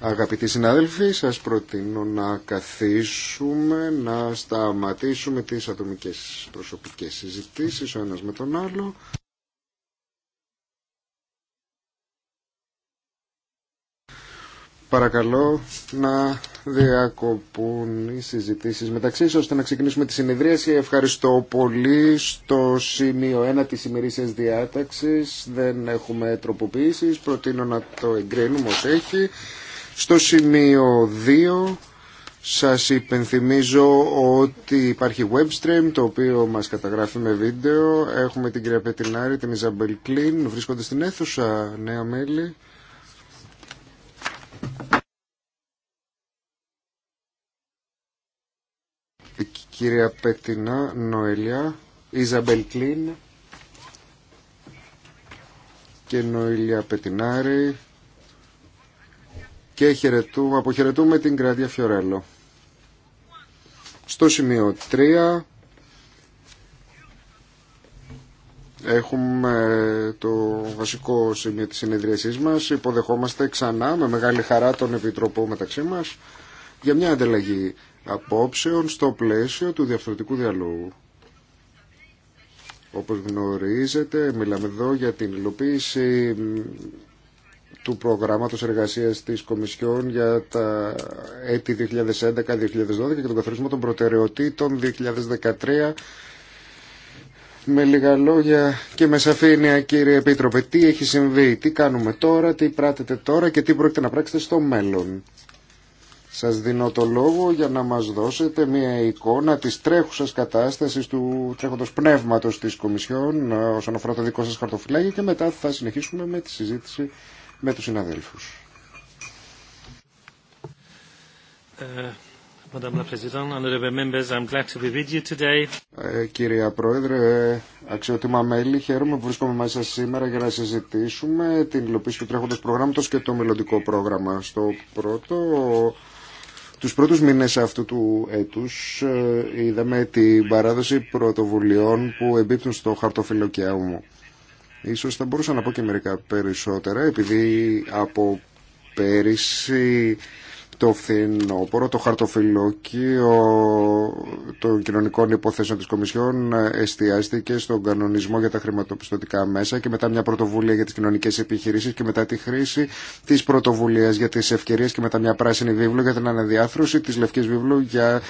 Αγαπητοί συνάδελφοι, σας προτείνω να καθίσουμε, να σταματήσουμε τις ατομικές προσωπικές συζητήσεις ο ένας με τον άλλο. Παρακαλώ να διακοπούν οι συζητήσεις μεταξύ ώστε να ξεκινήσουμε τη συνεδρίαση. Ευχαριστώ πολύ. Στο σημείο 1 της ημερήσιας διάταξης δεν έχουμε τροποποιήσεις. Προτείνω να το εγκρίνουμε ως έχει. Στο σημείο 2... Σας υπενθυμίζω ότι υπάρχει web stream το οποίο μας καταγράφει με βίντεο. Έχουμε την κυρία Πετινάρη, την Ιζαμπελ Κλίν. Βρίσκονται στην αίθουσα νέα μέλη. κυρία Πέτινα Νοελιά, Ιζαμπελ Κλίν και Νοηλιά Πετινάρη και χαιρετούμε, αποχαιρετούμε την Κράτια Φιωρέλο. Στο σημείο 3 έχουμε το βασικό σημείο της συνεδρίασής μας. Υποδεχόμαστε ξανά με μεγάλη χαρά τον Επιτροπό μεταξύ μας για μια ανταλλαγή απόψεων στο πλαίσιο του διαφορετικού διαλόγου. Όπως γνωρίζετε, μιλάμε εδώ για την υλοποίηση του προγράμματος εργασίας της Κομισιόν για τα έτη 2011-2012 και τον καθορισμό των προτεραιοτήτων 2013. Με λίγα λόγια και με σαφήνεια κύριε Επίτροπε, τι έχει συμβεί, τι κάνουμε τώρα, τι πράτετε τώρα και τι πρόκειται να πράξετε στο μέλλον. Σας δίνω το λόγο για να μας δώσετε μια εικόνα της τρέχουσας κατάστασης του τρέχοντος πνεύματος της Κομισιόν ε, όσον αφορά το δικό σας χαρτοφυλάκιο και μετά θα συνεχίσουμε με τη συζήτηση με τους συναδέλφους. κυρία Πρόεδρε, ε, αξιότιμα μέλη, χαίρομαι που βρίσκομαι μαζί σας σήμερα για να συζητήσουμε την υλοποίηση του τρέχοντος προγράμματος και το μελλοντικό πρόγραμμα. Στο πρώτο τους πρώτους μήνες αυτού του έτους ε, είδαμε την παράδοση πρωτοβουλειών που εμπίπτουν στο χαρτοφυλλοκιά μου. Ίσως θα μπορούσα να πω και μερικά περισσότερα επειδή από πέρυσι το φθινόπωρο το χαρτοφυλλοκείο των κοινωνικών υποθέσεων της Κομισιόν εστιάστηκε στον κανονισμό για τα χρηματοπιστωτικά μέσα και μετά μια πρωτοβουλία για τις κοινωνικές επιχειρήσεις και μετά τη χρήση της πρωτοβουλίας για τις ευκαιρίες και μετά μια πράσινη βίβλο για την αναδιάθρωση της Λευκής Βίβλου για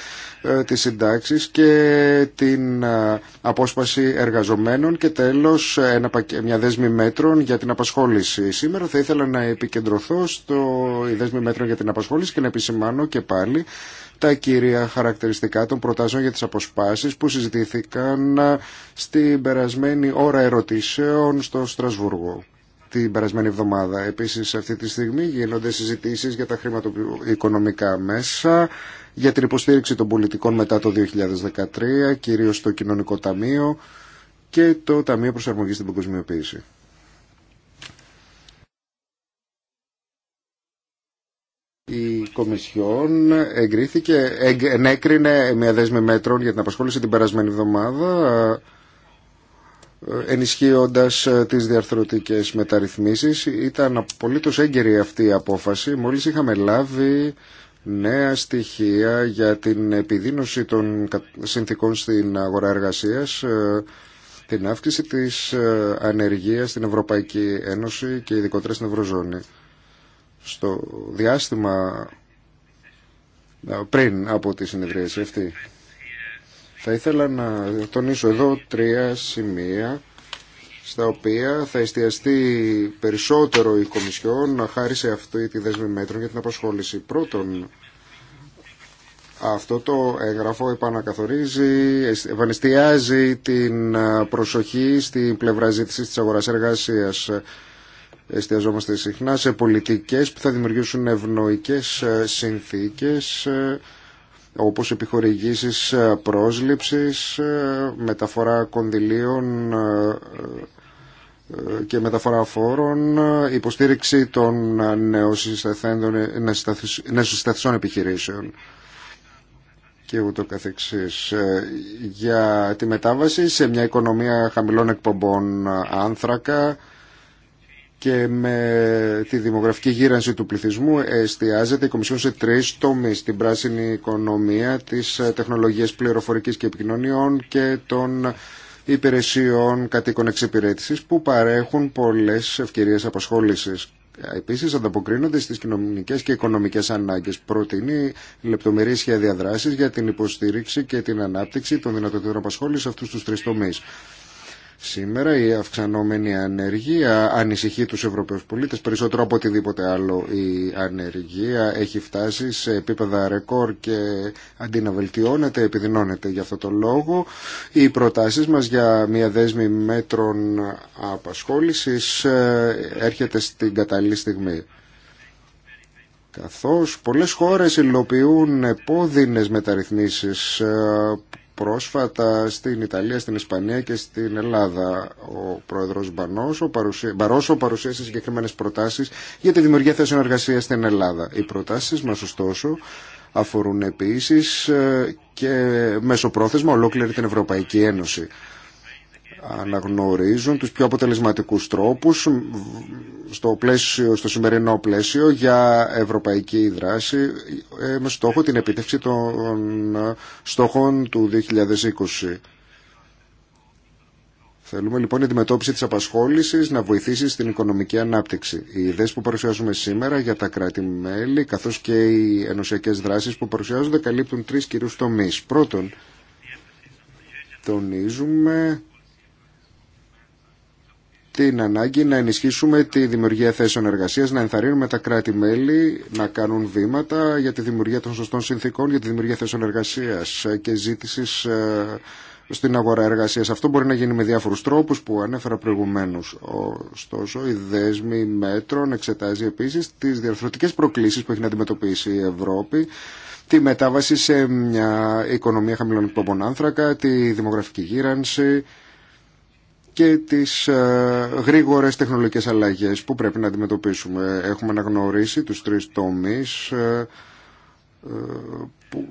ε, τις συντάξεις και την ε, απόσπαση εργαζομένων και τέλος μια δέσμη μέτρων για την απασχόληση. Σήμερα θα ήθελα να επικεντρωθώ στο η δέσμη μέτρων για την απασχόληση επισημάνω και πάλι τα κύρια χαρακτηριστικά των προτάσεων για τις αποσπάσεις που συζητήθηκαν ε, στην περασμένη ώρα ερωτήσεων στο Στρασβούργο την περασμένη εβδομάδα. Επίσης αυτή τη στιγμή γίνονται συζητήσεις για τα χρηματοοικονομικά μέσα, για την υποστήριξη των πολιτικών μετά το 2013, κυρίως το Κοινωνικό Ταμείο και το Ταμείο Προσαρμογής στην Παγκοσμιοποίηση. Κομισιόν εγκρίθηκε, εγ, ενέκρινε μια δέσμη μέτρων για την απασχόληση την περασμένη εβδομάδα ε, ενισχύοντας ε, τις διαρθρωτικές μεταρρυθμίσεις. Ήταν απολύτως έγκαιρη αυτή η απόφαση. Μόλις είχαμε λάβει νέα στοιχεία για την επιδείνωση των συνθήκων στην αγορά εργασίας, ε, την αύξηση της ανεργίας στην Ευρωπαϊκή Ένωση και ειδικότερα στην Ευρωζώνη. Στο διάστημα πριν από τη συνεδρίαση αυτή. Θα ήθελα να τονίσω εδώ τρία σημεία στα οποία θα εστιαστεί περισσότερο η Κομισιόν χάρη σε αυτή τη δέσμη μέτρων για την απασχόληση. Πρώτον, αυτό το έγγραφο επανακαθορίζει, ευανεστιάζει την προσοχή στην πλευρά ζήτησης της αγοράς εργασίας εστιαζόμαστε συχνά σε πολιτικές που θα δημιουργήσουν ευνοϊκές ε, συνθήκες ε, όπως επιχορηγήσεις ε, πρόσληψης, μεταφορά κονδυλίων και μεταφορά φόρων, υποστήριξη των νεοσυσταθισών επιχειρήσεων και ούτω καθεξής για τη μετάβαση σε μια οικονομία χαμηλών εκπομπών άνθρακα και με τη δημογραφική γύρανση του πληθυσμού εστιάζεται η Κομισιόν σε τρεις τομείς. Την πράσινη οικονομία, τις τεχνολογίες πληροφορικής και επικοινωνιών και των υπηρεσιών κατοίκων εξυπηρέτησης που παρέχουν πολλές ευκαιρίες απασχόλησης. Επίση, ανταποκρίνονται στι κοινωνικέ και οικονομικέ ανάγκε. Προτείνει λεπτομερή σχέδια δράση για την υποστήριξη και την ανάπτυξη των δυνατοτήτων απασχόληση σε αυτού του τρει τομεί. Σήμερα η αυξανόμενη ανεργία ανησυχεί τους Ευρωπαίους πολίτες περισσότερο από οτιδήποτε άλλο. Η ανεργία έχει φτάσει σε επίπεδα ρεκόρ και αντί να βελτιώνεται επιδεινώνεται. για αυτό το λόγο οι προτάσεις μας για μια δέσμη μέτρων απασχόλησης ε, έρχεται στην κατάλληλη στιγμή καθώς πολλές χώρες υλοποιούν πόδινες μεταρρυθμίσεις ε, πρόσφατα στην Ιταλία, στην Ισπανία και στην Ελλάδα. Ο πρόεδρο Μπαρόσο παρουσίασε συγκεκριμένε προτάσει για τη δημιουργία θέσεων εργασία στην Ελλάδα. Οι προτάσει μα, ωστόσο αφορούν επίση ε, και μέσω πρόθεσμα ολόκληρη την Ευρωπαϊκή Ένωση αναγνωρίζουν τους πιο αποτελεσματικούς τρόπους στο, πλαίσιο, στο σημερινό πλαίσιο για ευρωπαϊκή δράση ε, με στόχο την επίτευξη των ε, στόχων του 2020. Θέλουμε λοιπόν η αντιμετώπιση της απασχόλησης να βοηθήσει στην οικονομική ανάπτυξη. Οι ιδέες που παρουσιάζουμε σήμερα για τα κράτη-μέλη καθώς και οι ενωσιακές δράσεις που παρουσιάζονται καλύπτουν τρεις κυρίους τομείς. Πρώτον, τονίζουμε την ανάγκη να ενισχύσουμε τη δημιουργία θέσεων εργασίας, να ενθαρρύνουμε τα κράτη-μέλη να κάνουν βήματα για τη δημιουργία των σωστών συνθήκων, για τη δημιουργία θέσεων εργασίας και ζήτησης ε, στην αγορά εργασίας. Αυτό μπορεί να γίνει με διάφορους τρόπους που ανέφερα προηγουμένως. Ωστόσο, η δέσμη μέτρων εξετάζει επίσης τις διαρθρωτικές προκλήσεις που έχει να αντιμετωπίσει η Ευρώπη, τη μετάβαση σε μια οικονομία χαμηλών εκπομπών άνθρακα, τη δημογραφική γύρανση, και τις ε, γρήγορες τεχνολογικές αλλαγές που πρέπει να αντιμετωπίσουμε. Έχουμε αναγνωρίσει τους τρεις τομείς ε, ε,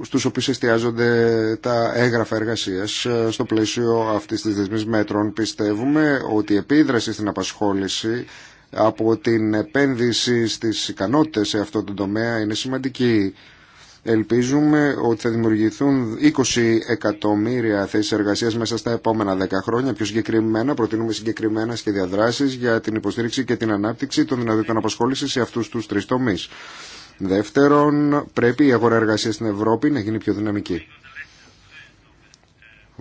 στους οποίους εστιάζονται τα έγγραφα εργασίας στο πλαίσιο αυτής της δεσμής μέτρων. Πιστεύουμε ότι η επίδραση στην απασχόληση από την επένδυση στις ικανότητες σε αυτό το τομέα είναι σημαντική. Ελπίζουμε ότι θα δημιουργηθούν 20 εκατομμύρια θέσει εργασία μέσα στα επόμενα 10 χρόνια. Πιο συγκεκριμένα, προτείνουμε συγκεκριμένα σχέδια δράσης για την υποστήριξη και την ανάπτυξη των δυνατοτήτων απασχόληση σε αυτού του τρει τομεί. Δεύτερον, πρέπει η αγορά εργασία στην Ευρώπη να γίνει πιο δυναμική.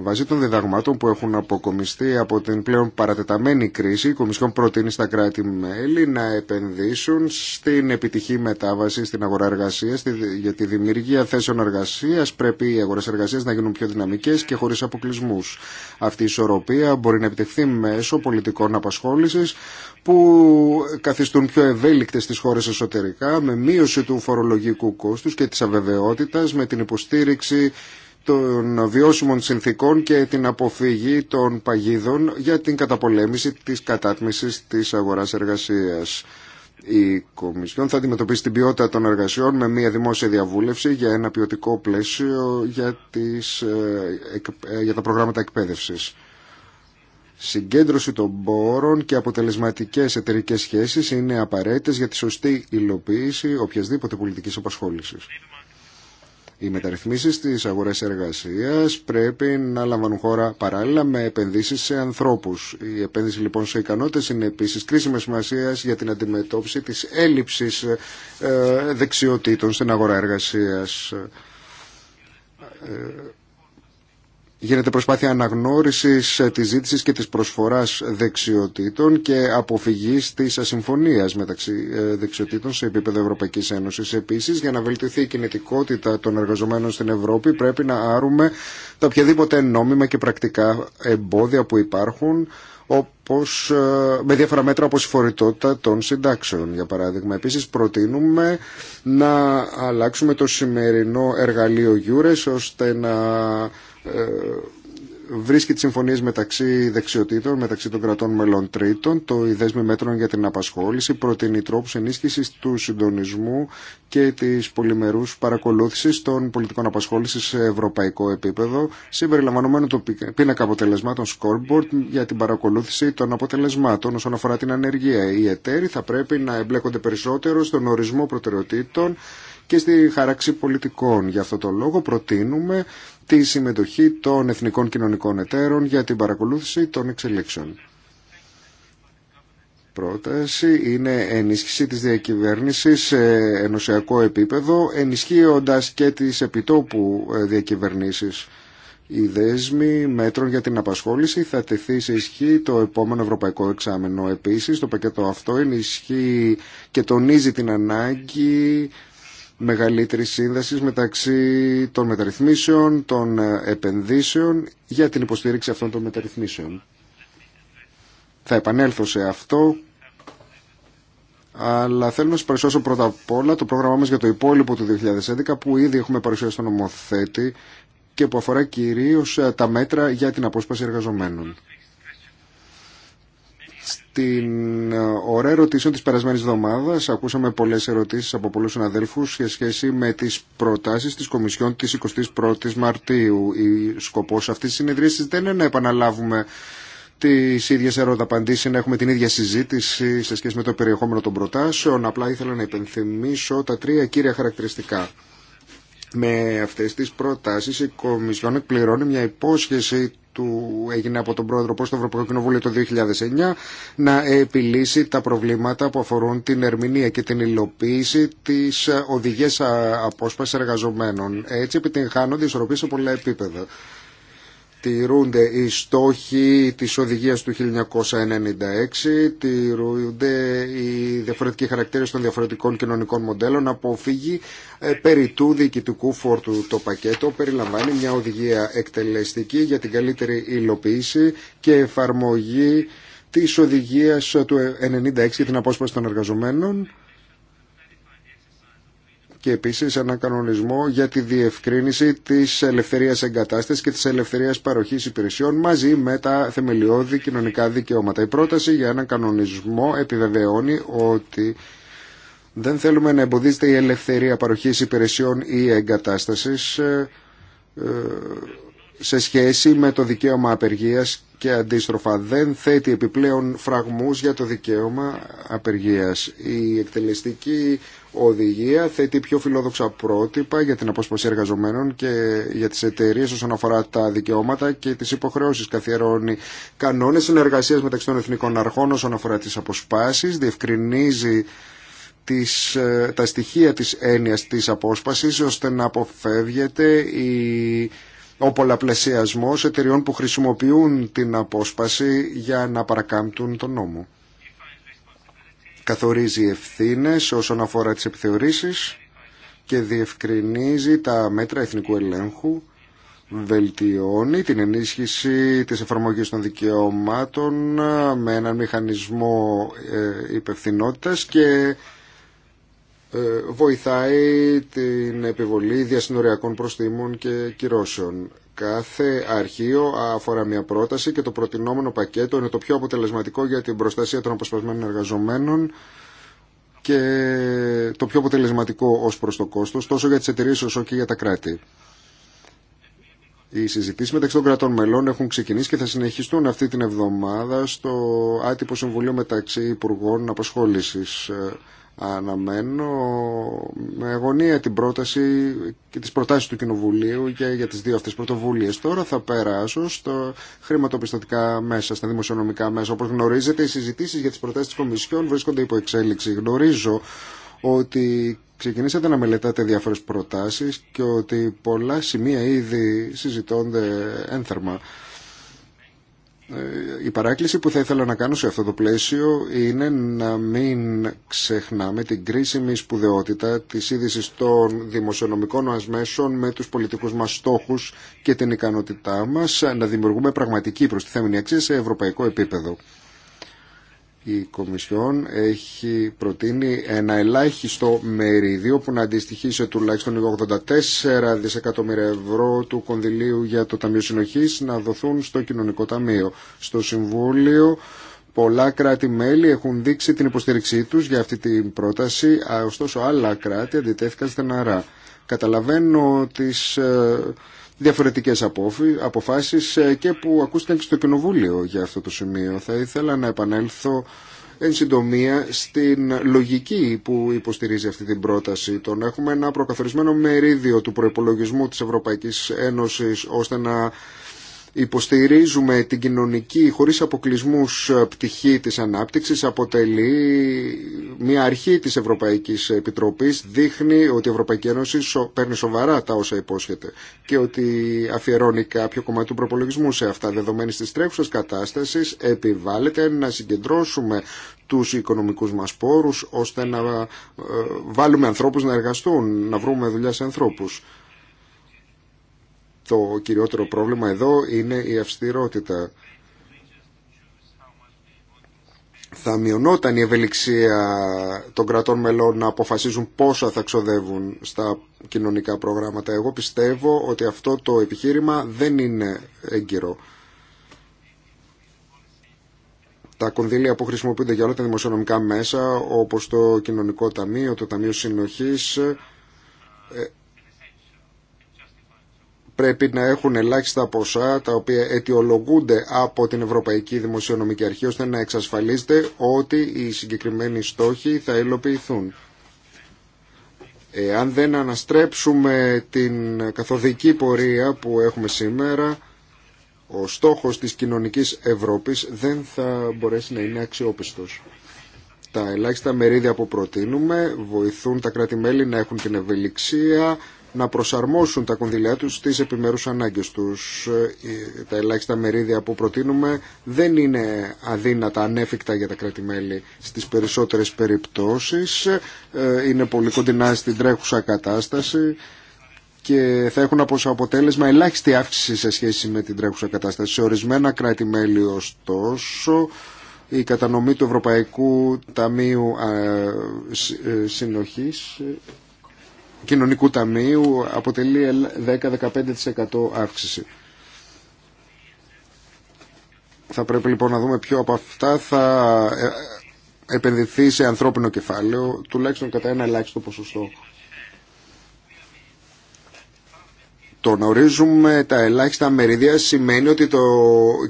Βάσει των διδαγμάτων που έχουν αποκομιστεί από την πλέον παρατεταμένη κρίση, η Κομισιόν προτείνει στα κράτη-μέλη να επενδύσουν στην επιτυχή μετάβαση στην αγορά εργασία. Για τη δημιουργία θέσεων εργασία πρέπει οι αγορέ εργασία να γίνουν πιο δυναμικέ και χωρί αποκλεισμού. Αυτή η ισορροπία μπορεί να επιτευχθεί μέσω πολιτικών απασχόληση που καθιστούν πιο ευέλικτε τι χώρε εσωτερικά με μείωση του φορολογικού κόστου και τη αβεβαιότητα με την υποστήριξη των βιώσιμων συνθήκων και την αποφυγή των παγίδων για την καταπολέμηση της κατάτμισης της αγοράς εργασίας. Η Κομισιόν θα αντιμετωπίσει την ποιότητα των εργασιών με μια δημόσια διαβούλευση για ένα ποιοτικό πλαίσιο για, τις, ε, ε, για τα προγράμματα εκπαίδευσης. Συγκέντρωση των πόρων και αποτελεσματικές εταιρικέ σχέσεις είναι απαραίτητες για τη σωστή υλοποίηση οποιασδήποτε πολιτικής απασχόλησης. Οι μεταρρυθμίσεις στις αγορές εργασίας πρέπει να λαμβάνουν χώρα παράλληλα με επενδύσεις σε ανθρώπους. Η επένδυση λοιπόν σε ικανότητες είναι επίσης κρίσιμη σημασία για την αντιμετώπιση της έλλειψης ε, δεξιοτήτων στην αγορά εργασίας ε, γίνεται προσπάθεια αναγνώρισης ε, της ζήτησης και της προσφοράς δεξιοτήτων και αποφυγής της ασυμφωνίας μεταξύ ε, δεξιοτήτων σε επίπεδο Ευρωπαϊκής Ένωσης. Επίσης, για να βελτιωθεί η κινητικότητα των εργαζομένων στην Ευρώπη πρέπει να άρουμε τα οποιαδήποτε νόμιμα και πρακτικά εμπόδια που υπάρχουν όπως, ε, με διάφορα μέτρα όπως η φορητότητα των συντάξεων για παράδειγμα. Επίσης προτείνουμε να αλλάξουμε το σημερινό εργαλείο Γιούρε, ώστε να ε, βρίσκει τις συμφωνίες μεταξύ δεξιοτήτων, μεταξύ των κρατών μελών τρίτων, το ιδέσμι μέτρων για την απασχόληση, προτείνει τρόπους ενίσχυσης του συντονισμού και της πολυμερούς παρακολούθησης των πολιτικών απασχόλησης σε ευρωπαϊκό επίπεδο, συμπεριλαμβανομένου το πίνακα αποτελεσμάτων scoreboard για την παρακολούθηση των αποτελεσμάτων όσον αφορά την ανεργία. Οι εταίροι θα πρέπει να εμπλέκονται περισσότερο στον ορισμό προτεραιοτήτων και στη χάραξη πολιτικών. Γι' αυτό το λόγο προτείνουμε τη συμμετοχή των εθνικών κοινωνικών εταίρων για την παρακολούθηση των εξελίξεων. Πρόταση είναι ενίσχυση της διακυβέρνησης σε ενωσιακό επίπεδο, ενισχύοντας και τις επιτόπου ε, διακυβερνήσεις. Οι δέσμοι μέτρων για την απασχόληση θα τεθεί σε ισχύ το επόμενο Ευρωπαϊκό Εξάμενο. Επίσης, το πακέτο αυτό ενισχύει και τονίζει την ανάγκη μεγαλύτερη σύνδεση μεταξύ των μεταρρυθμίσεων, των ε, επενδύσεων για την υποστήριξη αυτών των μεταρρυθμίσεων. Θα επανέλθω σε αυτό, αλλά θέλω να σας παρουσιάσω πρώτα απ' όλα το πρόγραμμά μας για το υπόλοιπο του 2011 που ήδη έχουμε παρουσιάσει στον νομοθέτη και που αφορά κυρίως ε, τα μέτρα για την απόσπαση εργαζομένων. Στην ώρα ε, ερωτήσεων της περασμένης εβδομάδας ακούσαμε πολλές ερωτήσεις από πολλούς συναδέλφους σε σχέση με τις προτάσεις της Κομισιόν της 21ης Μαρτίου. Ο σκοπός αυτής της συνεδρίασης δεν είναι να επαναλάβουμε τι ιδιε ερωταπαντήσεις, ερώτα-απαντήσει, να έχουμε την ίδια συζήτηση σε σχέση με το περιεχόμενο των προτάσεων. Απλά ήθελα να υπενθυμίσω τα τρία κύρια χαρακτηριστικά. Με αυτέ τι προτάσει, η Κομισιόν εκπληρώνει μια υπόσχεση του έγινε από τον πρόεδρο προς το Ευρωπαϊκό Κοινοβούλιο το 2009 να επιλύσει τα προβλήματα που αφορούν την ερμηνεία και την υλοποίηση της οδηγίας απόσπασης εργαζομένων. Έτσι επιτυγχάνονται ισορροπίες σε πολλά επίπεδα τηρούνται οι στόχοι της οδηγίας του 1996, τηρούνται οι διαφορετικοί χαρακτήρες των διαφορετικών κοινωνικών μοντέλων, αποφύγει ε, περί του διοικητικού φόρτου το πακέτο, περιλαμβάνει μια οδηγία εκτελεστική για την καλύτερη υλοποίηση και εφαρμογή της οδηγίας του 1996 για την απόσπαση των εργαζομένων και επίσης ένα κανονισμό για τη διευκρίνηση της ελευθερίας εγκατάστασης και της ελευθερίας παροχής υπηρεσιών μαζί με τα θεμελιώδη κοινωνικά δικαιώματα. Η πρόταση για ένα κανονισμό επιβεβαιώνει ότι δεν θέλουμε να εμποδίζεται η ελευθερία παροχής υπηρεσιών ή εγκατάστασης ε, ε, σε σχέση με το δικαίωμα απεργίας και αντίστροφα δεν θέτει επιπλέον φραγμούς για το δικαίωμα απεργίας. Η εκτελεστική οδηγία θέτει πιο φιλόδοξα πρότυπα για την απόσπαση εργαζομένων και για τις εταιρείε όσον αφορά τα δικαιώματα και τις υποχρεώσεις. Καθιερώνει κανόνες συνεργασίας μεταξύ των εθνικών αρχών όσον αφορά τις αποσπάσεις, διευκρινίζει τις, ε, τα στοιχεία της έννοιας της απόσπασης ώστε να αποφεύγεται η ο πολλαπλασιασμός εταιριών που χρησιμοποιούν την απόσπαση για να παρακάμπτουν τον νόμο καθορίζει ευθύνες όσον αφορά τις επιθεωρήσεις και διευκρινίζει τα μέτρα εθνικού ελέγχου, βελτιώνει την ενίσχυση της εφαρμογής των δικαιωμάτων με έναν μηχανισμό ε, υπευθυνότητας και ε, βοηθάει την επιβολή διασυνοριακών προστήμων και κυρώσεων. Κάθε αρχείο αφορά μια πρόταση και το προτινόμενο πακέτο είναι το πιο αποτελεσματικό για την προστασία των αποσπασμένων εργαζομένων και το πιο αποτελεσματικό ως προς το κόστος, τόσο για τις εταιρείε όσο και για τα κράτη. Οι συζητήσεις μεταξύ των κρατών μελών έχουν ξεκινήσει και θα συνεχιστούν αυτή την εβδομάδα στο άτυπο Συμβουλίο μεταξύ Υπουργών Απασχόλησης Αναμένω με αγωνία την πρόταση και τις προτάσεις του Κοινοβουλίου και για τις δύο αυτές πρωτοβουλίες. Τώρα θα περάσω στο χρηματοπιστωτικά μέσα, στα δημοσιονομικά μέσα. Όπως γνωρίζετε, οι συζητήσεις για τις προτάσεις της Κομισιόν βρίσκονται υπό εξέλιξη. Γνωρίζω ότι ξεκινήσατε να μελετάτε διάφορες προτάσεις και ότι πολλά σημεία ήδη συζητώνται ένθερμα. Ε, η παράκληση που θα ήθελα να κάνω σε αυτό το πλαίσιο είναι να μην ξεχνάμε την κρίσιμη σπουδαιότητα της είδηση των δημοσιονομικών μας μέσων με τους πολιτικούς μας στόχους και την ικανότητά μας να δημιουργούμε πραγματική προστιθέμενη αξία σε ευρωπαϊκό επίπεδο η Κομισιόν έχει προτείνει ένα ελάχιστο μερίδιο που να αντιστοιχεί σε τουλάχιστον 84 δισεκατομμύρια ευρώ του κονδυλίου για το Ταμείο Συνοχής να δοθούν στο Κοινωνικό Ταμείο. Στο Συμβούλιο πολλά κράτη-μέλη έχουν δείξει την υποστήριξή τους για αυτή την πρόταση, ωστόσο άλλα κράτη αντιτέθηκαν στεναρά. Καταλαβαίνω τις ε, διαφορετικές αποφάσεις ε, και που ακούστηκαν και στο Κοινοβούλιο για αυτό το σημείο. Θα ήθελα να επανέλθω εν συντομία στην λογική που υποστηρίζει αυτή την πρόταση. Το να έχουμε ένα προκαθορισμένο μερίδιο του προπολογισμού της Ευρωπαϊκής Ένωσης ώστε να υποστηρίζουμε την κοινωνική χωρίς αποκλεισμούς ε, πτυχή της ανάπτυξης αποτελεί μια αρχή της Ευρωπαϊκής Επιτροπής δείχνει ότι η Ευρωπαϊκή Ένωση παίρνει σοβαρά τα όσα υπόσχεται και ότι αφιερώνει κάποιο κομμάτι του προπολογισμού σε αυτά δεδομένη της τρέχουσας κατάστασης επιβάλλεται να συγκεντρώσουμε τους οικονομικούς μας πόρους ώστε να ε, βάλουμε ανθρώπους να εργαστούν, να βρούμε δουλειά σε ανθρώπους. Το κυριότερο πρόβλημα εδώ είναι η αυστηρότητα. Θα μειωνόταν η ευελιξία των κρατών μελών να αποφασίζουν πόσα θα ξοδεύουν στα κοινωνικά προγράμματα. Εγώ πιστεύω ότι αυτό το επιχείρημα δεν είναι έγκυρο. Τα κονδύλια που χρησιμοποιούνται για όλα τα δημοσιονομικά μέσα, όπως το Κοινωνικό Ταμείο, το Ταμείο Συνοχής, ε, πρέπει να έχουν ελάχιστα ποσά τα οποία αιτιολογούνται από την Ευρωπαϊκή Δημοσιονομική Αρχή ώστε να εξασφαλίζεται ότι οι συγκεκριμένοι στόχοι θα υλοποιηθούν. Αν δεν αναστρέψουμε την καθοδική πορεία που έχουμε σήμερα, ο στόχος της κοινωνικής Ευρώπης δεν θα μπορέσει να είναι αξιόπιστος. Τα ελάχιστα μερίδια που προτείνουμε βοηθούν τα κράτη-μέλη να έχουν την ευελιξία να προσαρμόσουν τα κονδυλιά τους στις επιμέρους ανάγκες τους. Ε, τα ελάχιστα μερίδια που προτείνουμε δεν είναι αδύνατα, ανέφικτα για τα κράτη-μέλη στις περισσότερες περιπτώσεις. Ε, είναι πολύ κοντινά στην τρέχουσα κατάσταση και θα έχουν από αποτέλεσμα ελάχιστη αύξηση σε σχέση με την τρέχουσα κατάσταση. Σε ορισμένα κράτη-μέλη ωστόσο η κατανομή του Ευρωπαϊκού Ταμείου ε, Συνοχής κοινωνικού ταμείου αποτελεί 10-15% αύξηση. Θα πρέπει λοιπόν να δούμε ποιο από αυτά θα ε, ε, επενδυθεί σε ανθρώπινο κεφάλαιο, τουλάχιστον κατά ένα ελάχιστο ποσοστό. Το να ορίζουμε τα ελάχιστα μερίδια σημαίνει ότι το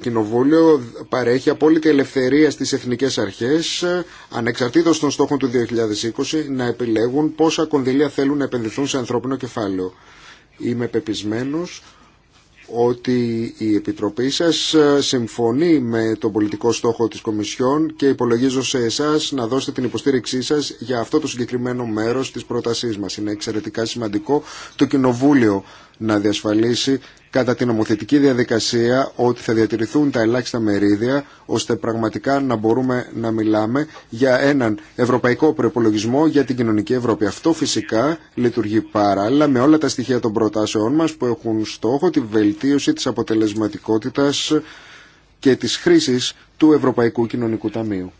Κοινοβούλιο παρέχει απόλυτη ελευθερία στις εθνικές αρχές, ανεξαρτήτως των στόχων του 2020, να επιλέγουν πόσα κονδυλία θέλουν να επενδυθούν σε ανθρώπινο κεφάλαιο. Είμαι πεπισμένος ότι η Επιτροπή σας συμφωνεί με τον πολιτικό στόχο της Κομισιόν και υπολογίζω σε εσάς να δώσετε την υποστήριξή σας για αυτό το συγκεκριμένο μέρος της πρότασής μας. Είναι εξαιρετικά σημαντικό το Κοινοβούλιο να διασφαλίσει κατά την νομοθετική διαδικασία ότι θα διατηρηθούν τα ελάχιστα μερίδια ώστε πραγματικά να μπορούμε να μιλάμε για έναν ευρωπαϊκό προπολογισμό για την κοινωνική Ευρώπη. Αυτό φυσικά λειτουργεί παράλληλα με όλα τα στοιχεία των προτάσεών μας που έχουν στόχο τη βελτίωση της αποτελεσματικότητας και της χρήσης του Ευρωπαϊκού Κοινωνικού Ταμείου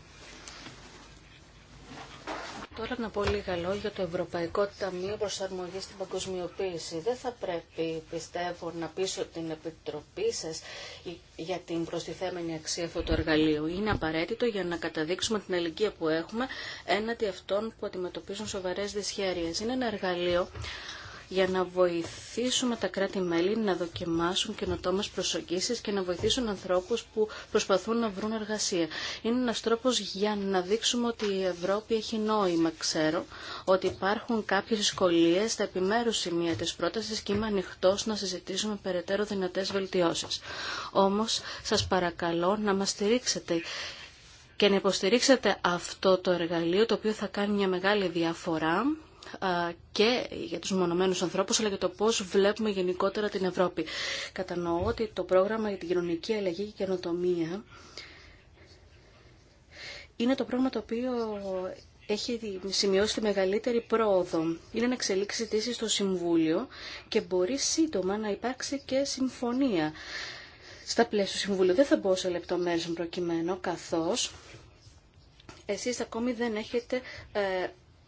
τώρα να πω λίγα λόγια για το Ευρωπαϊκό Ταμείο Προσαρμογής στην Παγκοσμιοποίηση. Δεν θα πρέπει, πιστεύω, να πείσω την Επιτροπή σα για την προστιθέμενη αξία αυτού του εργαλείου. Είναι απαραίτητο για να καταδείξουμε την ελληνική που έχουμε έναντι αυτών που αντιμετωπίζουν σοβαρέ δυσχέρειε. Είναι ένα εργαλείο για να βοηθήσουμε τα κράτη-μέλη να δοκιμάσουν καινοτόμε προσεγγίσεις και να βοηθήσουν ανθρώπου που προσπαθούν να βρουν εργασία. Είναι ένα τρόπο για να δείξουμε ότι η Ευρώπη έχει νόημα. Ξέρω ότι υπάρχουν κάποιε δυσκολίε στα επιμέρου σημεία τη πρόταση και είμαι ανοιχτό να συζητήσουμε περαιτέρω δυνατέ βελτιώσει. Όμω, σα παρακαλώ να μα στηρίξετε και να υποστηρίξετε αυτό το εργαλείο το οποίο θα κάνει μια μεγάλη διαφορά και για τους μονομένους ανθρώπους, αλλά για το πώς βλέπουμε γενικότερα την Ευρώπη. Κατανοώ ότι το πρόγραμμα για την κοινωνική αλλαγή και καινοτομία είναι το πρόγραμμα το οποίο έχει σημειώσει τη μεγαλύτερη πρόοδο. Είναι να εξελίξει τήσεις στο Συμβούλιο και μπορεί σύντομα να υπάρξει και συμφωνία. Στα πλαίσια του Συμβούλου δεν θα μπω σε λεπτομέρειες προκειμένου, καθώς εσείς ακόμη δεν έχετε ε,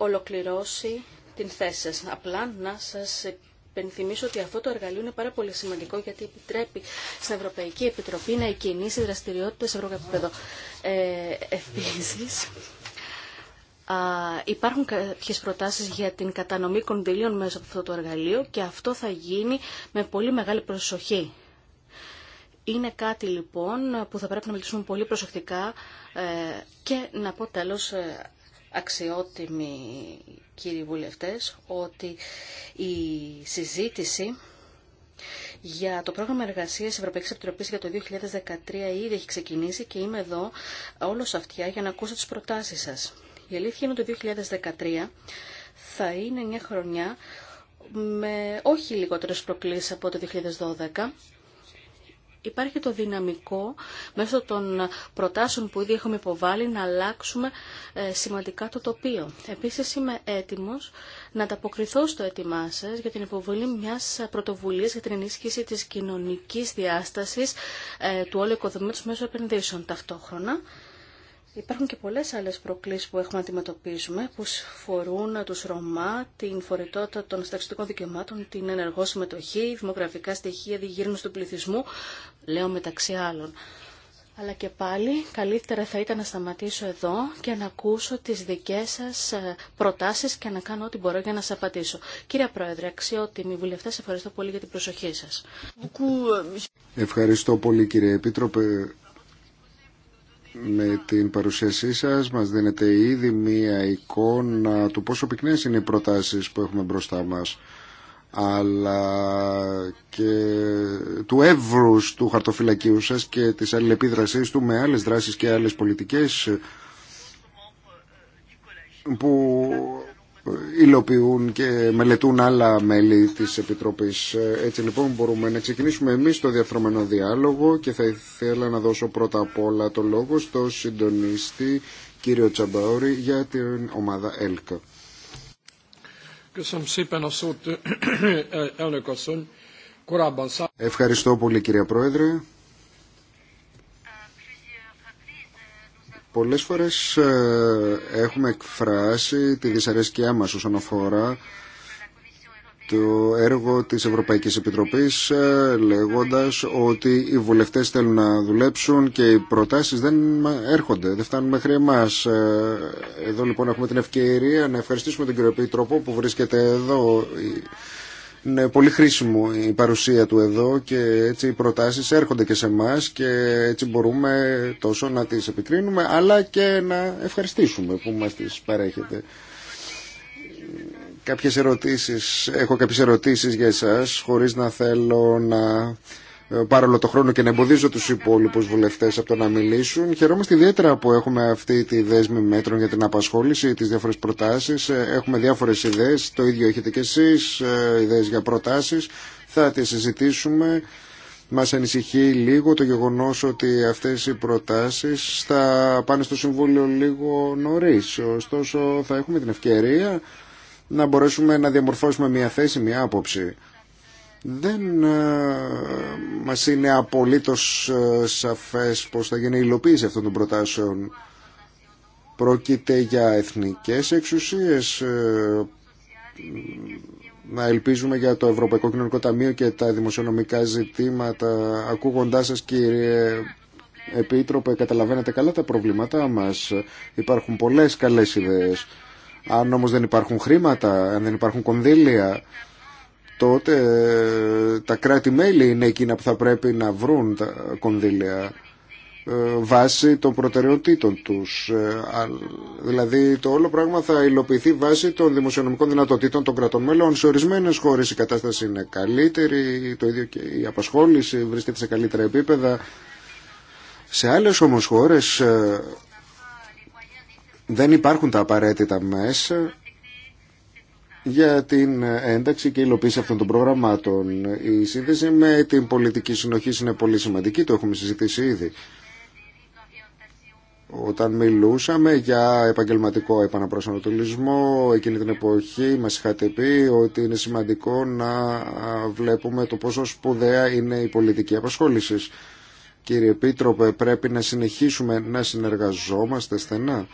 ολοκληρώσει την θέση σας. Απλά να σας υπενθυμίσω ότι αυτό το εργαλείο είναι πάρα πολύ σημαντικό γιατί επιτρέπει στην Ευρωπαϊκή Επιτροπή να εκκινήσει δραστηριότητες σε ευρωπαϊκό επίπεδο. Ε, επίσης, υπάρχουν κάποιες προτάσεις για την κατανομή κονδυλίων μέσα από αυτό το εργαλείο και αυτό θα γίνει με πολύ μεγάλη προσοχή. Είναι κάτι λοιπόν που θα πρέπει να μιλήσουμε πολύ προσεκτικά ε, και να πω τέλος ε, αξιότιμοι κύριοι βουλευτές, ότι η συζήτηση για το πρόγραμμα εργασία Ευρωπαϊκή Επιτροπή για το 2013 ήδη έχει ξεκινήσει και είμαι εδώ όλο αυτιά για να ακούσω τι προτάσει σα. Η αλήθεια είναι ότι το 2013 θα είναι μια χρονιά με όχι λιγότερες προκλήσεις από το 2012 υπάρχει το δυναμικό μέσω των προτάσεων που ήδη έχουμε υποβάλει να αλλάξουμε ε, σημαντικά το τοπίο. Επίσης είμαι έτοιμος να ανταποκριθώ στο έτοιμά σα για την υποβολή μιας πρωτοβουλίας για την ενίσχυση της κοινωνικής διάστασης ε, του όλου οικοδομήτους μέσω επενδύσεων ταυτόχρονα. Υπάρχουν και πολλές άλλες προκλήσεις που έχουμε να αντιμετωπίσουμε, που φορούν τους Ρωμά, την φορητότητα των συνταξιδικών δικαιωμάτων, την ενεργό συμμετοχή, δημογραφικά στοιχεία, διγύρνους του πληθυσμού, λέω μεταξύ άλλων. Αλλά και πάλι καλύτερα θα ήταν να σταματήσω εδώ και να ακούσω τις δικές σας ε, προτάσεις και να κάνω ό,τι μπορώ για να σας απαντήσω. Κύριε Πρόεδρε, αξιότιμοι βουλευτές, ευχαριστώ πολύ για την προσοχή σας. Ευχαριστώ πολύ κύριε Επίτροπε. Με την παρουσίασή σας μας δίνετε ήδη μία εικόνα του πόσο πυκνές είναι οι προτάσεις που έχουμε μπροστά μας αλλά και του εύρους του χαρτοφυλακίου σας και της αλληλεπίδρασής του με άλλες δράσεις και άλλες πολιτικές που υλοποιούν και μελετούν άλλα μέλη της Επιτροπής. Έτσι λοιπόν μπορούμε να ξεκινήσουμε εμείς το διαφρομένο διάλογο και θα ήθελα να δώσω πρώτα απ' όλα το λόγο στο συντονίστη κύριο Τσαμπαόρη για την ομάδα ΕΛΚΑ. Ευχαριστώ πολύ κύριε Πρόεδρε. Πολλές φορές ε, έχουμε εκφράσει τη δυσαρέσκειά μας όσον αφορά το έργο της Ευρωπαϊκής Επιτροπής ε, λέγοντας ότι οι βουλευτές θέλουν να δουλέψουν και οι προτάσεις δεν έρχονται, δεν φτάνουν μέχρι εμάς. Ε, εδώ λοιπόν έχουμε την ευκαιρία να ευχαριστήσουμε τον κύριο Επιτροπό που βρίσκεται εδώ. Είναι πολύ χρήσιμο η παρουσία του εδώ και έτσι οι προτάσεις έρχονται και σε εμά και έτσι μπορούμε τόσο να τις επικρίνουμε αλλά και να ευχαριστήσουμε που μας τις παρέχεται κάποιες ερωτήσεις, έχω κάποιες ερωτήσεις για εσάς, χωρίς να θέλω να ε, πάρω όλο το χρόνο και να εμποδίζω τους υπόλοιπους βουλευτές από το να μιλήσουν. Χαιρόμαστε ιδιαίτερα που έχουμε αυτή τη δέσμη μέτρων για την απασχόληση, τις διάφορες προτάσεις. Ε, έχουμε διάφορες ιδέες, το ίδιο έχετε και εσείς, ε, ιδέες για προτάσεις. Θα τις συζητήσουμε. Μας ανησυχεί λίγο το γεγονός ότι αυτές οι προτάσεις θα πάνε στο Συμβούλιο λίγο νωρίς. Ωστόσο θα έχουμε την ευκαιρία να μπορέσουμε να διαμορφώσουμε μια θέση, μια άποψη. Δεν ε, μας είναι απολύτως ε, σαφές πώς θα γίνει η υλοποίηση αυτών των προτάσεων. Πρόκειται για εθνικές εξουσίες, ε, να ελπίζουμε για το Ευρωπαϊκό Κοινωνικό Ταμείο και τα δημοσιονομικά ζητήματα. Ακούγοντάς σας κύριε Επίτροπε, καταλαβαίνετε καλά τα προβλήματά μας. Υπάρχουν πολλές καλές ιδέες. Αν όμως δεν υπάρχουν χρήματα, αν δεν υπάρχουν κονδύλια, τότε ε, τα κράτη-μέλη είναι εκείνα που θα πρέπει να βρουν τα κονδύλια ε, βάσει των προτεραιοτήτων τους. Ε, δηλαδή το όλο πράγμα θα υλοποιηθεί βάσει των δημοσιονομικών δυνατοτήτων των κρατών μέλων. Σε ορισμένες χώρες η κατάσταση είναι καλύτερη, το ίδιο και η απασχόληση βρίσκεται σε καλύτερα επίπεδα. Σε άλλες όμως χώρες δεν υπάρχουν τα απαραίτητα μέσα για την ένταξη και υλοποίηση αυτών των προγραμμάτων. Η σύνδεση με την πολιτική συνοχή είναι πολύ σημαντική, το έχουμε συζητήσει ήδη. Όταν μιλούσαμε για επαγγελματικό επαναπροσανατολισμό, εκείνη την εποχή μας είχατε πει ότι είναι σημαντικό να βλέπουμε το πόσο σπουδαία είναι η πολιτική απασχόληση. Κύριε Επίτροπε, πρέπει να συνεχίσουμε να συνεργαζόμαστε στενά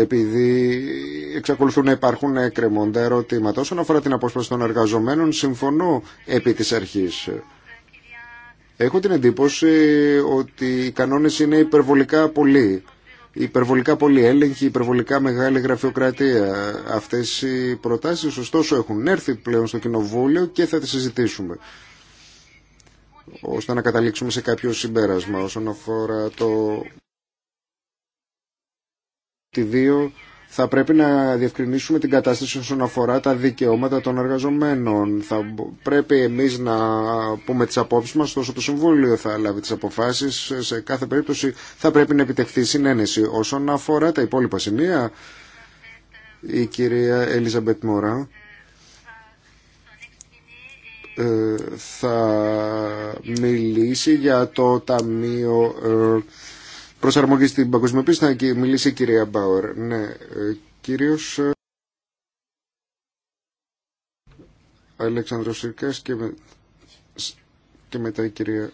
επειδή εξακολουθούν να υπάρχουν εκκρεμόντα ερωτήματα. Όσον αφορά την απόσπαση των εργαζομένων, συμφωνώ επί της αρχής. Έχω την εντύπωση ότι οι κανόνες είναι υπερβολικά πολλοί. Υπερβολικά πολλοί έλεγχοι, υπερβολικά μεγάλη γραφειοκρατία. Αυτές οι προτάσεις ωστόσο έχουν έρθει πλέον στο Κοινοβούλιο και θα τις συζητήσουμε ώστε να καταλήξουμε σε κάποιο συμπέρασμα όσον αφορά το τη δύο θα πρέπει να διευκρινίσουμε την κατάσταση όσον αφορά τα δικαιώματα των εργαζομένων. Θα πρέπει εμείς να πούμε τις απόψεις μας, τόσο το Συμβούλιο θα λάβει τις αποφάσεις. Σε κάθε περίπτωση θα πρέπει να επιτευχθεί συνένεση. Όσον αφορά τα υπόλοιπα σημεία, η κυρία Ελίζαμπετ Μωρά ε, θα μιλήσει για το Ταμείο προσαρμογή στην παγκοσμιοποίηση. Θα μιλήσει η κυρία Μπάουερ. Ναι, ε, κύριος ε, Αλέξανδρος Σιρκας και, με... και μετά η κυρία...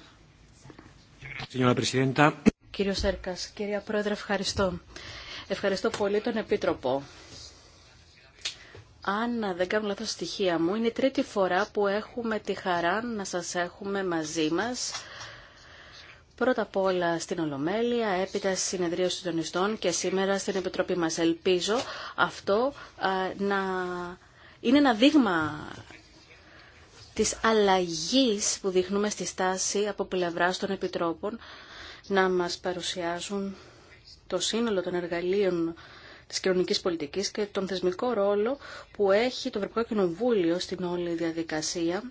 Κύριο Σέρκας, κυρία Πρόεδρε, ευχαριστώ. Ευχαριστώ πολύ τον Επίτροπο. Αν δεν κάνω λάθος στοιχεία μου, είναι η τρίτη φορά που έχουμε τη χαρά να σας έχουμε μαζί μας Πρώτα απ' όλα στην Ολομέλεια, έπειτα στη συνεδρίωση των ιστών και σήμερα στην Επιτροπή μας. Ελπίζω αυτό να είναι ένα δείγμα της αλλαγής που δείχνουμε στη στάση από πλευρά των Επιτρόπων να μας παρουσιάζουν το σύνολο των εργαλείων της κοινωνικής πολιτικής και τον θεσμικό ρόλο που έχει το Ευρωπαϊκό Κοινοβούλιο στην όλη διαδικασία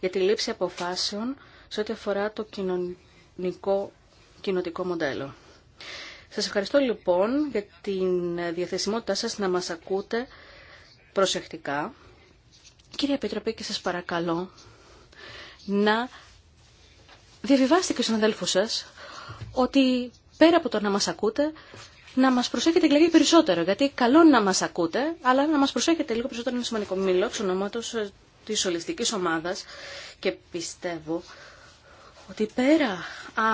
για τη λήψη αποφάσεων σε ό,τι αφορά το κοινωνικό κοινοτικό μοντέλο. Σας ευχαριστώ λοιπόν για την διαθεσιμότητά σας να μας ακούτε προσεκτικά. Κύριε Επίτροπε και σας παρακαλώ να διαβιβάστε και στους αδέλφους σας ότι πέρα από το να μας ακούτε να μας προσέχετε και λίγο περισσότερο, γιατί καλό να μας ακούτε, αλλά να μας προσέχετε λίγο περισσότερο είναι σημαντικό. Μιλώ εξ ονόματος ε, της ολιστικής ομάδας και πιστεύω ότι πέρα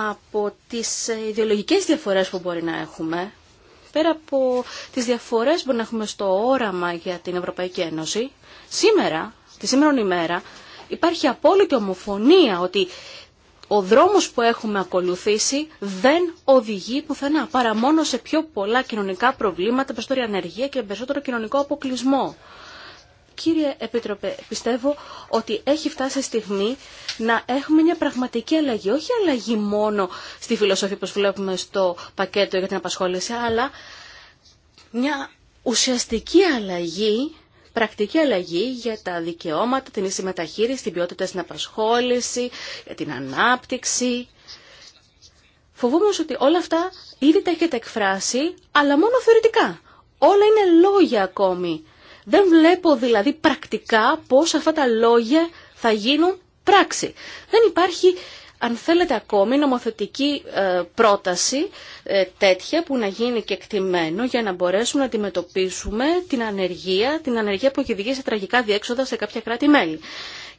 από τις ιδεολογικές διαφορές που μπορεί να έχουμε, πέρα από τις διαφορές που μπορεί να έχουμε στο όραμα για την Ευρωπαϊκή Ένωση, σήμερα, τη σήμερα ημέρα, υπάρχει απόλυτη ομοφωνία ότι ο δρόμος που έχουμε ακολουθήσει δεν οδηγεί πουθενά, παρά μόνο σε πιο πολλά κοινωνικά προβλήματα, περισσότερη ανεργία και περισσότερο κοινωνικό αποκλεισμό. Κύριε Επίτροπε, πιστεύω ότι έχει φτάσει η στιγμή να έχουμε μια πραγματική αλλαγή. Όχι αλλαγή μόνο στη φιλοσοφία που βλέπουμε στο πακέτο για την απασχόληση, αλλά μια ουσιαστική αλλαγή, πρακτική αλλαγή για τα δικαιώματα, την ίση μεταχείριση, την ποιότητα στην απασχόληση, για την ανάπτυξη. Φοβούμαι ότι όλα αυτά ήδη τα έχετε εκφράσει, αλλά μόνο θεωρητικά. Όλα είναι λόγια ακόμη. Δεν βλέπω δηλαδή πρακτικά πώς αυτά τα λόγια θα γίνουν πράξη. Δεν υπάρχει αν θέλετε ακόμη νομοθετική ε, πρόταση ε, τέτοια που να γίνει και εκτιμένο για να μπορέσουμε να αντιμετωπίσουμε την ανεργία, την ανεργία που έχει σε τραγικά διέξοδα σε κάποια κράτη-μέλη.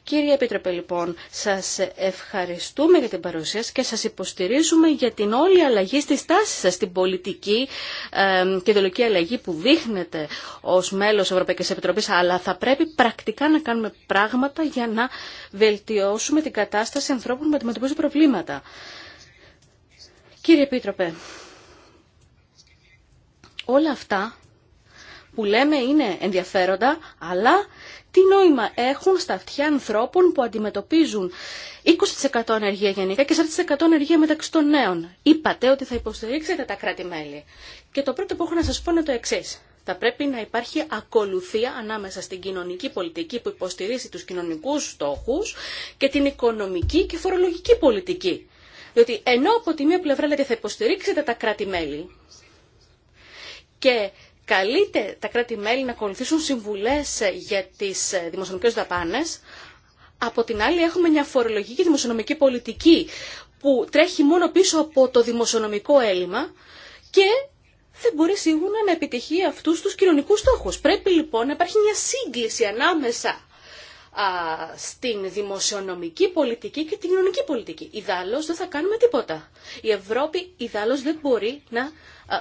Κύριε Επίτροπε, λοιπόν, σας ευχαριστούμε για την παρουσία σας και σας υποστηρίζουμε για την όλη αλλαγή στη στάση σας, την πολιτική και ιδεολογική αλλαγή που δείχνετε ως μέλος Ευρωπαϊκής Επιτροπής, αλλά θα πρέπει πρακτικά να κάνουμε πράγματα για να βελτιώσουμε την κατάσταση ανθρώπων που αντιμετωπίζουν προβλήματα. Κύριε Επίτροπε, όλα αυτά που λέμε είναι ενδιαφέροντα, αλλά τι νόημα έχουν στα αυτιά ανθρώπων που αντιμετωπίζουν 20% ανεργία γενικά και 40% ανεργία μεταξύ των νέων. Είπατε ότι θα υποστηρίξετε τα κράτη-μέλη. Και το πρώτο που έχω να σας πω είναι το εξή. Θα πρέπει να υπάρχει ακολουθία ανάμεσα στην κοινωνική πολιτική που υποστηρίζει τους κοινωνικούς στόχους και την οικονομική και φορολογική πολιτική. Διότι ενώ από τη μία πλευρά λέτε θα υποστηρίξετε τα κράτη-μέλη και καλείται τα κράτη-μέλη να ακολουθήσουν συμβουλές για τις δημοσιονομικές δαπάνες. Από την άλλη έχουμε μια φορολογική και δημοσιονομική πολιτική που τρέχει μόνο πίσω από το δημοσιονομικό έλλειμμα και δεν μπορεί σίγουρα να επιτυχεί αυτούς τους κοινωνικούς στόχους. Πρέπει λοιπόν να υπάρχει μια σύγκληση ανάμεσα στην δημοσιονομική πολιτική και την κοινωνική πολιτική. Ιδάλλως δεν θα κάνουμε τίποτα. Η Ευρώπη ιδάλλως δεν μπορεί να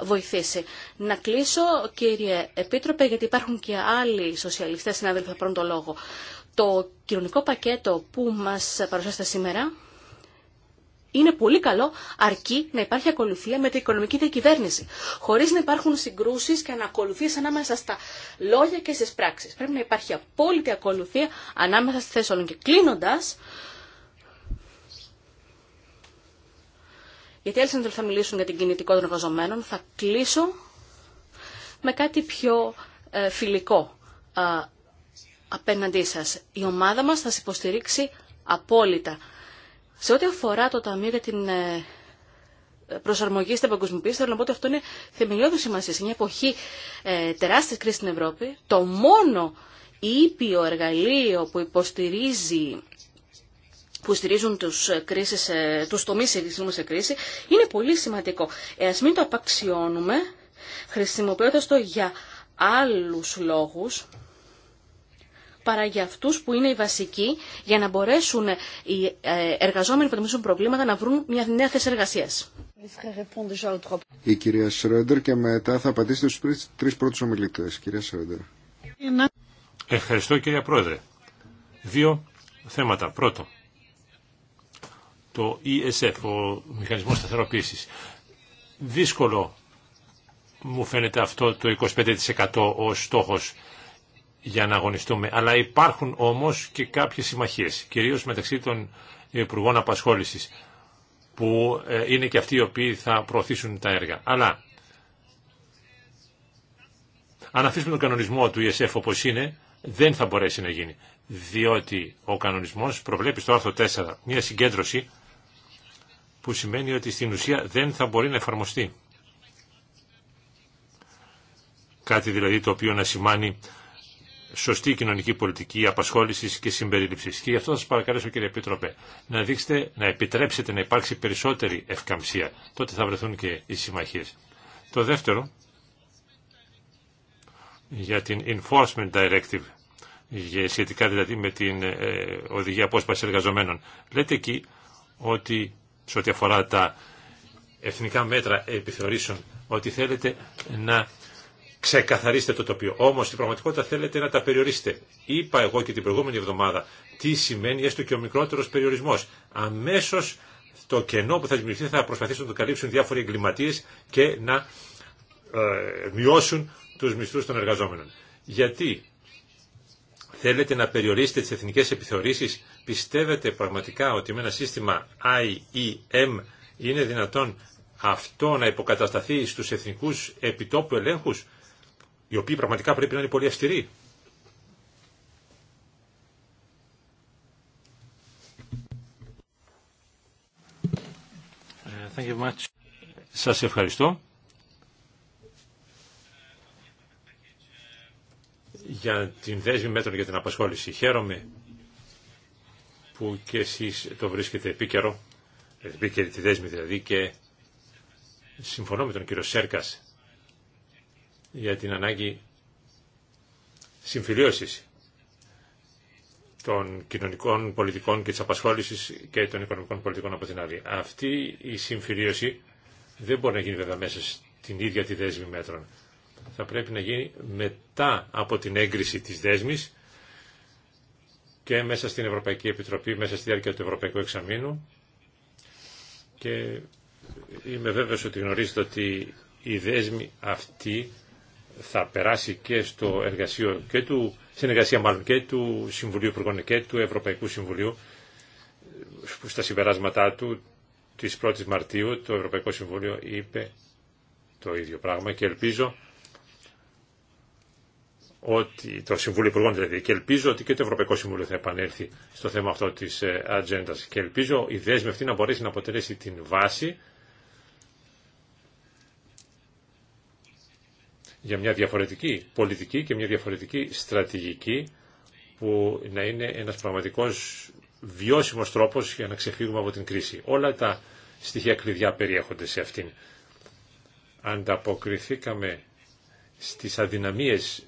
βοηθήσει. Να κλείσω κύριε Επίτροπε γιατί υπάρχουν και άλλοι σοσιαλιστές συνάδελφοι που θα το λόγο. Το κοινωνικό πακέτο που μας παρουσιάσετε σήμερα είναι πολύ καλό αρκεί να υπάρχει ακολουθία με την οικονομική διακυβέρνηση, χωρίς να υπάρχουν συγκρούσεις και ανακολουθίες ανάμεσα στα λόγια και στι πράξει. Πρέπει να υπάρχει απόλυτη ακολουθία ανάμεσα στι θέσει όλων. Και κλείνοντα. γιατί άλλοι συνάδελφοι θα μιλήσουν για την κινητικότητα των εργαζομένων, θα κλείσω με κάτι πιο ε, φιλικό απέναντί σας. Η ομάδα μας θα σας υποστηρίξει απόλυτα σε ό,τι αφορά το Ταμείο για την ε, προσαρμογή στην παγκοσμιοποίηση, θέλω να πω ότι αυτό είναι θεμελιώδη σημασία. Σε μια εποχή ε, τεράστια κρίση στην Ευρώπη, το μόνο ήπιο εργαλείο που υποστηρίζει που στηρίζουν τους, κρίσεις, ε, τους τομείς ε, σε κρίση, είναι πολύ σημαντικό. Ε, ας μην το απαξιώνουμε, χρησιμοποιώντας το για άλλους λόγους, παρά για αυτούς που είναι οι βασικοί για να μπορέσουν οι ε, εργαζόμενοι που αντιμετωπίζουν προβλήματα να βρουν μια νέα θέση εργασία. Η κυρία μετά θα Κυρία Ευχαριστώ κυρία Πρόεδρε. Δύο θέματα. Πρώτο, το ESF, ο Μηχανισμό Σταθεροποίησης. Δύσκολο μου φαίνεται αυτό το 25% ως στόχος για να αγωνιστούμε. Αλλά υπάρχουν όμως και κάποιες συμμαχίες, κυρίως μεταξύ των Υπουργών Απασχόλησης, που ε, είναι και αυτοί οι οποίοι θα προωθήσουν τα έργα. Αλλά αν αφήσουμε τον κανονισμό του ESF όπως είναι, δεν θα μπορέσει να γίνει. Διότι ο κανονισμός προβλέπει στο άρθρο 4 μια συγκέντρωση που σημαίνει ότι στην ουσία δεν θα μπορεί να εφαρμοστεί. Κάτι δηλαδή το οποίο να σημάνει σωστή κοινωνική πολιτική απασχόλησης και συμπερίληψης. Και γι' αυτό σα παρακαλέσω κύριε Επίτροπε να δείξετε, να επιτρέψετε να υπάρξει περισσότερη ευκαμψία. Τότε θα βρεθούν και οι συμμαχίε. Το δεύτερο, για την Enforcement Directive, για σχετικά δηλαδή με την ε, οδηγία απόσπαση εργαζομένων. Λέτε εκεί ότι σε ό,τι αφορά τα εθνικά μέτρα επιθεωρήσεων, ότι θέλετε να ξεκαθαρίστε το τοπίο. Όμω στην πραγματικότητα θέλετε να τα περιορίσετε. Είπα εγώ και την προηγούμενη εβδομάδα τι σημαίνει έστω και ο μικρότερο περιορισμό. Αμέσω το κενό που θα δημιουργηθεί θα προσπαθήσουν να το καλύψουν διάφοροι εγκληματίε και να ε, μειώσουν του μισθού των εργαζόμενων. Γιατί θέλετε να περιορίσετε τι εθνικέ επιθεωρήσει, πιστεύετε πραγματικά ότι με ένα σύστημα IEM είναι δυνατόν αυτό να υποκατασταθεί στους εθνικούς επιτόπου ελέγχους οι οποίοι πραγματικά πρέπει να είναι πολύ αυστηροί. Thank you much. Σας ευχαριστώ. Για την δέσμη μέτρων για την απασχόληση. Χαίρομαι που και εσείς το βρίσκετε επίκαιρο, επίκαιρη τη δέσμη δηλαδή και συμφωνώ με τον κύριο Σέρκας για την ανάγκη συμφιλίωσης των κοινωνικών πολιτικών και της απασχόλησης και των οικονομικών πολιτικών από την άλλη. Αυτή η συμφιλίωση δεν μπορεί να γίνει βέβαια μέσα στην ίδια τη δέσμη μέτρων. Θα πρέπει να γίνει μετά από την έγκριση της δέσμης και μέσα στην Ευρωπαϊκή Επιτροπή, μέσα στη διάρκεια του Ευρωπαϊκού Εξαμήνου και είμαι βέβαιος ότι γνωρίζετε ότι η δέσμη αυτή θα περάσει και στο εργασίο και του, συνεργασία μάλλον και του Συμβουλίου Υπουργών και του Ευρωπαϊκού Συμβουλίου στα συμπεράσματά του της 1ης Μαρτίου το Ευρωπαϊκό Συμβούλιο είπε το ίδιο πράγμα και ελπίζω ότι το Συμβούλιο Υπουργών δηλαδή και ελπίζω ότι και το Ευρωπαϊκό Συμβούλιο θα επανέλθει στο θέμα αυτό της ε, ατζέντα και ελπίζω η δέσμευτη να μπορέσει να αποτελέσει την βάση για μια διαφορετική πολιτική και μια διαφορετική στρατηγική που να είναι ένας πραγματικός βιώσιμος τρόπος για να ξεφύγουμε από την κρίση. Όλα τα στοιχεία κλειδιά περιέχονται σε αυτήν. Ανταποκριθήκαμε στις αδυναμίες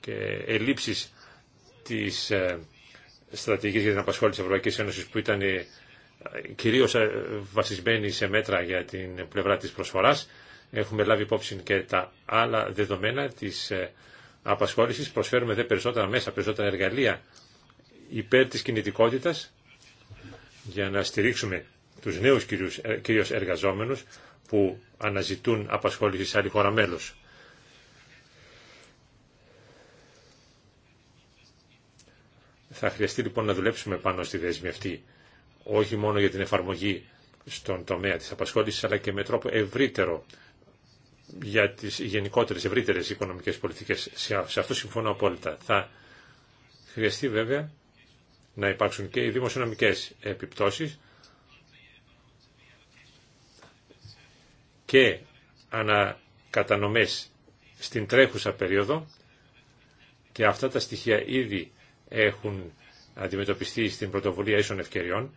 και ελλείψεις της ε, στρατηγικής για την απασχόληση της Ευρωπαϊκής Ένωσης που ήταν ε, κυρίως ε, βασισμένη σε μέτρα για την πλευρά της προσφοράς Έχουμε λάβει υπόψη και τα άλλα δεδομένα της ε, απασχόλησης. Προσφέρουμε δε περισσότερα μέσα, περισσότερα εργαλεία υπέρ της κινητικότητας για να στηρίξουμε τους νέους ε, κυρίως εργαζόμενους που αναζητούν απασχόληση σε άλλη χώρα Θα χρειαστεί λοιπόν να δουλέψουμε πάνω στη δέσμη αυτή, όχι μόνο για την εφαρμογή στον τομέα της απασχόλησης, αλλά και με τρόπο ευρύτερο για τις γενικότερες, ευρύτερες οικονομικές πολιτικές. Σε αυτό συμφωνώ απόλυτα. Θα χρειαστεί βέβαια να υπάρξουν και οι δημοσιονομικές επιπτώσεις και ανακατανομές στην τρέχουσα περίοδο και αυτά τα στοιχεία ήδη έχουν αντιμετωπιστεί στην πρωτοβουλία ίσων ευκαιριών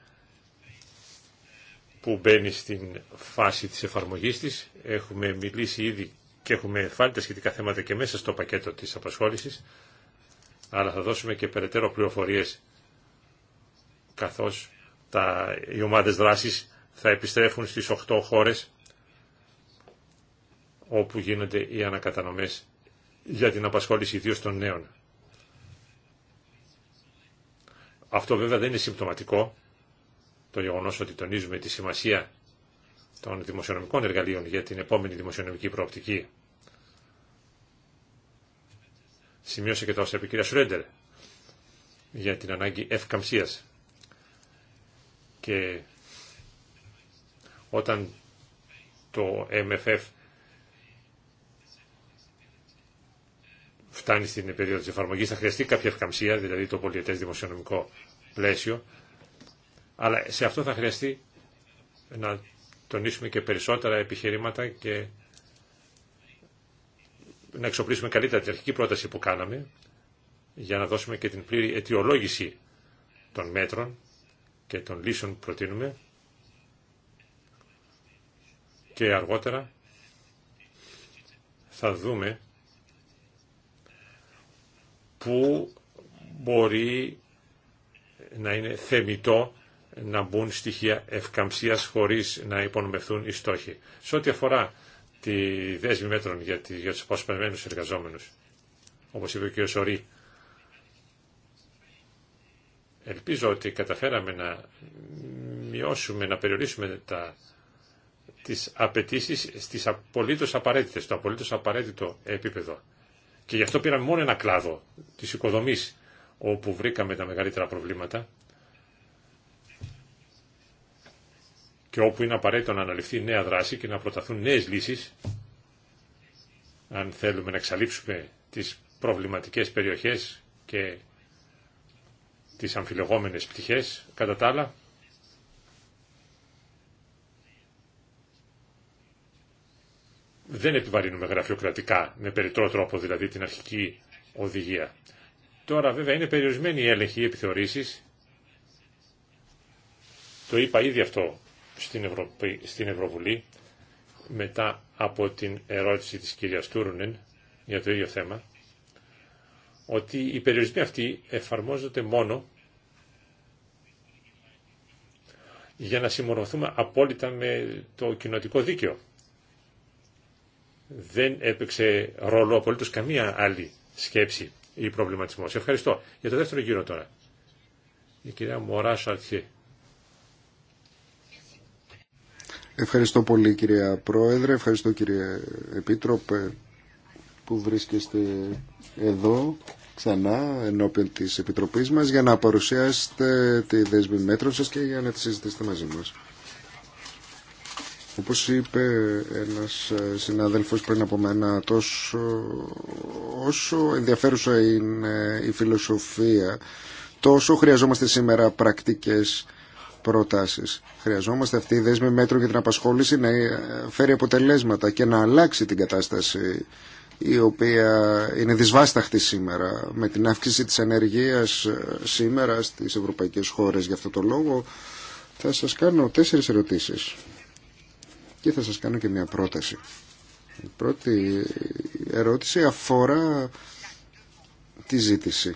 που μπαίνει στην φάση της εφαρμογής της. Έχουμε μιλήσει ήδη και έχουμε βάλει τα σχετικά θέματα και μέσα στο πακέτο της απασχόλησης, αλλά θα δώσουμε και περαιτέρω πληροφορίες, καθώς τα, οι ομάδες δράσης θα επιστρέφουν στις 8 χώρες όπου γίνονται οι ανακατανομές για την απασχόληση ιδίως των νέων. Αυτό βέβαια δεν είναι συμπτωματικό, το γεγονό ότι τονίζουμε τη σημασία των δημοσιονομικών εργαλείων για την επόμενη δημοσιονομική προοπτική. Σημείωσε και το όσα η κυρία Σουρέντερ για την ανάγκη ευκαμψίας. Και όταν το MFF φτάνει στην περίοδο της εφαρμογής θα χρειαστεί κάποια ευκαμψία, δηλαδή το πολιετές δημοσιονομικό πλαίσιο αλλά σε αυτό θα χρειαστεί να τονίσουμε και περισσότερα επιχειρήματα και να εξοπλίσουμε καλύτερα την αρχική πρόταση που κάναμε για να δώσουμε και την πλήρη αιτιολόγηση των μέτρων και των λύσεων που προτείνουμε και αργότερα θα δούμε που μπορεί να είναι θεμητό να μπουν στοιχεία ευκαμψίας χωρίς να υπονομευθούν οι στόχοι. Σε ό,τι αφορά τη δέσμη μέτρων για, τη, για τους αποσπασμένους εργαζόμενους, όπως είπε ο κ. Σωρή, ελπίζω ότι καταφέραμε να μειώσουμε, να περιορίσουμε τα, τις απαιτήσει στις απολύτως απαραίτητες, στο απολύτως απαραίτητο επίπεδο. Και γι' αυτό πήραμε μόνο ένα κλάδο της οικοδομής, όπου βρήκαμε τα μεγαλύτερα προβλήματα και όπου είναι απαραίτητο να αναλυφθεί νέα δράση και να προταθούν νέες λύσεις, αν θέλουμε να εξαλείψουμε τις προβληματικές περιοχές και τις αμφιλεγόμενες πτυχές, κατά τα άλλα, δεν επιβαρύνουμε γραφειοκρατικά, με περιττρό τρόπο δηλαδή την αρχική οδηγία. Τώρα βέβαια είναι περιορισμένη η έλεγχη, επιθεωρήσεις. Το είπα ήδη αυτό στην, Ευρωπή, στην Ευρωβουλή μετά από την ερώτηση της κυρίας Τούρουνεν για το ίδιο θέμα ότι οι περιορισμοί αυτοί εφαρμόζονται μόνο για να συμμορφωθούμε απόλυτα με το κοινοτικό δίκαιο. Δεν έπαιξε ρόλο απολύτως καμία άλλη σκέψη ή προβληματισμός. Ευχαριστώ. Για το δεύτερο γύρο τώρα. Η κυρία Μωρά Ευχαριστώ πολύ κυρία Πρόεδρε, ευχαριστώ κύριε Επίτροπε που βρίσκεστε εδώ ξανά ενώπιον της Επιτροπής μας για να παρουσιάσετε τη δέσμη μέτρων σας και για να τη συζητήσετε μαζί μας. Όπως είπε ένας συνάδελφος πριν από μένα, τόσο όσο ενδιαφέρουσα είναι η φιλοσοφία, τόσο χρειαζόμαστε σήμερα πρακτικές προτάσεις. Χρειαζόμαστε αυτή η δέσμη μέτρων για την απασχόληση να φέρει αποτελέσματα και να αλλάξει την κατάσταση η οποία είναι δυσβάσταχτη σήμερα με την αύξηση της ενεργείας ε, σήμερα στις ευρωπαϊκές χώρες. για αυτό το λόγο θα σας κάνω τέσσερις ερωτήσεις και θα σας κάνω και μια πρόταση. Η πρώτη ερώτηση αφορά τη ζήτηση.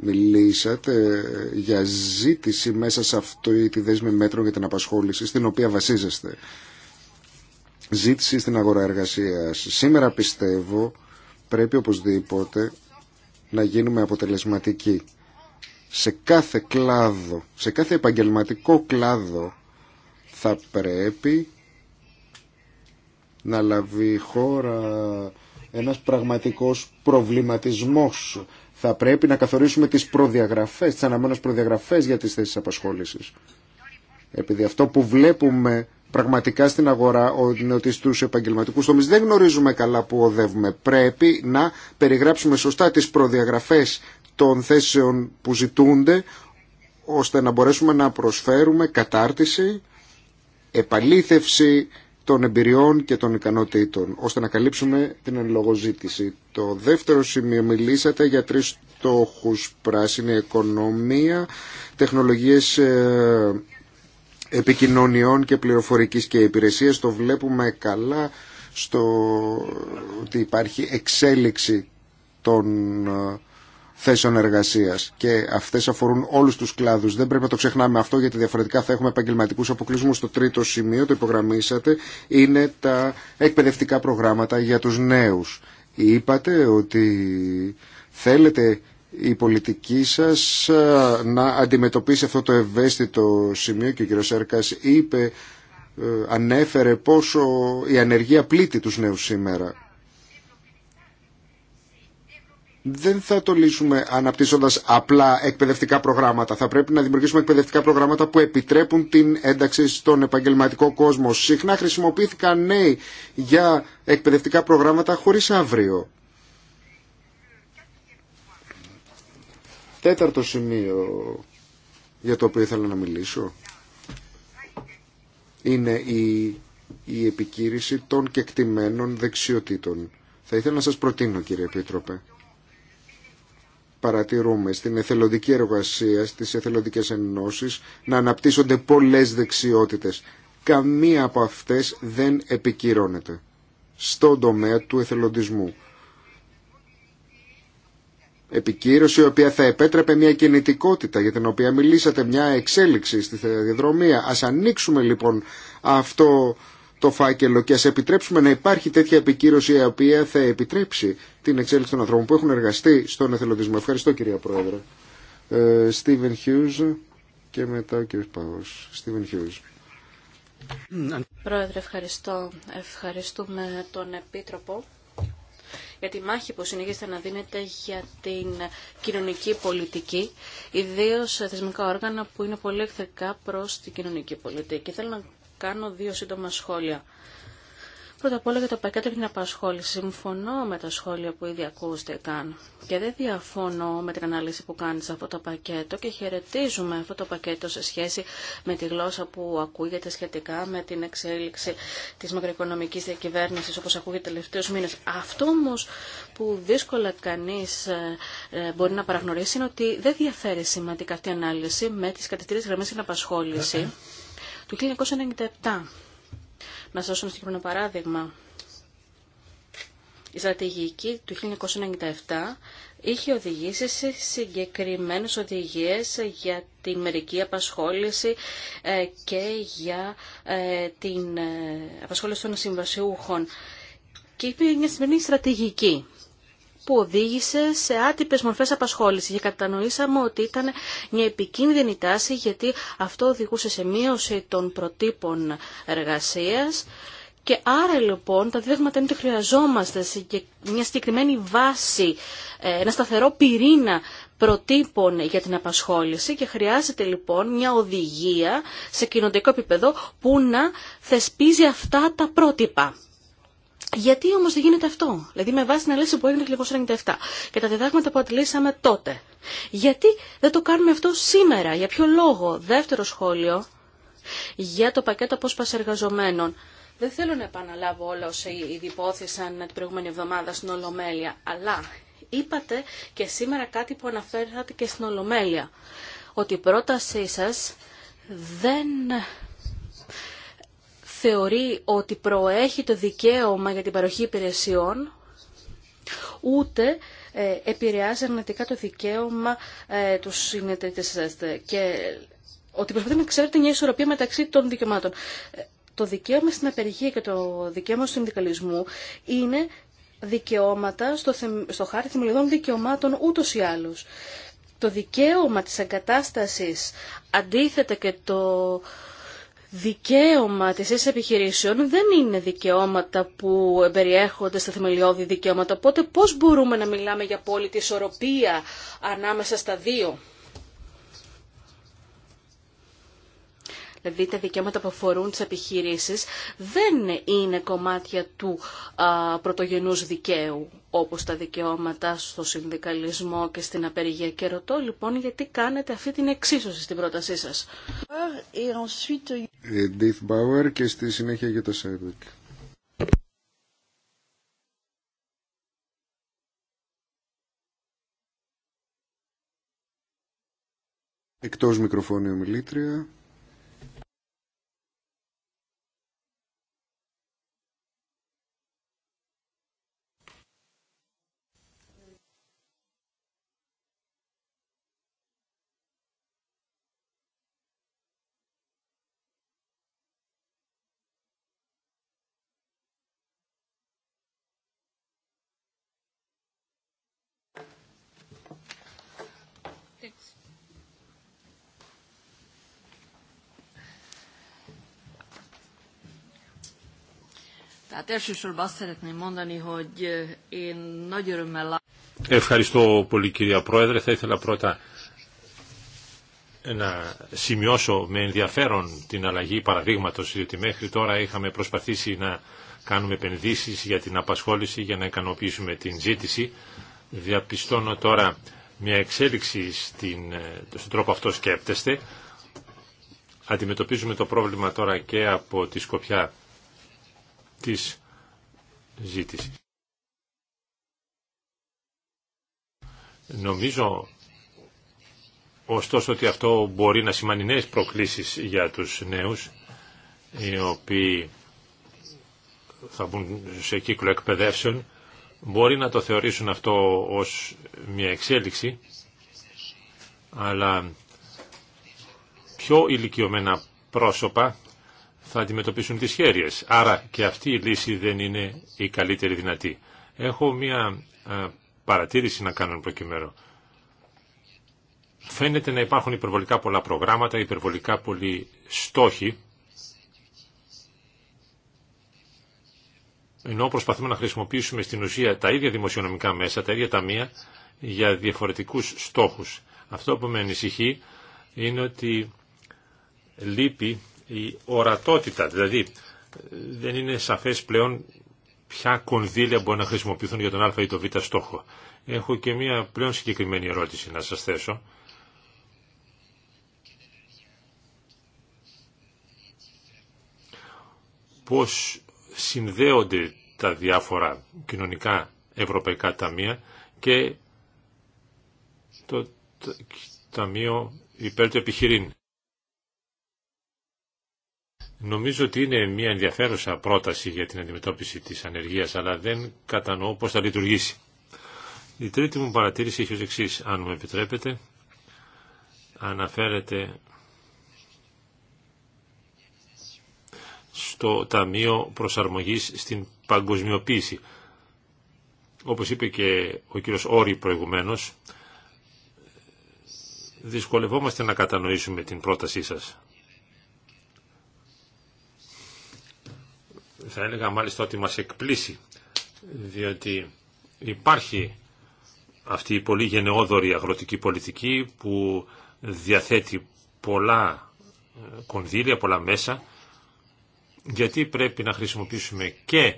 Μιλήσατε για ζήτηση μέσα σε αυτό τη δέσμη μέτρων για την απασχόληση στην οποία βασίζεστε. Ζήτηση στην αγορά εργασίας. Σήμερα πιστεύω πρέπει οπωσδήποτε να γίνουμε αποτελεσματικοί σε κάθε κλάδο, σε κάθε επαγγελματικό κλάδο θα πρέπει να λάβει χώρα ένας πραγματικός προβληματισμός θα πρέπει να καθορίσουμε τις προδιαγραφές, τις αναμένες προδιαγραφές για τις θέσεις απασχόλησης. Επειδή αυτό που βλέπουμε πραγματικά στην αγορά είναι ότι στους επαγγελματικούς τομείς δεν γνωρίζουμε καλά που οδεύουμε. Πρέπει να περιγράψουμε σωστά τις προδιαγραφές των θέσεων που ζητούνται ώστε να μπορέσουμε να προσφέρουμε κατάρτιση, επαλήθευση των εμπειριών και των ικανοτήτων, ώστε να καλύψουμε την ζήτηση. Το δεύτερο σημείο μιλήσατε για τρει στόχου πράσινη οικονομία, τεχνολογίες ε, επικοινωνιών και πληροφορικής και υπηρεσίες. Το βλέπουμε καλά στο ότι υπάρχει εξέλιξη των ε, θέσεων εργασία. Και αυτέ αφορούν όλου του κλάδου. Δεν πρέπει να το ξεχνάμε αυτό, γιατί διαφορετικά θα έχουμε επαγγελματικού αποκλεισμού. Το τρίτο σημείο, το υπογραμμίσατε, είναι τα εκπαιδευτικά προγράμματα για του νέου. Είπατε ότι θέλετε η πολιτική σας να αντιμετωπίσει αυτό το ευαίσθητο σημείο και ο κ. Σέρκας είπε, ε, ανέφερε πόσο η ανεργία πλήττει τους νέους σήμερα δεν θα το λύσουμε αναπτύσσοντας απλά εκπαιδευτικά προγράμματα. Θα πρέπει να δημιουργήσουμε εκπαιδευτικά προγράμματα που επιτρέπουν την ένταξη στον επαγγελματικό κόσμο. Συχνά χρησιμοποιήθηκαν νέοι για εκπαιδευτικά προγράμματα χωρίς αύριο. Τέταρτο σημείο για το οποίο ήθελα να μιλήσω είναι η, η των κεκτημένων δεξιοτήτων. Θα ήθελα να σας προτείνω κύριε Επίτροπε παρατηρούμε στην εθελοντική εργασία, στις εθελοντικές ενώσεις, να αναπτύσσονται πολλές δεξιότητες. Καμία από αυτές δεν επικυρώνεται στον τομέα του εθελοντισμού. Επικύρωση η οποία θα επέτρεπε μια κινητικότητα για την οποία μιλήσατε, μια εξέλιξη στη διαδρομία. Ας ανοίξουμε λοιπόν αυτό το φάκελο και ας επιτρέψουμε να υπάρχει τέτοια επικύρωση η οποία θα επιτρέψει την εξέλιξη των ανθρώπων που έχουν εργαστεί στον εθελοντισμό. Ευχαριστώ κυρία Πρόεδρε. Στίβεν Χιούζ και μετά ο κύριος Πάγος. Στίβεν Χιούζ. Πρόεδρε, ευχαριστώ. Ευχαριστούμε τον Επίτροπο για τη μάχη που συνεχίζεται να δίνεται για την κοινωνική πολιτική, ιδίω θεσμικά όργανα που είναι πολύ εχθρικά προ την κοινωνική πολιτική κάνω δύο σύντομα σχόλια. Πρώτα απ' όλα για το πακέτο για την απασχόληση. Συμφωνώ με τα σχόλια που ήδη ακούστηκαν και δεν διαφωνώ με την ανάλυση που κάνει σε αυτό το πακέτο και χαιρετίζουμε αυτό το πακέτο σε σχέση με τη γλώσσα που ακούγεται σχετικά με την εξέλιξη τη μακροοικονομική διακυβέρνηση όπω ακούγεται τελευταίου μήνε. Αυτό όμω που δύσκολα κανεί ε, ε, μπορεί να παραγνωρίσει είναι ότι δεν διαφέρει σημαντικά αυτή η ανάλυση με τι κατευθύνσει γραμμέ στην απασχόληση του 1997. Να σας δώσω ένα συγκεκριμένο παράδειγμα. Η στρατηγική του 1997 είχε οδηγήσει σε συγκεκριμένες οδηγίες για τη μερική απασχόληση ε, και για ε, την ε, απασχόληση των συμβασιούχων. Και είναι μια σημερινή στρατηγική που οδήγησε σε άτυπες μορφές απασχόλησης και κατανοήσαμε ότι ήταν μια επικίνδυνη τάση γιατί αυτό οδηγούσε σε μείωση των προτύπων εργασία, και άρα λοιπόν τα δείγματα είναι ότι χρειαζόμαστε μια συγκεκριμένη βάση, ε, ένα σταθερό πυρήνα προτύπων για την απασχόληση και χρειάζεται λοιπόν μια οδηγία σε κοινωνικό επίπεδο που να θεσπίζει αυτά τα πρότυπα. Γιατί όμως δεν γίνεται αυτό, δηλαδή με βάση την αλήθεια που έγινε το 1997 και τα διδάγματα που αντιλήσαμε τότε. Γιατί δεν το κάνουμε αυτό σήμερα, για ποιο λόγο. Δεύτερο σχόλιο για το πακέτο απόσπαση εργαζομένων. Δεν θέλω να επαναλάβω όλα όσα ήδη την προηγούμενη εβδομάδα στην Ολομέλεια, αλλά είπατε και σήμερα κάτι που αναφέρατε και στην Ολομέλεια, ότι η πρότασή σας δεν θεωρεί ότι προέχει το δικαίωμα για την παροχή υπηρεσιών, ούτε ε, επηρεάζει αρνητικά το δικαίωμα ε, του συνεταιρίτες και ότι προσπαθεί να ξέρετε μια ισορροπία μεταξύ των δικαιωμάτων. Ε, το δικαίωμα στην απεργία και το δικαίωμα στον συνδικαλισμού είναι δικαιώματα στο, στο χάρτη θεμελιωδών δικαιωμάτων ούτως ή άλλω. Το δικαίωμα της εγκατάστασης αντίθετα και το δικαίωμα της επιχειρήσεων δεν είναι δικαιώματα που περιέχονται στα θεμελιώδη δικαιώματα. Οπότε πώς μπορούμε να μιλάμε για απόλυτη ισορροπία ανάμεσα στα δύο. δηλαδή τα δικαιώματα που αφορούν τις επιχειρήσεις, δεν είναι κομμάτια του α, πρωτογενούς δικαίου, όπως τα δικαιώματα στο συνδικαλισμό και στην απεργία. Και ρωτώ λοιπόν γιατί κάνετε αυτή την εξίσωση στην πρότασή σας. Ε, Edith Bauer και στη συνέχεια για το Εκτός ομιλήτρια. Ευχαριστώ πολύ κυρία Πρόεδρε. Θα ήθελα πρώτα να σημειώσω με ενδιαφέρον την αλλαγή παραδείγματος, διότι μέχρι τώρα είχαμε προσπαθήσει να κάνουμε επενδύσει για την απασχόληση, για να ικανοποιήσουμε την ζήτηση. Διαπιστώνω τώρα μια εξέλιξη στην, ε, στον τρόπο αυτό σκέπτεστε. Αντιμετωπίζουμε το πρόβλημα τώρα και από τη σκοπιά της ζήτησης. Νομίζω ωστόσο ότι αυτό μπορεί να σημαίνει νέες προκλήσεις για τους νέους οι οποίοι θα μπουν σε κύκλο εκπαιδεύσεων μπορεί να το θεωρήσουν αυτό ως μια εξέλιξη αλλά πιο ηλικιωμένα πρόσωπα θα αντιμετωπίσουν τις χέρειες. Άρα και αυτή η λύση δεν είναι η καλύτερη δυνατή. Έχω μία ε, παρατήρηση να κάνω προκειμένου. Φαίνεται να υπάρχουν υπερβολικά πολλά προγράμματα, υπερβολικά πολλοί στόχοι, ενώ προσπαθούμε να χρησιμοποιήσουμε στην ουσία τα ίδια δημοσιονομικά μέσα, τα ίδια ταμεία, για διαφορετικούς στόχους. Αυτό που με ανησυχεί είναι ότι λείπει η ορατότητα, δηλαδή δεν είναι σαφές πλέον ποια κονδύλια μπορεί να χρησιμοποιηθούν για τον α ή τον β στόχο. Έχω και μια πλέον συγκεκριμένη ερώτηση να σας θέσω. Πώς συνδέονται τα διάφορα κοινωνικά ευρωπαϊκά ταμεία και το Ταμείο υπέρ του επιχειρήν. Νομίζω ότι είναι μια ενδιαφέρουσα πρόταση για την αντιμετώπιση της ανεργίας, αλλά δεν κατανοώ πώς θα λειτουργήσει. Η τρίτη μου παρατήρηση έχει ως εξής, αν μου επιτρέπετε, αναφέρεται στο Ταμείο Προσαρμογής στην Παγκοσμιοποίηση. Όπως είπε και ο κύριος Όρη προηγουμένως, δυσκολευόμαστε να κατανοήσουμε την πρότασή σας. θα έλεγα μάλιστα ότι μας εκπλήσει, διότι υπάρχει αυτή η πολύ γενναιόδορη αγροτική πολιτική που διαθέτει πολλά ε, κονδύλια, πολλά μέσα, γιατί πρέπει να χρησιμοποιήσουμε και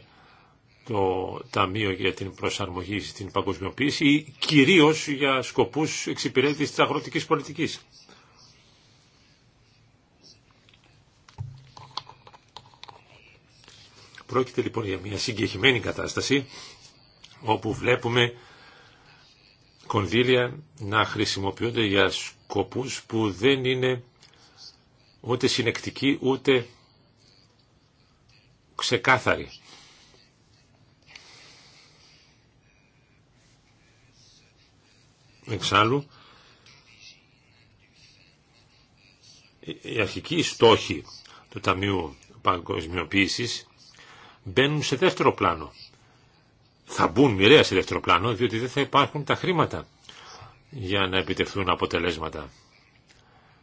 το Ταμείο για την προσαρμογή στην παγκοσμιοποίηση ή κυρίως για σκοπούς εξυπηρέτησης της αγροτικής πολιτικής. Πρόκειται λοιπόν για μια συγκεχημένη κατάσταση όπου βλέπουμε κονδύλια να χρησιμοποιούνται για σκοπούς που δεν είναι ούτε συνεκτικοί ούτε ξεκάθαροι. Εξάλλου, η αρχική στόχη του Ταμείου Παγκοσμιοποίησης μπαίνουν σε δεύτερο πλάνο. Θα μπουν μοιραία σε δεύτερο πλάνο, διότι δεν θα υπάρχουν τα χρήματα για να επιτευχθούν αποτελέσματα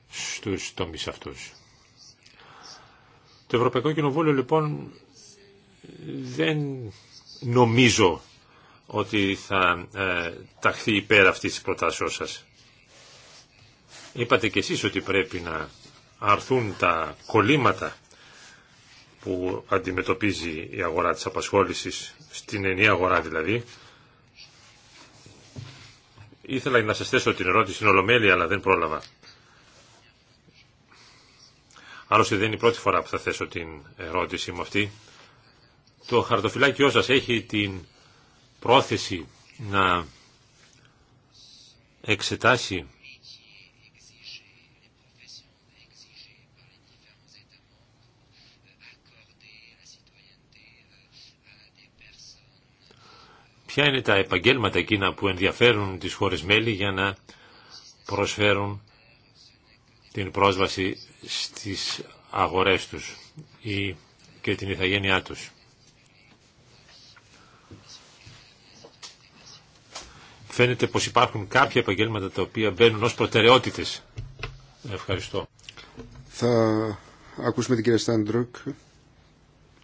στους τομείς αυτούς. Το Ευρωπαϊκό Κοινοβούλιο λοιπόν δεν νομίζω ότι θα ε, ταχθεί υπέρ αυτής της προτάσεώς σας. Είπατε κι εσείς ότι πρέπει να αρθούν τα κολλήματα που αντιμετωπίζει η αγορά της απασχόλησης, στην ενή αγορά δηλαδή. Ήθελα να σας θέσω την ερώτηση είναι Ολομέλεια, αλλά δεν πρόλαβα. Άλλωστε δεν είναι η πρώτη φορά που θα θέσω την ερώτηση μου αυτή. Το χαρτοφυλάκιό σας έχει την πρόθεση να εξετάσει ποια είναι τα επαγγέλματα εκείνα που ενδιαφέρουν τις χώρες μέλη για να προσφέρουν την πρόσβαση στις αγορές τους ή και την ηθαγένειά τους. Φαίνεται πως υπάρχουν κάποια επαγγέλματα τα οποία μπαίνουν ως προτεραιότητες. Ευχαριστώ. Θα ακούσουμε την κυρία Στάντρουκ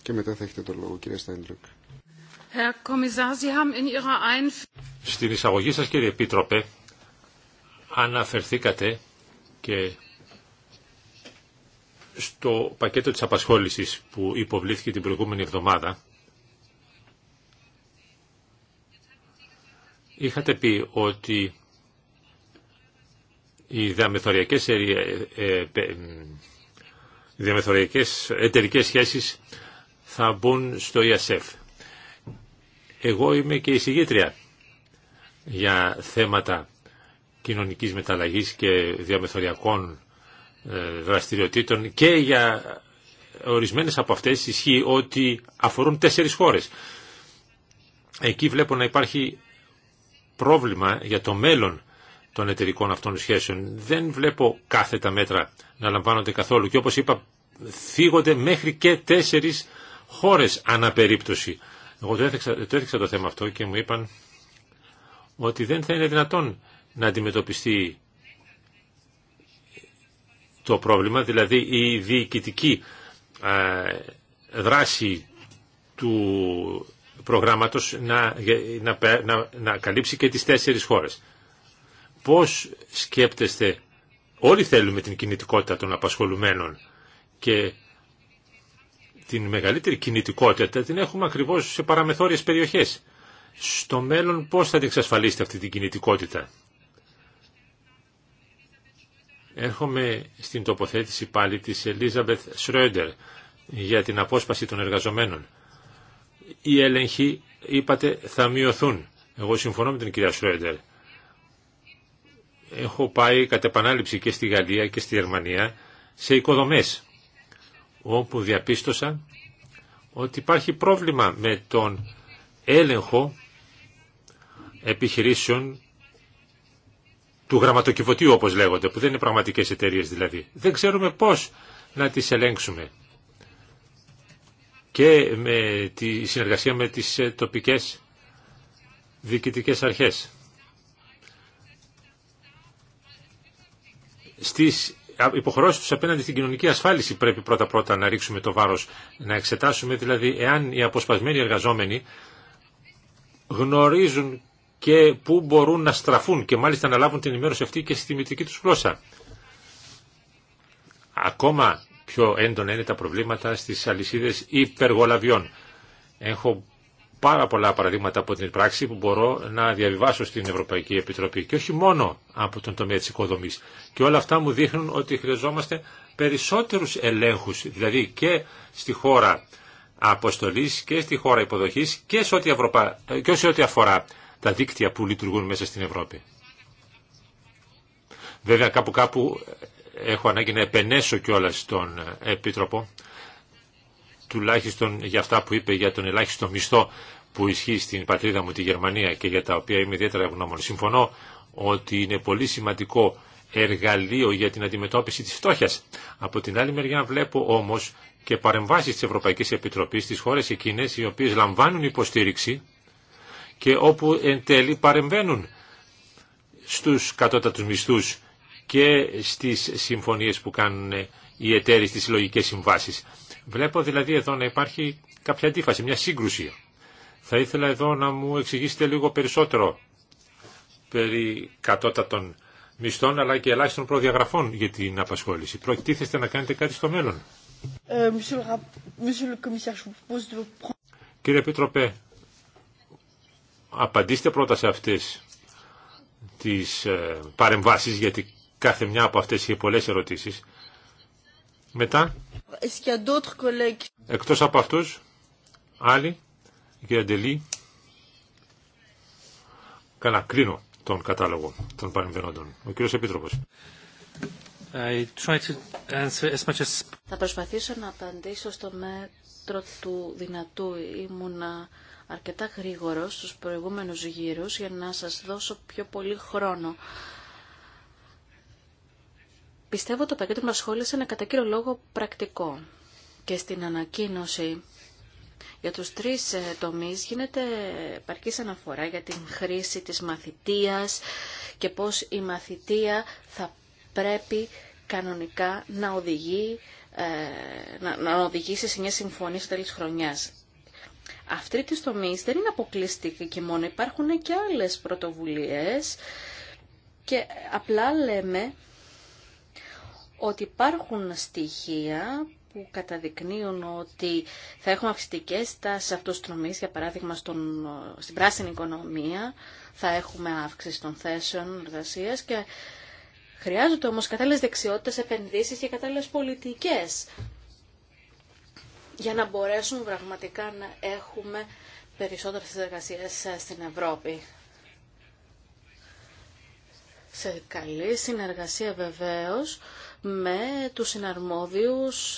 και μετά θα έχετε το λόγο κυρία Στάντρουκ. Στην εισαγωγή σας κύριε Επίτροπε αναφερθήκατε και στο πακέτο της απασχόλησης που υποβλήθηκε την προηγούμενη εβδομάδα είχατε πει ότι οι διαμεθοριακές, ε, ε, ε, διαμεθοριακές εταιρικές σχέσεις θα μπουν στο ΙΑΣΕΦ. E εγώ είμαι και εισηγήτρια για θέματα κοινωνικής μεταλλαγής και διαμεθοριακών ε, δραστηριοτήτων και για ορισμένες από αυτές ισχύει ότι αφορούν τέσσερις χώρες. Εκεί βλέπω να υπάρχει πρόβλημα για το μέλλον των εταιρικών αυτών σχέσεων. Δεν βλέπω κάθετα μέτρα να λαμβάνονται καθόλου και όπως είπα φύγονται μέχρι και τέσσερις χώρες αναπερίπτωση. Εγώ το έθεξα, το θέμα αυτό και μου είπαν ότι δεν θα είναι δυνατόν να αντιμετωπιστεί το πρόβλημα, δηλαδή η διοικητική ε, δράση του προγράμματος να, να, να, καλύψει και τις τέσσερις χώρες. Πώς σκέπτεστε, όλοι θέλουμε την κινητικότητα των απασχολουμένων και την μεγαλύτερη κινητικότητα την έχουμε ακριβώς σε παραμεθόριες περιοχές. Στο μέλλον πώς θα την εξασφαλίσετε αυτή την κινητικότητα. Έρχομαι στην τοποθέτηση πάλι της Ελίζαμπεθ Σρόιντερ για την απόσπαση των εργαζομένων. Οι έλεγχοι, είπατε, θα μειωθούν. Εγώ συμφωνώ με την κυρία Σρόιντερ. Έχω πάει κατ' επανάληψη και στη Γαλλία και στη Γερμανία σε οικοδομές όπου διαπίστωσαν ότι υπάρχει πρόβλημα με τον έλεγχο επιχειρήσεων του γραμματοκιβωτίου όπως λέγονται, που δεν είναι πραγματικές εταιρείες δηλαδή. Δεν ξέρουμε πώς να τις ελέγξουμε και με τη συνεργασία με τις ε, τοπικές διοικητικές αρχές. Στις υποχρεώσει του απέναντι στην κοινωνική ασφάλιση πρέπει πρώτα-πρώτα να ρίξουμε το βάρος. Να εξετάσουμε δηλαδή εάν οι αποσπασμένοι εργαζόμενοι γνωρίζουν και πού μπορούν να στραφούν και μάλιστα να λάβουν την ενημέρωση αυτή και στη μητρική τους γλώσσα. Ακόμα πιο έντονα είναι τα προβλήματα στις αλυσίδε υπεργολαβιών. Έχω πάρα πολλά παραδείγματα από την πράξη που μπορώ να διαβιβάσω στην Ευρωπαϊκή Επιτροπή και όχι μόνο από τον τομέα της οικοδομής. Και όλα αυτά μου δείχνουν ότι χρειαζόμαστε περισσότερους ελέγχους, δηλαδή και στη χώρα αποστολής και στη χώρα υποδοχής και σε ό,τι, Ευρωπα... και σε ό,τι αφορά τα δίκτυα που λειτουργούν μέσα στην Ευρώπη. Βέβαια κάπου κάπου έχω ανάγκη να επενέσω κιόλας τον Επίτροπο τουλάχιστον για αυτά που είπε για τον ελάχιστο μισθό που ισχύει στην πατρίδα μου τη Γερμανία και για τα οποία είμαι ιδιαίτερα ευγνώμων. Συμφωνώ ότι είναι πολύ σημαντικό εργαλείο για την αντιμετώπιση της φτώχειας. Από την άλλη μεριά βλέπω όμως και παρεμβάσεις της Ευρωπαϊκής Επιτροπής στις χώρες εκείνες οι οποίες λαμβάνουν υποστήριξη και όπου εν τέλει παρεμβαίνουν στους κατώτατους μισθούς και στις συμφωνίες που κάνουν οι εταίροι στις συλλογικέ συμβάσεις. Βλέπω δηλαδή εδώ να υπάρχει κάποια αντίφαση, μια σύγκρουση. Θα ήθελα εδώ να μου εξηγήσετε λίγο περισσότερο περί κατώτατων μισθών αλλά και ελάχιστων προδιαγραφών για την απασχόληση. Προκτήθεστε να κάνετε κάτι στο μέλλον. Ε, Κύριε Επίτροπε, απαντήστε πρώτα σε αυτές τις ε, παρεμβάσεις γιατί κάθε μια από αυτές είχε πολλές ερωτήσεις. Μετά Εκτός από αυτούς, άλλοι, η κυρία Ντελή, καλά κλείνω τον κατάλογο των παρεμβαίνοντων. Ο κύριος Επίτροπος. Θα προσπαθήσω να απαντήσω στο μέτρο του δυνατού. Ήμουνα αρκετά γρήγορος στους προηγούμενους γύρους για να σας δώσω πιο πολύ χρόνο Πιστεύω το πακέτο του ασχόλησε είναι κατά κύριο λόγο πρακτικό και στην ανακοίνωση για τους τρεις ε, τομείς γίνεται παρκής αναφορά για την χρήση της μαθητείας και πώς η μαθητεία θα πρέπει κανονικά να οδηγεί, ε, να, να οδηγήσει σε μια συμφωνία στο τέλος χρονιάς. Αυτή τη τομή δεν είναι αποκλειστική και μόνο υπάρχουν και άλλες πρωτοβουλίες και απλά λέμε ότι υπάρχουν στοιχεία που καταδεικνύουν ότι θα έχουμε αυξητικές τάσεις για παράδειγμα στον, στην πράσινη οικονομία, θα έχουμε αύξηση των θέσεων εργασία και χρειάζονται όμως κατάλληλες δεξιότητες, επενδύσεις και κατάλληλες πολιτικές για να μπορέσουν πραγματικά να έχουμε περισσότερες εργασίες στην Ευρώπη. Σε καλή συνεργασία βεβαίως με τους συναρμόδιους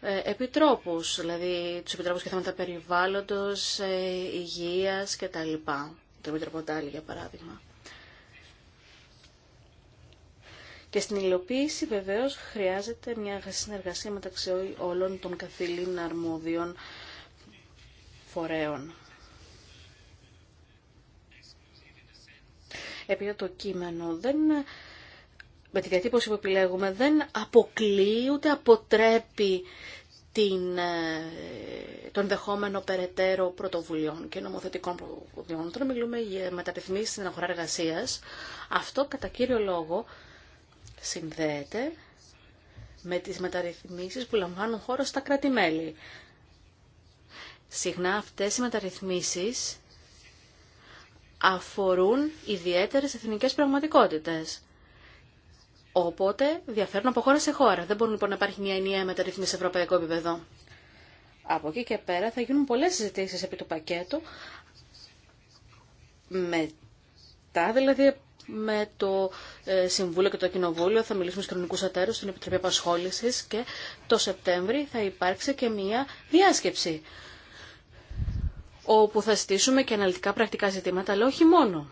ε, επιτρόπους, δηλαδή τους επιτρόπους και θέματα περιβάλλοντος, ε, υγείας κτλ. Το Επιτροπό για παράδειγμα. Και στην υλοποίηση βεβαίως χρειάζεται μια συνεργασία μεταξύ όλων των καθήλων αρμόδιων φορέων. Επειδή το κείμενο δεν με τη διατύπωση που επιλέγουμε δεν αποκλεί ούτε αποτρέπει την, ε, τον δεχόμενο περαιτέρω πρωτοβουλειών και νομοθετικών πρωτοβουλειών. Τώρα μιλούμε για μεταρρυθμίσει στην αγορά εργασία, αυτό κατά κύριο λόγο συνδέεται με τις μεταρρυθμίσεις που λαμβάνουν χώρο στα κράτη-μέλη. Συχνά αυτές οι μεταρρυθμίσεις αφορούν ιδιαίτερες εθνικές πραγματικότητες. Οπότε διαφέρουν από χώρα σε χώρα. Δεν μπορούν λοιπόν να υπάρχει μια ενιαία μεταρρύθμιση σε ευρωπαϊκό επίπεδο. Από εκεί και πέρα θα γίνουν πολλές συζητήσει επί του πακέτου μετά δηλαδή με το ε, Συμβούλιο και το Κοινοβούλιο θα μιλήσουμε στους κοινωνικούς ατέρους στην Επιτροπή Απασχόλησης και το Σεπτέμβρη θα υπάρξει και μια διάσκεψη όπου θα στήσουμε και αναλυτικά πρακτικά ζητήματα αλλά όχι μόνο.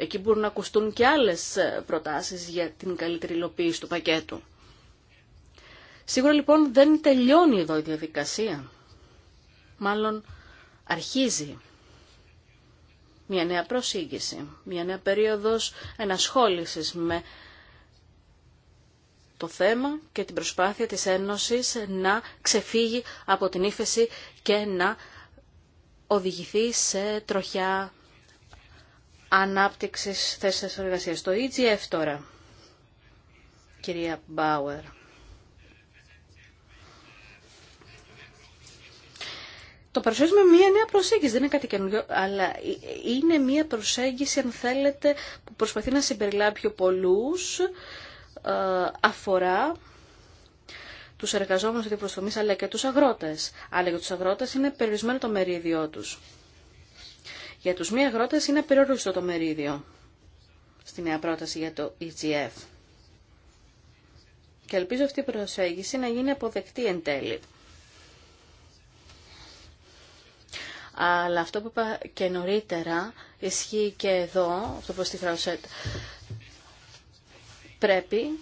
Εκεί μπορούν να ακουστούν και άλλες ε, προτάσεις για την καλύτερη υλοποίηση του πακέτου. Σίγουρα λοιπόν δεν τελειώνει εδώ η διαδικασία. Μάλλον αρχίζει μια νέα προσήγηση, μια νέα περίοδος ενασχόλησης με το θέμα και την προσπάθεια της Ένωσης να ξεφύγει από την ύφεση και να οδηγηθεί σε τροχιά ανάπτυξης θέσεων εργασίας. Το EGF τώρα, κυρία Μπάουερ. Το παρουσιάζουμε μία νέα προσέγγιση, δεν είναι κάτι καινούργιο, αλλά ε, ε, είναι μία προσέγγιση, αν θέλετε, που προσπαθεί να συμπεριλάβει πιο πολλούς, ε, αφορά τους εργαζόμενους προστομής, αλλά και τους αγρότες. Αλλά για τους αγρότες είναι περιορισμένο το μερίδιό τους. Για τους μη αγρότες είναι απεριόριστο το μερίδιο στη νέα πρόταση για το EGF. Και ελπίζω αυτή η προσέγγιση να γίνει αποδεκτή εν τέλει. Αλλά αυτό που είπα και νωρίτερα ισχύει και εδώ, αυτό που στη Φραουσέτ. Πρέπει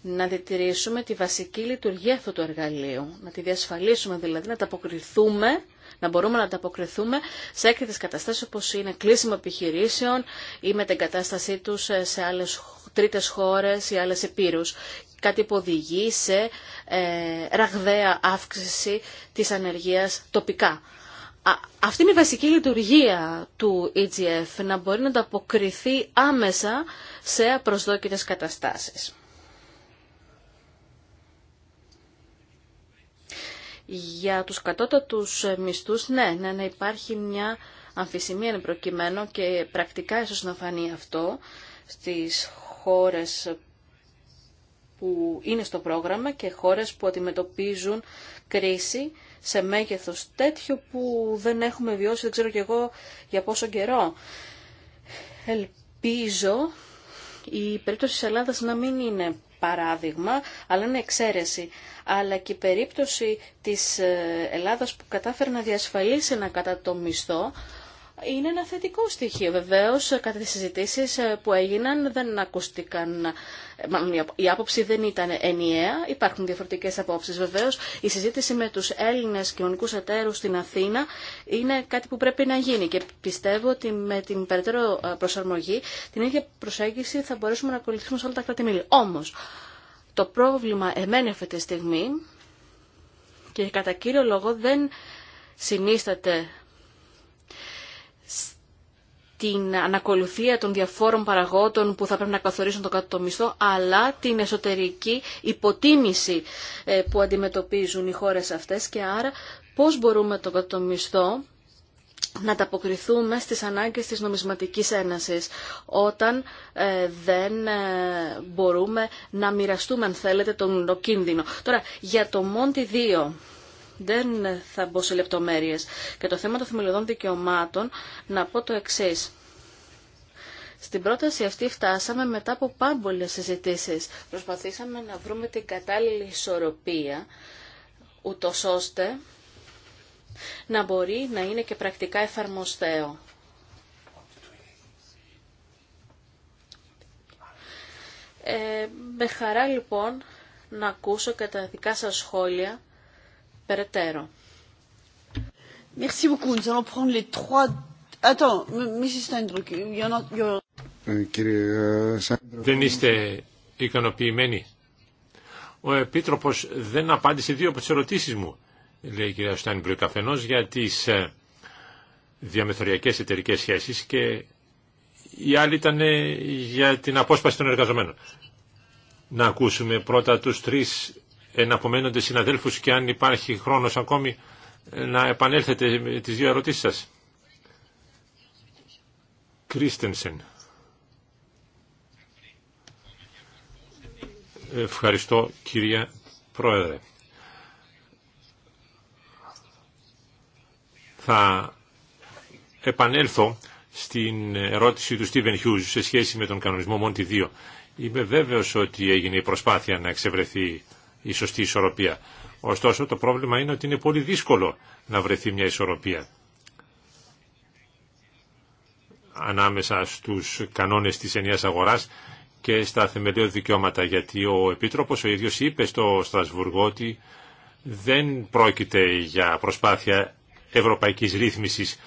να διατηρήσουμε τη βασική λειτουργία αυτού του εργαλείου, να τη διασφαλίσουμε δηλαδή, να αποκριθούμε να μπορούμε να ανταποκριθούμε σε έκτακτε καταστάσει όπω είναι κλείσιμο επιχειρήσεων ή με την κατάστασή του σε άλλε τρίτε χώρε ή άλλε επίρου. Κάτι που οδηγεί σε ε, ραγδαία αύξηση της ανεργια τοπικά. αυτή είναι η βασική λειτουργία του EGF, να μπορεί να ανταποκριθεί άμεσα σε απροσδόκητες καταστάσεις. Για τους κατώτατους μισθούς, ναι, ναι, να υπάρχει μια αμφισημία εν προκειμένο και πρακτικά ίσως να φανεί αυτό στις χώρες που είναι στο πρόγραμμα και χώρες που αντιμετωπίζουν κρίση σε μέγεθος τέτοιο που δεν έχουμε βιώσει, δεν ξέρω κι εγώ για πόσο καιρό. Ελπίζω η περίπτωση της Ελλάδας να μην είναι παράδειγμα, αλλά είναι εξαίρεση αλλά και η περίπτωση της ε, Ελλάδας που κατάφερε να διασφαλίσει ένα κατά το μισθό, είναι ένα θετικό στοιχείο. Βεβαίω, ε, κατά τι συζητήσει ε, που έγιναν δεν ακούστηκαν. Η άποψη δεν ήταν ενιαία. Υπάρχουν διαφορετικέ απόψει. Βεβαίω, η συζήτηση με του Έλληνε κοινωνικού εταίρου στην Αθήνα είναι κάτι που πρέπει να γίνει. Και πιστεύω ότι με την περαιτέρω προσαρμογή, την ίδια προσέγγιση θα μπορέσουμε να ακολουθήσουμε σε όλα τα κρατη Όμως, Όμω, το πρόβλημα εμένα αυτή τη στιγμή και κατά κύριο λόγο δεν συνίσταται την ανακολουθία των διαφόρων παραγόντων που θα πρέπει να καθορίσουν το κάτω μισθό, αλλά την εσωτερική υποτίμηση ε, που αντιμετωπίζουν οι χώρες αυτές και άρα πώς μπορούμε το κάτω να ανταποκριθούμε στις ανάγκες της νομισματικής ένασης όταν ε, δεν ε, μπορούμε να μοιραστούμε αν θέλετε τον κίνδυνο. Τώρα για το Μόντι 2 δεν θα μπω σε λεπτομέρειες και το θέμα των θεμελιωδών δικαιωμάτων να πω το εξής. Στην πρόταση αυτή φτάσαμε μετά από πάμπολες συζητήσεις. Προσπαθήσαμε να βρούμε την κατάλληλη ισορροπία ούτως ώστε να μπορεί να είναι και πρακτικά εφαρμοστέο. Ε, με χαρά λοιπόν να ακούσω και τα δικά σας σχόλια περαιτέρω. Δεν είστε ικανοποιημένοι. Ο Επίτροπος δεν απάντησε δύο από τις ερωτήσεις μου λέει η κυρία Στάνιμπλου, αφενός για τις ε, διαμεθοριακές εταιρικέ σχέσεις και η άλλη ήταν ε, για την απόσπαση των εργαζομένων. Να ακούσουμε πρώτα τους τρεις εναπομένοντες συναδέλφους και αν υπάρχει χρόνος ακόμη ε, να επανέλθετε με τις δύο ερωτήσεις σας. Κρίστενσεν. Ευχαριστώ κυρία Πρόεδρε. Θα επανέλθω στην ερώτηση του Στίβεν Χιούζ σε σχέση με τον κανονισμό Μόντι 2. Είμαι βέβαιος ότι έγινε η προσπάθεια να εξευρεθεί η σωστή ισορροπία. Ωστόσο το πρόβλημα είναι ότι είναι πολύ δύσκολο να βρεθεί μια ισορροπία ανάμεσα στους κανόνες της ενιαίας αγοράς και στα θεμελιώδη δικαιώματα γιατί ο Επίτροπος ο ίδιος είπε στο Στρασβουργό ότι δεν πρόκειται για προσπάθεια ευρωπαϊκής ρύθμισης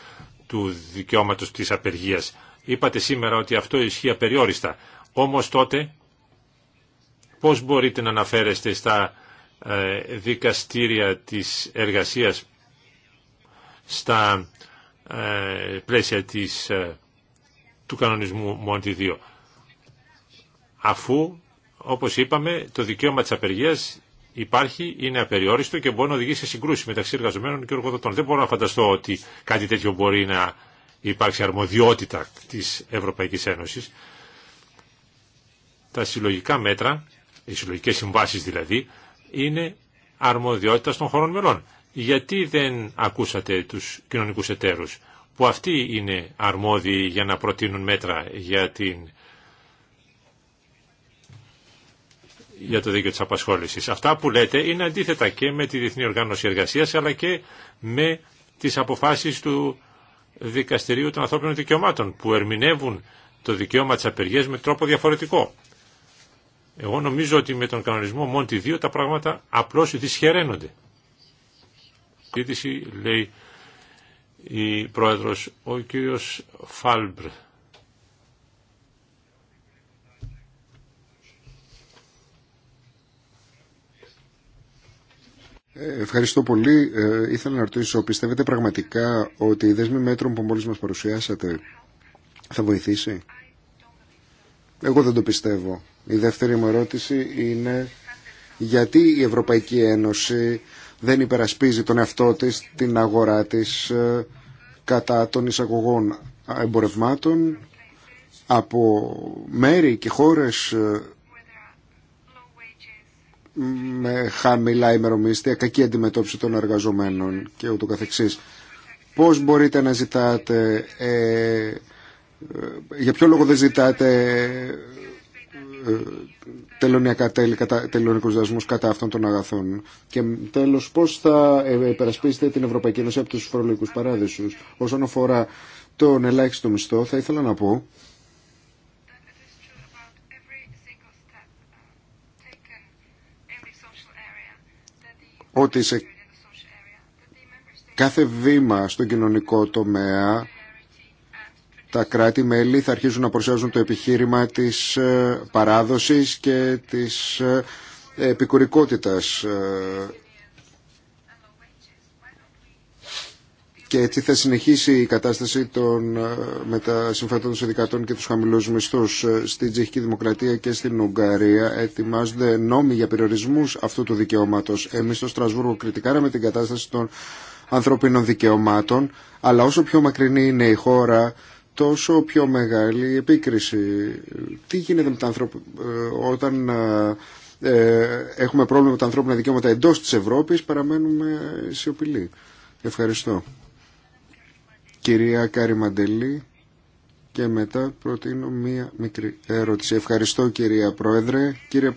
του δικαιώματος της απεργίας. Είπατε σήμερα ότι αυτό ισχύει απεριόριστα. Όμως τότε πώς μπορείτε να αναφέρεστε στα ε, δικαστήρια της εργασίας στα ε, πλαίσια της, ε, του κανονισμού Μόντι αφού όπως είπαμε το δικαίωμα της απεργίας υπάρχει είναι απεριόριστο και μπορεί να οδηγήσει σε συγκρούσει μεταξύ εργαζομένων και εργοδοτών. Δεν μπορώ να φανταστώ ότι κάτι τέτοιο μπορεί να υπάρξει αρμοδιότητα της Ευρωπαϊκής Ένωσης. Τα συλλογικά μέτρα, οι συλλογικέ συμβάσει δηλαδή, είναι αρμοδιότητα των χωρών μελών. Γιατί δεν ακούσατε του κοινωνικού εταίρου, που αυτοί είναι αρμόδιοι για να προτείνουν μέτρα για την για το δίκαιο τη απασχόληση. Αυτά που λέτε είναι αντίθετα και με τη Διεθνή Οργάνωση εργασία, αλλά και με τις αποφάσεις του Δικαστηρίου των Ανθρώπινων Δικαιωμάτων που ερμηνεύουν το δικαίωμα τη απεργία με τρόπο διαφορετικό. Εγώ νομίζω ότι με τον κανονισμό Μόντι 2 τα πράγματα απλώς δυσχεραίνονται. Η λέει η πρόεδρος ο κύριος Φάλμπρ. Ευχαριστώ πολύ. Ε, ήθελα να ρωτήσω, πιστεύετε πραγματικά ότι η δέσμη μέτρων που μόλις μας παρουσιάσατε θα βοηθήσει. Εγώ δεν το πιστεύω. Η δεύτερη μου ερώτηση είναι γιατί η Ευρωπαϊκή Ένωση δεν υπερασπίζει τον εαυτό της, την αγορά της ε, κατά των εισαγωγών εμπορευμάτων από μέρη και χώρες ε, με χαμηλά ημερομίσθια, κακή αντιμετώπιση των εργαζομένων και ούτω καθεξής. Πώς μπορείτε να ζητάτε, ε, ε για ποιο λόγο δεν ζητάτε ε, τελωνιακά τέλη, κατά, τελωνικούς δασμούς κατά αυτών των αγαθών και τέλος πώς θα ε, υπερασπίσετε την Ευρωπαϊκή Ένωση από τους φορολογικούς παράδεισους όσον αφορά τον ελάχιστο μισθό θα ήθελα να πω ότι σε κάθε βήμα στον κοινωνικό τομέα τα κράτη-μέλη θα αρχίσουν να προσέζουν το επιχείρημα της ε, παράδοσης και της ε, επικουρικότητας ε, και έτσι θα συνεχίσει η κατάσταση των, ε, με τα συμφέροντα των συνδικατών και του χαμηλού μισθού ε, στην Τσεχική Δημοκρατία και στην Ουγγαρία. Ετοιμάζονται νόμοι για περιορισμού αυτού του δικαιώματο. Εμεί, στο Στρασβούργο κριτικάραμε την κατάσταση των ανθρωπίνων δικαιωμάτων, αλλά όσο πιο μακρινή είναι η χώρα, τόσο πιο μεγάλη η επίκριση. Τι γίνεται με τα ανθρωπ... Ε, όταν έχουμε πρόβλημα με τα ανθρώπινα δικαιώματα εντό τη Ευρώπη παραμένουμε σιωπηλοί. Ευχαριστώ κυρία Κάρη Μαντελή και μετά προτείνω μία μικρή ερώτηση. Ευχαριστώ κυρία Πρόεδρε. Κύριε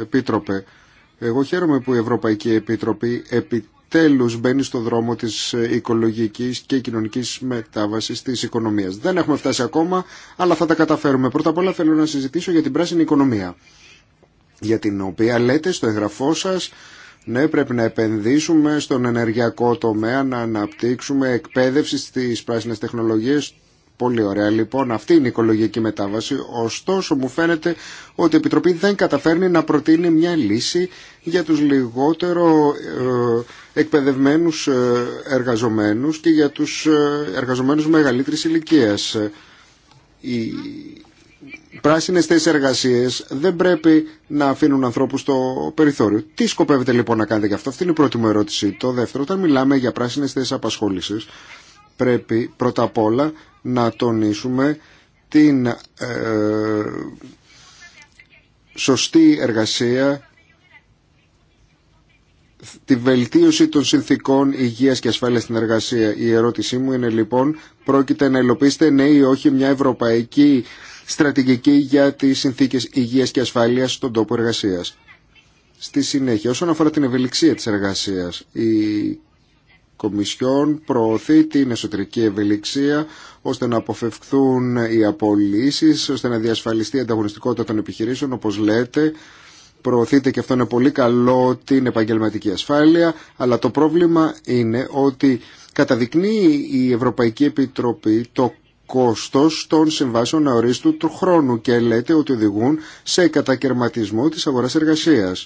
Επίτροπε, εγώ χαίρομαι που η Ευρωπαϊκή Επιτροπή επιτέλους μπαίνει στο δρόμο της οικολογικής και κοινωνικής μετάβασης της οικονομίας. Δεν έχουμε φτάσει ακόμα, αλλά θα τα καταφέρουμε. Πρώτα απ' όλα θέλω να συζητήσω για την πράσινη οικονομία, για την οποία λέτε στο εγγραφό σας ναι, πρέπει να επενδύσουμε στον ενεργειακό τομέα, να αναπτύξουμε εκπαίδευση στις πράσινες τεχνολογίες. Πολύ ωραία. Λοιπόν, αυτή είναι η οικολογική μετάβαση. Ωστόσο, μου φαίνεται ότι η Επιτροπή δεν καταφέρνει να προτείνει μια λύση για τους λιγότερο ε, εκπαιδευμένους ε, εργαζομένους και για τους ε, εργαζομένους μεγαλύτερης ηλικίας. Η πράσινες θέσεις εργασίες δεν πρέπει να αφήνουν ανθρώπους στο περιθώριο. Τι σκοπεύετε λοιπόν να κάνετε γι' αυτό. Αυτή είναι η πρώτη μου ερώτηση. Το δεύτερο, όταν μιλάμε για πράσινες θέσεις απασχόλησης, πρέπει πρώτα απ' όλα να τονίσουμε την ε, σωστή εργασία, τη βελτίωση των συνθήκων υγείας και ασφάλειας στην εργασία. Η ερώτησή μου είναι λοιπόν, πρόκειται να υλοποιήσετε ναι ή όχι μια ευρωπαϊκή στρατηγική για τι συνθήκε υγείας και ασφάλειας στον τόπο εργασία. Στη συνέχεια, όσον αφορά την ευελιξία τη εργασία. η Κομισιόν προωθεί την εσωτερική ευελιξία ώστε να αποφευκθούν οι απολύσει, ώστε να διασφαλιστεί η ανταγωνιστικότητα των επιχειρήσεων, όπως λέτε. Προωθείται και αυτό είναι πολύ καλό την επαγγελματική ασφάλεια, αλλά το πρόβλημα είναι ότι καταδεικνύει η Ευρωπαϊκή Επιτροπή το κόστος των συμβάσεων αορίστου του χρόνου και λέτε ότι οδηγούν σε κατακαιρματισμό τη αγορά εργασία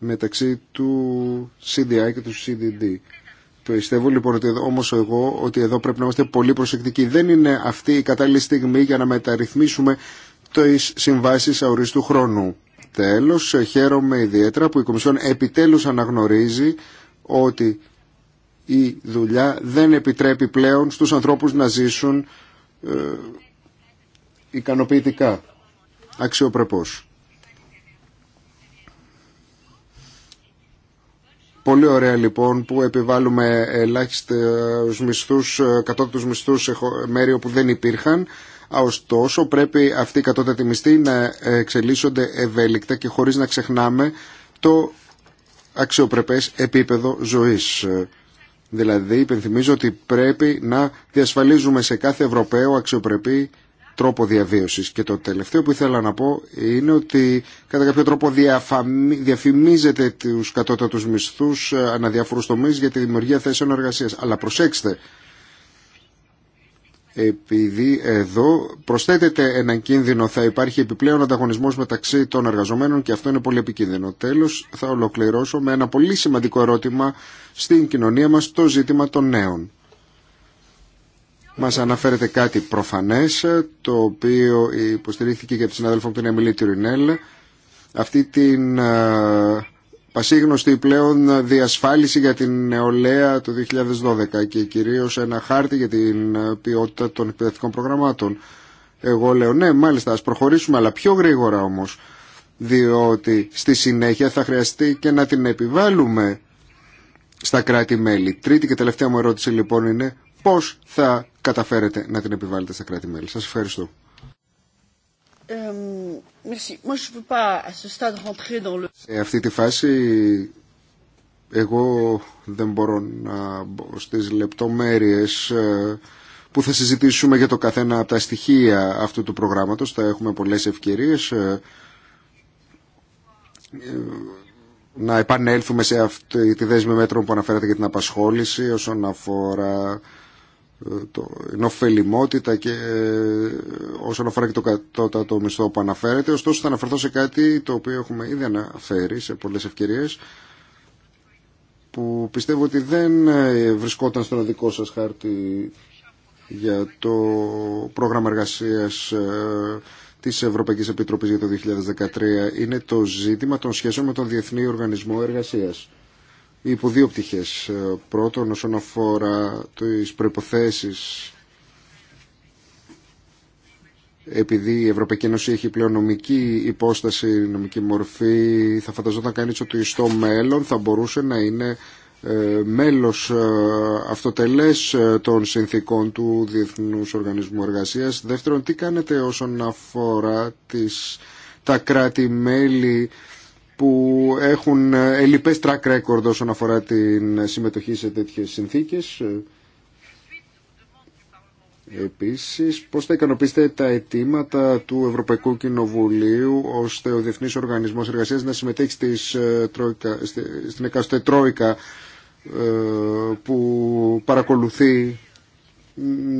μεταξύ του CDI και του CDD. Πιστεύω λοιπόν ότι εδώ, όμως εγώ ότι εδώ πρέπει να είμαστε πολύ προσεκτικοί. Δεν είναι αυτή η κατάλληλη στιγμή για να μεταρρυθμίσουμε τις συμβάσει αορίστου χρόνου. Τέλος, χαίρομαι ιδιαίτερα που η Κομισιόν επιτέλους αναγνωρίζει ότι η δουλειά δεν επιτρέπει πλέον στους ανθρώπους να ζήσουν ε, ικανοποιητικά, αξιοπρεπώς. Πολύ ωραία λοιπόν που επιβάλλουμε ελάχιστους μισθούς, ε, κατώτατους μισθούς σε μέρη όπου δεν υπήρχαν. Ωστόσο πρέπει αυτοί οι κατώτατοι μισθοί να εξελίσσονται ευέλικτα και χωρίς να ξεχνάμε το αξιοπρεπές επίπεδο ζωής. Δηλαδή υπενθυμίζω ότι πρέπει να διασφαλίζουμε σε κάθε Ευρωπαίο αξιοπρεπή τρόπο διαβίωσης. Και το τελευταίο που ήθελα να πω είναι ότι κατά κάποιο τρόπο διαφημίζεται τους κατώτατους μισθούς ε, αναδιάφορους τομείς για τη δημιουργία θέσεων εργασίας. Αλλά προσέξτε, επειδή εδώ προσθέτεται έναν κίνδυνο, θα υπάρχει επιπλέον ανταγωνισμός μεταξύ των εργαζομένων και αυτό είναι πολύ επικίνδυνο. Τέλος, θα ολοκληρώσω με ένα πολύ σημαντικό ερώτημα στην κοινωνία μας, το ζήτημα των νέων. Μας αναφέρεται κάτι προφανές, το οποίο υποστηρίχθηκε από τη συνάδελφα από την Εμιλή Τυρινέλ, αυτή την ε, πασίγνωστη πλέον διασφάλιση για την νεολαία το 2012 και κυρίως ένα χάρτη για την ποιότητα των εκπαιδευτικών προγραμμάτων. Εγώ λέω ναι μάλιστα ας προχωρήσουμε αλλά πιο γρήγορα όμως διότι στη συνέχεια θα χρειαστεί και να την επιβάλλουμε στα κράτη-μέλη. Τρίτη και τελευταία μου ερώτηση λοιπόν είναι πώς θα καταφέρετε να την επιβάλλετε στα κράτη-μέλη. Σας ευχαριστώ. Σε αυτή τη φάση εγώ δεν μπορώ να μπω στις λεπτομέρειες ε, που θα συζητήσουμε για το καθένα από τα στοιχεία αυτού του προγράμματος. Θα έχουμε πολλές ευκαιρίες ε, ε, να επανέλθουμε σε αυτή τη δέσμη μέτρων που αναφέρατε για την απασχόληση όσον αφορά το, την ωφελημότητα και ε, όσον αφορά και το κατώτατο μισθό που αναφέρεται. Ωστόσο θα αναφερθώ σε κάτι το οποίο έχουμε ήδη αναφέρει σε πολλές ευκαιρίες που πιστεύω ότι δεν ε, βρισκόταν στον δικό σας χάρτη για το πρόγραμμα εργασίας ε, της Ευρωπαϊκής Επιτροπής για το 2013 είναι το ζήτημα των σχέσεων με τον Διεθνή Οργανισμό Εργασίας υπό δύο πτυχές. Ε, πρώτον, όσον αφορά τις προϋποθέσεις επειδή η Ευρωπαϊκή Ένωση έχει πλέον νομική υπόσταση, νομική μορφή, θα φανταζόταν κανείς ότι στο μέλλον θα μπορούσε να είναι ε, μέλος ε, αυτοτελές των συνθήκων του Διεθνούς Οργανισμού Εργασίας. Δεύτερον, τι κάνετε όσον αφορά τις, τα κράτη-μέλη που έχουν ε, ελλειπές track record όσον αφορά την συμμετοχή σε τέτοιες συνθήκες. Επίσης, πώς θα ικανοποιήσετε τα αιτήματα του Ευρωπαϊκού Κοινοβουλίου ώστε ο Διεθνής Οργανισμός Εργασίας να συμμετέχει στις, ε, τρόικα, στην εκάστοτε τρόικα ε, που παρακολουθεί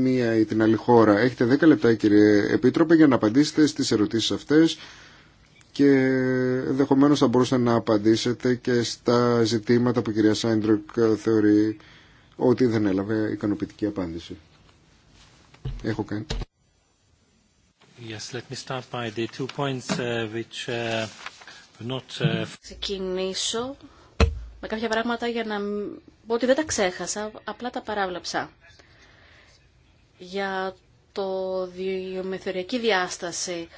μία ή την άλλη χώρα. Έχετε 10 λεπτά κύριε Επίτροπε για να απαντήσετε στις ερωτήσεις αυτές και ενδεχομένω θα μπορούσατε να απαντήσετε και στα ζητήματα που η κυρία Σάιντροκ θεωρεί ότι δεν έλαβε ικανοποιητική απάντηση. Έχω κάνει. Yes, let me start by uh, uh, uh, Ξεκινήσω με κάποια πράγματα για να πω ότι δεν τα ξέχασα, απλά τα παράβλαψα. Για το διομεθοριακή διάσταση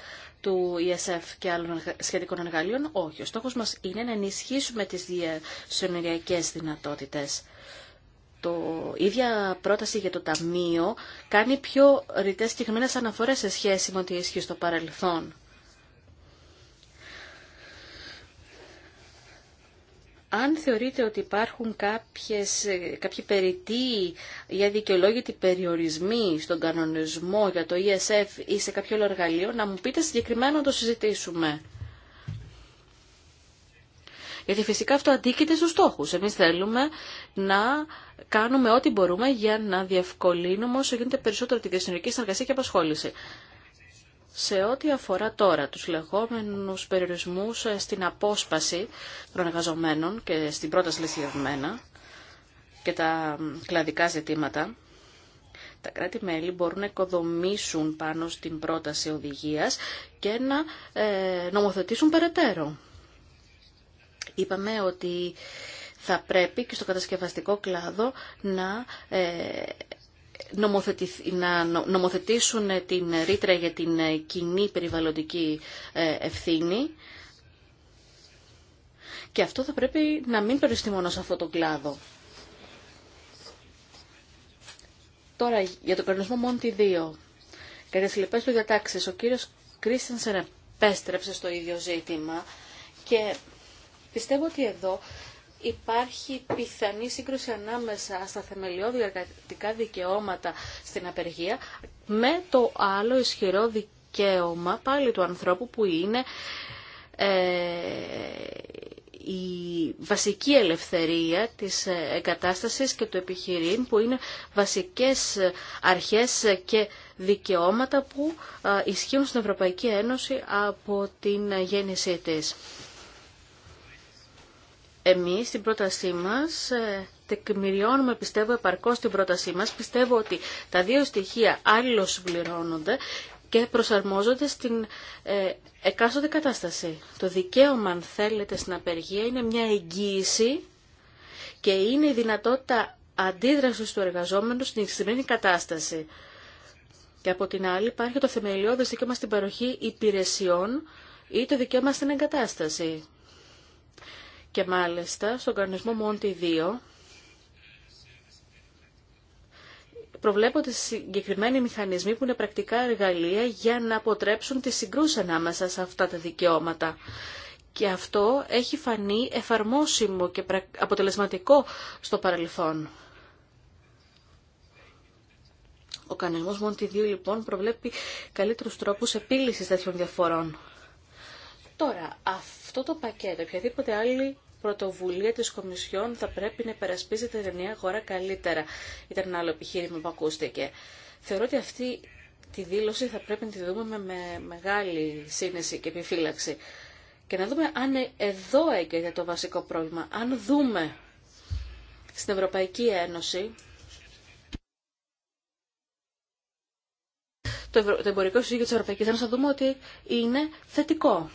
του ESF και άλλων σχετικών εργαλείων. Όχι, ο στόχος μας είναι να ενισχύσουμε τις διασυνοριακές δυνατότητες. Το ίδια πρόταση για το Ταμείο κάνει πιο ρητές στιγμένες αναφορές σε σχέση με ό,τι ισχύει στο παρελθόν. αν θεωρείτε ότι υπάρχουν κάποιες, κάποιοι περιττοί για αδικαιολόγητοι περιορισμοί στον κανονισμό για το ESF ή σε κάποιο άλλο εργαλείο, να μου πείτε συγκεκριμένα να το συζητήσουμε. Γιατί φυσικά αυτό αντίκειται στους στόχους. Εμείς θέλουμε να κάνουμε ό,τι μπορούμε για να διευκολύνουμε όσο γίνεται περισσότερο τη διασυνορική συνεργασία και απασχόληση. Σε ό,τι αφορά τώρα τους λεγόμενους περιορισμούς στην απόσπαση των εργαζομένων και στην πρόταση και τα κλαδικά ζητήματα, τα κράτη-μέλη μπορούν να οικοδομήσουν πάνω στην πρόταση οδηγίας και να ε, νομοθετήσουν περαιτέρω. Είπαμε ότι θα πρέπει και στο κατασκευαστικό κλάδο να ε, να νομοθετήσουν την ρήτρα για την κοινή περιβαλλοντική ε, ευθύνη και αυτό θα πρέπει να μην περιοριστεί σε αυτόν τον κλάδο. Τώρα για τον κανονισμό Μόντι 2. Κατά τι λοιπές του διατάξεις, ο κύριος Κρίστενσεν επέστρεψε στο ίδιο ζήτημα και πιστεύω ότι εδώ υπάρχει πιθανή σύγκρουση ανάμεσα στα θεμελιώδη εργατικά δικαιώματα στην απεργία με το άλλο ισχυρό δικαίωμα πάλι του ανθρώπου που είναι ε, η βασική ελευθερία της εγκατάστασης και του επιχειρήν που είναι βασικές αρχές και δικαιώματα που ε, ισχύουν στην Ευρωπαϊκή Ένωση από την γέννησή της. Εμείς στην πρότασή μας ε, τεκμηριώνουμε πιστεύω επαρκώς την πρότασή μας. Πιστεύω ότι τα δύο στοιχεία άλλως συμπληρώνονται και προσαρμόζονται στην ε, εκάστοτε κατάσταση. Το δικαίωμα, αν θέλετε, στην απεργία είναι μια εγγύηση και είναι η δυνατότητα αντίδρασης του εργαζόμενου στην εξημερινή κατάσταση. Και από την άλλη υπάρχει το θεμελιώδες δικαίωμα στην παροχή υπηρεσιών ή το δικαίωμα στην εγκατάσταση. Και μάλιστα στον κανονισμό Μόντι 2 προβλέπονται συγκεκριμένοι μηχανισμοί που είναι πρακτικά εργαλεία για να αποτρέψουν τη συγκρούση ανάμεσα σε αυτά τα δικαιώματα. Και αυτό έχει φανεί εφαρμόσιμο και αποτελεσματικό στο παρελθόν. Ο κανονισμός Μόντι 2 λοιπόν προβλέπει καλύτερους τρόπους επίλυσης τέτοιων διαφορών. Τώρα, αυτό το πακέτο, οποιαδήποτε άλλη πρωτοβουλία της Κομισιόν θα πρέπει να υπερασπίζεται την μια αγορά καλύτερα. Ήταν ένα άλλο επιχείρημα που ακούστηκε. Θεωρώ ότι αυτή τη δήλωση θα πρέπει να τη δούμε με μεγάλη σύνεση και επιφύλαξη. Και να δούμε αν εδώ έγκαιρε το βασικό πρόβλημα. Αν δούμε στην Ευρωπαϊκή Ένωση το εμπορικό συζήτημα της Ευρωπαϊκής Ένωσης θα δούμε ότι είναι θετικό.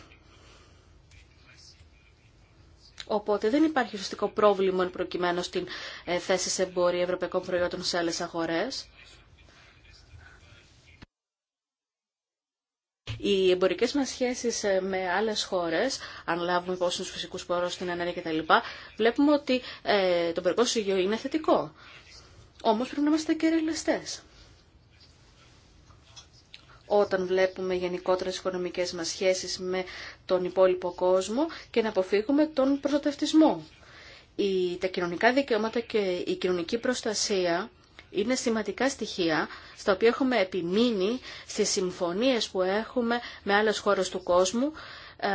Οπότε δεν υπάρχει ουσιαστικό πρόβλημα εν προκειμένου στην ε, θέση σε εμπόρια ευρωπαϊκών προϊόντων σε άλλες αγορέ. Οι εμπορικές μας σχέσεις ε, με άλλες χώρες, αν λάβουμε υπόψη τους φυσικούς πόρους, την ενέργεια κτλ, βλέπουμε ότι ε, το εμπορικό συγγείο είναι θετικό. Όμως πρέπει να είμαστε και ρεαλιστές όταν βλέπουμε γενικότερα τις οικονομικές μας σχέσεις με τον υπόλοιπο κόσμο και να αποφύγουμε τον προστατευτισμό. Η, τα κοινωνικά δικαιώματα και η κοινωνική προστασία είναι σημαντικά στοιχεία στα οποία έχουμε επιμείνει στις συμφωνίες που έχουμε με άλλες χώρες του κόσμου ε,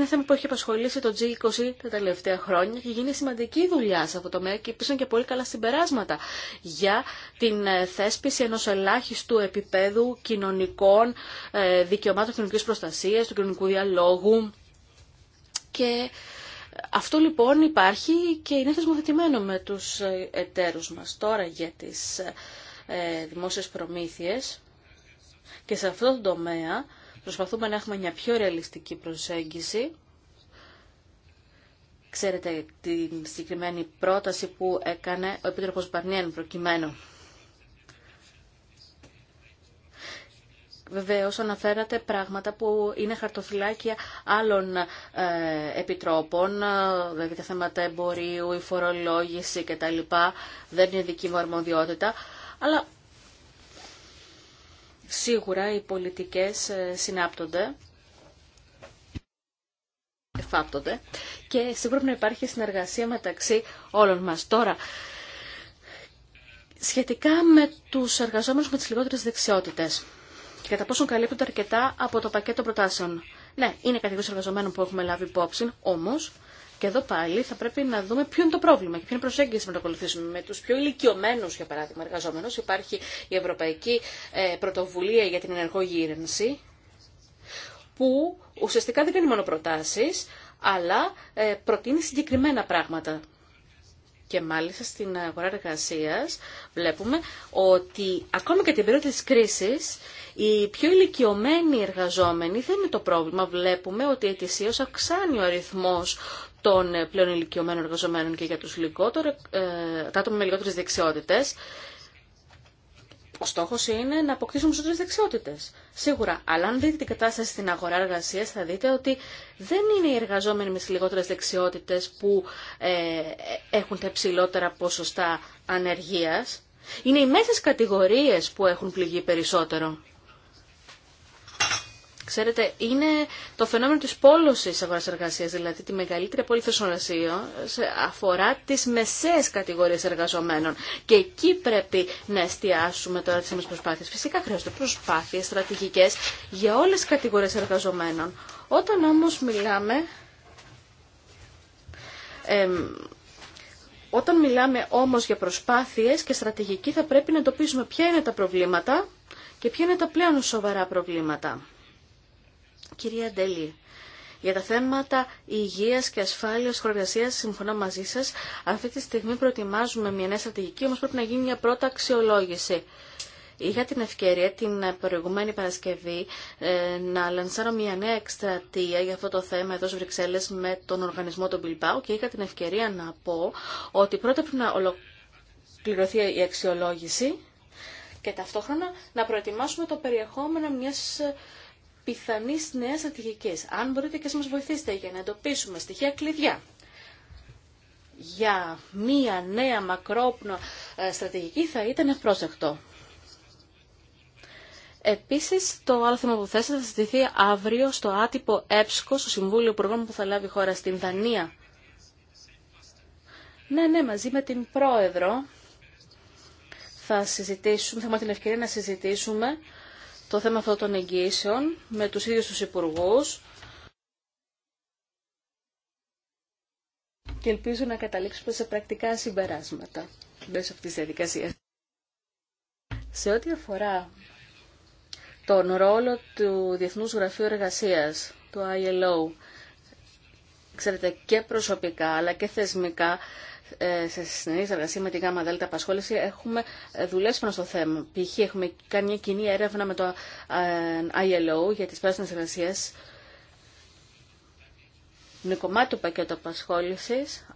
είναι θέμα που έχει απασχολήσει το G20 τα τελευταία χρόνια και γίνει σημαντική δουλειά σε αυτό το τομέα και υπήρξαν και πολύ καλά συμπεράσματα για την ε, θέσπιση ενός ελάχιστου επίπεδου κοινωνικών ε, δικαιωμάτων κοινωνικής προστασίας, του κοινωνικού διαλόγου και αυτό λοιπόν υπάρχει και είναι θεσμοθετημένο με τους ε, εταίρους μας τώρα για τις δημόσιες προμήθειες και σε αυτό το τομέα Προσπαθούμε να έχουμε μια πιο ρεαλιστική προσέγγιση. Ξέρετε την συγκεκριμένη πρόταση που έκανε ο Επίτροπος Μπαρνιέν προκειμένου. Βεβαίω αναφέρατε πράγματα που είναι χαρτοφυλάκια άλλων ε, επιτρόπων, δηλαδή τα θέματα εμπορίου, η φορολόγηση κτλ. Δεν είναι δική μου αρμοδιότητα. Αλλά Σίγουρα οι πολιτικές ε, συνάπτονται εφάπτονται και σίγουρα να υπάρχει συνεργασία μεταξύ όλων μας. Τώρα, σχετικά με τους εργαζόμενους με τις λιγότερες δεξιότητες και κατά πόσο καλύπτονται αρκετά από το πακέτο προτάσεων. Ναι, είναι κατηγορίες εργαζομένων που έχουμε λάβει υπόψη, όμως και εδώ πάλι θα πρέπει να δούμε ποιο είναι το πρόβλημα και ποιο είναι η προσέγγιση να το ακολουθήσουμε. Με του πιο ηλικιωμένου, για παράδειγμα, εργαζόμενου, υπάρχει η Ευρωπαϊκή ε, Πρωτοβουλία για την Ενεργό που ουσιαστικά δεν κάνει μόνο προτάσει, αλλά ε, προτείνει συγκεκριμένα πράγματα. Και μάλιστα στην αγορά εργασία βλέπουμε ότι ακόμα και την περίοδο τη κρίση οι πιο ηλικιωμένοι εργαζόμενοι δεν είναι το πρόβλημα. Βλέπουμε ότι ετησίω αυξάνει ο αριθμό των ε, πλέον ηλικιωμένων εργαζομένων και για τους λιγότερο, ε, τα άτομα με λιγότερες δεξιότητες, ο στόχος είναι να αποκτήσουμε περισσότερε δεξιότητες, Σίγουρα. Αλλά αν δείτε την κατάσταση στην αγορά εργασίας θα δείτε ότι δεν είναι οι εργαζόμενοι με λιγότερες λιγότερε που ε, έχουν τα υψηλότερα ποσοστά ανεργίας. Είναι οι μέσε κατηγορίες που έχουν πληγεί περισσότερο. Ξέρετε, είναι το φαινόμενο της πόλωσης αγοράς εργασίας, δηλαδή τη μεγαλύτερη απόλυτη εργασία αφορά τις μεσαίες κατηγορίες εργαζομένων. Και εκεί πρέπει να εστιάσουμε τώρα τις μας προσπάθειες. Φυσικά χρειάζονται προσπάθειες στρατηγικές για όλες τις κατηγορίες εργαζομένων. Όταν όμως μιλάμε... Εμ, όταν μιλάμε όμως για προσπάθειες και στρατηγική θα πρέπει να εντοπίσουμε ποια είναι τα προβλήματα και ποια είναι τα πλέον σοβαρά προβλήματα. Κυρία Ντελή, για τα θέματα υγεία και ασφάλεια χορηγασία, συμφωνώ μαζί σα. Αυτή τη στιγμή προετοιμάζουμε μια νέα στρατηγική, όμω πρέπει να γίνει μια πρώτα αξιολόγηση. Είχα την ευκαιρία την προηγουμένη Παρασκευή ε, να λανσάρω μια νέα εκστρατεία για αυτό το θέμα εδώ στις Βρυξέλλες με τον οργανισμό των Bilbao και είχα την ευκαιρία να πω ότι πρώτα πρέπει να ολοκληρωθεί η αξιολόγηση και ταυτόχρονα να προετοιμάσουμε το περιεχόμενο μιας πιθανή νέα στρατηγική. Αν μπορείτε και σας μα βοηθήσετε για να εντοπίσουμε στοιχεία κλειδιά για μία νέα μακρόπνο ε, στρατηγική θα ήταν ευπρόσδεκτο. Επίσης, το άλλο θέμα που θέσατε θα συζητηθεί αύριο στο άτυπο ΕΨΚΟ, στο Συμβούλιο Προγράμμα που θα λάβει η χώρα στην Δανία. Ναι, ναι, μαζί με την Πρόεδρο θα συζητήσουμε, θα έχουμε την ευκαιρία να συζητήσουμε το θέμα αυτό των εγγύσεων με τους ίδιους τους υπουργούς και ελπίζω να καταλήξουμε σε πρακτικά συμπεράσματα μέσω αυτή της διαδικασία. Σε ό,τι αφορά τον ρόλο του Διεθνούς Γραφείου Εργασίας, του ILO, ξέρετε, και προσωπικά αλλά και θεσμικά ε, σε συνεχή συνεργασία με τη ΓΑΜΑ ΔΕΛΤΑ Απασχόληση έχουμε ε, δουλέψει πάνω στο θέμα. Π.χ. έχουμε κάνει μια κοινή έρευνα με το ε, ILO για τις πράσινες εργασίες. Είναι κομμάτι του πακέτου απασχόλησης,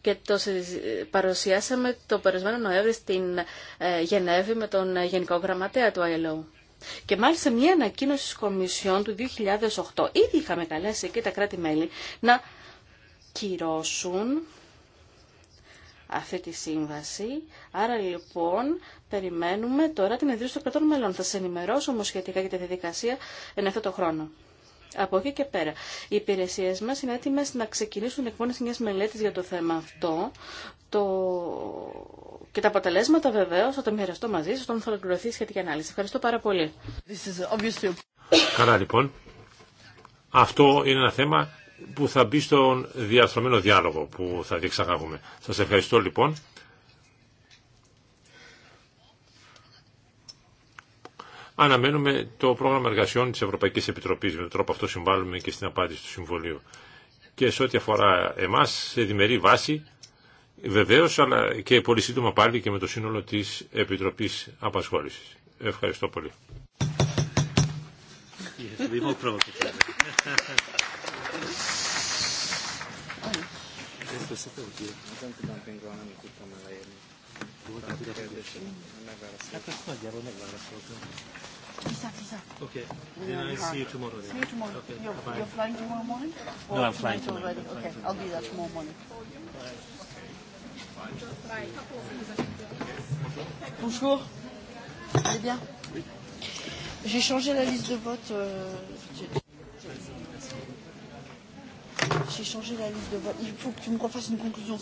και το παρουσιάσαμε το περασμένο Νοέμβρη στην Γενέβη με τον Γενικό Γραμματέα του ILO. Και μάλιστα μια ανακοίνωση της Κομισιόν του 2008. Ήδη είχαμε καλέσει και τα κράτη-μέλη να κυρώσουν αυτή τη σύμβαση. Άρα λοιπόν περιμένουμε τώρα την ιδρύση των κρατών μελών. Θα σε ενημερώσω όμως σχετικά για τη διαδικασία εν αυτό το χρόνο. Από εκεί και πέρα, οι υπηρεσίε μα είναι έτοιμε να ξεκινήσουν την εκπόνηση μια μελέτη για το θέμα αυτό. Το... Και τα αποτελέσματα βεβαίω θα τα μοιραστώ μαζί σα όταν θα ολοκληρωθεί η σχετική ανάλυση. Ευχαριστώ πάρα πολύ. obviously... Καλά λοιπόν. Αυτό είναι ένα θέμα που θα μπει στον διαρθρωμένο διάλογο που θα διεξαγάγουμε. Σας ευχαριστώ λοιπόν. Αναμένουμε το πρόγραμμα εργασιών της Ευρωπαϊκής Επιτροπής. Με τον τρόπο αυτό συμβάλλουμε και στην απάντηση του Συμβουλίου. Και σε ό,τι αφορά εμάς, σε διμερή βάση, βεβαίως, αλλά και πολύ σύντομα πάλι και με το σύνολο της Επιτροπής Απασχόλησης. Ευχαριστώ πολύ. Then see you tomorrow. See you tomorrow. tomorrow morning? no, tomorrow. I'll be there tomorrow morning. Bonjour. Allez bien. J'ai changé la liste de vote. Euh, J'ai changé la liste de vote. Il faut que tu me refasses une conclusion.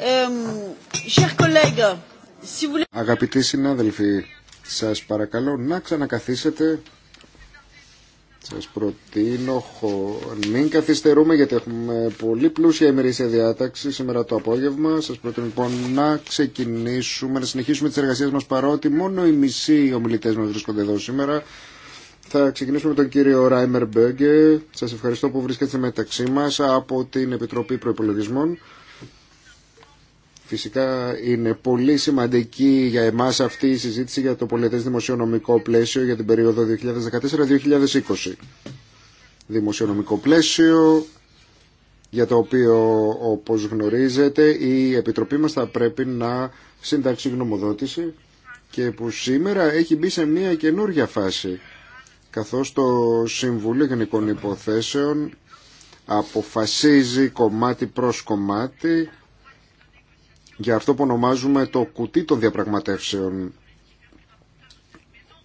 Euh, Αγαπητοί συνάδελφοι, σας παρακαλώ να ξανακαθίσετε. Σας προτείνω, μην καθυστερούμε γιατί έχουμε πολύ πλούσια ημερήσια διάταξη σήμερα το απόγευμα. Σας προτείνω λοιπόν να ξεκινήσουμε, να συνεχίσουμε τις εργασίες μας παρότι μόνο οι μισοί ομιλητές μας βρίσκονται εδώ σήμερα. Θα ξεκινήσουμε με τον κύριο Ράιμερ Μπέγκε. Σας ευχαριστώ που βρίσκεται μεταξύ μας από την Επιτροπή Προϋπολογισμών. Φυσικά είναι πολύ σημαντική για εμάς αυτή η συζήτηση για το πολιτές δημοσιονομικό πλαίσιο για την περίοδο 2014-2020. Δημοσιονομικό πλαίσιο για το οποίο όπως γνωρίζετε η Επιτροπή μας θα πρέπει να συντάξει γνωμοδότηση και που σήμερα έχει μπει σε μια καινούργια φάση καθώς το Συμβουλίο Γενικών Υποθέσεων αποφασίζει κομμάτι προς κομμάτι για αυτό που ονομάζουμε το κουτί των διαπραγματεύσεων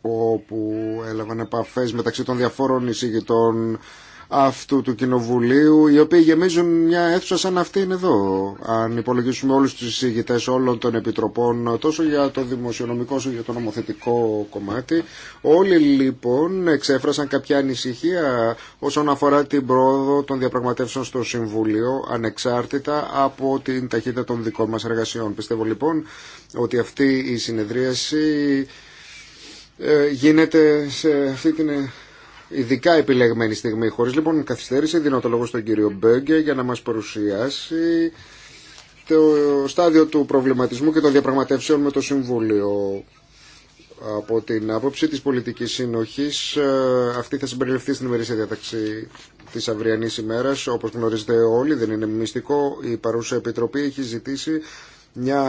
όπου έλαβαν επαφές μεταξύ των διαφόρων εισηγητών αυτού του κοινοβουλίου, οι οποίοι γεμίζουν μια αίθουσα σαν αυτή είναι εδώ. Αν υπολογίσουμε όλους τους συζητητές όλων των επιτροπών, τόσο για το δημοσιονομικό όσο για το νομοθετικό κομμάτι, όλοι λοιπόν εξέφρασαν κάποια ανησυχία όσον αφορά την πρόοδο των διαπραγματεύσεων στο Συμβούλιο, ανεξάρτητα από την ταχύτητα των δικών μας εργασιών. Πιστεύω λοιπόν ότι αυτή η συνεδρίαση ε, γίνεται σε αυτή την ειδικά επιλεγμένη στιγμή. χωρί λοιπόν καθυστέρηση δίνω το λόγο στον κύριο Μπέγκε για να μας παρουσιάσει το στάδιο του προβληματισμού και των διαπραγματεύσεων με το Συμβούλιο. Από την άποψη της πολιτικής συνοχής, ε, αυτή θα συμπεριληφθεί στην ημερήσια διάταξη της αυριανής ημέρας. Όπως γνωρίζετε όλοι, δεν είναι μυστικό, η παρούσα Επιτροπή έχει ζητήσει μια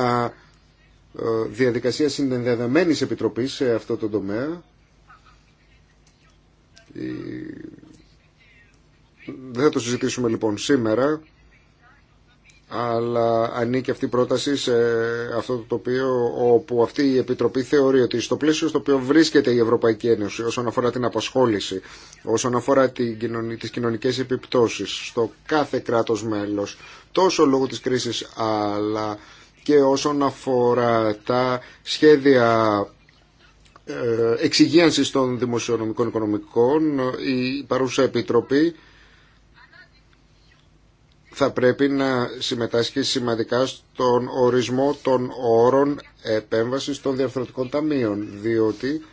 ε, διαδικασία συνδεδεμένης επιτροπής σε αυτό το τομέα δεν θα το συζητήσουμε λοιπόν σήμερα, αλλά ανήκει αυτή η πρόταση σε αυτό το τοπίο όπου αυτή η Επιτροπή θεωρεί ότι στο πλαίσιο στο οποίο βρίσκεται η Ευρωπαϊκή Ένωση όσον αφορά την απασχόληση, όσον αφορά τις κοινωνικές επιπτώσεις στο κάθε κράτος μέλος, τόσο λόγω της κρίσης αλλά και όσον αφορά τα σχέδια ε, εξυγίανση των δημοσιονομικών οικονομικών η παρούσα επιτροπή θα πρέπει να συμμετάσχει σημαντικά στον ορισμό των όρων επέμβασης των διαρθρωτικών ταμείων διότι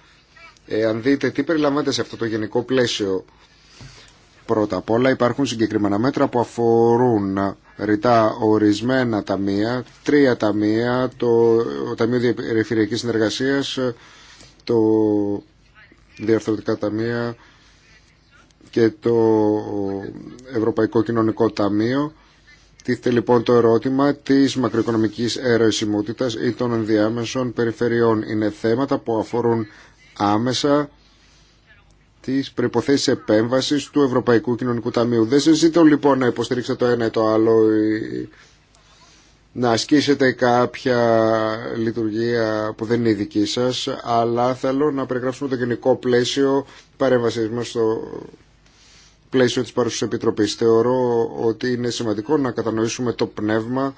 ε, αν δείτε τι περιλαμβάνεται σε αυτό το γενικό πλαίσιο πρώτα απ' όλα υπάρχουν συγκεκριμένα μέτρα που αφορούν ρητά ορισμένα ταμεία τρία ταμεία το, το Ταμείο Περιφερειακής Συνεργασίας το διαρθρωτικά ταμεία και το Ευρωπαϊκό Κοινωνικό Ταμείο. Τίθεται λοιπόν το ερώτημα της μακροοικονομικής αιρεσιμότητας ή των ενδιάμεσων περιφερειών. Είναι θέματα που αφορούν άμεσα τις προϋποθέσεις επέμβασης του Ευρωπαϊκού Κοινωνικού Ταμείου. Δεν συζητώ λοιπόν να υποστηρίξετε το ένα ή το άλλο να ασκήσετε κάποια λειτουργία που δεν είναι η δική σας, αλλά θέλω να περιγράψουμε το γενικό πλαίσιο παρέμβασης μας στο πλαίσιο της παρουσίας Επιτροπής. Θεωρώ ότι είναι σημαντικό να κατανοήσουμε το πνεύμα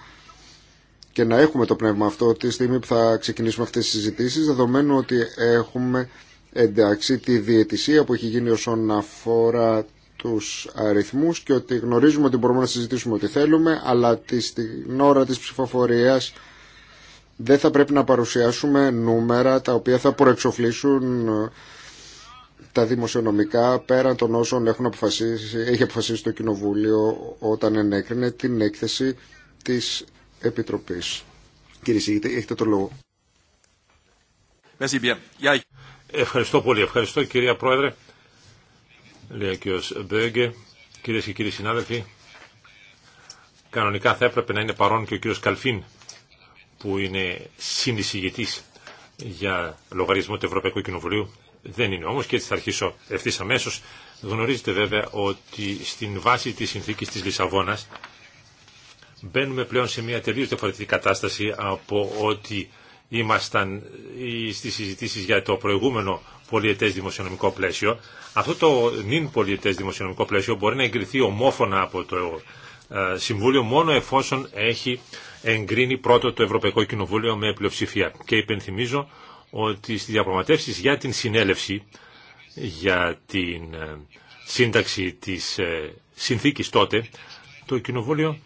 και να έχουμε το πνεύμα αυτό τη στιγμή που θα ξεκινήσουμε αυτές τις συζητήσεις, δεδομένου ότι έχουμε εντάξει τη διαιτησία που έχει γίνει όσον αφορά τους αριθμούς και ότι γνωρίζουμε ότι μπορούμε να συζητήσουμε ό,τι θέλουμε, αλλά στην ώρα της ψηφοφορίας δεν θα πρέπει να παρουσιάσουμε νούμερα τα οποία θα προεξοφλήσουν ε, τα δημοσιονομικά πέραν των όσων έχουν αποφασίσει, έχει αποφασίσει το Κοινοβούλιο όταν ενέκρινε την έκθεση της Επιτροπής. Κύριε Σίγητη, έχετε το λόγο. Ευχαριστώ πολύ. Ευχαριστώ κυρία Πρόεδρε λέει ο κ. Μπέγκε. Κυρίε και κύριοι συνάδελφοι, κανονικά θα έπρεπε να είναι παρόν και ο κ. Καλφίν, που είναι συνεισηγητή για λογαριασμό του Ευρωπαϊκού Κοινοβουλίου. Δεν είναι όμω και έτσι θα αρχίσω ευθύ αμέσω. Γνωρίζετε βέβαια ότι στην βάση τη συνθήκη τη Λισαβόνα μπαίνουμε πλέον σε μια τελείω διαφορετική κατάσταση από ότι ήμασταν ε, στι συζητήσει για το προηγούμενο Πολιετέ δημοσιονομικό πλαίσιο. Αυτό το νυν πολιετέ δημοσιονομικό πλαίσιο μπορεί να εγκριθεί ομόφωνα από το ε, Συμβούλιο μόνο εφόσον έχει εγκρίνει πρώτο το Ευρωπαϊκό Κοινοβούλιο με πλειοψηφία. Και υπενθυμίζω ότι στι διαπραγματεύσεις για την συνέλευση, για την ε, σύνταξη της ε, συνθήκης τότε, το Κοινοβούλιο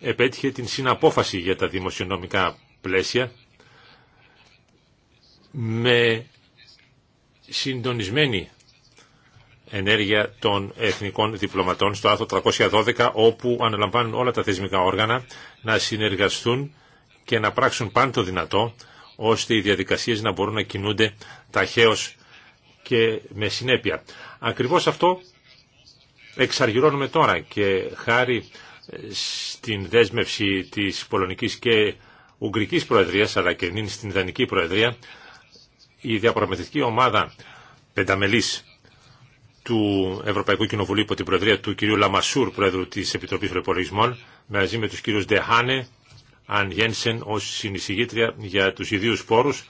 επέτυχε την συναπόφαση για τα δημοσιονομικά πλαίσια με συντονισμένη ενέργεια των εθνικών διπλωματών στο άθρο 312 όπου αναλαμβάνουν όλα τα θεσμικά όργανα να συνεργαστούν και να πράξουν πάντο δυνατό ώστε οι διαδικασίες να μπορούν να κινούνται ταχαίως και με συνέπεια. Ακριβώς αυτό εξαργυρώνουμε τώρα και χάρη ε, στην δέσμευση της Πολωνικής και Ουγγρικής Προεδρίας αλλά και στην Ιδανική Προεδρία η διαπραγματευτική ομάδα πενταμελής του Ευρωπαϊκού Κοινοβουλίου υπό την προεδρία του κ. Λαμασούρ, πρόεδρου της Επιτροπής Προπολογισμών, μαζί με τους κ. Ντεχάνε, Αν Γένσεν ως συνεισηγήτρια για τους ιδίους πόρους,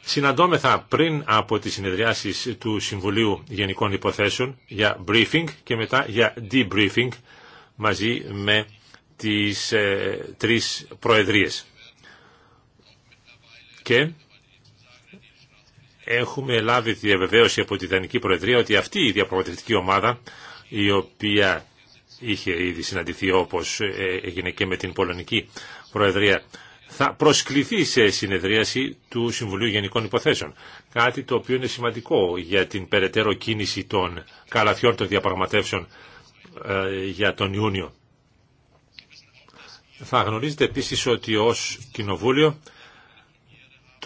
συναντώμεθα πριν από τις συνεδριάσεις του Συμβουλίου Γενικών Υποθέσεων για briefing και μετά για debriefing μαζί με τις ε, τρεις προεδρίες. Και έχουμε λάβει τη διαβεβαίωση από τη Δανική Προεδρία ότι αυτή η διαπραγματευτική ομάδα η οποία είχε ήδη συναντηθεί όπως ε, έγινε και με την Πολωνική Προεδρία θα προσκληθεί σε συνεδρίαση του Συμβουλίου Γενικών Υποθέσεων. Κάτι το οποίο είναι σημαντικό για την περαιτέρω κίνηση των καλαθιών των διαπραγματεύσεων ε, για τον Ιούνιο. Θα γνωρίζετε επίσης ότι ως Κοινοβούλιο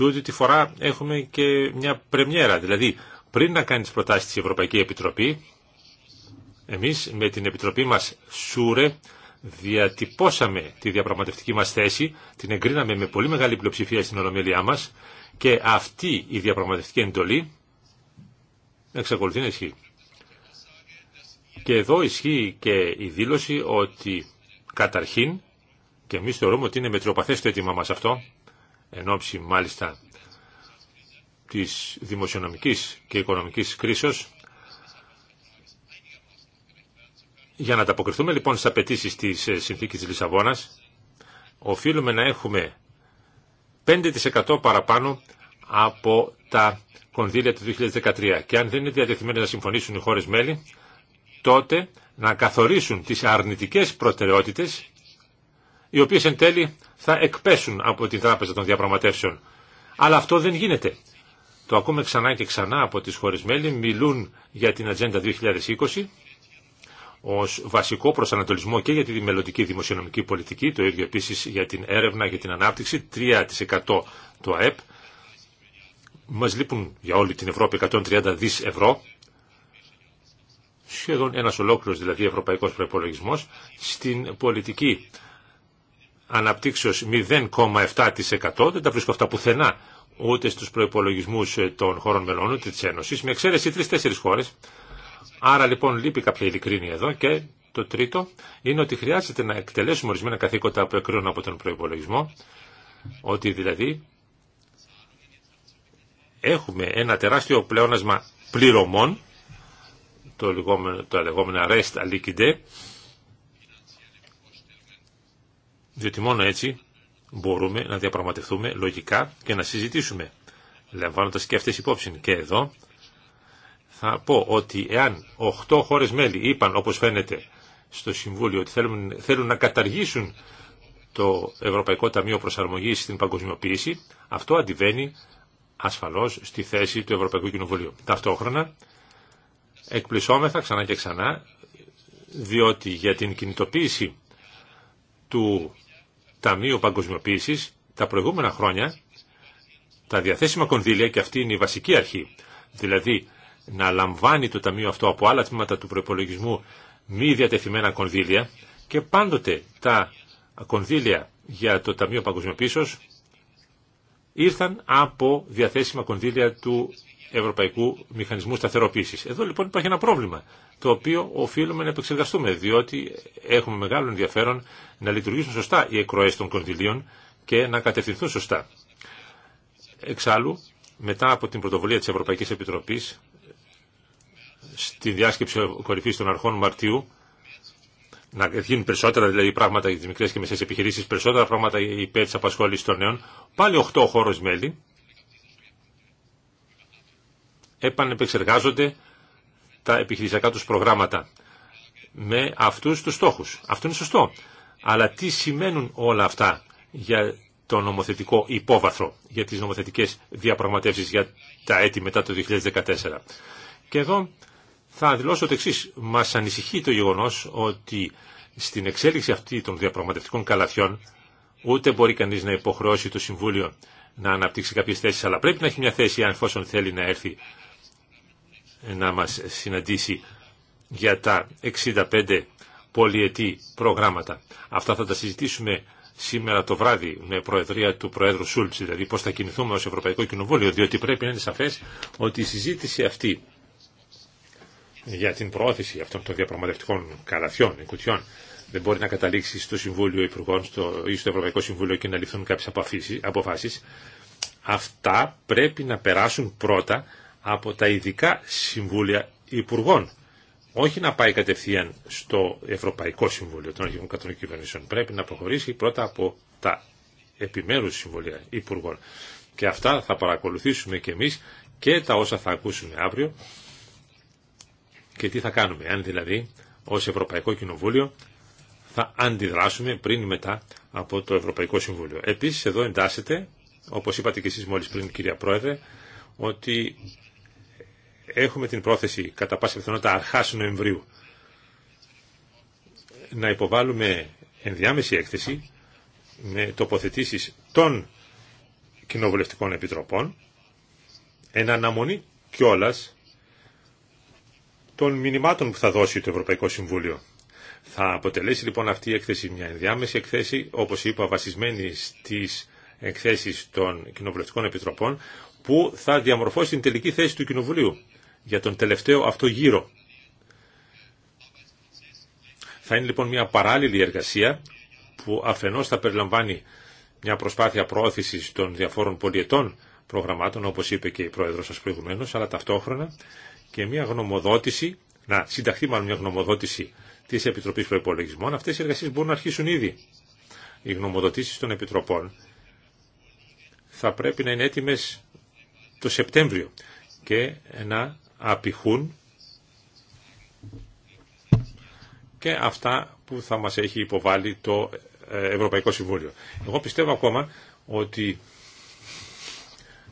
Τούτη τη φορά έχουμε και μια πρεμιέρα, δηλαδή πριν να κάνει τι προτάσει της Ευρωπαϊκή Επιτροπή, εμεί με την Επιτροπή μας ΣΟΥΡΕ διατυπώσαμε τη διαπραγματευτική μας θέση, την εγκρίναμε με πολύ μεγάλη πλειοψηφία στην ολομέλειά μας και αυτή η διαπραγματευτική εντολή εξακολουθεί να ισχύει. Και εδώ ισχύει και η δήλωση ότι καταρχήν, και εμείς θεωρούμε ότι είναι μετριοπαθές το αίτημα μας αυτό, εν ώψη μάλιστα της δημοσιονομικής και οικονομικής κρίσεως. Για να ανταποκριθούμε λοιπόν στις απαιτήσει της ε, συνθήκης της Λισαβόνας, οφείλουμε να έχουμε 5% παραπάνω από τα κονδύλια του 2013. Και αν δεν είναι διατεθειμένοι να συμφωνήσουν οι χώρες μέλη, τότε να καθορίσουν τις αρνητικές προτεραιότητες οι οποίες εν τέλει θα εκπέσουν από την τράπεζα των διαπραγματεύσεων. Αλλά αυτό δεν γίνεται. Το ακούμε ξανά και ξανά από τις χώρες μέλη, μιλούν για την Ατζέντα 2020 ως βασικό προσανατολισμό και για τη μελλοντική δημοσιονομική πολιτική, το ίδιο επίσης για την έρευνα και την ανάπτυξη, 3% το ΑΕΠ. Μας λείπουν για όλη την Ευρώπη 130 δις ευρώ, σχεδόν ένας ολόκληρος δηλαδή ευρωπαϊκός προπολογισμό στην πολιτική αναπτύξεως 0,7% δεν τα βρίσκω αυτά πουθενά ούτε στους προϋπολογισμούς ε, των χωρών μελών ούτε της Ένωσης με εξαίρεση τρεις-τέσσερις χώρες άρα λοιπόν λείπει κάποια ειλικρίνη εδώ και το τρίτο είναι ότι χρειάζεται να εκτελέσουμε ορισμένα καθήκοντα που εκκρίνουν από τον προϋπολογισμό ότι δηλαδή έχουμε ένα τεράστιο πλεόνασμα πληρωμών το λεγόμενο, το λεγόμενο rest aliquide διότι μόνο έτσι μπορούμε να διαπραγματευτούμε λογικά και να συζητήσουμε, λαμβάνοντα και αυτέ υπόψη. Και εδώ θα πω ότι εάν 8 χώρες μέλη είπαν, όπως φαίνεται στο Συμβούλιο, ότι θέλουν, θέλουν να καταργήσουν το Ευρωπαϊκό Ταμείο Προσαρμογής στην παγκοσμιοποίηση, αυτό αντιβαίνει ασφαλώς στη θέση του Ευρωπαϊκού Κοινοβουλίου. Ταυτόχρονα εκπλησόμεθα ξανά και ξανά, διότι για την κινητοποίηση του Ταμείο παγκοσμιοποίηση, τα προηγούμενα χρόνια τα διαθέσιμα κονδύλια, και αυτή είναι η βασική αρχή, δηλαδή να λαμβάνει το Ταμείο αυτό από άλλα τμήματα του προπολογισμού μη διατεθειμένα κονδύλια και πάντοτε τα κονδύλια για το Ταμείο Παγκοσμιοποίησης ήρθαν από διαθέσιμα κονδύλια του Ευρωπαϊκού Μηχανισμού Σταθεροποίηση. Εδώ λοιπόν υπάρχει ένα πρόβλημα το οποίο οφείλουμε να επεξεργαστούμε, διότι έχουμε μεγάλο ενδιαφέρον να λειτουργήσουν σωστά οι εκροές των κονδυλίων και να κατευθυνθούν σωστά. Εξάλλου, μετά από την πρωτοβουλία της Ευρωπαϊκής Επιτροπής, στη διάσκεψη κορυφής των αρχών Μαρτίου, να γίνουν περισσότερα δηλαδή πράγματα για τι μικρές και μεσαίε επιχειρήσει, περισσότερα πράγματα υπέρ τη απασχόληση των νέων, πάλι 8 χώρο μέλη επανεπεξεργάζονται τα επιχειρησιακά τους προγράμματα με αυτούς τους στόχους. Αυτό είναι σωστό. Αλλά τι σημαίνουν όλα αυτά για το νομοθετικό υπόβαθρο, για τις νομοθετικές διαπραγματεύσεις για τα έτη μετά το 2014. Και εδώ θα δηλώσω το εξή. Μας ανησυχεί το γεγονός ότι στην εξέλιξη αυτή των διαπραγματευτικών καλαθιών ούτε μπορεί κανείς να υποχρεώσει το Συμβούλιο να αναπτύξει κάποιες θέσεις, αλλά πρέπει να έχει μια θέση αν φόσον θέλει να έρθει να μας συναντήσει για τα 65 πολιετή προγράμματα. Αυτά θα τα συζητήσουμε σήμερα το βράδυ με προεδρία του Προέδρου Σούλτς, δηλαδή πώς θα κινηθούμε ως Ευρωπαϊκό Κοινοβούλιο, διότι πρέπει να είναι σαφές ότι η συζήτηση αυτή για την προώθηση αυτών των διαπραγματευτικών καλαθιών, κουτιών, δεν μπορεί να καταλήξει στο Συμβούλιο Υπουργών στο, ή στο Ευρωπαϊκό Συμβούλιο και να ληφθούν κάποιες αποφάσεις. Αυτά πρέπει να περάσουν πρώτα από τα ειδικά συμβούλια υπουργών. Όχι να πάει κατευθείαν στο Ευρωπαϊκό Συμβούλιο των Αρχικών Κυβερνήσεων. Πρέπει να προχωρήσει πρώτα από τα επιμέρους συμβούλια υπουργών. Και αυτά θα παρακολουθήσουμε και εμείς και τα όσα θα ακούσουμε αύριο και τι θα κάνουμε. Αν δηλαδή ως Ευρωπαϊκό Κοινοβούλιο θα αντιδράσουμε πριν ή μετά από το Ευρωπαϊκό Συμβούλιο. Επίσης εδώ εντάσσεται, όπως είπατε και εσείς μόλις πριν κυρία Πρόεδρε, ότι έχουμε την πρόθεση κατά πάσα πιθανότητα αρχάς Νοεμβρίου να υποβάλουμε ενδιάμεση έκθεση με τοποθετήσεις των κοινοβουλευτικών επιτροπών εν αναμονή κιόλα των μηνυμάτων που θα δώσει το Ευρωπαϊκό Συμβούλιο. Θα αποτελέσει λοιπόν αυτή η έκθεση μια ενδιάμεση εκθέση, όπως είπα, βασισμένη στις εκθέσεις των κοινοβουλευτικών επιτροπών, που θα διαμορφώσει την τελική θέση του Κοινοβουλίου για τον τελευταίο αυτό γύρο. Θα είναι λοιπόν μια παράλληλη εργασία που αφενός θα περιλαμβάνει μια προσπάθεια προώθησης των διαφόρων πολιετών προγραμμάτων, όπως είπε και η Πρόεδρος σας προηγουμένως, αλλά ταυτόχρονα και μια γνωμοδότηση, να συνταχθεί μάλλον μια γνωμοδότηση της Επιτροπής Προϋπολογισμών. Αυτές οι εργασίες μπορούν να αρχίσουν ήδη. Οι γνωμοδοτήσεις των Επιτροπών θα πρέπει να είναι έτοιμες το Σεπτέμβριο και να απηχούν και αυτά που θα μας έχει υποβάλει το ε, Ευρωπαϊκό Συμβούλιο. Εγώ πιστεύω ακόμα ότι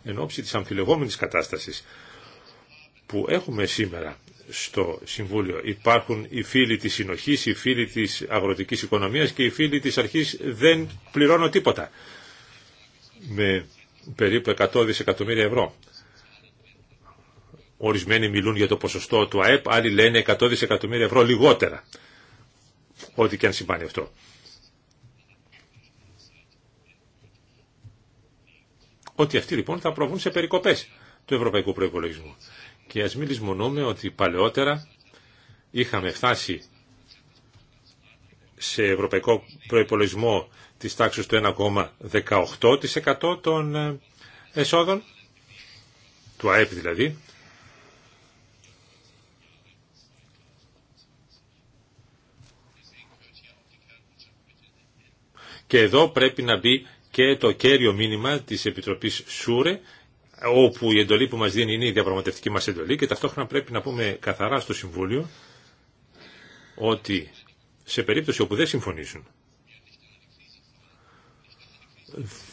εν ώψη της αμφιλεγόμενης κατάστασης που έχουμε σήμερα στο Συμβούλιο υπάρχουν οι φίλοι της συνοχής, οι φίλοι της αγροτικής οικονομίας και οι φίλοι της αρχής δεν πληρώνω τίποτα με περίπου 100 δισεκατομμύρια ευρώ. Ορισμένοι μιλούν για το ποσοστό του ΑΕΠ, άλλοι λένε 100 δισεκατομμύρια ευρώ λιγότερα. Ό,τι και αν συμβάνει αυτό. Ότι αυτοί λοιπόν θα προβούν σε περικοπές του ευρωπαϊκού προϋπολογισμού. Και ας μην λησμονούμε ότι παλαιότερα είχαμε φτάσει σε ευρωπαϊκό προϋπολογισμό της τάξης του 1,18% των ε, εσόδων, του ΑΕΠ δηλαδή, Και εδώ πρέπει να μπει και το κέριο μήνυμα της Επιτροπής ΣΟΥΡΕ, όπου η εντολή που μας δίνει είναι η διαπραγματευτική μας εντολή και ταυτόχρονα πρέπει να πούμε καθαρά στο Συμβούλιο ότι σε περίπτωση όπου δεν συμφωνήσουν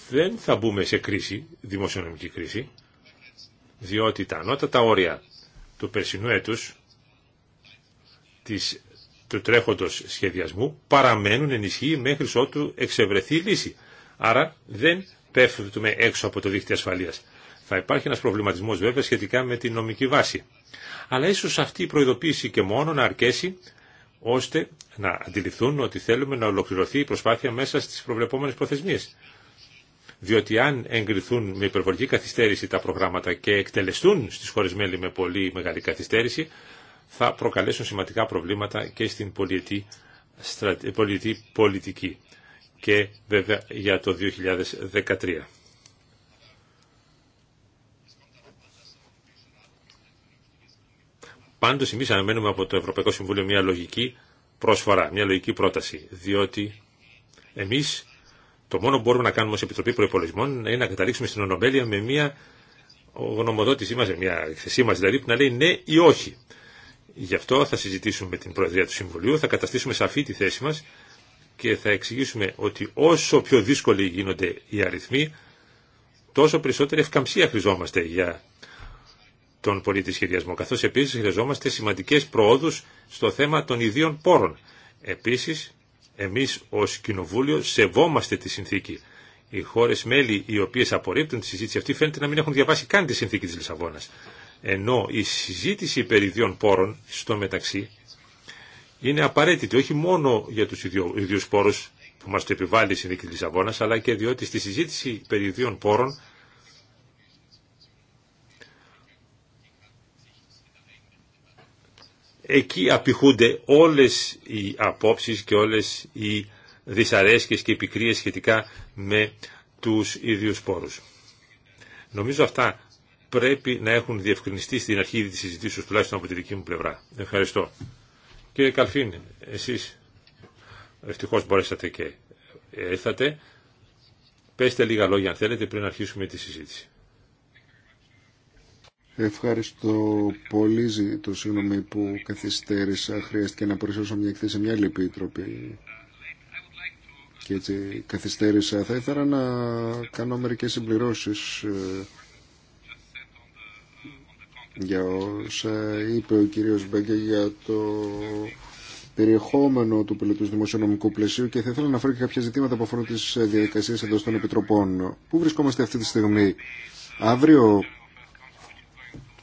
δεν θα μπούμε σε κρίση, δημοσιονομική κρίση, διότι τα ανώτατα όρια του περσινού έτους της του τρέχοντος σχεδιασμού παραμένουν ενισχύει μέχρι ότου εξευρεθεί η λύση. Άρα δεν πέφτουμε έξω από το δίκτυο ασφαλείας. Θα υπάρχει ένας προβληματισμός βέβαια σχετικά με την νομική βάση. Αλλά ίσως αυτή η προειδοποίηση και μόνο να αρκέσει ώστε να αντιληφθούν ότι θέλουμε να ολοκληρωθεί η προσπάθεια μέσα στις προβλεπόμενες προθεσμίες. Διότι αν εγκριθούν με υπερβολική καθυστέρηση τα προγράμματα και εκτελεστούν στις χώρες μέλη με πολύ μεγάλη καθυστέρηση, θα προκαλέσουν σημαντικά προβλήματα και στην πολιτική πολιτική και βέβαια για το 2013. Πάντως εμείς αναμένουμε από το Ευρωπαϊκό Συμβούλιο μια λογική πρόσφορα, μια λογική πρόταση, διότι εμείς το μόνο που μπορούμε να κάνουμε ως Επιτροπή Προϋπολογισμών είναι να καταλήξουμε στην ονομέλεια με μια γνωμοδότησή μας, μια εκθεσή μας δηλαδή, που να λέει ναι ή όχι. Γι' αυτό θα συζητήσουμε με την Προεδρία του Συμβουλίου, θα καταστήσουμε σαφή τη θέση μας και θα εξηγήσουμε ότι όσο πιο δύσκολοι γίνονται οι αριθμοί, τόσο περισσότερη ευκαμψία χρειαζόμαστε για τον πολίτη σχεδιασμό, καθώς επίσης χρειαζόμαστε σημαντικές προόδους στο θέμα των ιδίων πόρων. Επίσης, εμείς ως Κοινοβούλιο σεβόμαστε τη συνθήκη. Οι χώρες μέλη οι οποίες απορρίπτουν τη συζήτηση αυτή φαίνεται να μην έχουν διαβάσει καν τη συνθήκη της Λισαβόνας. Ενώ η συζήτηση περί ιδιών πόρων στο μεταξύ είναι απαραίτητη όχι μόνο για τους ιδιούς πόρους που μας το επιβάλλει η Συνδίκη Λισαβόνας, αλλά και διότι στη συζήτηση περί ιδιών πόρων εκεί απηχούνται όλες οι απόψεις και όλες οι δυσαρέσκειες και επικρίες σχετικά με τους ίδιους πόρους. Νομίζω αυτά πρέπει να έχουν διευκρινιστεί στην αρχή της συζητήσεως τουλάχιστον από τη δική μου πλευρά. Ευχαριστώ. Κύριε Καλφίν, εσεί ευτυχώ μπορέσατε και ήρθατε. Πέστε λίγα λόγια αν θέλετε πριν αρχίσουμε τη συζήτηση. Ευχαριστώ πολύ το συγγνώμη που καθυστέρησα. Χρειάστηκε να προσθέσω μια εκθέση σε μια άλλη επιτροπή. Και έτσι καθυστέρησα. Θα ήθελα να κάνω μερικές συμπληρώσεις ε, για όσα είπε ο κύριος Μπέγκε για το περιεχόμενο του πελετού δημοσιονομικού πλαισίου και θα ήθελα να φέρω και κάποια ζητήματα που αφορούν τις διαδικασίες εντός των επιτροπών. Πού βρισκόμαστε αυτή τη στιγμή. Αύριο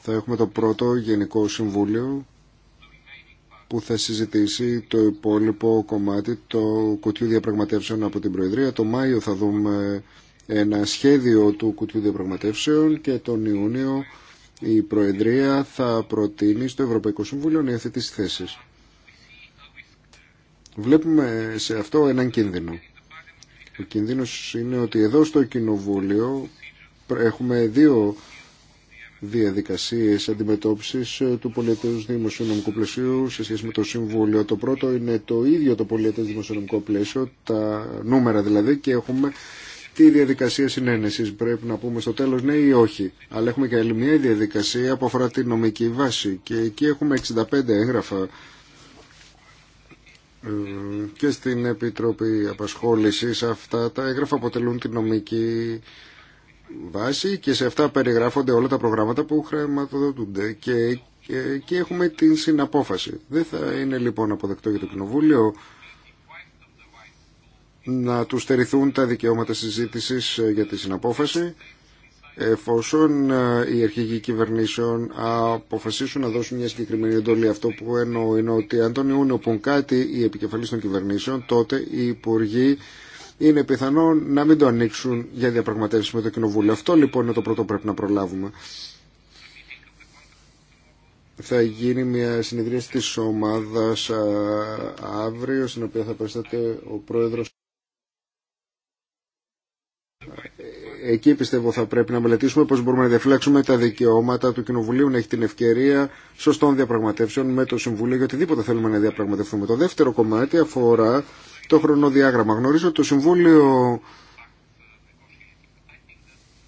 θα έχουμε το πρώτο Γενικό Συμβούλιο που θα συζητήσει το υπόλοιπο κομμάτι, το κουτιού διαπραγματεύσεων από την Προεδρία. Το Μάιο θα δούμε ένα σχέδιο του κουτιού διαπραγματεύσεων και τον Ιούνιο η Προεδρία θα προτείνει στο Ευρωπαϊκό Συμβούλιο να υιοθετήσει θέσεις. Βλέπουμε σε αυτό έναν κίνδυνο. Ο κίνδυνος είναι ότι εδώ στο Κοινοβούλιο έχουμε δύο διαδικασίες αντιμετώπισης του πολιτικού δημοσιονομικού πλαισίου σε σχέση με το Συμβούλιο. Το πρώτο είναι το ίδιο το πολιτικό δημοσιονομικό πλαίσιο, τα νούμερα δηλαδή, και έχουμε τι διαδικασία συνένεση Πρέπει να πούμε στο τέλος ναι ή όχι. Αλλά έχουμε και άλλη μια διαδικασία που αφορά τη νομική βάση και εκεί έχουμε 65 έγγραφα ε, και στην Επιτροπή Απασχόλησης αυτά τα έγγραφα αποτελούν τη νομική βάση και σε αυτά περιγράφονται όλα τα προγράμματα που χρηματοδοτούνται και, και, και έχουμε την συναπόφαση. Δεν θα είναι λοιπόν αποδεκτό για το Κοινοβούλιο να του στερηθούν τα δικαιώματα συζήτηση ε, για τη συναπόφαση εφόσον ε, οι αρχηγοί κυβερνήσεων αποφασίσουν να δώσουν μια συγκεκριμένη εντολή. Αυτό που εννοώ είναι ότι αν τον Ιούνιο πούν κάτι οι επικεφαλής των κυβερνήσεων, τότε οι υπουργοί είναι πιθανόν να μην το ανοίξουν για διαπραγματεύσεις με το Κοινοβούλιο. Αυτό λοιπόν είναι το πρώτο που πρέπει να προλάβουμε. Θα γίνει μια συνεδρίαση της ομάδας ε, αύριο, στην οποία θα παραστάτε ο πρόεδρος Εκεί πιστεύω θα πρέπει να μελετήσουμε πώς μπορούμε να διαφυλάξουμε τα δικαιώματα του Κοινοβουλίου να έχει την ευκαιρία σωστών διαπραγματεύσεων με το Συμβούλιο για οτιδήποτε θέλουμε να διαπραγματευτούμε. Το δεύτερο κομμάτι αφορά το χρονοδιάγραμμα. Γνωρίζω ότι το Συμβούλιο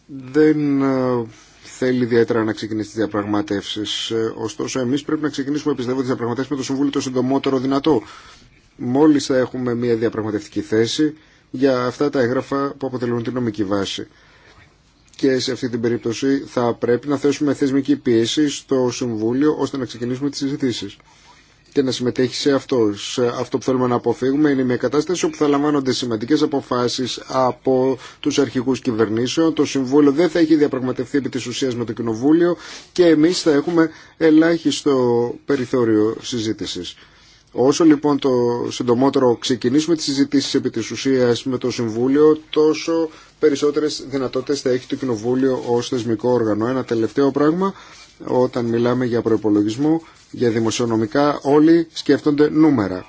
δεν ε, θέλει ιδιαίτερα να ξεκινήσει τι διαπραγματεύσει. Ε, ωστόσο, εμεί πρέπει να ξεκινήσουμε, πιστεύω, τι διαπραγματεύσει με το Συμβούλιο το συντομότερο δυνατό. Μόλι θα έχουμε μια διαπραγματευτική θέση, για αυτά τα έγγραφα που αποτελούν την νομική βάση. Και σε αυτή την περίπτωση θα πρέπει να θέσουμε θεσμική πίεση στο Συμβούλιο ώστε να ξεκινήσουμε τις συζητήσεις και να συμμετέχει σε αυτό. Σε αυτό που θέλουμε να αποφύγουμε είναι μια κατάσταση όπου θα λαμβάνονται σημαντικές αποφάσεις από τους αρχικού κυβερνήσεων. Το Συμβούλιο δεν θα έχει διαπραγματευτεί επί της ουσίας με το Κοινοβούλιο και εμείς θα έχουμε ελάχιστο περιθώριο συζήτησης. Όσο λοιπόν το συντομότερο ξεκινήσουμε τις συζητήσεις επί της ουσίας με το Συμβούλιο, τόσο περισσότερες δυνατότητες θα έχει το Κοινοβούλιο ως θεσμικό όργανο. Ένα τελευταίο πράγμα, όταν μιλάμε για προπολογισμό, για δημοσιονομικά, όλοι σκέφτονται νούμερα.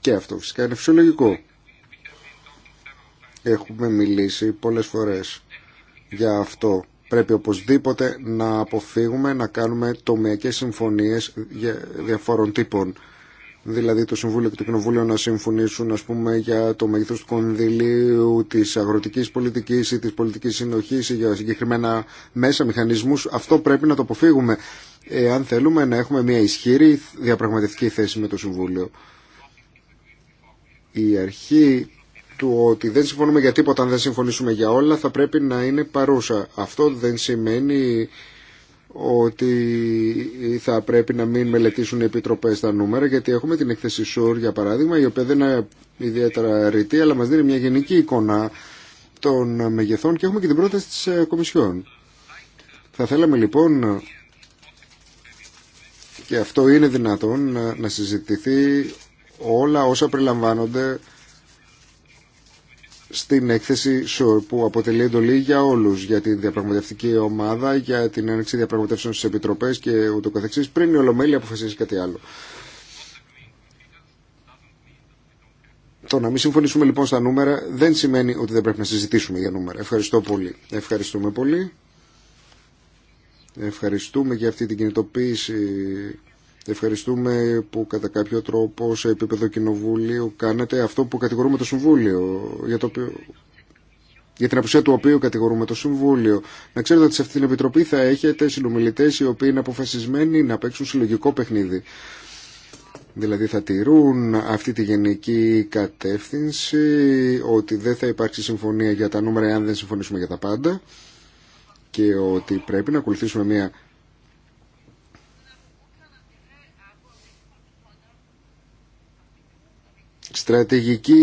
Και αυτό φυσικά είναι φυσιολογικό. Έχουμε μιλήσει πολλές φορές για αυτό. Πρέπει οπωσδήποτε να αποφύγουμε να κάνουμε τομιακές συμφωνίες διαφόρων τύπων δηλαδή το Συμβούλιο και το Κοινοβούλιο να συμφωνήσουν ας πούμε για το μέγεθος του κονδυλίου, της αγροτικής πολιτικής ή της πολιτικής συνοχής ή για συγκεκριμένα μέσα, μηχανισμούς, αυτό πρέπει να το αποφύγουμε εάν θέλουμε να έχουμε μια ισχύρη διαπραγματευτική θέση με το Συμβούλιο. Η αρχή του ότι δεν συμφωνούμε για τίποτα αν δεν συμφωνήσουμε για όλα θα πρέπει να είναι παρούσα. Αυτό δεν σημαίνει ότι θα πρέπει να μην μελετήσουν οι επιτροπές τα νούμερα γιατί έχουμε την έκθεση ΣΟΥΡ για παράδειγμα η οποία δεν είναι ιδιαίτερα ρητή αλλά μας δίνει μια γενική εικόνα των μεγεθών και έχουμε και την πρόταση της ε, Κομισιόν. Θα θέλαμε λοιπόν και αυτό είναι δυνατόν ε, να συζητηθεί όλα όσα περιλαμβάνονται στην έκθεση ΣΟΡ, που αποτελεί εντολή για όλους, για την διαπραγματευτική ομάδα, για την έναρξη διαπραγματεύσεων στις επιτροπές και ούτω καθεξής, πριν η Ολομέλη αποφασίσει κάτι άλλο. Το να μην συμφωνήσουμε λοιπόν στα νούμερα δεν σημαίνει ότι δεν πρέπει να συζητήσουμε για νούμερα. Ευχαριστώ πολύ. Ευχαριστούμε πολύ. Ευχαριστούμε για αυτή την κινητοποίηση Ευχαριστούμε που κατά κάποιο τρόπο σε επίπεδο κοινοβούλιο κάνετε αυτό που κατηγορούμε το Συμβούλιο, για, το οποίο... την απουσία του οποίου κατηγορούμε το Συμβούλιο. Να ξέρετε ότι σε αυτή την Επιτροπή θα έχετε συνομιλητές οι οποίοι είναι αποφασισμένοι να παίξουν συλλογικό παιχνίδι. Δηλαδή θα τηρούν αυτή τη γενική κατεύθυνση ότι δεν θα υπάρξει συμφωνία για τα νούμερα αν δεν συμφωνήσουμε για τα πάντα και ότι πρέπει να ακολουθήσουμε μια στρατηγική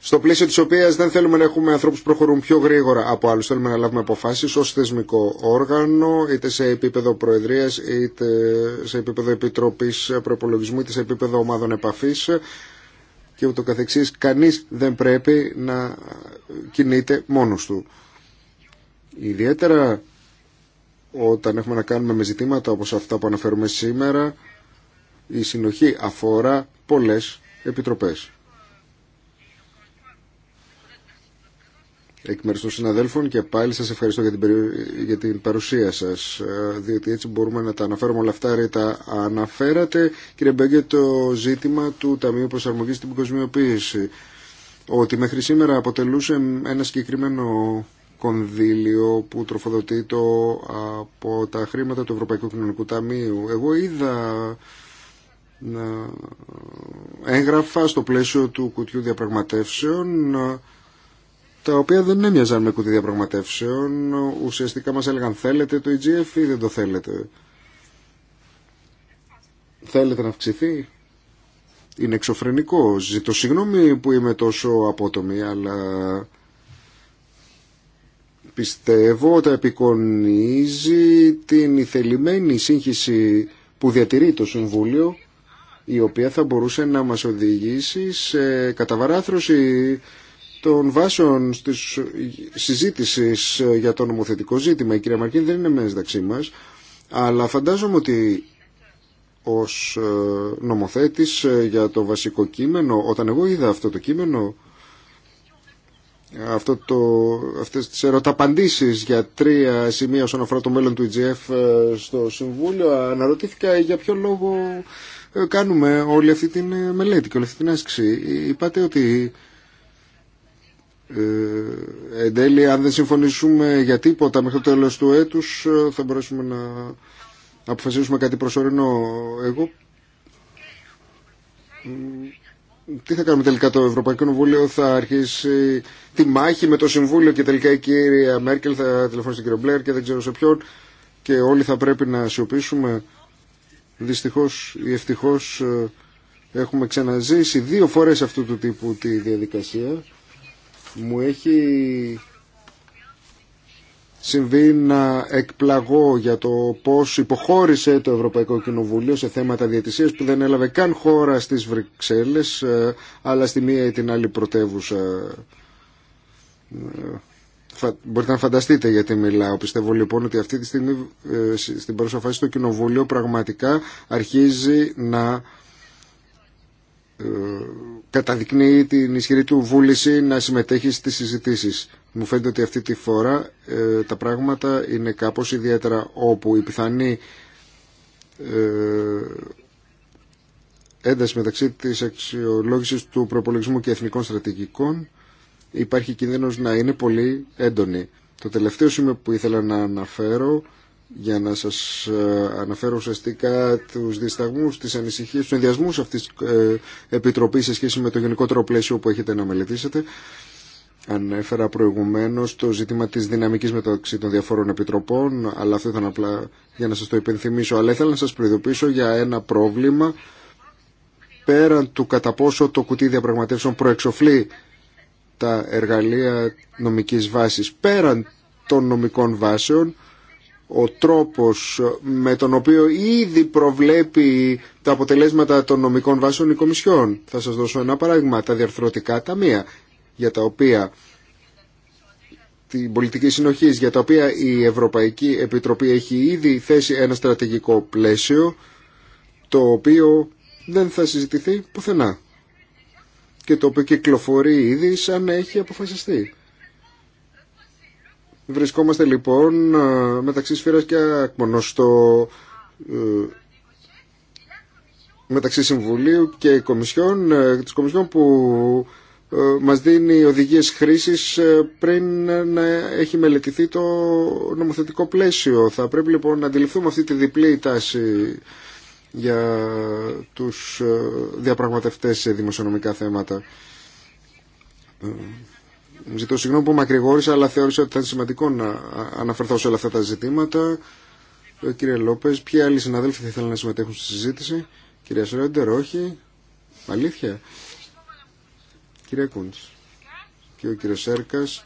στο πλαίσιο της οποίας δεν θέλουμε να έχουμε ανθρώπους που προχωρούν πιο γρήγορα από άλλους. Θέλουμε να λάβουμε αποφάσεις ως θεσμικό όργανο, είτε σε επίπεδο προεδρίας, είτε σε επίπεδο επιτροπής προπολογισμού, είτε σε επίπεδο ομάδων επαφής και ούτω καθεξής. Κανείς δεν πρέπει να κινείται μόνος του. Ιδιαίτερα όταν έχουμε να κάνουμε με ζητήματα όπως αυτά που αναφέρουμε σήμερα, η συνοχή αφορά πολλές επιτροπές. Εκ μέρους των συναδέλφων και πάλι σας ευχαριστώ για την, για την παρουσία σας, ε, διότι έτσι μπορούμε να τα αναφέρουμε όλα αυτά τα Αναφέρατε, κύριε Μπέγκε, το ζήτημα του Ταμείου Προσαρμογής στην Παγκοσμιοποίηση, ότι μέχρι σήμερα αποτελούσε ένα συγκεκριμένο κονδύλιο που τροφοδοτεί από τα χρήματα του Ευρωπαϊκού Κοινωνικού Ταμείου. Εγώ είδα έγγραφα στο πλαίσιο του κουτιού διαπραγματεύσεων τα οποία δεν έμοιαζαν με κουτί διαπραγματεύσεων. Ουσιαστικά μας έλεγαν θέλετε το EGF ή δεν το θέλετε. Θέλετε να αυξηθεί. Είναι εξωφρενικό. Ζητώ συγγνώμη που είμαι τόσο απότομη, αλλά πιστεύω ότι επικονίζει την ηθελημένη σύγχυση που διατηρεί το Συμβούλιο η οποία θα μπορούσε να μας οδηγήσει σε καταβαράθρωση των βάσεων στις συζήτησης για το νομοθετικό ζήτημα. Η κυρία Μαρκίν δεν είναι μέσα δαξί μας, αλλά φαντάζομαι ότι ως ε, νομοθέτης ε, για το βασικό κείμενο, όταν εγώ είδα αυτό το κείμενο, αυτό το, αυτές τις ερωταπαντήσεις για τρία σημεία όσον αφορά το μέλλον του EGF ε, στο Συμβούλιο αναρωτήθηκα για ποιο λόγο ε, κάνουμε όλη αυτή την ε, μελέτη και όλη αυτή την άσκηση. Ε, είπατε ότι ε, εν τέλει αν δεν συμφωνήσουμε για τίποτα μέχρι το τέλος του έτους θα μπορέσουμε να αποφασίσουμε κάτι προσωρινό. Εγώ τι θα κάνουμε τελικά το Ευρωπαϊκό Κοινοβούλιο θα αρχίσει τη μάχη με το Συμβούλιο και τελικά η κυρία Μέρκελ θα τηλεφωνήσει τον κύριο Μπλερ και δεν ξέρω σε ποιον και όλοι θα πρέπει να σιωπήσουμε Δυστυχώς ή ευτυχώς ε, έχουμε ξαναζήσει δύο φορές αυτού του τύπου τη διαδικασία. Μου έχει συμβεί να εκπλαγώ για το πώς υποχώρησε το Ευρωπαϊκό Κοινοβούλιο σε θέματα διατησίας που δεν έλαβε καν χώρα στις Βρυξέλλες ε, αλλά στη μία ή την άλλη πρωτεύουσα ε, Μπορείτε να φανταστείτε γιατί μιλάω. Πιστεύω λοιπόν ότι αυτή τη στιγμή ε, στην παρούσα φάση το Κοινοβούλιο πραγματικά αρχίζει να ε, καταδεικνύει την ισχυρή του βούληση να συμμετέχει στις συζητήσεις. Μου φαίνεται ότι αυτή τη φορά ε, τα πράγματα είναι κάπως ιδιαίτερα όπου η πιθανή ένταση μεταξύ της αξιολόγησης του προπολογισμού και εθνικών στρατηγικών υπάρχει κίνδυνος να είναι πολύ έντονη. Το τελευταίο σημείο που ήθελα να αναφέρω για να σας ε, αναφέρω ουσιαστικά τους δισταγμούς, τις ανησυχίες, τους ενδιασμούς αυτής της ε, Επιτροπής σε σχέση με το γενικότερο πλαίσιο που έχετε να μελετήσετε. Ανέφερα προηγουμένως το ζήτημα της δυναμικής μεταξύ των διαφόρων επιτροπών, αλλά αυτό ήταν απλά για να σας το υπενθυμίσω. Αλλά ήθελα να σας προειδοποιήσω για ένα πρόβλημα πέραν του κατά πόσο το κουτί διαπραγματεύσεων προεξοφλεί τα εργαλεία νομικής βάσης πέραν των νομικών βάσεων ο τρόπος με τον οποίο ήδη προβλέπει τα αποτελέσματα των νομικών βάσεων η Κομισιόν. Θα σας δώσω ένα παράδειγμα, τα διαρθρωτικά ταμεία για τα οποία την πολιτική συνοχή για τα οποία η Ευρωπαϊκή Επιτροπή έχει ήδη θέσει ένα στρατηγικό πλαίσιο το οποίο δεν θα συζητηθεί πουθενά και το οποίο κυκλοφορεί ήδη σαν να έχει αποφασιστεί. Βρισκόμαστε λοιπόν ε, μεταξύ σφύρας και Ακμωνοστό, στο ε, μεταξύ Συμβουλίου και Κομισιόν, ε, της Κομισιόν που μας δίνει οδηγίες χρήσης πριν να έχει μελετηθεί το νομοθετικό πλαίσιο. Θα πρέπει λοιπόν να αντιληφθούμε αυτή τη διπλή τάση για τους ε, διαπραγματευτές σε δημοσιονομικά θέματα. Ε, ζητώ συγγνώμη που μακρηγόρησα, αλλά θεώρησα ότι θα είναι σημαντικό να αναφερθώ σε όλα αυτά τα ζητήματα. Ε, κύριε Λόπες, ποιοι άλλοι συναδέλφοι θα ήθελαν να συμμετέχουν στη συζήτηση. Κυρία Σρέντερ, όχι. Αλήθεια. Κύριε Κούντς. Και ο κύριος Σέρκας.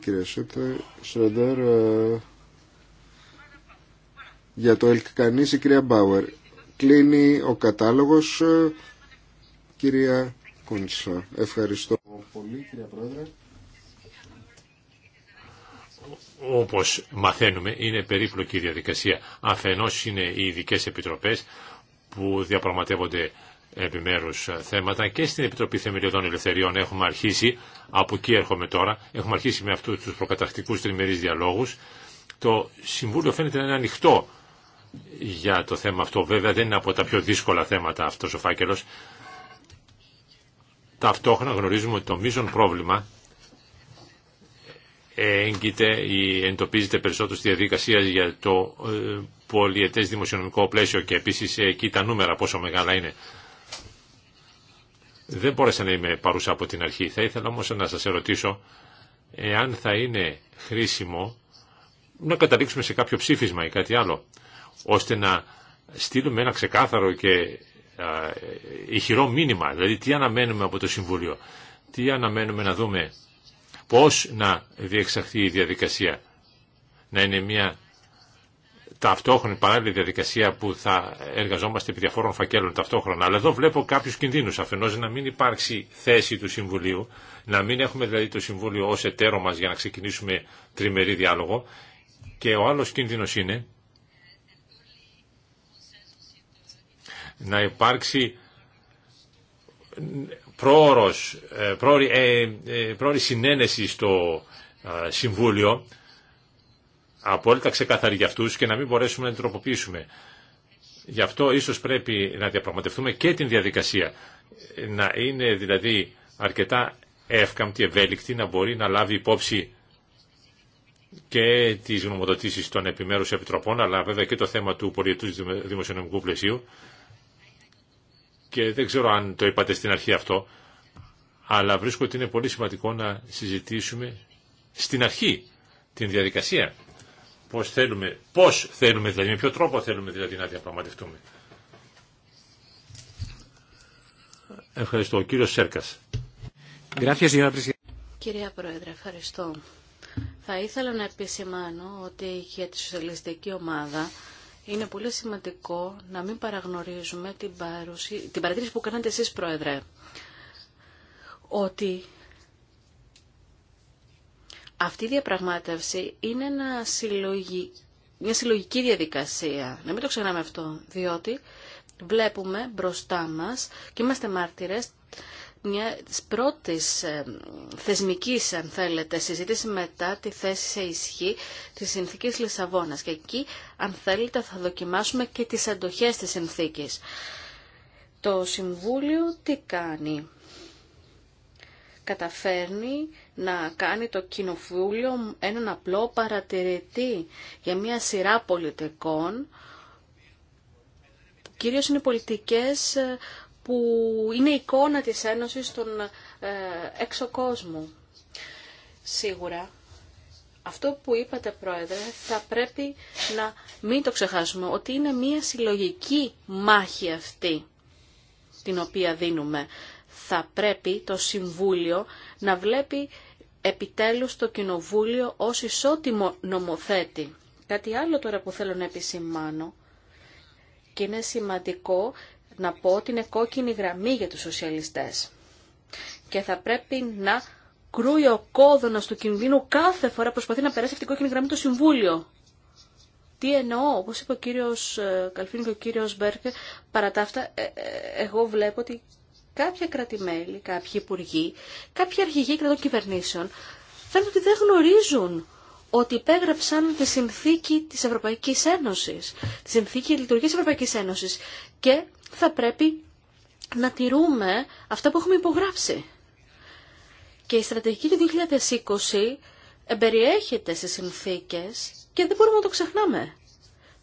Κύριε Σρέντερ, για το ΕΛΚ η κυρία Μπάουερ. Κλείνει ο κατάλογος. Ε, κυρία Κούντσα. ευχαριστώ πολύ κυρία Πρόεδρε. Όπως μαθαίνουμε είναι περίπλοκη η διαδικασία. Αφενός είναι οι ειδικέ επιτροπές που διαπραγματεύονται επιμέρους ε, θέματα και στην Επιτροπή Θεμελιωδών Ελευθεριών έχουμε αρχίσει, από εκεί έρχομαι τώρα, έχουμε αρχίσει με αυτούς τους προκαταρκτικούς τριμερείς διαλόγους. Το Συμβούλιο φαίνεται να είναι ανοιχτό για το θέμα αυτό. Βέβαια δεν είναι από τα πιο δύσκολα θέματα αυτός ο φάκελος. Ταυτόχρονα γνωρίζουμε ότι το μείζον πρόβλημα έγκυται ή εντοπίζεται περισσότερο στη διαδικασία για το ε, πολιετές δημοσιονομικό πλαίσιο και επίσης ε, εκεί τα νούμερα πόσο μεγάλα είναι. Δεν μπόρεσα να είμαι παρούσα από την αρχή. Θα ήθελα όμως να σας ερωτήσω εάν θα είναι χρήσιμο να καταλήξουμε σε κάποιο ψήφισμα ή κάτι άλλο ώστε να στείλουμε ένα ξεκάθαρο και ηχηρό μήνυμα. Δηλαδή τι αναμένουμε από το Συμβούλιο, τι αναμένουμε να δούμε, πώς να διεξαχθεί η διαδικασία. Να είναι μια ταυτόχρονη παράλληλη διαδικασία που θα εργαζόμαστε επί διαφόρων φακέλων ταυτόχρονα. Αλλά εδώ βλέπω κάποιους κινδύνους αφενός να μην υπάρξει θέση του Συμβουλίου, να μην έχουμε δηλαδή το Συμβούλιο ως εταίρο μας για να ξεκινήσουμε τριμερή διάλογο. Και ο άλλος κίνδυνο είναι να υπάρξει πρόωρος, ε, ε, ε, συνένεση στο Συμβούλιο απόλυτα ξεκαθαρή για αυτούς και να μην μπορέσουμε να την τροποποιήσουμε. Γι' αυτό ίσως πρέπει να διαπραγματευτούμε και την διαδικασία. Να είναι δηλαδή αρκετά εύκαμπτη, ευέλικτη, να μπορεί να λάβει υπόψη και τις γνωμοδοτήσεις των επιμέρους επιτροπών, αλλά βέβαια και το θέμα του πολιετού δημοσιονομικού πλαισίου και δεν ξέρω αν το είπατε στην αρχή αυτό, αλλά βρίσκω ότι είναι πολύ σημαντικό να συζητήσουμε στην αρχή την διαδικασία. Πώς θέλουμε, πώς θέλουμε δηλαδή, με ποιο τρόπο θέλουμε δηλαδή να διαπραγματευτούμε. Ευχαριστώ. Ο κύριος Σέρκας. Κυρία Πρόεδρε, ευχαριστώ. Θα ήθελα να επισημάνω ότι για τη σοσιαλιστική ομάδα είναι πολύ σημαντικό να μην παραγνωρίζουμε την, την παρατήρηση που κάνατε εσείς, Πρόεδρε, ότι αυτή η διαπραγμάτευση είναι μια συλλογική διαδικασία. Να μην το ξεχνάμε αυτό, διότι βλέπουμε μπροστά μας και είμαστε μάρτυρες μια πρώτης θεσμικής, αν θέλετε, συζήτηση μετά τη θέση σε ισχύ της Συνθήκης Λισαβόνα. Και εκεί, αν θέλετε, θα δοκιμάσουμε και τις αντοχές της Συνθήκης. Το Συμβούλιο τι κάνει. Καταφέρνει να κάνει το Κοινοβούλιο έναν απλό παρατηρητή για μια σειρά πολιτικών, κυρίως είναι πολιτικές που είναι εικόνα της Ένωσης στον ε, κόσμο. Σίγουρα, αυτό που είπατε Πρόεδρε θα πρέπει να μην το ξεχάσουμε, ότι είναι μια συλλογική μάχη αυτή την οποία δίνουμε. Θα πρέπει το Συμβούλιο να βλέπει επιτέλους το Κοινοβούλιο ως ισότιμο νομοθέτη. Κάτι άλλο τώρα που θέλω να επισημάνω και είναι σημαντικό να πω ότι είναι κόκκινη γραμμή για τους σοσιαλιστές. Και θα πρέπει να κρούει ο κόδωνας του κινδύνου κάθε φορά που προσπαθεί να περάσει αυτή η κόκκινη γραμμή το Συμβούλιο. Τι εννοώ, όπως είπε ο κύριος ε, Καλφίν και ο κύριος Μπέρκε, παρά τα αυτά, ε, ε, εγώ βλέπω ότι κάποια κρατημέλη, κάποιοι υπουργοί, κάποιοι αρχηγοί κρατών κυβερνήσεων, φαίνεται ότι δεν γνωρίζουν ότι υπέγραψαν τη συνθήκη της Ευρωπαϊκής Ένωσης, τη συνθήκη λειτουργίας της Ευρωπαϊκής Ένωσης και θα πρέπει να τηρούμε αυτά που έχουμε υπογράψει. Και η στρατηγική του 2020 εμπεριέχεται σε συνθήκες και δεν μπορούμε να το ξεχνάμε.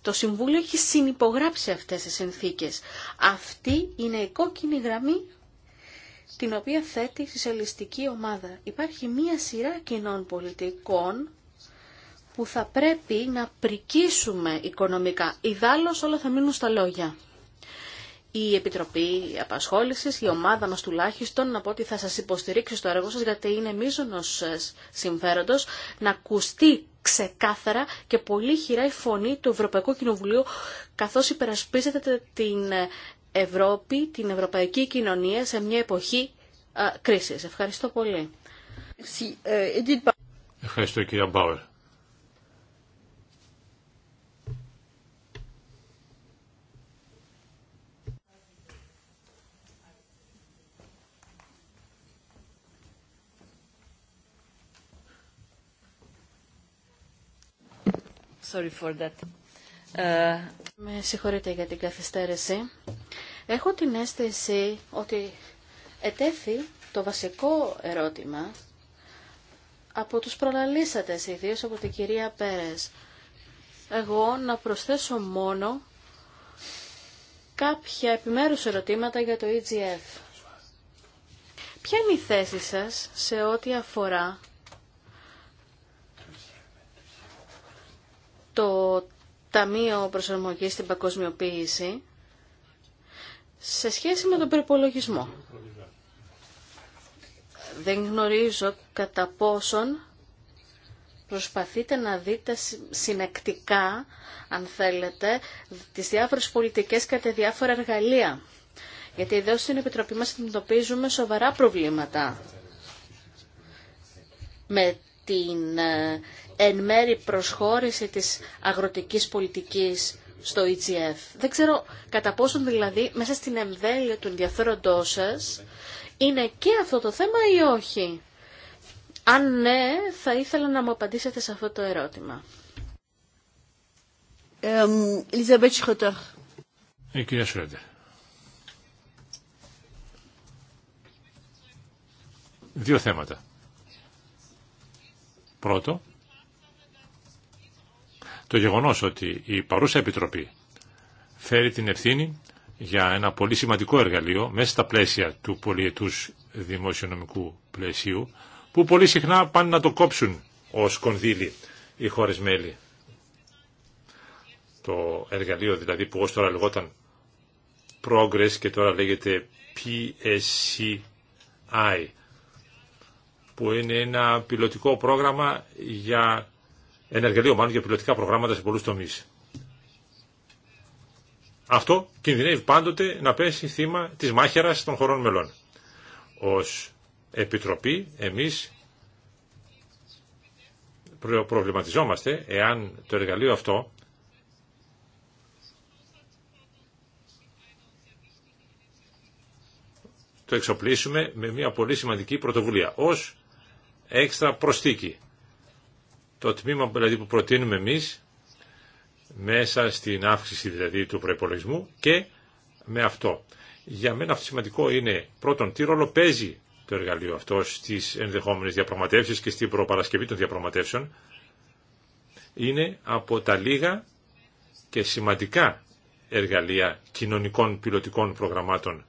Το Συμβούλιο έχει συνυπογράψει αυτές τις συνθήκες. Αυτή είναι η κόκκινη γραμμή την οποία θέτει η σοσιαλιστική ομάδα. Υπάρχει μία σειρά κοινών πολιτικών που θα πρέπει να πρικίσουμε οικονομικά. Ιδάλλως όλα θα μείνουν στα λόγια η Επιτροπή Απασχόλησης, η ομάδα μας τουλάχιστον, να πω ότι θα σας υποστηρίξει στο έργο σας, γιατί είναι μίζωνος ε, συμφέροντος να ακουστεί ξεκάθαρα και πολύ χειρά η φωνή του Ευρωπαϊκού Κοινοβουλίου, καθώς υπερασπίζεται την Ευρώπη, την ευρωπαϊκή κοινωνία σε μια εποχή ε, κρίσης. Ευχαριστώ πολύ. Ε, Ευχαριστώ κυρία Μπάουερ. Ε, Με συγχωρείτε για την καθυστέρηση. Έχω την αίσθηση ότι ετέθη το βασικό ερώτημα από τους προλαλήσατες, ιδίως από την κυρία Πέρες. Εγώ να προσθέσω μόνο κάποια επιμέρους ερωτήματα για το EGF. Ποια είναι η θέση σας σε ό,τι αφορά το Ταμείο Προσαρμογής στην Παγκοσμιοποίηση σε σχέση με τον προπολογισμό. Δεν γνωρίζω κατά πόσον προσπαθείτε να δείτε συνεκτικά, αν θέλετε, τις διάφορες πολιτικές κατά διάφορα εργαλεία. Γιατί εδώ στην Επιτροπή μας αντιμετωπίζουμε σοβαρά προβλήματα με την ε, εν μέρη προσχώρηση της αγροτικής πολιτικής στο EGF. Δεν ξέρω κατά πόσον δηλαδή μέσα στην εμβέλεια του ενδιαφέροντός σας είναι και αυτό το θέμα ή όχι. Αν ναι, θα ήθελα να μου απαντήσετε σε αυτό το ερώτημα. Δύο θέματα. Πρώτο, το γεγονός ότι η παρούσα Επιτροπή φέρει την ευθύνη για ένα πολύ σημαντικό εργαλείο μέσα στα πλαίσια του πολιετούς δημοσιονομικού πλαισίου που πολύ συχνά πάνε να το κόψουν ως κονδύλι οι χώρες μέλη. Το εργαλείο δηλαδή που ως τώρα λεγόταν Progress και τώρα λέγεται PSCI που είναι ένα πιλωτικό πρόγραμμα για ενεργαλείο, μάλλον για πιλωτικά προγράμματα σε πολλούς τομείς. Αυτό κινδυνεύει πάντοτε να πέσει θύμα της μάχερας των χωρών μελών. Ως Επιτροπή εμείς προβληματιζόμαστε εάν το εργαλείο αυτό το εξοπλίσουμε με μια πολύ σημαντική πρωτοβουλία. Ως έξτρα προστίκη. Το τμήμα δηλαδή που προτείνουμε εμείς μέσα στην αύξηση δηλαδή του προπολογισμού και με αυτό. Για μένα αυτό σημαντικό είναι πρώτον τι ρόλο παίζει το εργαλείο αυτό στις ενδεχόμενες διαπραγματεύσεις και στην προπαρασκευή των διαπραγματεύσεων είναι από τα λίγα και σημαντικά εργαλεία κοινωνικών πιλωτικών προγραμμάτων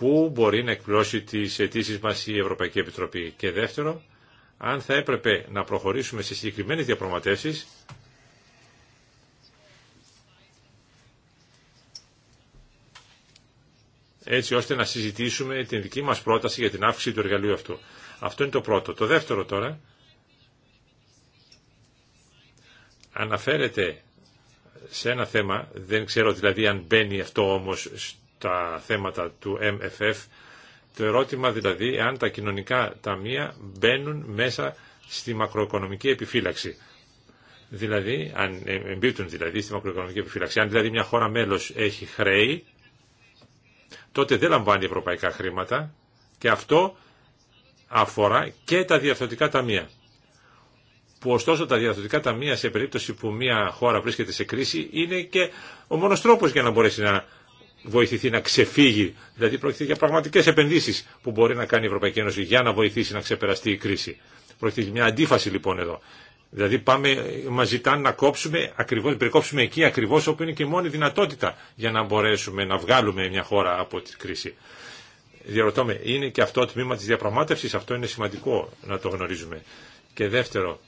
πού μπορεί να εκπληρώσει τις αιτήσει μας η Ευρωπαϊκή Επιτροπή. Και δεύτερο, αν θα έπρεπε να προχωρήσουμε σε συγκεκριμένες διαπραγματεύσεις έτσι ώστε να συζητήσουμε την δική μας πρόταση για την αύξηση του εργαλείου αυτού. Αυτό είναι το πρώτο. Το δεύτερο τώρα αναφέρεται σε ένα θέμα, δεν ξέρω δηλαδή αν μπαίνει αυτό όμως τα θέματα του MFF. Το ερώτημα δηλαδή αν τα κοινωνικά ταμεία μπαίνουν μέσα στη μακροοικονομική επιφύλαξη. Δηλαδή, αν ε, εμπίπτουν δηλαδή στη μακροοικονομική επιφύλαξη. Αν δηλαδή μια χώρα μέλος έχει χρέη, τότε δεν λαμβάνει ευρωπαϊκά χρήματα και αυτό αφορά και τα διαρθρωτικά ταμεία. Που ωστόσο τα διαρθρωτικά ταμεία σε περίπτωση που μια χώρα βρίσκεται σε κρίση είναι και ο μόνος τρόπος για να μπορέσει να βοηθηθεί να ξεφύγει. Δηλαδή πρόκειται για πραγματικές επενδύσεις που μπορεί να κάνει η Ευρωπαϊκή Ένωση για να βοηθήσει να ξεπεραστεί η κρίση. Πρόκειται για μια αντίφαση λοιπόν εδώ. Δηλαδή πάμε, μας ζητάνε να κόψουμε, ακριβώς, περικόψουμε εκεί ακριβώς όπου είναι και η μόνη δυνατότητα για να μπορέσουμε να βγάλουμε μια χώρα από την κρίση. Διαρωτώ είναι και αυτό το τμήμα της διαπραγμάτευσης, αυτό είναι σημαντικό να το γνωρίζουμε. Και δεύτερο,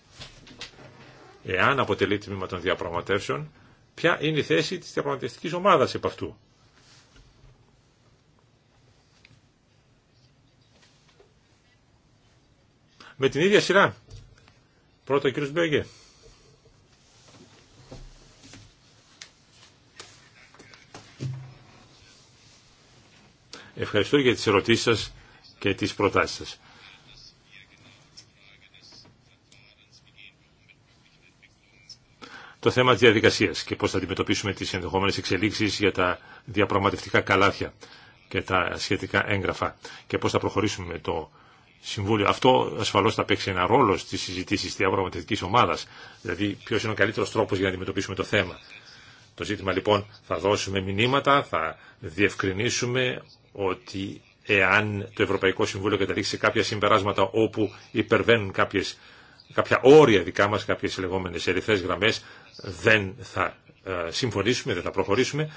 εάν αποτελεί τμήμα των διαπραγματεύσεων, ποια είναι η θέση της διαπραγματευτικής ομάδας επ' αυτού. με την ίδια σειρά. Πρώτα ο κύριος Μπέγκε. Ευχαριστώ για τις ερωτήσεις σας και τις προτάσεις σας. Το θέμα της διαδικασίας και πώς θα αντιμετωπίσουμε τις ενδεχόμενες εξελίξεις για τα διαπραγματευτικά καλάθια και τα σχετικά έγγραφα και πώς θα προχωρήσουμε με το Συμβούλιο. Αυτό ασφαλώ θα παίξει ένα ρόλο στι συζητήσει τη διαπραγματευτική ομάδα. Δηλαδή, ποιο είναι ο καλύτερο τρόπο για να αντιμετωπίσουμε το θέμα. Το ζήτημα λοιπόν θα δώσουμε μηνύματα, θα διευκρινίσουμε ότι εάν το Ευρωπαϊκό Συμβούλιο καταλήξει σε κάποια συμπεράσματα όπου υπερβαίνουν κάποιες, κάποια όρια δικά μας, κάποιες λεγόμενες ερυθές γραμμές, δεν θα ε, συμφωνήσουμε, δεν θα προχωρήσουμε.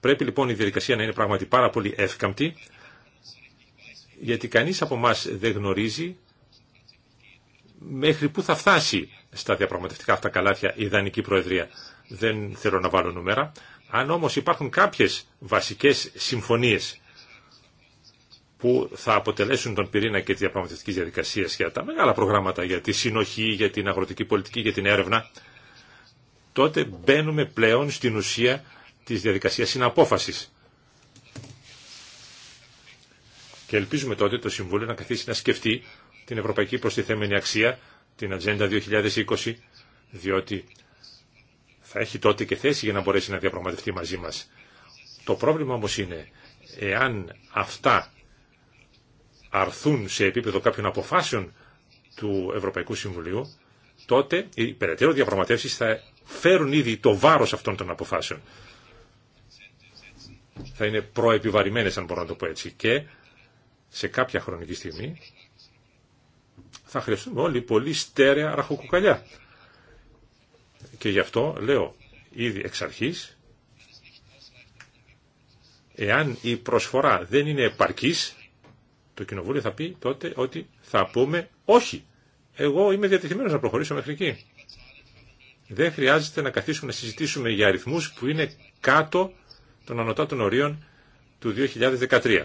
Πρέπει λοιπόν η διαδικασία να είναι πράγματι πάρα πολύ εύκαμπτη, γιατί κανείς από εμά δεν γνωρίζει μέχρι πού θα φτάσει στα διαπραγματευτικά αυτά καλάθια η ιδανική προεδρία. Δεν θέλω να βάλω νούμερα. Αν όμως υπάρχουν κάποιες βασικές συμφωνίες που θα αποτελέσουν τον πυρήνα και τη διαπραγματευτική διαδικασία για τα μεγάλα προγράμματα, για τη συνοχή, για την αγροτική πολιτική, για την έρευνα, τότε μπαίνουμε πλέον στην ουσία της διαδικασίας συναπόφασης. και ελπίζουμε τότε το Συμβούλιο να καθίσει να σκεφτεί την ευρωπαϊκή προστιθέμενη αξία, την Ατζέντα 2020, διότι θα έχει τότε και θέση για να μπορέσει να διαπραγματευτεί μαζί μας. Το πρόβλημα όμως είναι, εάν αυτά αρθούν σε επίπεδο κάποιων αποφάσεων του Ευρωπαϊκού Συμβουλίου, τότε οι περαιτέρω διαπραγματεύσεις θα φέρουν ήδη το βάρος αυτών των αποφάσεων. Θα είναι προεπιβαρημένες, αν μπορώ να το πω έτσι σε κάποια χρονική στιγμή θα χρειαστούμε όλοι πολύ στέρεα ραχοκουκαλιά. Και γι' αυτό λέω ήδη εξ αρχής, εάν η προσφορά δεν είναι επαρκής, το Κοινοβούλιο θα πει τότε ότι θα πούμε όχι. Εγώ είμαι διατεθειμένος να προχωρήσω μέχρι εκεί. Δεν χρειάζεται να καθίσουμε να συζητήσουμε για αριθμούς που είναι κάτω των ανωτάτων ορίων του 2013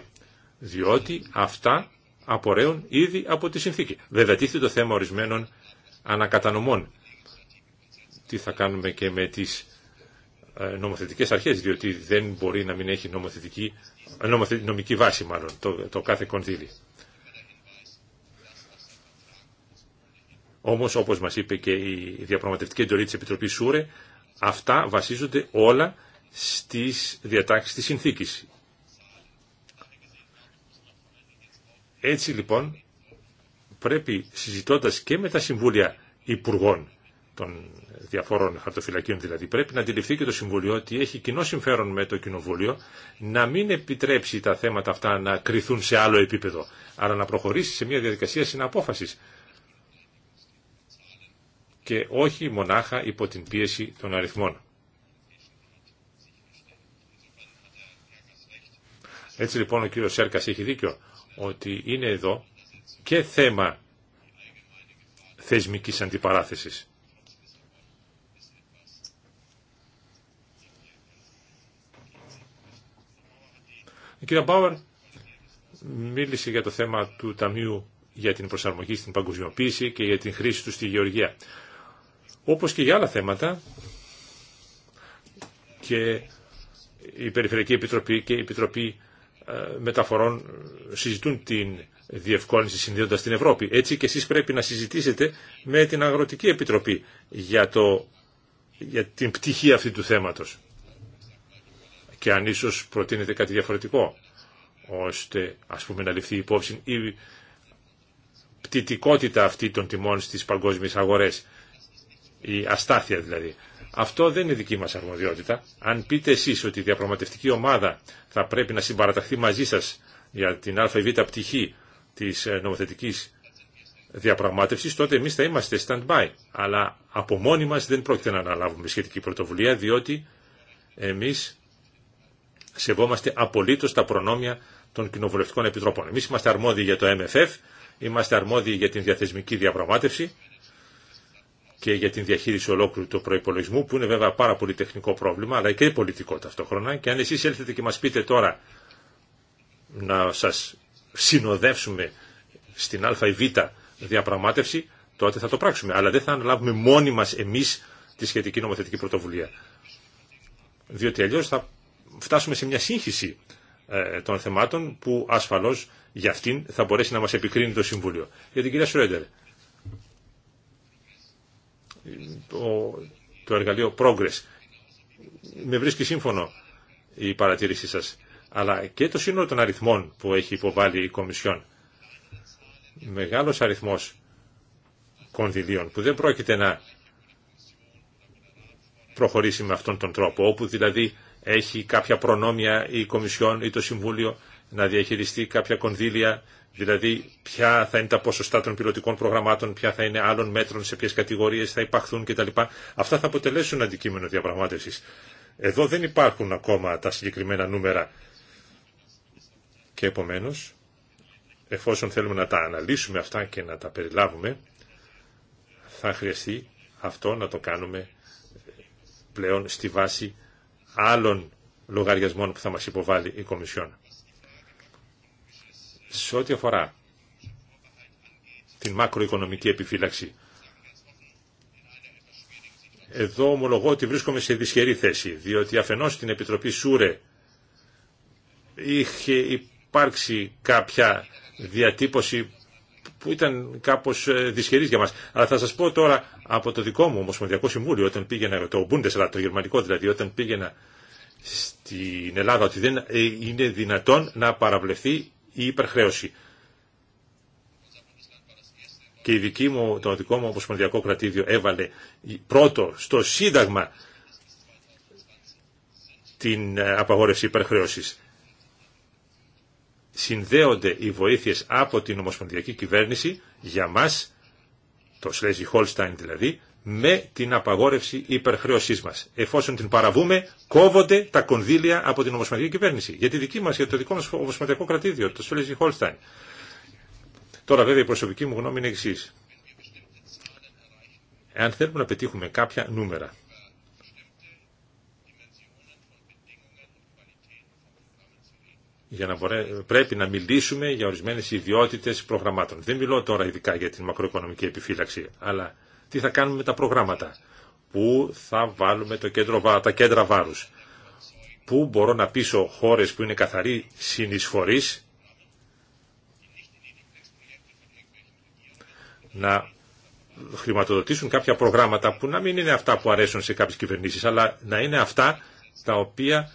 διότι αυτά απορρέουν ήδη από τη συνθήκη. Βέβαια τίθεται το θέμα ορισμένων ανακατανομών. Τι θα κάνουμε και με τις ε, νομοθετικές αρχές, διότι δεν μπορεί να μην έχει νομοθετική, ε, νομική βάση μάλλον το, το κάθε κονδύλι. Όμως, όπως μας είπε και η διαπραγματευτική εντολή της Επιτροπής ΣΟΥΡΕ, αυτά βασίζονται όλα στις διατάξεις της συνθήκης. Έτσι λοιπόν πρέπει συζητώντας και με τα Συμβούλια Υπουργών των διαφορών χαρτοφυλακίων δηλαδή, πρέπει να αντιληφθεί και το Συμβουλίο ότι έχει κοινό συμφέρον με το Κοινοβούλιο να μην επιτρέψει τα θέματα αυτά να κρυθούν σε άλλο επίπεδο, αλλά να προχωρήσει σε μια διαδικασία συναπόφασης και όχι μονάχα υπό την πίεση των αριθμών. Έτσι λοιπόν ο κύριος Σέρκας έχει δίκιο ότι είναι εδώ και θέμα θεσμικής αντιπαράθεσης. Η κυρία Μπάουερ μίλησε για το θέμα του Ταμείου για την προσαρμογή στην παγκοσμιοποίηση και για την χρήση του στη γεωργία. Όπως και για άλλα θέματα και η Περιφερειακή Επιτροπή και η Επιτροπή ε, μεταφορών συζητούν την διευκόλυνση συνδέοντα την Ευρώπη. Έτσι και εσείς πρέπει να συζητήσετε με την Αγροτική Επιτροπή για, το, για την πτυχή αυτή του θέματος. Και αν ίσως προτείνετε κάτι διαφορετικό, ώστε ας πούμε να ληφθεί υπόψη η πτυτικότητα αυτή των τιμών στις παγκόσμιες αγορές, η αστάθεια δηλαδή. Αυτό δεν είναι δική μας αρμοδιότητα. Αν πείτε εσείς ότι η διαπραγματευτική ομάδα θα πρέπει να συμπαραταχθεί μαζί σας για την ΑΒ πτυχή της ε, νομοθετικής διαπραγμάτευσης, τότε εμείς θα είμαστε stand-by. Αλλά από μόνοι μας δεν πρόκειται να αναλάβουμε σχετική πρωτοβουλία, διότι εμείς σεβόμαστε απολύτως τα προνόμια των κοινοβουλευτικών επιτρόπων. Εμείς είμαστε αρμόδιοι για το MFF, είμαστε αρμόδιοι για την διαθεσμική διαπραγμάτευση και για την διαχείριση ολόκληρου του προπολογισμού, που είναι βέβαια πάρα πολύ τεχνικό πρόβλημα, αλλά και πολιτικό ταυτόχρονα. Και αν εσεί έλθετε και μα πείτε τώρα να σα συνοδεύσουμε στην Α ή Β διαπραγμάτευση, τότε θα το πράξουμε. Αλλά δεν θα αναλάβουμε μόνοι μα εμεί τη σχετική νομοθετική πρωτοβουλία. Διότι αλλιώ θα φτάσουμε σε μια σύγχυση ε, των θεμάτων που ασφαλώ για αυτήν θα μπορέσει να μα επικρίνει το Συμβούλιο. Για την κυρία Σρέντερ το εργαλείο Progress. Με βρίσκει σύμφωνο η παρατήρησή σας, αλλά και το σύνολο των αριθμών που έχει υποβάλει η Κομισιόν. Μεγάλος αριθμός κονδυλίων που δεν πρόκειται να προχωρήσει με αυτόν τον τρόπο, όπου δηλαδή έχει κάποια προνόμια η Κομισιόν ή το Συμβούλιο να διαχειριστεί κάποια κονδύλια Δηλαδή, ποια θα είναι τα ποσοστά των πιλωτικών προγραμμάτων, ποια θα είναι άλλων μέτρων, σε ποιε κατηγορίε θα υπαχθούν κτλ. Αυτά θα αποτελέσουν αντικείμενο διαπραγμάτευση. Εδώ δεν υπάρχουν ακόμα τα συγκεκριμένα νούμερα. Και επομένω, εφόσον θέλουμε να τα αναλύσουμε αυτά και να τα περιλάβουμε, θα χρειαστεί αυτό να το κάνουμε πλέον στη βάση άλλων λογαριασμών που θα μας υποβάλει η Κομισιόν σε ό,τι αφορά την μακροοικονομική επιφύλαξη. Εδώ ομολογώ ότι βρίσκομαι σε δυσχερή θέση, διότι αφενός στην Επιτροπή Σούρε είχε υπάρξει κάποια διατύπωση που ήταν κάπως ε, δυσχερής για μας. Αλλά θα σας πω τώρα από το δικό μου Ομοσπονδιακό Συμβούλιο, όταν πήγαινα, το Bundesrat, το γερμανικό δηλαδή, όταν πήγαινα στην Ελλάδα, ότι δεν ε, είναι δυνατόν να παραβλεφθεί η υπερχρέωση. Και η δική μου, το δικό μου ομοσπονδιακό κρατήδιο έβαλε πρώτο στο Σύνταγμα την ε, απαγόρευση υπερχρέωσης. Συνδέονται οι βοήθειες από την ομοσπονδιακή κυβέρνηση για μας, το Σλέζι Χόλσταϊν δηλαδή, με την απαγόρευση υπερχρέωσή μα, Εφόσον την παραβούμε, κόβονται τα κονδύλια από την Ομοσπονδιακή Κυβέρνηση. Για τη δική μας, για το δικό μα Ομοσπονδιακό Κρατήδιο, το Σφέλεζι Χόλσταϊν. Τώρα βέβαια η προσωπική μου γνώμη είναι εξή. Εάν θέλουμε να πετύχουμε κάποια νούμερα, για να πρέπει να μιλήσουμε για ορισμένες ιδιότητες προγραμμάτων. Δεν μιλώ τώρα ειδικά για την μακροοικονομική επιφύλαξη, αλλά τι θα κάνουμε με τα προγράμματα, πού θα βάλουμε το κέντρο, τα κέντρα βάρους, πού μπορώ να πείσω χώρες που είναι καθαροί συνεισφορείς να χρηματοδοτήσουν κάποια προγράμματα που να μην είναι αυτά που αρέσουν σε κάποιες κυβερνήσεις, αλλά να είναι αυτά τα οποία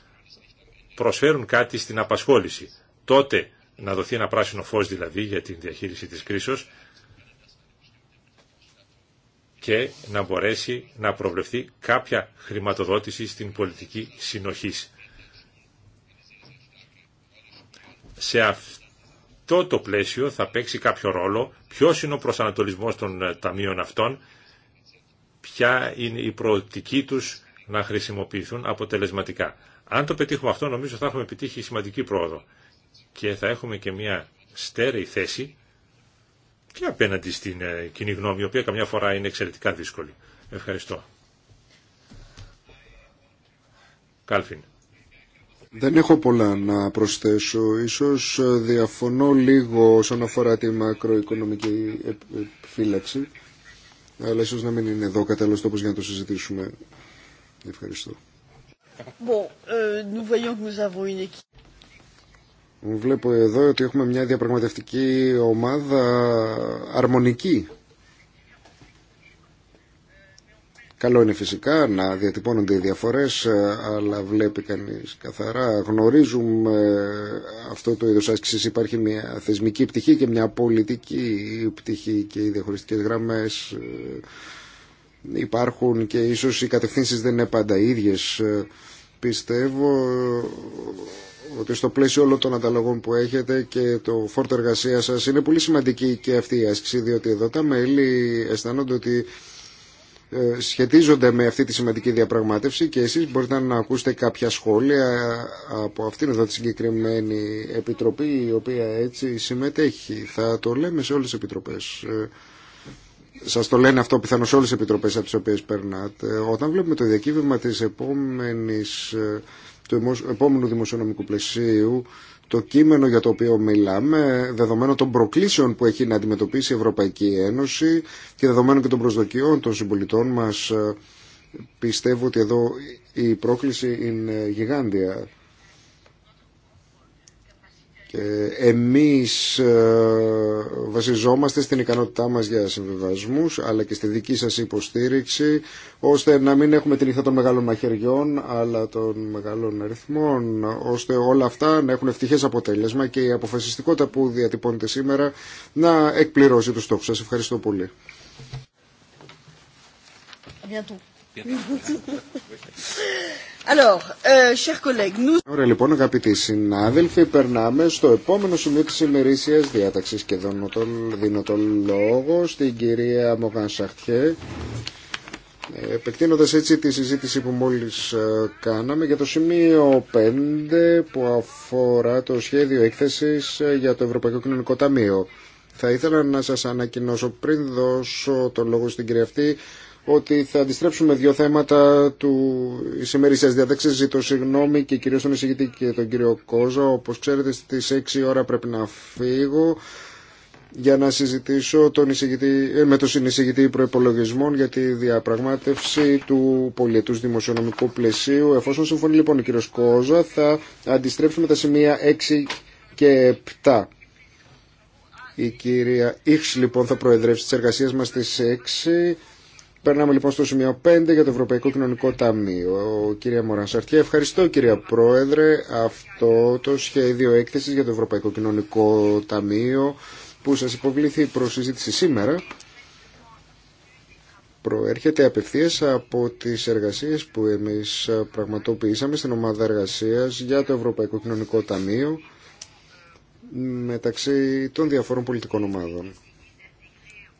προσφέρουν κάτι στην απασχόληση. Τότε να δοθεί ένα πράσινο φως δηλαδή για την διαχείριση της κρίσης και να μπορέσει να προβλεφθεί κάποια χρηματοδότηση στην πολιτική συνοχής. Σε αυτό το πλαίσιο θα παίξει κάποιο ρόλο ποιος είναι ο προσανατολισμός των ε, ταμείων αυτών, ποια είναι η προοπτική τους να χρησιμοποιηθούν αποτελεσματικά. Αν το πετύχουμε αυτό νομίζω θα έχουμε επιτύχει σημαντική πρόοδο και θα έχουμε και μια στέρεη θέση και απέναντι στην ε, κοινή γνώμη, η οποία καμιά φορά είναι εξαιρετικά δύσκολη. Ευχαριστώ. Κάλφιν. Δεν έχω πολλά να προσθέσω. Ίσως ε, διαφωνώ λίγο όσον αφορά τη μακροοικονομική επιφύλαξη. Αλλά ίσως να μην είναι εδώ κατάλληλος τόπος για να το συζητήσουμε. Ευχαριστώ. Bon, euh, nous voyons que nous avons une... Βλέπω εδώ ότι έχουμε μια διαπραγματευτική ομάδα αρμονική. Καλό είναι φυσικά να διατυπώνονται οι διαφορές, ε, αλλά βλέπει κανείς καθαρά. Γνωρίζουμε αυτό το είδος άσκησης. Υπάρχει μια θεσμική πτυχή και μια πολιτική πτυχή και οι διαχωριστικές γραμμές ε, υπάρχουν και ίσως οι κατευθύνσεις δεν είναι πάντα ίδιες. Ε, πιστεύω ότι στο πλαίσιο όλων των ανταλλαγών που έχετε και το φόρτο εργασία σα είναι πολύ σημαντική και αυτή η άσκηση διότι εδώ τα μέλη αισθάνονται ότι ε, σχετίζονται με αυτή τη σημαντική διαπραγμάτευση και εσείς μπορείτε να ακούσετε κάποια σχόλια από αυτήν εδώ τη συγκεκριμένη επιτροπή η οποία έτσι συμμετέχει. Θα το λέμε σε όλες τις επιτροπές. Ε, σας το λένε αυτό πιθανώς σε όλες τις επιτροπές από τις οποίες περνάτε. Όταν βλέπουμε το διακύβευμα της επόμενη. Ε, του επόμενου δημοσιονομικού πλαισίου το κείμενο για το οποίο μιλάμε, δεδομένο των προκλήσεων που έχει να αντιμετωπίσει η Ευρωπαϊκή Ένωση και δεδομένων και των προσδοκιών των συμπολιτών μας, ε, πιστεύω ότι εδώ η πρόκληση είναι γιγάντια. Και εμείς ε, βασιζόμαστε στην ικανότητά μας για συμβιβασμούς αλλά και στη δική σας υποστήριξη ώστε να μην έχουμε την νύχτα των μεγάλων μαχαιριών αλλά των μεγάλων αριθμών ώστε όλα αυτά να έχουν ευτυχές αποτέλεσμα και η αποφασιστικότητα που διατυπώνεται σήμερα να εκπληρώσει τους στόχους σας. Ευχαριστώ πολύ. Euh, Ωραία λοιπόν αγαπητοί συνάδελφοι, περνάμε στο επόμενο σημείο της ημερήσιας διάταξης και δίνω το, δίνω λόγο στην κυρία Μογάν Σαχτιέ ε, επεκτείνοντας έτσι τη συζήτηση που μόλις ε, κάναμε για το σημείο 5 που αφορά το σχέδιο έκθεσης ε, για το Ευρωπαϊκό Κοινωνικό Ταμείο. Θα ήθελα να σας ανακοινώσω πριν δώσω τον λόγο στην κυρία αυτή ότι θα αντιστρέψουμε δύο θέματα του ημερήσια διάταξη. Ζητώ συγγνώμη και κυρίω τον εισηγητή και τον κύριο Κόζα. Όπω ξέρετε, στι 6 ώρα πρέπει να φύγω για να συζητήσω τον εισηγητή, ε, με τον συνεισηγητή προπολογισμών για τη διαπραγμάτευση του πολιετού δημοσιονομικού πλαισίου. Εφόσον συμφωνεί λοιπόν ο κύριο Κόζα, θα αντιστρέψουμε τα σημεία 6 και 7. Η κυρία Ήξ λοιπόν θα προεδρεύσει τις εργασίες μας στις 6. Περνάμε λοιπόν στο σημείο 5 για το Ευρωπαϊκό Κοινωνικό Ταμείο. Κυρία Μωράν ευχαριστώ κύριε Πρόεδρε. Αυτό το σχέδιο έκθεσης για το Ευρωπαϊκό Κοινωνικό Ταμείο που σας υποβλήθη η συζήτηση σήμερα προέρχεται απευθείας από τις εργασίες που εμείς πραγματοποιήσαμε στην ομάδα εργασίας για το Ευρωπαϊκό Κοινωνικό Ταμείο μεταξύ των διαφόρων πολιτικών ομάδων.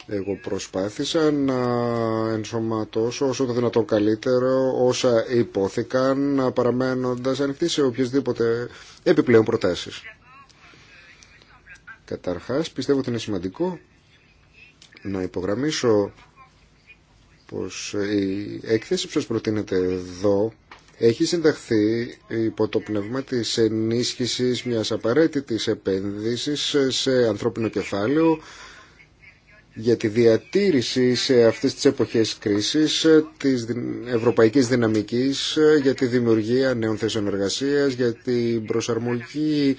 Εγώ προσπάθησα να ενσωματώσω όσο το δυνατόν καλύτερο όσα υπόθηκαν παραμένοντας ανοιχτή σε οποιασδήποτε επιπλέον προτάσεις. Καταρχάς πιστεύω ότι είναι σημαντικό να υπογραμμίσω πως η έκθεση που σας προτείνεται εδώ έχει συνταχθεί υπό το πνεύμα της ενίσχυσης μιας απαραίτητης επένδυσης σε ανθρώπινο κεφάλαιο για τη διατήρηση σε αυτές τις εποχές κρίσης της ευρωπαϊκής δυναμικής, για τη δημιουργία νέων θέσεων εργασίας, για την προσαρμογή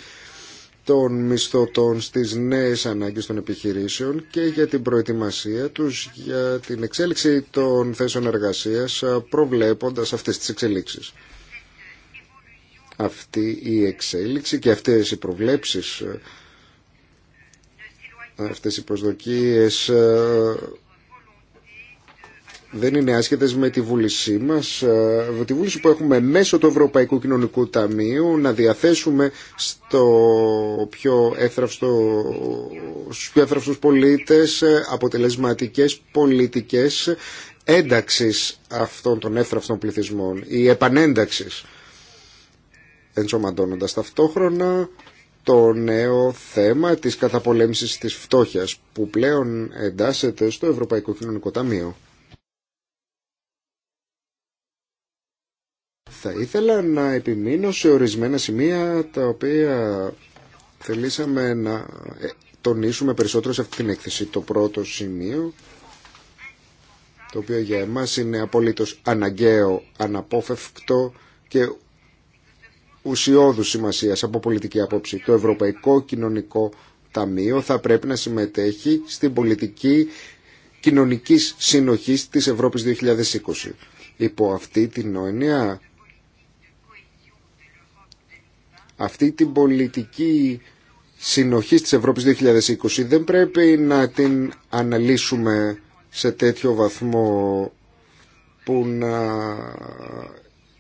των μισθωτών στις νέες ανάγκες των επιχειρήσεων και για την προετοιμασία τους για την εξέλιξη των θέσεων εργασίας προβλέποντας αυτές τις εξελίξεις. Αυτή η εξέλιξη και αυτές οι προβλέψεις Αυτές οι προσδοκίες ε, δεν είναι άσχετες με τη βούλησή μας, ε, με τη βούληση που έχουμε μέσω του Ευρωπαϊκού Κοινωνικού Ταμείου να διαθέσουμε στο πιο έθραυστο, στους πιο έθραυστος πολίτες ε, αποτελεσματικές πολιτικές ένταξης αυτών των έθραυστων πληθυσμών ή επανένταξης ενσωματώνοντας ταυτόχρονα το νέο θέμα της καταπολέμησης της φτώχειας που πλέον εντάσσεται στο Ευρωπαϊκό Κοινωνικό Ταμείο. Θα ήθελα να επιμείνω σε ορισμένα σημεία τα οποία θελήσαμε να ε, τονίσουμε περισσότερο σε αυτή την έκθεση. Το πρώτο σημείο, το οποίο για εμάς είναι απολύτως αναγκαίο, αναπόφευκτο και ουσιώδους σημασίας από πολιτική απόψη. Το Ευρωπαϊκό Κοινωνικό Ταμείο θα πρέπει να συμμετέχει στην πολιτική κοινωνικής συνοχής της Ευρώπης 2020. Υπό αυτή την νόημα αυτή την πολιτική συνοχή της Ευρώπης 2020 δεν πρέπει να την αναλύσουμε σε τέτοιο βαθμό που να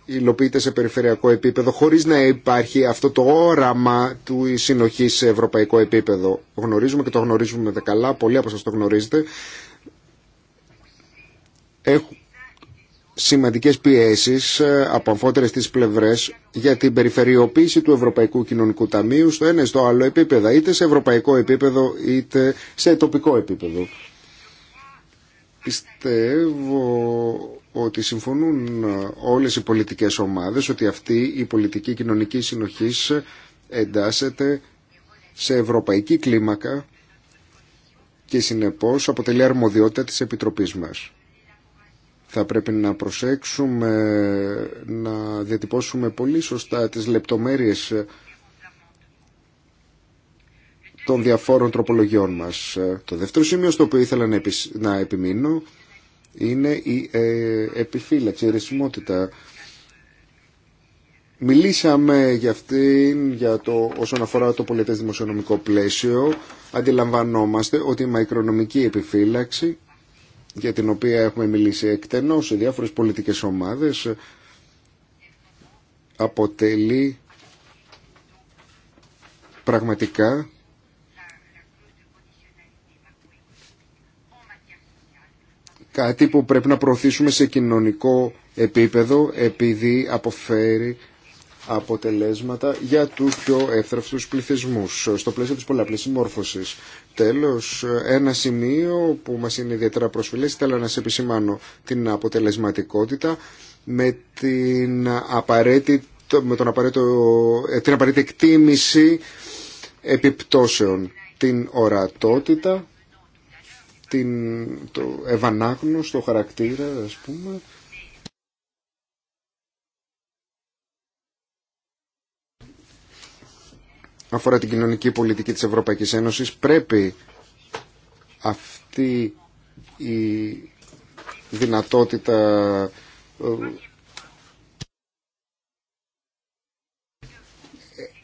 υλοποιείται σε περιφερειακό επίπεδο χωρίς να υπάρχει αυτό το όραμα του συνοχή σε ευρωπαϊκό επίπεδο. Γνωρίζουμε και το γνωρίζουμε με καλά, πολλοί από σας το γνωρίζετε. Έχουν σημαντικές πιέσεις ε, από αμφότερες τις πλευρές για την περιφερειοποίηση του Ευρωπαϊκού Κοινωνικού Ταμείου στο ένα ή στο άλλο επίπεδο, είτε σε ευρωπαϊκό επίπεδο είτε σε τοπικό επίπεδο. Πιστεύω ότι συμφωνούν ε, όλες οι πολιτικές ομάδες ότι αυτή η πολιτική κοινωνική συνοχής εντάσσεται σε ευρωπαϊκή κλίμακα και συνεπώς αποτελεί αρμοδιότητα της Επιτροπής μας. Θα πρέπει να προσέξουμε, να διατυπώσουμε πολύ σωστά τις λεπτομέρειες των διαφόρων τροπολογιών μας. Το δεύτερο σημείο στο οποίο ήθελα να επιμείνω είναι η ε, επιφύλαξη, η ρησιμότητα. Μιλήσαμε για αυτήν, για το, όσον αφορά το πολιτές δημοσιονομικό πλαίσιο. Αντιλαμβανόμαστε ότι η μακρονομική επιφύλαξη, για την οποία έχουμε μιλήσει εκτενώς σε διάφορες πολιτικές ομάδες, αποτελεί πραγματικά κάτι που πρέπει να προωθήσουμε σε κοινωνικό επίπεδο επειδή αποφέρει αποτελέσματα για τους πιο εύθραυστους πληθυσμούς στο πλαίσιο της πολλαπλής συμμόρφωσης. Τέλος, ένα σημείο που μας είναι ιδιαίτερα προσφυλές, θέλω να σε επισημάνω την αποτελεσματικότητα με την απαραίτητη με τον ε, την απαραίτητη εκτίμηση επιπτώσεων, την ορατότητα την, το ευανάγνωστο χαρακτήρα ας πούμε αφορά την κοινωνική πολιτική της Ευρωπαϊκής Ένωσης πρέπει αυτή η δυνατότητα ε,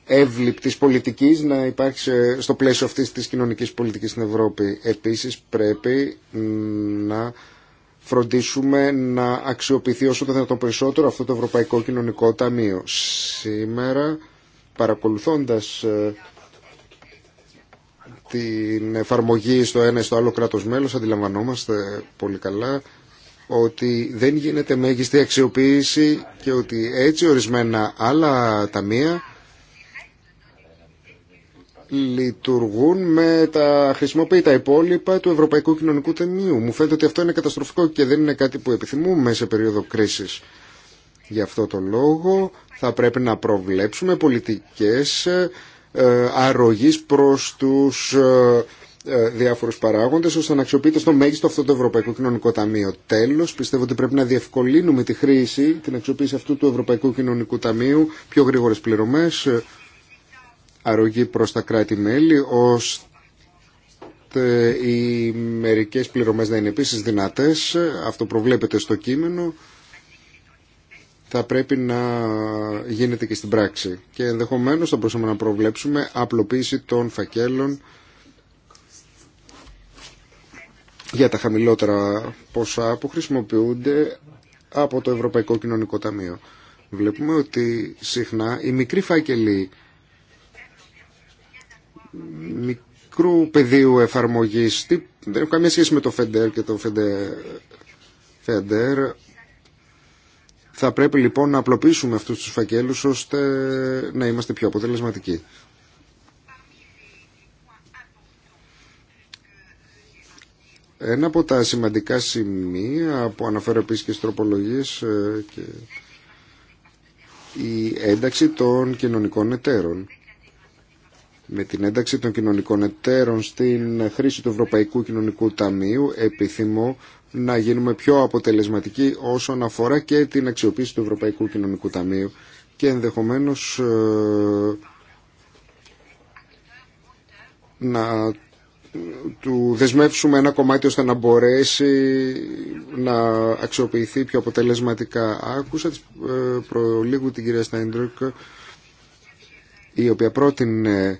εύληπτης πολιτικής να υπάρχει στο πλαίσιο αυτής της κοινωνικής πολιτικής στην Ευρώπη. Επίσης πρέπει να φροντίσουμε να αξιοποιηθεί όσο το δυνατόν περισσότερο αυτό το Ευρωπαϊκό Κοινωνικό Ταμείο. Σήμερα παρακολουθώντας ε, την εφαρμογή στο ένα ή στο άλλο κράτος μέλος αντιλαμβανόμαστε πολύ καλά ότι δεν γίνεται μέγιστη αξιοποίηση και ότι έτσι ορισμένα άλλα ταμεία λειτουργούν με τα χρησιμοποίητα υπόλοιπα του Ευρωπαϊκού Κοινωνικού Ταμείου. Μου φαίνεται ότι αυτό είναι καταστροφικό και δεν είναι κάτι που επιθυμούμε σε περίοδο κρίσης. Γι' αυτό το λόγο θα πρέπει να προβλέψουμε πολιτικές ε, ε, αρρωγής προς τους ε, διάφορους παράγοντες ώστε να αξιοποιείται στο μέγιστο αυτό το Ευρωπαϊκό Κοινωνικό Ταμείο. Τέλος, πιστεύω ότι πρέπει να διευκολύνουμε τη χρήση, την αξιοποίηση αυτού του Ευρωπαϊκού Κοινωνικού Ταμείου, πιο γρήγορε πληρωμές, αρρωγή προς τα κράτη-μέλη ώστε οι μερικές πληρωμές να είναι επίσης δυνατές. Αυτό προβλέπεται στο κείμενο. Θα πρέπει να γίνεται και στην πράξη. Και ενδεχομένως θα μπορούσαμε να προβλέψουμε απλοποίηση των φακέλων για τα χαμηλότερα ποσά που χρησιμοποιούνται από το Ευρωπαϊκό Κοινωνικό Ταμείο. Βλέπουμε ότι συχνά οι μικροί φάκελοι μικρού πεδίου εφαρμογής. δεν έχω καμία σχέση με το Φεντέρ και το Φεντέρ. Θα πρέπει λοιπόν να απλοποιήσουμε αυτούς τους φακέλους ώστε να είμαστε πιο αποτελεσματικοί. Ένα από τα σημαντικά σημεία που αναφέρω επίσης και στις ε, και η ένταξη των κοινωνικών εταίρων. Με την ένταξη των κοινωνικών εταίρων στην χρήση του Ευρωπαϊκού Κοινωνικού Ταμείου επιθυμώ να γίνουμε πιο αποτελεσματικοί όσον αφορά και την αξιοποίηση του Ευρωπαϊκού Κοινωνικού Ταμείου και ενδεχομένως ε, να του δεσμεύσουμε ένα κομμάτι ώστε να μπορέσει να αξιοποιηθεί πιο αποτελεσματικά. Άκουσα ε, προλίγου την κυρία Στάιντρουκ η οποία πρότεινε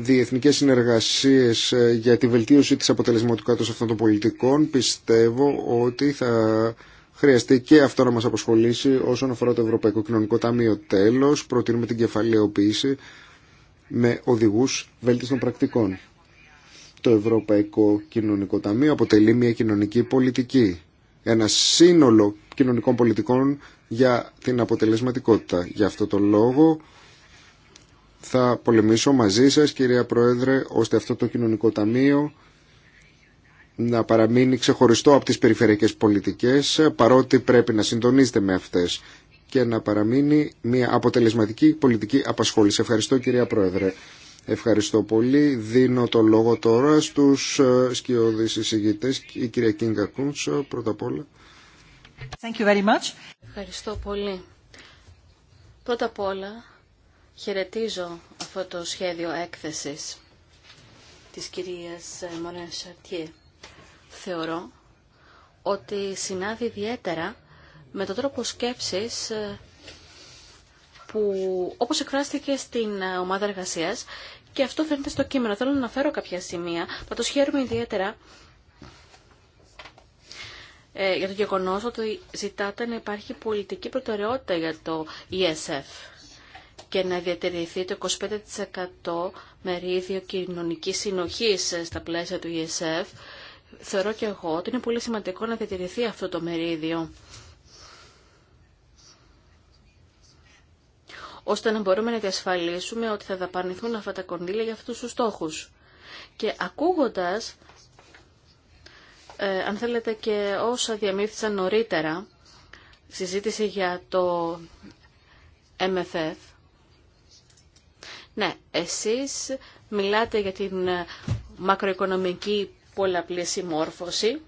διεθνικές συνεργασίες ε, για τη βελτίωση της αποτελεσματικότητας αυτών των πολιτικών πιστεύω ότι θα χρειαστεί και αυτό να μας αποσχολήσει όσον αφορά το Ευρωπαϊκό Κοινωνικό Ταμείο. Τέλος, προτείνουμε την κεφαλαιοποίηση με οδηγούς βέλτιστων πρακτικών. Το Ευρωπαϊκό Κοινωνικό Ταμείο αποτελεί μια κοινωνική πολιτική, ένα σύνολο κοινωνικών πολιτικών για την αποτελεσματικότητα. Γι' αυτό το λόγο θα πολεμήσω μαζί σας κυρία Πρόεδρε ώστε αυτό το κοινωνικό ταμείο να παραμείνει ξεχωριστό από τις περιφερειακές πολιτικές παρότι πρέπει να συντονίζεται με αυτές και να παραμείνει μια αποτελεσματική πολιτική απασχόληση. Ευχαριστώ κυρία Πρόεδρε. Ευχαριστώ πολύ. Δίνω το λόγο τώρα στους ε, σκιώδεις εισηγητές. Η κυρία Κίνγκα Κούντς ε, πρώτα απ' όλα. Thank you very Ευχαριστώ πολύ. Πρώτα απ' όλα Χαιρετίζω αυτό το σχέδιο έκθεσης της κυρίας Μωρέν Σαρτιέ. Θεωρώ ότι συνάδει ιδιαίτερα με τον τρόπο σκέψης ε, που όπως εκφράστηκε στην ε, ομάδα εργασίας και αυτό φαίνεται στο κείμενο. Θέλω να αναφέρω κάποια σημεία. Θα το σχέρουμε ιδιαίτερα ε, για το γεγονό ότι ζητάτε να υπάρχει πολιτική προτεραιότητα για το ESF και να διατηρηθεί το 25% μερίδιο κοινωνικής συνοχής ε, στα πλαίσια του ESF, θεωρώ και εγώ ότι είναι πολύ σημαντικό να διατηρηθεί αυτό το μερίδιο. ώστε να μπορούμε να διασφαλίσουμε ότι θα δαπανηθούν αυτά τα κονδύλια για αυτούς τους στόχους. Και ακούγοντας, ε, αν θέλετε και όσα διαμήθησαν νωρίτερα, συζήτηση για το MFF, ναι, εσείς μιλάτε για την ε, μακροοικονομική πολλαπλή συμμόρφωση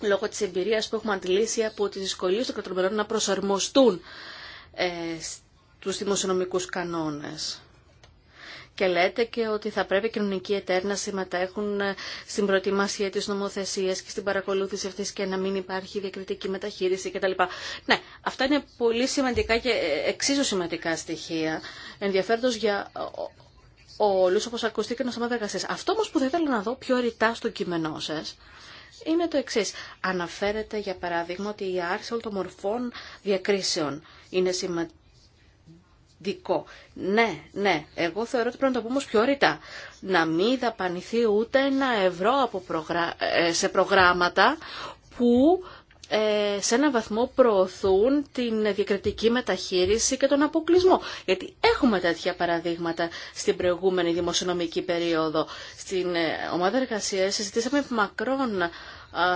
λόγω της εμπειρίας που έχουμε αντιλήσει από τις δυσκολίες των κρατομερών να προσαρμοστούν ε, στους δημοσιονομικούς κανόνες και λέτε και ότι θα πρέπει οι κοινωνικοί εταίροι να συμμετέχουν ε, στην προετοιμασία της νομοθεσίας και στην παρακολούθηση αυτής και να μην υπάρχει διακριτική μεταχείριση κτλ. Ναι, αυτά είναι πολύ σημαντικά και ε, εξίσου σημαντικά στοιχεία, ενδιαφέροντος για όλους όπως ακούστηκε ο σταμάτα Αυτό όμως που θα ήθελα να δω πιο ρητά στο κείμενό σας, είναι το εξή. Αναφέρεται, για παράδειγμα, ότι η άρση όλων των μορφών διακρίσεων είναι σημαντική δικό. Ναι, ναι, εγώ θεωρώ ότι πρέπει να το πούμε πιο ρητά. Να μην δαπανηθεί ούτε ένα ευρώ από ε, σε προγράμματα που ε, σε έναν βαθμό προωθούν την διακριτική μεταχείριση και τον αποκλεισμό. Γιατί έχουμε τέτοια παραδείγματα στην προηγούμενη δημοσιονομική περίοδο. Στην ε, ομάδα εργασία συζητήσαμε μακρόν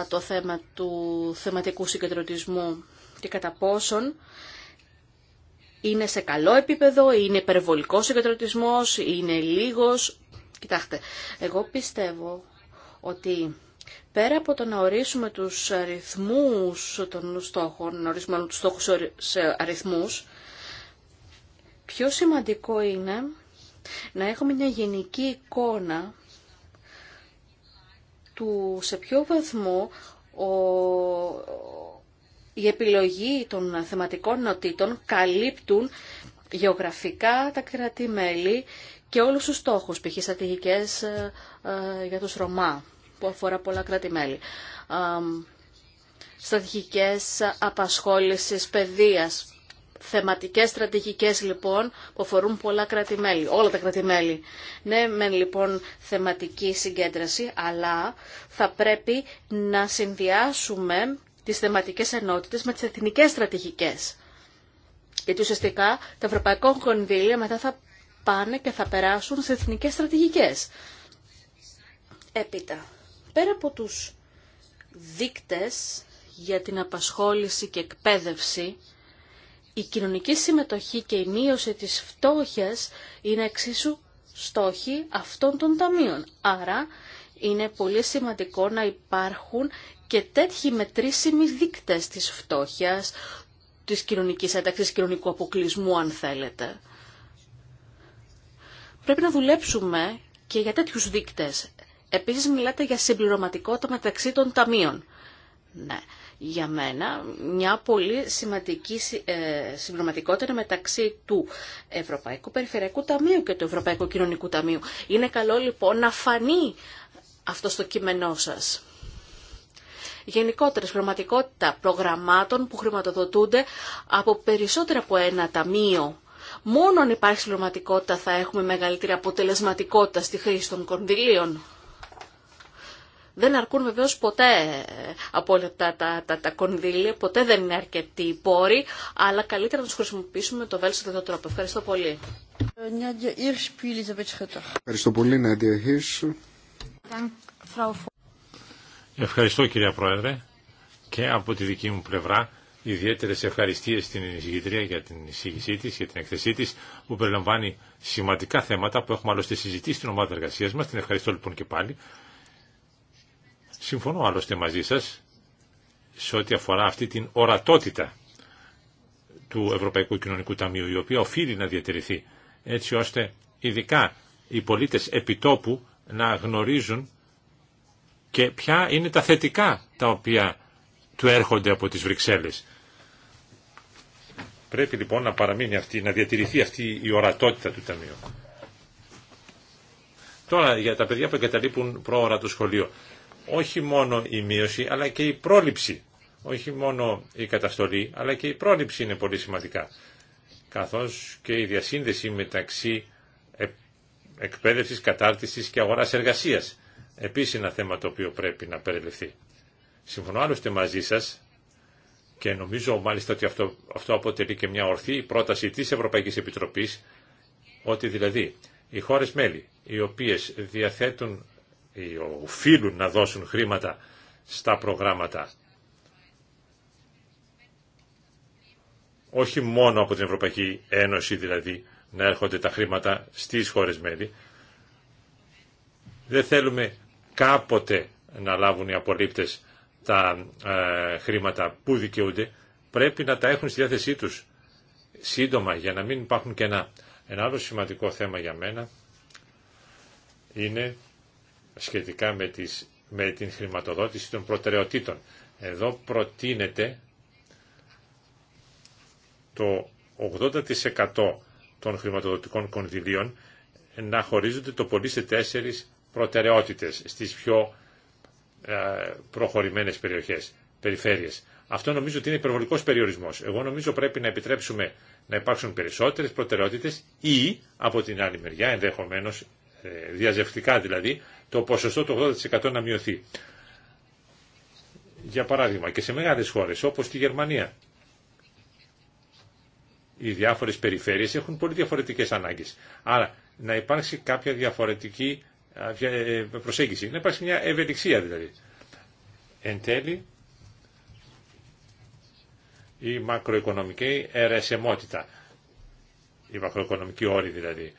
το θέμα του θεματικού συγκεντρωτισμού και κατά πόσον είναι σε καλό επίπεδο, είναι υπερβολικό συγκεντρωτισμό, είναι λίγος. Κοιτάξτε, εγώ πιστεύω ότι πέρα από το να ορίσουμε τους αριθμούς των στόχων, να ορίσουμε τους στόχους σε αριθμούς, πιο σημαντικό είναι να έχουμε μια γενική εικόνα του σε ποιο βαθμό ο, η επιλογή των θεματικών νοτήτων καλύπτουν γεωγραφικά τα κρατημέλη και όλους τους στόχους, π.χ. στρατηγικές ε, ε, για τους Ρωμά, που αφορά πολλά κράτη-μέλη. Στρατηγικές απασχόλησης παιδείας, θεματικές στρατηγικές λοιπόν που αφορούν κρατημέλη. όλα τα κρατημέλη. Ναι, μεν λοιπόν θεματική συγκέντρωση, αλλά θα πρέπει να συνδυάσουμε τις θεματικές ενότητες με τις εθνικές στρατηγικές. Γιατί ουσιαστικά τα ευρωπαϊκά κονδύλια μετά θα πάνε και θα περάσουν σε εθνικές στρατηγικές. Έπειτα, πέρα από τους δίκτες για την απασχόληση και εκπαίδευση, η κοινωνική συμμετοχή και η μείωση της φτώχειας είναι εξίσου στόχοι αυτών των ταμείων. Άρα είναι πολύ σημαντικό να υπάρχουν και τέτοιοι μετρήσιμοι δείκτες της φτώχειας, της κοινωνικής ένταξης, κοινωνικού αποκλεισμού αν θέλετε. Πρέπει να δουλέψουμε και για τέτοιους δείκτες. Επίσης μιλάτε για συμπληρωματικότητα μεταξύ των ταμείων. Ναι. Για μένα μια πολύ σημαντική ε, συμπληρωματικότητα είναι μεταξύ του Ευρωπαϊκού Περιφερειακού Ταμείου και του Ευρωπαϊκού Κοινωνικού Ταμείου. Είναι καλό λοιπόν να φανεί αυτό στο κείμενό σας γενικότερη χρηματικότητα προγραμμάτων που χρηματοδοτούνται από περισσότερα από ένα ταμείο. Μόνο αν υπάρχει συμπληρωματικότητα θα έχουμε μεγαλύτερη αποτελεσματικότητα στη χρήση των κονδυλίων. Δεν αρκούν βεβαίως ποτέ από όλα τα, τα, τα, τα, κονδύλια, ποτέ δεν είναι αρκετοί οι πόροι, αλλά καλύτερα να τους χρησιμοποιήσουμε με το βέλτιστο δυνατό τρόπο. Ευχαριστώ πολύ. Ευχαριστώ κυρία Πρόεδρε και από τη δική μου πλευρά ιδιαίτερες ευχαριστίες στην εισηγητρία για την εισηγησή της, για την εκθεσή της που περιλαμβάνει σημαντικά θέματα που έχουμε άλλωστε συζητήσει στην ομάδα εργασία μας. Την ευχαριστώ λοιπόν και πάλι. Συμφωνώ άλλωστε μαζί σας σε ό,τι αφορά αυτή την ορατότητα του Ευρωπαϊκού Κοινωνικού Ταμείου η οποία οφείλει να διατηρηθεί έτσι ώστε ειδικά οι πολίτες επιτόπου να γνωρίζουν και ποια είναι τα θετικά τα οποία του έρχονται από τις Βρυξέλλες. Πρέπει λοιπόν να παραμείνει αυτή, να διατηρηθεί αυτή η ορατότητα του Ταμείου. Τώρα για τα παιδιά που εγκαταλείπουν πρόωρα το σχολείο. Όχι μόνο η μείωση αλλά και η πρόληψη. Όχι μόνο η καταστολή αλλά και η πρόληψη είναι πολύ σημαντικά. Καθώς και η διασύνδεση μεταξύ εκπαίδευσης, κατάρτισης και αγοράς εργασίας. Επίσης ένα θέμα το οποίο πρέπει να περιληφθεί. Συμφωνώ άλλωστε μαζί σας και νομίζω μάλιστα ότι αυτό, αποτελεί και μια ορθή πρόταση της Ευρωπαϊκής Επιτροπής ότι δηλαδή οι χώρες μέλη οι οποίες διαθέτουν ή οφείλουν να δώσουν χρήματα στα προγράμματα όχι μόνο από την Ευρωπαϊκή Ένωση δηλαδή να έρχονται τα χρήματα στις χώρες μέλη. Δεν θέλουμε κάποτε να λάβουν οι απολύπτες τα ε, χρήματα που δικαιούνται, πρέπει να τα έχουν στη διάθεσή τους σύντομα για να μην υπάρχουν κενά. Ένα άλλο σημαντικό θέμα για μένα είναι σχετικά με, τις, με την χρηματοδότηση των προτεραιοτήτων. Εδώ προτείνεται το 80% των χρηματοδοτικών κονδυλίων να χωρίζονται το πολύ σε τέσσερις προτεραιότητες στις πιο ε, προχωρημένες περιοχές, περιφέρειες. Αυτό νομίζω ότι είναι υπερβολικός περιορισμός. Εγώ νομίζω πρέπει να επιτρέψουμε να υπάρξουν περισσότερες προτεραιότητες ή από την άλλη μεριά ενδεχομένως ε, διαζευτικά δηλαδή το ποσοστό του 80% να μειωθεί. Για παράδειγμα και σε μεγάλες χώρες όπως τη Γερμανία οι διάφορες περιφέρειες έχουν πολύ διαφορετικές ανάγκες. Άρα να υπάρξει κάποια διαφορετική ε, προσέγγιση. Να υπάρξει μια ευελιξία δηλαδή. Εν τέλει, η μακροοικονομική αιρεσιμότητα. Η μακροοικονομική όρη δηλαδή.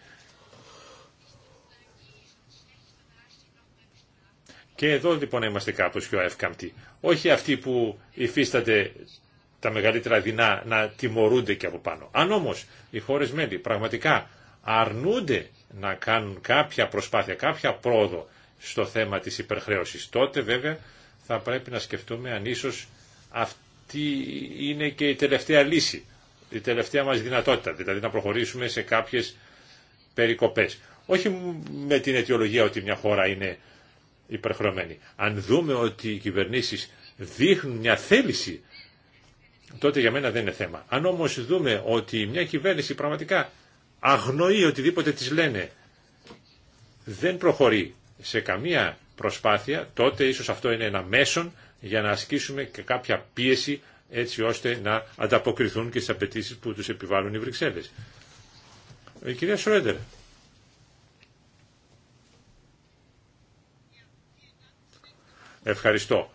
Και εδώ λοιπόν είμαστε κάπως πιο εύκαμπτοι. Όχι αυτοί που υφίστανται τα μεγαλύτερα δεινά να τιμωρούνται και από πάνω. Αν όμως οι χώρες μέλη πραγματικά αρνούνται να κάνουν κάποια προσπάθεια, κάποια πρόοδο στο θέμα της υπερχρέωσης. Τότε βέβαια θα πρέπει να σκεφτούμε αν ίσως αυτή είναι και η τελευταία λύση, η τελευταία μας δυνατότητα, δηλαδή να προχωρήσουμε σε κάποιες περικοπές. Όχι με την αιτιολογία ότι μια χώρα είναι υπερχρεωμένη. Αν δούμε ότι οι κυβερνήσεις δείχνουν μια θέληση, τότε για μένα δεν είναι θέμα. Αν όμως δούμε ότι μια κυβέρνηση πραγματικά αγνοεί οτιδήποτε της λένε, δεν προχωρεί σε καμία προσπάθεια, τότε ίσως αυτό είναι ένα μέσον για να ασκήσουμε και κάποια πίεση έτσι ώστε να ανταποκριθούν και στις απαιτήσει που τους επιβάλλουν οι Βρυξέλλες. Η ε, κυρία Σρέντερ. Ευχαριστώ.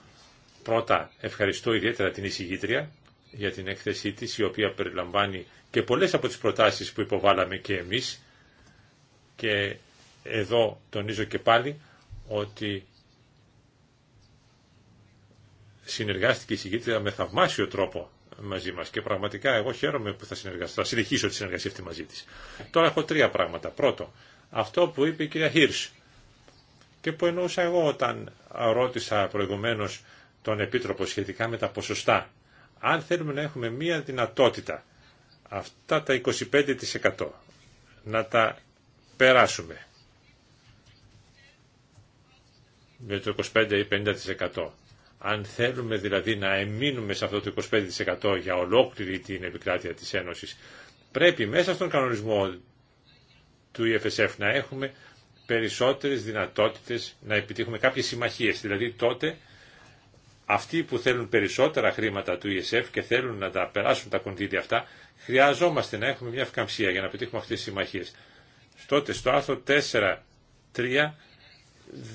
Πρώτα ευχαριστώ ιδιαίτερα την εισηγήτρια για την έκθεσή της, η οποία περιλαμβάνει και πολλές από τις προτάσεις που υποβάλαμε και εμείς. Και εδώ τονίζω και πάλι ότι συνεργάστηκε η συγκίτρια με θαυμάσιο τρόπο μαζί μας και πραγματικά εγώ χαίρομαι που θα συνεργαστώ, θα συνεχίσω τη συνεργασία αυτή μαζί της. Τώρα έχω τρία πράγματα. Πρώτο, αυτό που είπε η κυρία Χίρς και που εννοούσα εγώ όταν ρώτησα προηγουμένως τον Επίτροπο σχετικά με τα ποσοστά αν θέλουμε να έχουμε μία δυνατότητα αυτά τα 25% να τα περάσουμε με το 25 ή 50%. Αν θέλουμε δηλαδή να εμείνουμε σε αυτό το 25% για ολόκληρη την επικράτεια της Ένωσης, πρέπει μέσα στον κανονισμό του EFSF να έχουμε περισσότερες δυνατότητες να επιτύχουμε κάποιες συμμαχίες. Δηλαδή τότε αυτοί που θέλουν περισσότερα χρήματα του ESF και θέλουν να τα περάσουν τα κονδύλια αυτά, χρειαζόμαστε να έχουμε μια ευκαμψία για να πετύχουμε αυτές τις συμμαχίες. Τότε στο άρθρο 4.3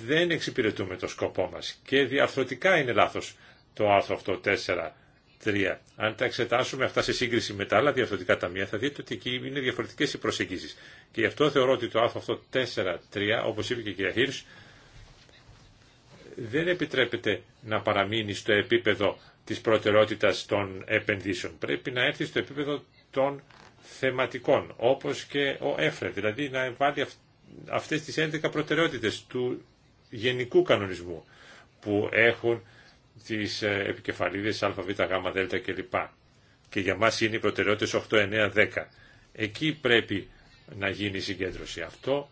δεν εξυπηρετούμε το σκοπό μας και διαρθρωτικά είναι λάθος το άρθρο αυτό 4.3. Αν τα εξετάσουμε αυτά σε σύγκριση με τα άλλα διαρθρωτικά ταμεία θα δείτε ότι εκεί είναι διαφορετικές οι προσεγγίσεις. Και γι' αυτό θεωρώ ότι το άρθρο αυτό 4.3, όπως είπε και η κυρία Χίρς, δεν επιτρέπεται να παραμείνει στο επίπεδο της προτεραιότητας των επενδύσεων. Πρέπει να έρθει στο επίπεδο των θεματικών, όπως και ο ΕΦΡΕ, δηλαδή να βάλει αυτές τις 11 προτεραιότητες του γενικού κανονισμού που έχουν τις ε, επικεφαλίδες α, β, γ, δ κλπ. Και για μας είναι οι προτεραιότητες 8, 9, 10. Εκεί πρέπει να γίνει η συγκέντρωση. Αυτό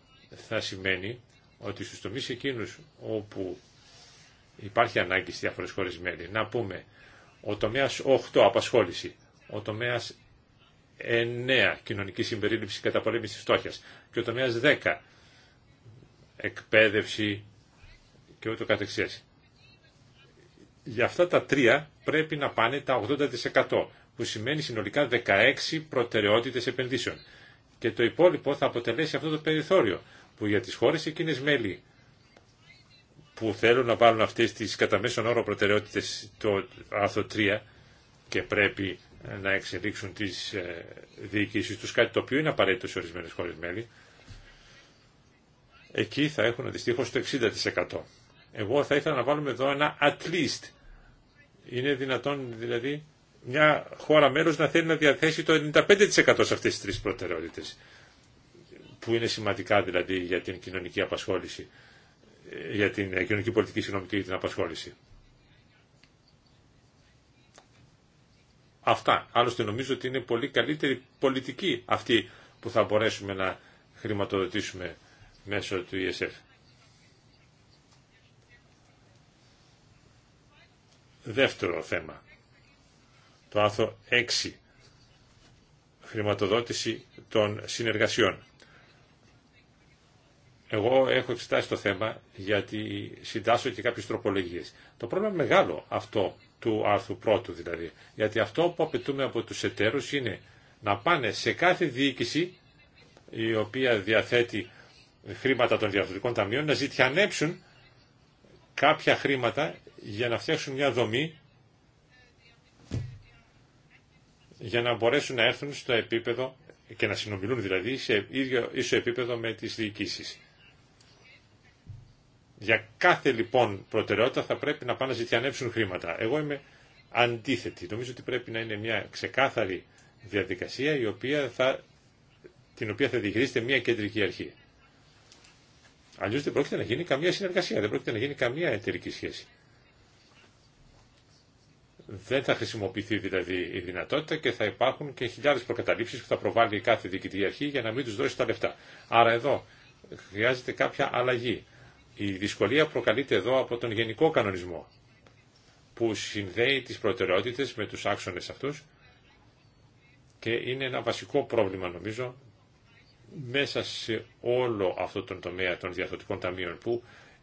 θα σημαίνει ότι στους τομείς εκείνους όπου Υπάρχει ανάγκη στι διαφορέ χώρε μέλη. Να πούμε, ο τομέας 8 απασχόληση, ο τομέα 9 κοινωνική συμπερίληψη κατά πολέμηση φτώχεια και ο τομέας 10 εκπαίδευση και ούτω καθεξής. Για αυτά τα τρία πρέπει να πάνε τα 80% που σημαίνει συνολικά 16 προτεραιότητες επενδύσεων. Και το υπόλοιπο θα αποτελέσει αυτό το περιθώριο που για τις χώρες εκείνες μέλη που θέλουν να βάλουν αυτές τις κατά μέσον όρο προτεραιότητες το άρθρο 3 και πρέπει να εξελίξουν τις ε, διοικήσεις τους, κάτι το οποίο είναι απαραίτητο σε ορισμένες χώρες μέλη, εκεί θα έχουν δυστυχώ το 60%. Εγώ θα ήθελα να βάλουμε εδώ ένα at least. Είναι δυνατόν δηλαδή μια χώρα μέλος να θέλει να διαθέσει το 95% σε αυτές τις τρεις προτεραιότητες που είναι σημαντικά δηλαδή για την κοινωνική απασχόληση για την κοινωνική πολιτική συγγνώμη και για την απασχόληση. Αυτά. Άλλωστε νομίζω ότι είναι πολύ καλύτερη πολιτική αυτή που θα μπορέσουμε να χρηματοδοτήσουμε μέσω του ESF. Δεύτερο θέμα. Το άρθρο 6. Χρηματοδότηση των συνεργασιών. Εγώ έχω εξετάσει το θέμα γιατί συντάσσω και κάποιες τροπολογίες. Το πρόβλημα μεγάλο αυτό του άρθρου πρώτου δηλαδή. Γιατί αυτό που απαιτούμε από τους εταίρους είναι να πάνε σε κάθε διοίκηση η οποία διαθέτει χρήματα των διαφορετικών ταμείων να ζητιανέψουν κάποια χρήματα για να φτιάξουν μια δομή για να μπορέσουν να έρθουν στο επίπεδο και να συνομιλούν δηλαδή σε ίδιο ίσο επίπεδο με τις διοικήσεις. Για κάθε λοιπόν προτεραιότητα θα πρέπει να πάνε να ζητιανέψουν χρήματα. Εγώ είμαι αντίθετη. Νομίζω ότι πρέπει να είναι μια ξεκάθαρη διαδικασία η οποία θα, την οποία θα διχειρίζεται μια κεντρική αρχή. Αλλιώ δεν πρόκειται να γίνει καμία συνεργασία, δεν πρόκειται να γίνει καμία εταιρική σχέση. Δεν θα χρησιμοποιηθεί δηλαδή η δυνατότητα και θα υπάρχουν και χιλιάδε προκαταλήψει που θα προβάλλει κάθε διοικητική αρχή για να μην του δώσει τα λεφτά. Άρα εδώ χρειάζεται κάποια αλλαγή. Η δυσκολία προκαλείται εδώ από τον γενικό κανονισμό που συνδέει τις προτεραιότητες με τους άξονες αυτούς και είναι ένα βασικό πρόβλημα νομίζω μέσα σε όλο αυτό τον τομέα των διαθωτικών ταμείων που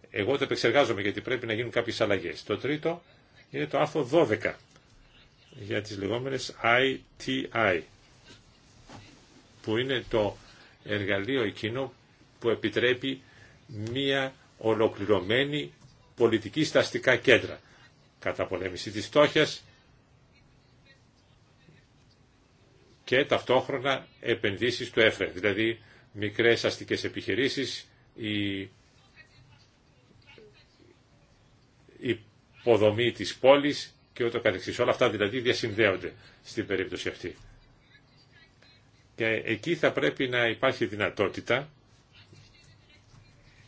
εγώ το επεξεργάζομαι γιατί πρέπει να γίνουν κάποιες αλλαγές. Το τρίτο είναι το άρθρο 12 για τις λεγόμενες ITI που είναι το εργαλείο εκείνο που επιτρέπει μία ολοκληρωμένη πολιτική στα αστικά κέντρα. πολέμηση της στόχιας και ταυτόχρονα επενδύσεις του ΕΦΡΕ, δηλαδή μικρές αστικές επιχειρήσεις, η υποδομή της πόλης και ούτω καθεξής. Όλα αυτά δηλαδή διασυνδέονται στην περίπτωση αυτή. Και εκεί θα πρέπει να υπάρχει δυνατότητα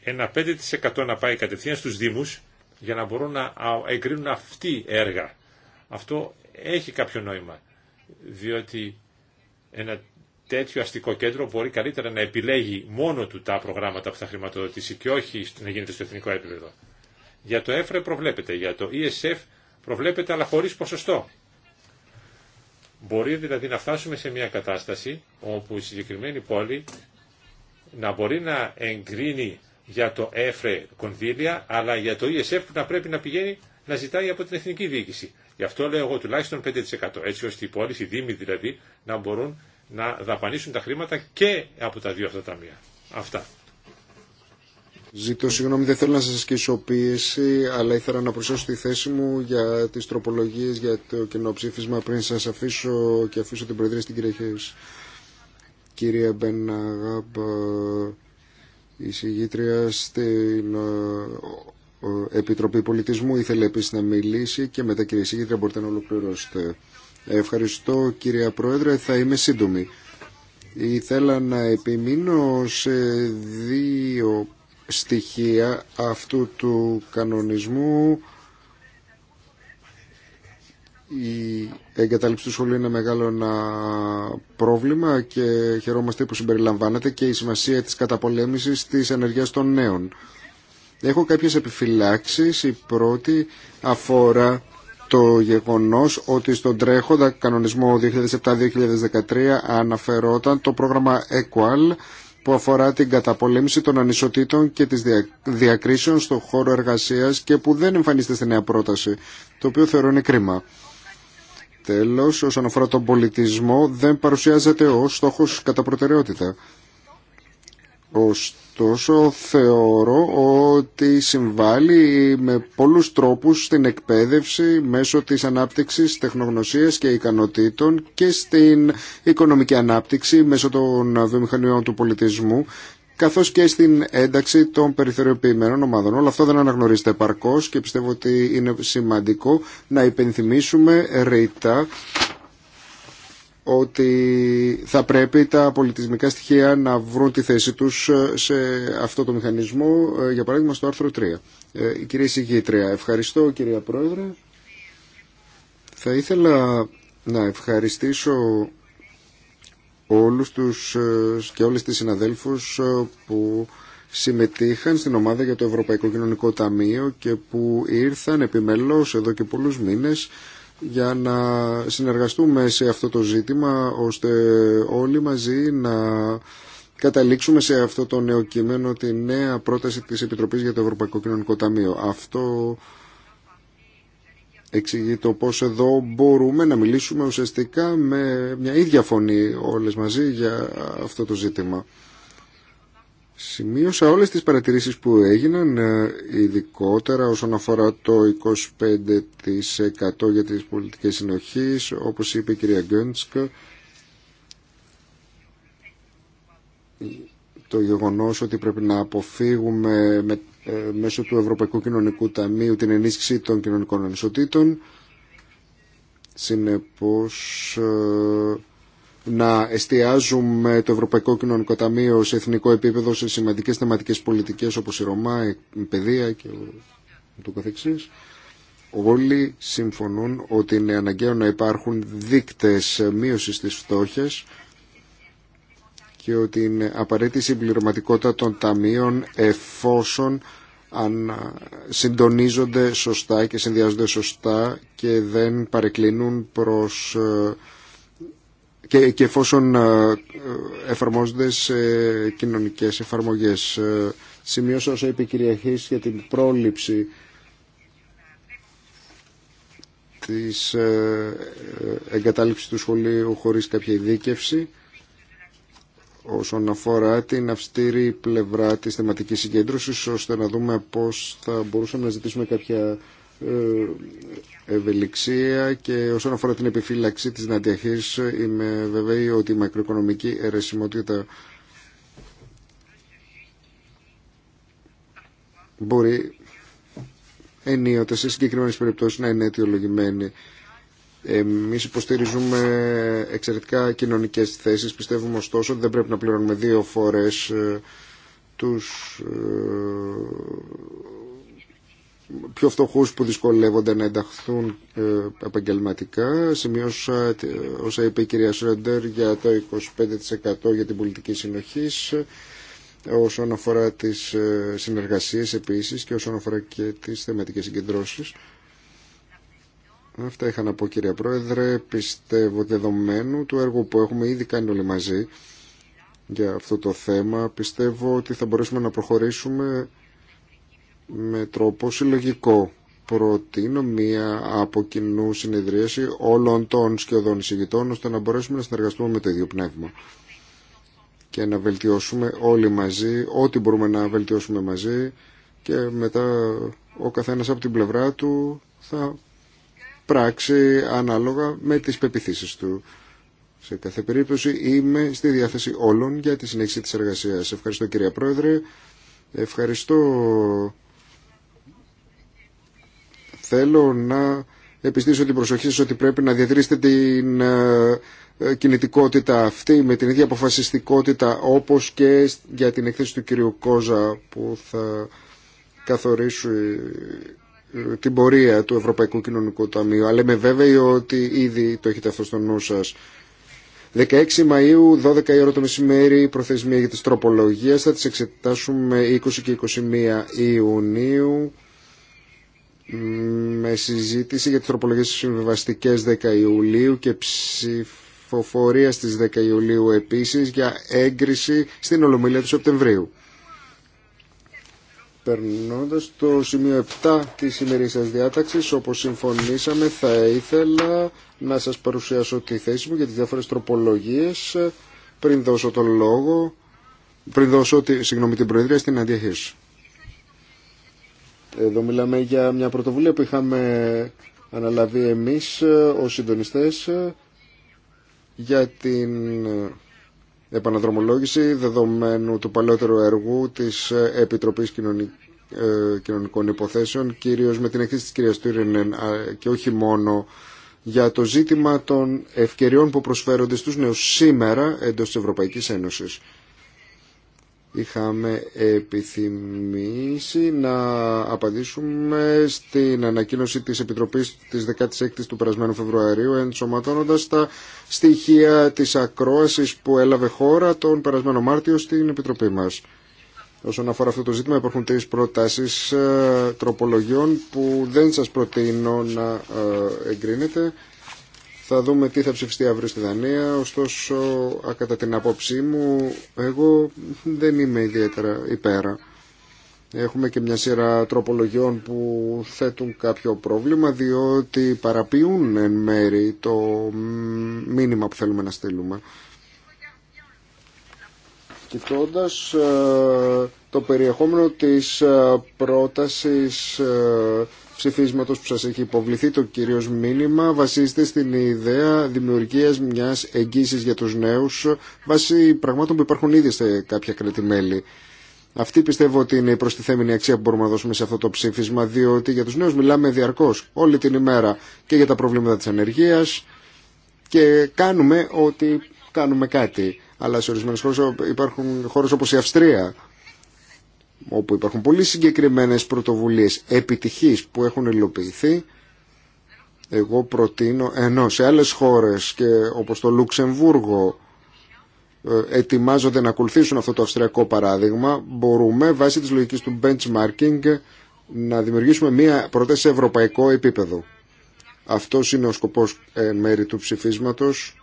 ένα 5% να πάει κατευθείαν στους Δήμους για να μπορούν να εγκρίνουν αυτοί έργα. Αυτό έχει κάποιο νόημα, διότι ένα τέτοιο αστικό κέντρο μπορεί καλύτερα να επιλέγει μόνο του τα προγράμματα που θα χρηματοδοτήσει και όχι να γίνεται στο εθνικό επίπεδο. Για το ΕΦΡΕ προβλέπεται, για το ESF προβλέπεται αλλά χωρίς ποσοστό. Μπορεί δηλαδή να φτάσουμε σε μια κατάσταση όπου η συγκεκριμένη πόλη να μπορεί να εγκρίνει για το ΕΦΡΕ κονδύλια, αλλά για το ESF που να πρέπει να πηγαίνει να ζητάει από την εθνική διοίκηση. Γι' αυτό λέω εγώ τουλάχιστον 5%, έτσι ώστε οι πόλει, οι δήμοι δηλαδή, να μπορούν να δαπανίσουν τα χρήματα και από τα δύο αυτά ταμεία. Αυτά. Ζητώ συγγνώμη, δεν θέλω να σα ασκήσω πίεση, αλλά ήθελα να προσθέσω τη θέση μου για τι τροπολογίε, για το κοινοψήφισμα πριν σα αφήσω και αφήσω την Προεδρία στην κυρία Χέρι. Κυρία συγγήτρια στην ε, Επιτροπή Πολιτισμού ήθελε επίση να μιλήσει και μετά κύριε συγγήτρια, μπορείτε να ολοκληρώσετε. Ευχαριστώ κυρία Πρόεδρε, θα είμαι σύντομη. Ήθελα να επιμείνω σε δύο στοιχεία αυτού του κανονισμού η εγκατάλειψη του σχολείου είναι μεγάλο ένα πρόβλημα και χαιρόμαστε που συμπεριλαμβάνεται και η σημασία της καταπολέμησης της ενεργειάς των νέων. Έχω κάποιες επιφυλάξεις. Η πρώτη αφορά το γεγονός ότι στον τρέχοντα κανονισμό 2007-2013 αναφερόταν το πρόγραμμα EQUAL που αφορά την καταπολέμηση των ανισοτήτων και της διακρίσεων στον χώρο εργασίας και που δεν εμφανίζεται στη νέα πρόταση, το οποίο θεωρώ είναι κρίμα. Τέλος, όσον αφορά τον πολιτισμό, δεν παρουσιάζεται ως στόχος κατά προτεραιότητα. Ωστόσο, θεωρώ ότι συμβάλλει με πολλούς τρόπους στην εκπαίδευση μέσω της ανάπτυξης τεχνογνωσίας και ικανοτήτων και στην οικονομική ανάπτυξη μέσω των βιομηχανιών του πολιτισμού καθώς και στην ένταξη των περιθωριοποιημένων ομάδων. Όλο αυτό δεν αναγνωρίζεται επαρκώς και πιστεύω ότι είναι σημαντικό να υπενθυμίσουμε ρήτα ότι θα πρέπει τα πολιτισμικά στοιχεία να βρουν τη θέση τους ε, σε αυτό το μηχανισμό, ε, για παράδειγμα στο άρθρο 3. Ε, η κυρία Συγήτρια, ευχαριστώ κυρία Πρόεδρε. Θα ήθελα να ευχαριστήσω όλους τους ε, και όλες τις συναδέλφους ε, που συμμετείχαν στην ομάδα για το Ευρωπαϊκό Κοινωνικό Ταμείο και που ήρθαν επιμελώς εδώ και πολλούς μήνες για να συνεργαστούμε σε αυτό το ζήτημα ώστε όλοι μαζί να καταλήξουμε σε αυτό το νέο κείμενο τη νέα πρόταση της Επιτροπής για το Ευρωπαϊκό Κοινωνικό Ταμείο. Αυτό εξηγεί το πώς εδώ μπορούμε να μιλήσουμε ουσιαστικά με μια ίδια φωνή όλες μαζί για αυτό το ζήτημα. Σημείωσα όλες τις παρατηρήσεις που έγιναν, ε, ειδικότερα όσον αφορά το 25% για τις πολιτικές συνοχής, όπως είπε η κυρία Γκέντσκ, το γεγονός ότι πρέπει να αποφύγουμε με ε, μέσω του Ευρωπαϊκού Κοινωνικού Ταμείου την ενίσχυση των κοινωνικών ανισοτήτων. Συνεπώς ε, να εστιάζουμε το Ευρωπαϊκό Κοινωνικό Ταμείο σε εθνικό επίπεδο σε σημαντικές θεματικές πολιτικές όπως η Ρωμά, η παιδεία και το καθεξής. Όλοι συμφωνούν ότι είναι αναγκαίο να υπάρχουν δείκτες μείωσης της φτώχειας και ότι είναι απαραίτητη συμπληρωματικότητα των ταμείων εφόσον αν συντονίζονται σωστά και συνδυάζονται σωστά και δεν παρεκκλίνουν προς και, και εφόσον εφαρμόζονται σε κοινωνικές εφαρμογές. Σημειώσα όσο είπε η κυρία για την πρόληψη της ε, ε, εγκατάλειψης του σχολείου χωρίς κάποια ειδίκευση όσον αφορά την αυστήρη πλευρά της θεματικής συγκέντρωσης ώστε να δούμε πώς θα μπορούσαμε να ζητήσουμε κάποια ε, ευελιξία και όσον αφορά την επιφύλαξη της δυνατιαχής είμαι βέβαιη ότι η μακροοικονομική αιρεσιμότητα μπορεί ενίοτε σε συγκεκριμένες περιπτώσεις να είναι αιτιολογημένη Εμεί υποστηρίζουμε εξαιρετικά κοινωνικέ θέσεις. Πιστεύουμε ωστόσο ότι δεν πρέπει να πληρώνουμε δύο φορές ε, τους ε, πιο φτωχού που δυσκολεύονται να ενταχθούν ε, επαγγελματικά. Σημειώσα όσα είπε η κυρία Σρέντερ για το 25% για την πολιτική συνοχής όσον αφορά τις συνεργασίες επίσης και όσον αφορά και τις θεματικές συγκεντρώσεις. Αυτά είχα να πω κύριε Πρόεδρε. Πιστεύω δεδομένου του έργου που έχουμε ήδη κάνει όλοι μαζί για αυτό το θέμα. Πιστεύω ότι θα μπορέσουμε να προχωρήσουμε με τρόπο συλλογικό. Προτείνω μία από κοινού συνεδρίαση όλων των σχεδόν εισηγητών ώστε να μπορέσουμε να συνεργαστούμε με το ίδιο πνεύμα και να βελτιώσουμε όλοι μαζί ό,τι μπορούμε να βελτιώσουμε μαζί και μετά ο καθένας από την πλευρά του θα πράξη ανάλογα με τις πεπιθήσεις του. Σε κάθε περίπτωση είμαι στη διάθεση όλων για τη συνέχιση της εργασίας. Ευχαριστώ κυρία Πρόεδρε. Ευχαριστώ. Θέλω να επιστήσω την προσοχή σας ότι πρέπει να διατηρήσετε την ε, ε, κινητικότητα αυτή με την ίδια αποφασιστικότητα όπως και για την εκθέση του κυρίου Κόζα που θα καθορίσει την πορεία του Ευρωπαϊκού Κοινωνικού Ταμείου. Αλλά είμαι βέβαιη ότι ήδη το έχετε αυτό στο νου σα. 16 Μαΐου, 12 η ώρα το μεσημέρι, η προθεσμία για τις τροπολογίες. Θα τις εξετάσουμε 20 και 21 Ιουνίου με συζήτηση για τις τροπολογίες συμβιβαστικέ 10 Ιουλίου και ψηφοφορία στις 10 Ιουλίου επίσης για έγκριση στην Ολομήλεια του Σεπτεμβρίου. Περνώντα το σημείο 7 της σα διάταξης, όπως συμφωνήσαμε, θα ήθελα να σας παρουσιάσω τη θέση μου για τις διάφορες τροπολογίες πριν δώσω το λόγο, πριν δώσω τη, συγγνώμη, την Προεδρία στην αντιαχείριση. Εδώ μιλάμε για μια πρωτοβουλία που είχαμε αναλαβεί εμείς ε, ως συντονιστές ε, για την ε, επαναδρομολόγηση δεδομένου του παλαιότερου έργου της Επιτροπής ε, Κοινωνικών Υποθέσεων, κυρίως με την εκθέση της κυρίας Τούρινεν και όχι μόνο για το ζήτημα των ευκαιριών που προσφέρονται στους νέους σήμερα εντός της Ευρωπαϊκής Ένωσης είχαμε επιθυμήσει να απαντήσουμε στην ανακοίνωση της Επιτροπής της 16ης του περασμένου Φεβρουαρίου ενσωματώνοντας τα στοιχεία της ακρόασης που έλαβε χώρα τον περασμένο Μάρτιο στην Επιτροπή μας. Όσον αφορά αυτό το ζήτημα υπάρχουν τρεις προτάσεις ε, τροπολογιών που δεν σας προτείνω να ε, εγκρίνετε. Θα δούμε τι θα ψηφιστεί αύριο στη Δανία. Ωστόσο, κατά την απόψή μου, εγώ δεν είμαι ιδιαίτερα υπέρα. Έχουμε και μια σειρά τροπολογιών που θέτουν κάποιο πρόβλημα διότι παραποιούν εν μέρη το μήνυμα που θέλουμε να στείλουμε. Κοιτώντα ε, το περιεχόμενο της ε, πρότασης ε, ψηφίσματος που σας έχει υποβληθεί το κυρίως μήνυμα βασίζεται στην ιδέα δημιουργίας μιας εγγύησης για τους νέους βάσει πραγμάτων που υπάρχουν ήδη σε κάποια κρατημέλη. Αυτή πιστεύω ότι είναι η προστιθέμενη αξία που μπορούμε να δώσουμε σε αυτό το ψήφισμα, διότι για τους νέους μιλάμε διαρκώς όλη την ημέρα και για τα προβλήματα της ανεργία και κάνουμε ότι κάνουμε κάτι. Αλλά σε ορισμένες υπάρχουν χώρε όπως η Αυστρία όπου υπάρχουν πολύ συγκεκριμένες πρωτοβουλίες επιτυχής που έχουν υλοποιηθεί εγώ προτείνω ενώ σε άλλες χώρες και όπως το Λουξεμβούργο ε, ετοιμάζονται να ακολουθήσουν αυτό το αυστριακό παράδειγμα μπορούμε βάσει της λογικής του benchmarking να δημιουργήσουμε μία πρόταση σε ευρωπαϊκό επίπεδο. Αυτός είναι ο σκοπός μέρη του ψηφίσματος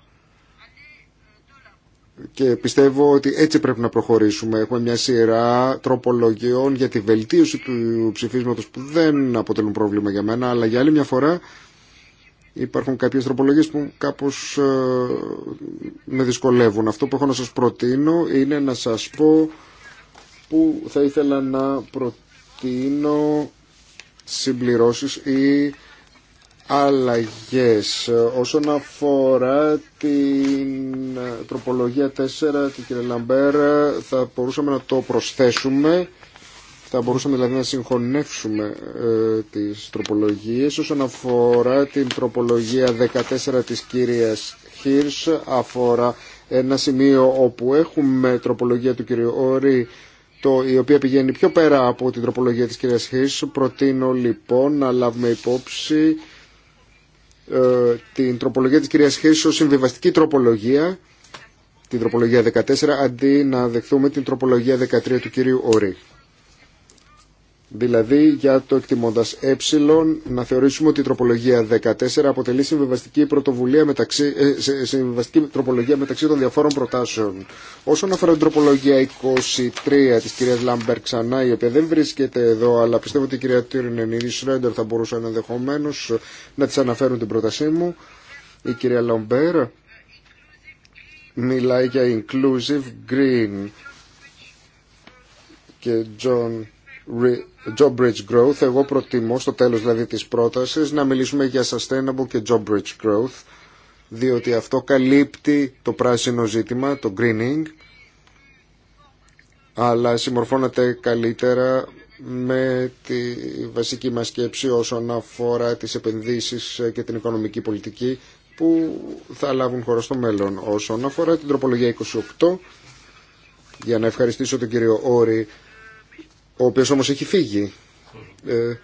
και πιστεύω ότι έτσι πρέπει να προχωρήσουμε. Έχουμε μια σειρά τροπολογιών για τη βελτίωση του ψηφίσματος που δεν αποτελούν πρόβλημα για μένα, αλλά για άλλη μια φορά υπάρχουν κάποιες τροπολογίες που κάπως ε, με δυσκολεύουν. Αυτό που έχω να σας προτείνω είναι να σας πω που θα ήθελα να προτείνω συμπληρώσεις ή αλλαγές ε, όσον αφορά την ε, τροπολογία 4 την κυρία Λαμπέρ ε, θα μπορούσαμε να το προσθέσουμε θα μπορούσαμε δηλαδή να συγχωνεύσουμε ε, τις τροπολογίες όσον αφορά την τροπολογία 14 της κυρίας Χίρς αφορά ένα σημείο όπου έχουμε τροπολογία του κυρίου Όρη το, η οποία πηγαίνει πιο πέρα από την τροπολογία της κυρίας Χίρς προτείνω λοιπόν να λάβουμε υπόψη ε, την τροπολογία της κυρίας Χρήσης ως συμβιβαστική τροπολογία, την τροπολογία 14, αντί να δεχθούμε την τροπολογία 13 του κυρίου Ορή. Δηλαδή για το εκτιμώντα ε να θεωρήσουμε ότι η τροπολογία 14 αποτελεί συμβιβαστική, πρωτοβουλία μεταξύ, ε, συμβιβαστική τροπολογία μεταξύ των διαφόρων προτάσεων. Όσον αφορά την τροπολογία 23 τη κυρία Λάμπερ ξανά, η οποία δεν βρίσκεται εδώ, αλλά πιστεύω ότι η κυρία Τύρινεν ή η σρεντερ θα μπορούσαν ενδεχομένω να τη αναφέρουν την πρότασή μου. Η κυρία Λαμπέρ μιλάει για inclusive green και John job bridge growth, εγώ προτιμώ στο τέλος δηλαδή της πρότασης να μιλήσουμε για sustainable και job bridge growth, διότι αυτό καλύπτει το πράσινο ζήτημα, το greening, αλλά συμμορφώνεται καλύτερα με τη βασική μας σκέψη όσον αφορά τις επενδύσεις και την οικονομική πολιτική που θα λάβουν χώρα στο μέλλον. Όσον αφορά την τροπολογία 28, για να ευχαριστήσω τον κύριο Όρη ο οποίος όμως έχει φύγει. Ε,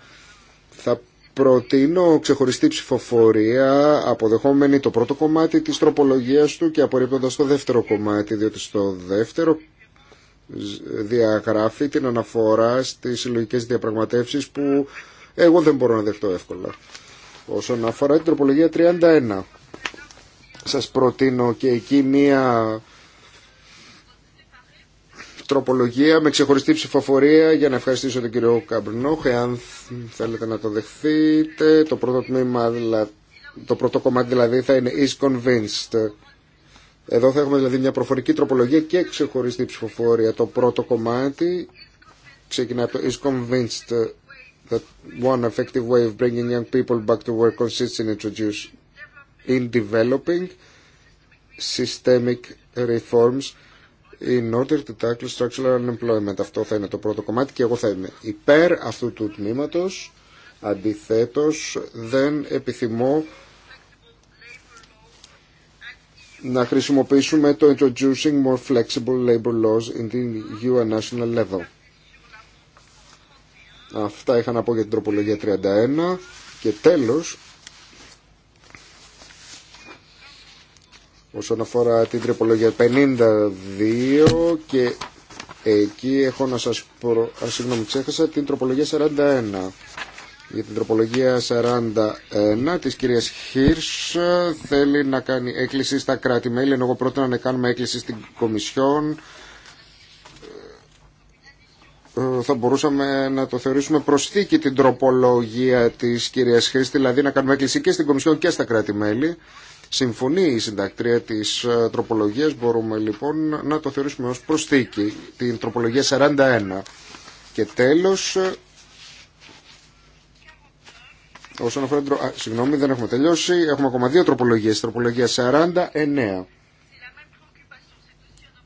θα προτείνω ξεχωριστή ψηφοφορία αποδεχόμενη το πρώτο κομμάτι της τροπολογίας του και απορρίπτοντας το δεύτερο κομμάτι, διότι στο δεύτερο διαγράφει την αναφορά στις συλλογικέ διαπραγματεύσεις που εγώ δεν μπορώ να δεχτώ εύκολα. Όσον αφορά την τροπολογία 31, σας προτείνω και εκεί μία τροπολογία με ξεχωριστή ψηφοφορία για να ευχαριστήσω τον κύριο Καμπρινόχ. Εάν θέλετε να το δεχθείτε, το πρώτο τμήμα, το πρώτο κομμάτι δηλαδή θα είναι is convinced. Εδώ θα έχουμε δηλαδή μια προφορική τροπολογία και ξεχωριστή ψηφοφορία. Το πρώτο κομμάτι ξεκινά το is convinced that one effective way of bringing young people back to work consists in introducing in developing systemic reforms in order to tackle structural unemployment. Αυτό θα είναι το πρώτο κομμάτι και εγώ θα είμαι υπέρ αυτού του τμήματο, αντιθέτω, δεν επιθυμώ να χρησιμοποιήσουμε το Introducing More Flexible Labor Laws in the EU National Level. Αυτά είχα να πω για την τροπολογία 31. Και τέλος, όσον αφορά την τροπολογία 52 και εκεί έχω να σας προ... Α, συγγνώμη, ξέχασα την τροπολογία 41. Για την τροπολογία 41 της κυρίας Χίρς ε, θέλει να κάνει έκκληση στα κράτη-μέλη, ενώ εγώ πρότεινα να κάνουμε έκκληση στην Κομισιόν. Ε, θα μπορούσαμε να το θεωρήσουμε προσθήκη την τροπολογία της κυρίας Χίρς, δηλαδή να κάνουμε έκκληση και στην Κομισιόν και στα κράτη-μέλη Συμφωνεί η συντακτρία της ε, τροπολογίας, μπορούμε λοιπόν να το θεωρήσουμε ως προσθήκη, την τροπολογία 41. Και τέλος, ε, όσον αφορά... Α, συγγνώμη, δεν έχουμε τελειώσει. Έχουμε ακόμα δύο τροπολογίες. Τροπολογία 49.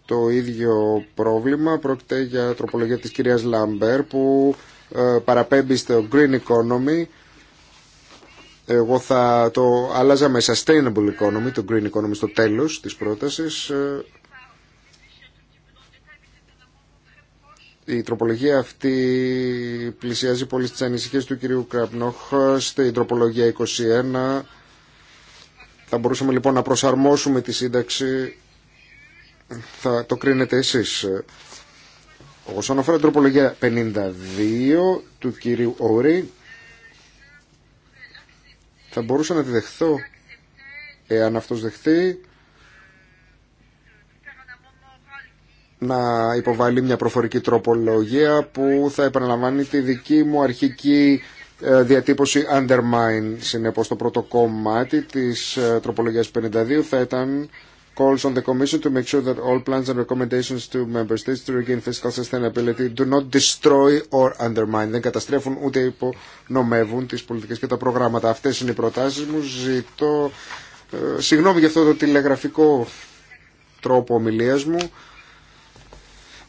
Το ίδιο πρόβλημα πρόκειται για τροπολογία της κυρίας Λάμπερ που ε, παραπέμπει στο Green Economy εγώ θα το άλλαζα με sustainable economy, το green economy στο τέλος της πρότασης. Ε, η τροπολογία αυτή πλησιάζει πολύ στις ανησυχίες του κυρίου Κραπνόχ στην τροπολογία 21. Θα μπορούσαμε λοιπόν να προσαρμόσουμε τη σύνταξη. Θα το κρίνετε εσείς. Όσον αφορά την τροπολογία 52 του κυρίου Όρη, θα μπορούσα να τη δεχθώ εάν αυτός δεχθεί να υποβάλει μια προφορική τροπολογία που θα επαναλαμβάνει τη δική μου αρχική ε, διατύπωση undermine. Συνεπώς το πρώτο κομμάτι της ε, τροπολογίας 52 θα ήταν calls on the Commission to make sure that all plans and recommendations to member states to regain fiscal sustainability do not destroy or undermine. Δεν καταστρέφουν ούτε υπονομεύουν τις πολιτικές και τα προγράμματα. Αυτές είναι οι προτάσεις μου. Ζητώ ε, συγγνώμη για αυτό το τηλεγραφικό τρόπο ομιλίας μου.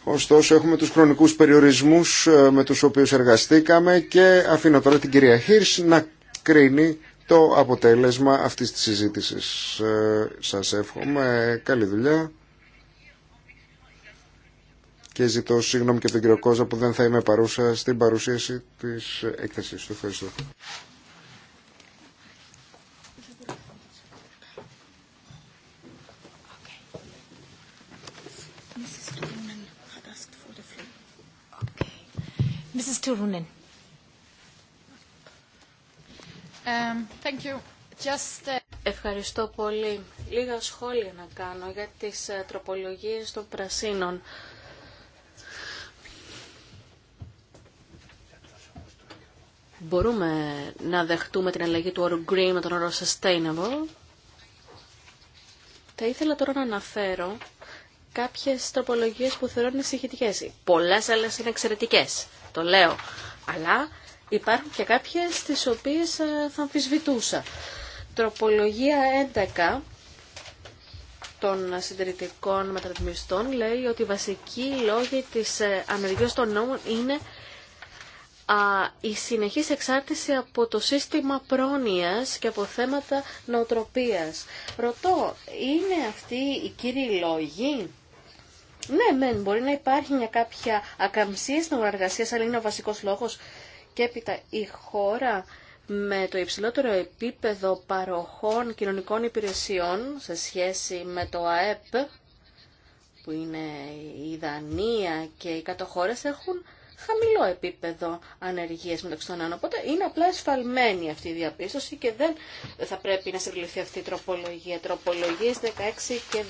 Ωστόσο έχουμε τους χρονικούς περιορισμούς ε, με τους οποίους εργαστήκαμε και αφήνω τώρα την κυρία Χίρς να κρίνει το αποτέλεσμα αυτής της συζήτησης. Ε, σας εύχομαι καλή δουλειά και ζητώ συγγνώμη και τον κύριο Κόζα που δεν θα είμαι παρούσα στην παρουσίαση της έκθεσης του. Ευχαριστώ. Mrs. Turunen. Um, uh, Ευχαριστώ πολύ. Λίγα σχόλια να κάνω για τις ε, τροπολογίες των πρασίνων. Μπορούμε να δεχτούμε την αλλαγή του όρου green με τον όρο sustainable. Θα ήθελα τώρα να αναφέρω κάποιες τροπολογίες που θεωρώ είναι συγχυτικές. Πολλές άλλες είναι εξαιρετικές, το λέω. Αλλά υπάρχουν και κάποιες τις οποίες ε, θα αμφισβητούσα. Τροπολογία 11 των συντηρητικών μεταρρυθμιστών λέει ότι οι βασικοί λόγοι της ε, αμερικής των νόμων είναι η συνεχής εξάρτηση από το σύστημα πρόνοιας και από θέματα νοοτροπίας. Ρωτώ, είναι αυτή η κύριοι λόγοι? Ναι, μεν, μπορεί να υπάρχει μια κάποια ακαμψία στην αλλά είναι ο βασικός λόγος και έπειτα η χώρα με το υψηλότερο επίπεδο παροχών κοινωνικών υπηρεσιών σε σχέση με το ΑΕΠ, που είναι η Δανία και οι κατοχώρες έχουν χαμηλό επίπεδο ανεργίας μεταξύ των άνω. Οπότε είναι απλά εσφαλμένη αυτή η διαπίστωση και δεν θα πρέπει να συγκληθεί αυτή η τροπολογία. Τροπολογίες 16 και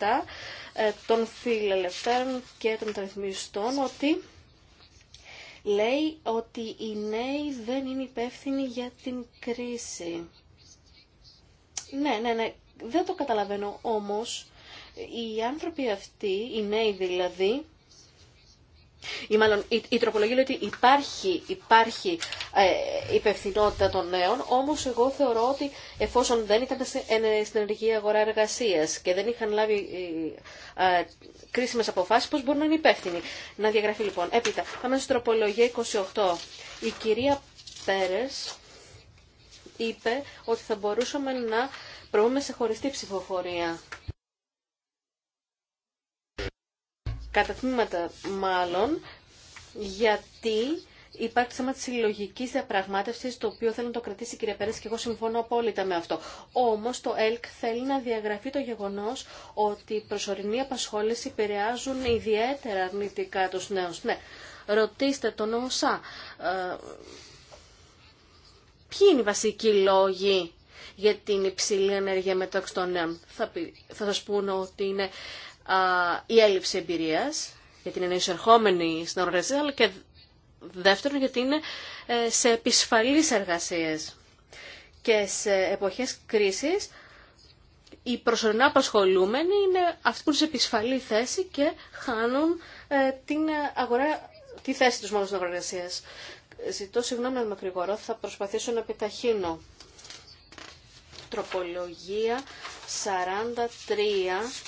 17 ε, των φιλελευθέρων και των ρυθμιστών ότι λέει ότι οι νέοι δεν είναι υπεύθυνοι για την κρίση. Ναι, ναι, ναι, δεν το καταλαβαίνω όμως. Οι άνθρωποι αυτοί, οι νέοι δηλαδή, ή μάλλον η, τροπολογία λέει ότι υπάρχει, υπάρχει ε, υπευθυνότητα των νέων, όμως εγώ θεωρώ ότι εφόσον δεν ήταν στην ενεργή αγορά εργασίας και δεν είχαν λάβει ε, ε, κρίσιμες αποφάσεις, πώς μπορούν να είναι υπεύθυνοι. Να διαγραφεί λοιπόν. Έπειτα, πάμε στην τροπολογία 28. Η κυρία Πέρες είπε ότι θα μπορούσαμε να προβούμε σε χωριστή ψηφοφορία κατά τμήματα μάλλον, γιατί υπάρχει θέμα τη συλλογική διαπραγμάτευση, το οποίο θέλει να το κρατήσει η κυρία Πέρε και εγώ συμφωνώ απόλυτα με αυτό. Όμω το ΕΛΚ θέλει να διαγραφεί το γεγονό ότι η προσωρινή απασχόληση επηρεάζουν ιδιαίτερα αρνητικά του νέου. Ναι, ρωτήστε τον ΩΣΑ. Ε, ποιοι είναι οι βασικοί λόγοι για την υψηλή ενέργεια μεταξύ των νέων. Θα, θα σας πούνε ότι είναι η έλλειψη εμπειρία για την ενισερχόμενη στην εργασία, αλλά και δεύτερον γιατί είναι ε, σε επισφαλείς εργασίες και σε εποχές κρίσης οι προσωρινά απασχολούμενοι είναι αυτοί που είναι σε επισφαλή θέση και χάνουν ε, την αγορά, τη θέση τους μόνο στην οργανωσία. Ζητώ συγγνώμη αν θα προσπαθήσω να επιταχύνω τροπολογία 43.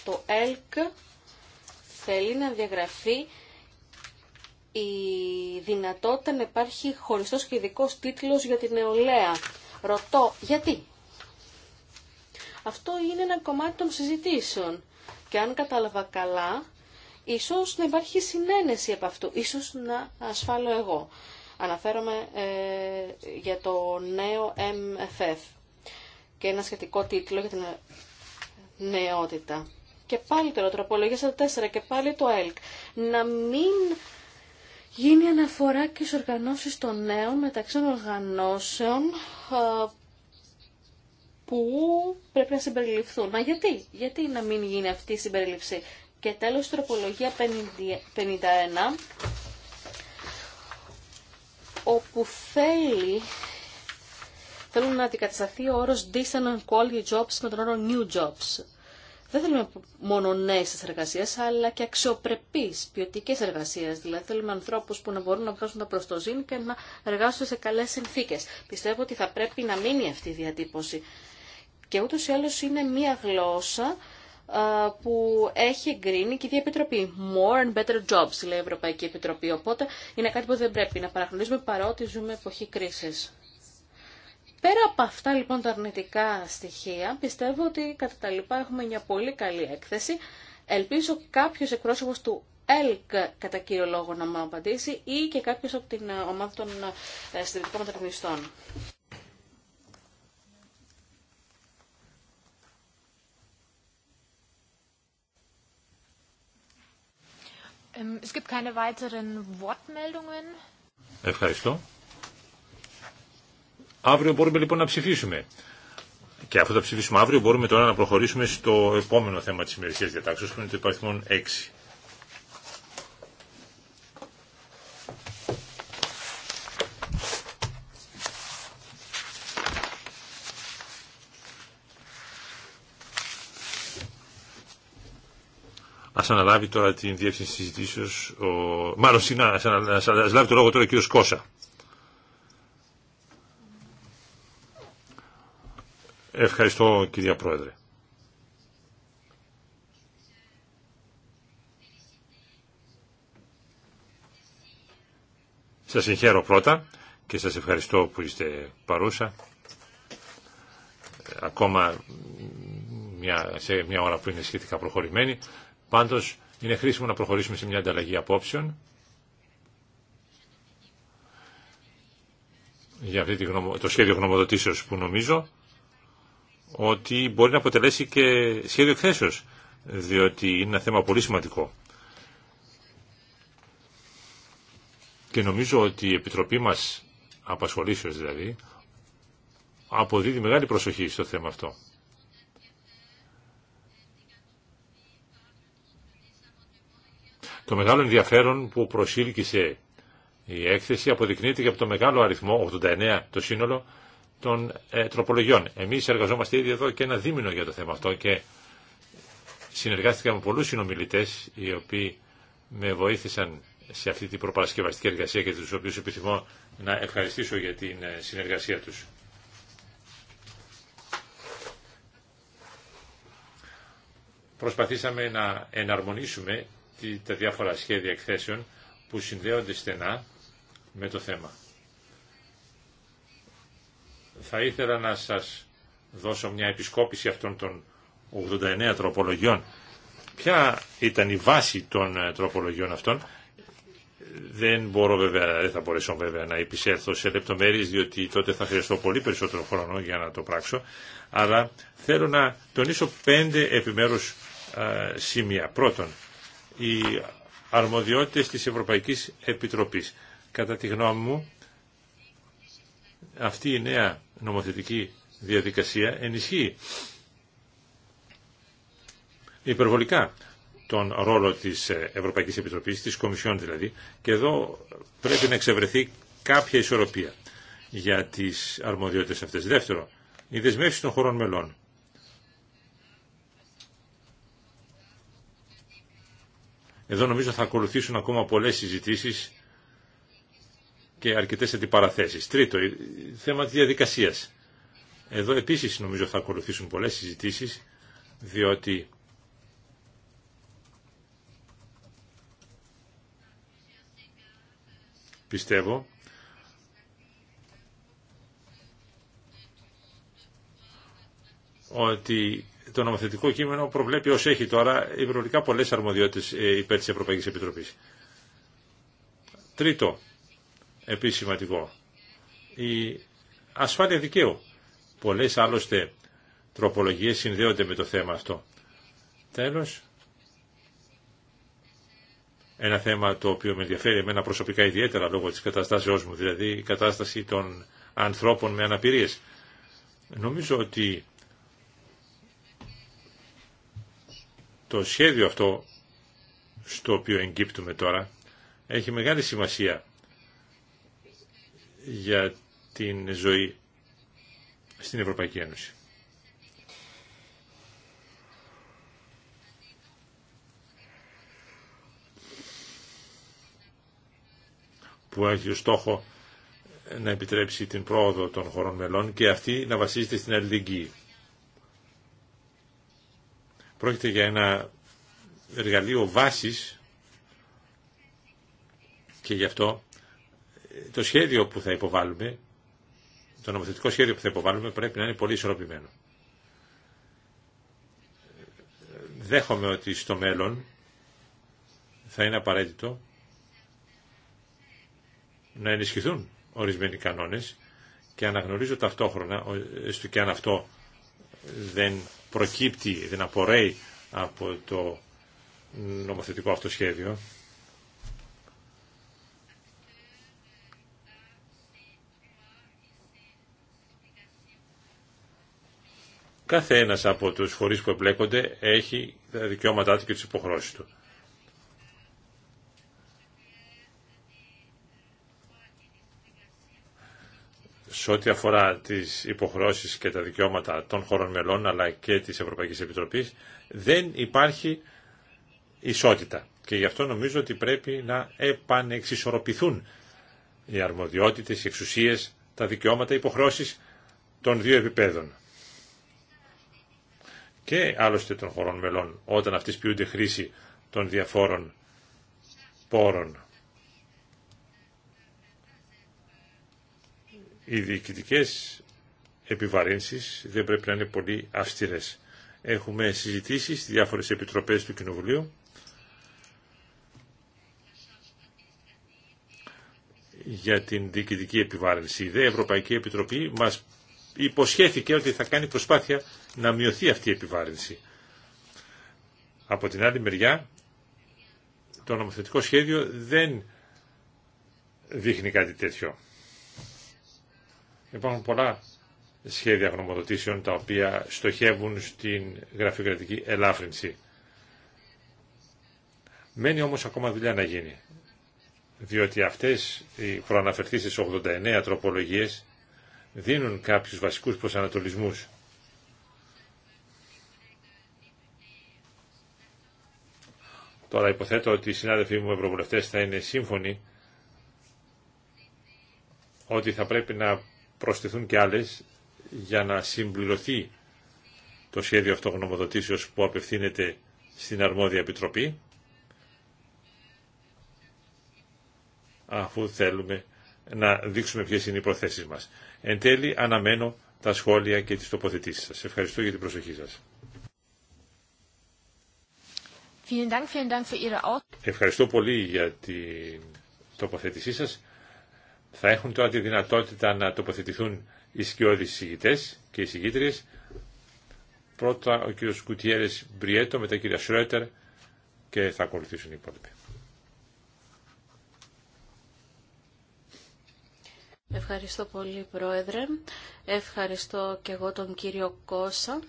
Το ΕΛΚ θέλει να διαγραφεί η δυνατότητα να υπάρχει χωριστός και ειδικό τίτλος για την νεολαία. Ρωτώ, γιατί. Αυτό είναι ένα κομμάτι των συζητήσεων. Και αν κατάλαβα καλά, ίσως να υπάρχει συνένεση από αυτού. Ίσως να ασφάλω εγώ. Αναφέρομαι ε, για το νέο MFF και ένα σχετικό τίτλο για την νεότητα. Και πάλι τώρα, τροπολογία 4 και πάλι το ΕΛΚ. Να μην γίνει αναφορά και στις οργανώσεις των νέων μεταξύ των οργανώσεων ε, που πρέπει να συμπεριληφθούν. Μα γιατί, γιατί να μην γίνει αυτή η συμπεριληψή. Και τέλος τροπολογία 51 όπου θέλει θέλουν να αντικατασταθεί ο όρο decent and quality jobs με τον όρο new jobs. Δεν θέλουμε μόνο νέες εργασίες, αλλά και αξιοπρεπείς ποιοτικέ εργασίες. Δηλαδή θέλουμε ανθρώπου που να μπορούν να βγάζουν τα προστοζήν και να εργάζονται σε καλέ συνθήκε. Πιστεύω ότι θα πρέπει να μείνει αυτή η διατύπωση. Και ούτω ή άλλως είναι μία γλώσσα που έχει εγκρίνει και η Επιτροπή. More and better jobs, λέει η Ευρωπαϊκή Επιτροπή. Οπότε είναι κάτι που δεν πρέπει να παραγνωρίζουμε παρότι ζούμε εποχή κρίσης. Πέρα από αυτά λοιπόν τα αρνητικά στοιχεία, πιστεύω ότι κατά τα λοιπά έχουμε μια πολύ καλή έκθεση. Ελπίζω κάποιος εκπρόσωπος του ΕΛΚ κατά κύριο λόγο να μου απαντήσει ή και κάποιος από την ε, ομάδα των ε, συντηρητικών μεταρρυθμιστών. Ähm, Ευχαριστώ. Αύριο μπορούμε λοιπόν να ψηφίσουμε. Και αφού θα ψηφίσουμε αύριο μπορούμε τώρα να προχωρήσουμε στο επόμενο θέμα της ημερησίας διατάξεως που είναι το υπαριθμό 6. Ας αναλάβει τώρα την διεύθυνση συζητήσεως, ο... μάλλον ας, ας το λόγο τώρα ο κ. Κώσα. Ευχαριστώ κυρία Πρόεδρε. Σας συγχαίρω πρώτα και σας ευχαριστώ που είστε παρούσα. Ακόμα μια, σε μια ώρα που είναι σχετικά προχωρημένη. Πάντως είναι χρήσιμο να προχωρήσουμε σε μια ανταλλαγή απόψεων. για αυτή το σχέδιο γνωμοδοτήσεως που νομίζω ότι μπορεί να αποτελέσει και σχέδιο εκθέσεως, διότι είναι ένα θέμα πολύ σημαντικό. Και νομίζω ότι η Επιτροπή μας, απασχολήσεως δηλαδή, αποδίδει μεγάλη προσοχή στο θέμα αυτό. Το μεγάλο ενδιαφέρον που προσήλκησε η έκθεση αποδεικνύεται και από το μεγάλο αριθμό, 89 το σύνολο, των ε, τροπολογιών. Εμείς εργαζόμαστε ήδη εδώ και ένα δίμηνο για το θέμα αυτό και συνεργάστηκα με πολλούς συνομιλητές οι οποίοι με βοήθησαν σε αυτή την προπαρασκευαστική εργασία και του οποίους επιθυμώ να ευχαριστήσω για την ε, συνεργασία τους. Προσπαθήσαμε να εναρμονίσουμε τα διάφορα σχέδια εκθέσεων που συνδέονται στενά με το θέμα. Θα ήθελα να σας δώσω μια επισκόπηση αυτών των 89 τροπολογιών. Ποια ήταν η βάση των ε, τροπολογιών αυτών. Δεν μπορώ βέβαια, δεν θα μπορέσω βέβαια να επισέλθω σε λεπτομέρειες διότι τότε θα χρειαστώ πολύ περισσότερο χρόνο για να το πράξω αλλά θέλω να τονίσω πέντε επιμέρους ε, σημεία. Πρώτον, οι αρμοδιότητες της Ευρωπαϊκής Επιτροπής. Κατά τη γνώμη μου αυτή η νέα νομοθετική διαδικασία ενισχύει υπερβολικά τον ρόλο της ε, Ευρωπαϊκής Επιτροπής, της Κομισιόν δηλαδή, και εδώ πρέπει να εξευρεθεί κάποια ισορροπία για τις αρμοδιότητες αυτές. Δεύτερο, οι δεσμεύσει των χωρών μελών. Εδώ νομίζω θα ακολουθήσουν ακόμα πολλές συζητήσεις και αρκετές αντιπαραθέσεις. Τρίτο, θέμα της διαδικασίας. Εδώ επίσης νομίζω θα ακολουθήσουν πολλές συζητήσεις, διότι πιστεύω ότι το νομοθετικό κείμενο προβλέπει ως έχει τώρα υπερβολικά πολλές αρμοδιότητες ε, υπέρ της Ευρωπαϊκής Επιτροπής. Τρίτο, επίσης Η ασφάλεια δικαίου. Πολλές άλλωστε τροπολογίες συνδέονται με το θέμα αυτό. Τέλος, ένα θέμα το οποίο με ενδιαφέρει εμένα προσωπικά ιδιαίτερα λόγω της καταστάσεώς μου, δηλαδή η κατάσταση των ανθρώπων με αναπηρίες. Νομίζω ότι το σχέδιο αυτό στο οποίο εγκύπτουμε τώρα έχει μεγάλη σημασία για την ζωή στην Ευρωπαϊκή Ένωση. που έχει ως στόχο να επιτρέψει την πρόοδο των χωρών μελών και αυτή να βασίζεται στην αλληλεγγύη. Πρόκειται για ένα εργαλείο βάσης και γι' αυτό το σχέδιο που θα υποβάλουμε, το νομοθετικό σχέδιο που θα υποβάλουμε πρέπει να είναι πολύ ισορροπημένο. Δέχομαι ότι στο μέλλον θα είναι απαραίτητο να ενισχυθούν ορισμένοι κανόνες και αναγνωρίζω ταυτόχρονα, έστω και αν αυτό δεν προκύπτει, δεν απορρέει από το νομοθετικό αυτό σχέδιο, Κάθε ένα από τους φορείς που εμπλέκονται έχει τα δικαιώματά του και τις υποχρώσεις του. σε ό,τι αφορά τις υποχρώσει και τα δικαιώματα των χωρών μελών αλλά και της Ευρωπαϊκής Επιτροπής δεν υπάρχει ισότητα και γι' αυτό νομίζω ότι πρέπει να επανεξισορροπηθούν οι αρμοδιότητες, οι εξουσίες, τα δικαιώματα, οι των δύο επιπέδων και άλλωστε των χωρών μελών όταν αυτές ποιούνται χρήση των διαφόρων πόρων. Οι διοικητικέ επιβαρύνσεις δεν πρέπει να είναι πολύ αυστηρές. Έχουμε συζητήσει στις διάφορες επιτροπές του Κοινοβουλίου για την διοικητική επιβάρυνση. Η Ευρωπαϊκή Επιτροπή μας υποσχέθηκε ότι θα κάνει προσπάθεια να μειωθεί αυτή η επιβάρυνση. Από την άλλη μεριά, το νομοθετικό σχέδιο δεν δείχνει κάτι τέτοιο. Υπάρχουν πολλά σχέδια γνωμοδοτήσεων τα οποία στοχεύουν στην γραφειοκρατική ελάφρυνση. Μένει όμως ακόμα δουλειά να γίνει, διότι αυτές οι προαναφερθήσεις 89 τροπολογίες δίνουν κάποιους βασικούς προσανατολισμούς. Τώρα υποθέτω ότι οι συνάδελφοί μου ευρωβουλευτές θα είναι σύμφωνοι ότι θα πρέπει να προσθεθούν και άλλες για να συμπληρωθεί το σχέδιο αυτογνωμοδοτήσεως που απευθύνεται στην αρμόδια επιτροπή αφού θέλουμε να δείξουμε ποιες είναι οι προθέσεις μας. Εν τέλει αναμένω τα σχόλια και τις τοποθετήσεις σας. Ευχαριστώ για την προσοχή σας. Ευχαριστώ πολύ για την τοποθέτησή σας. Θα έχουν τώρα τη δυνατότητα να τοποθετηθούν οι σκιώδεις συγητές και οι συγγήτριε. Πρώτα ο κ. Κουτιέρες Μπριέτο, μετά κ. κυρία Σρέτερ και θα ακολουθήσουν οι υπόλοιποι. Ευχαριστώ πολύ Πρόεδρε. Ευχαριστώ και εγώ τον κύριο Κώσα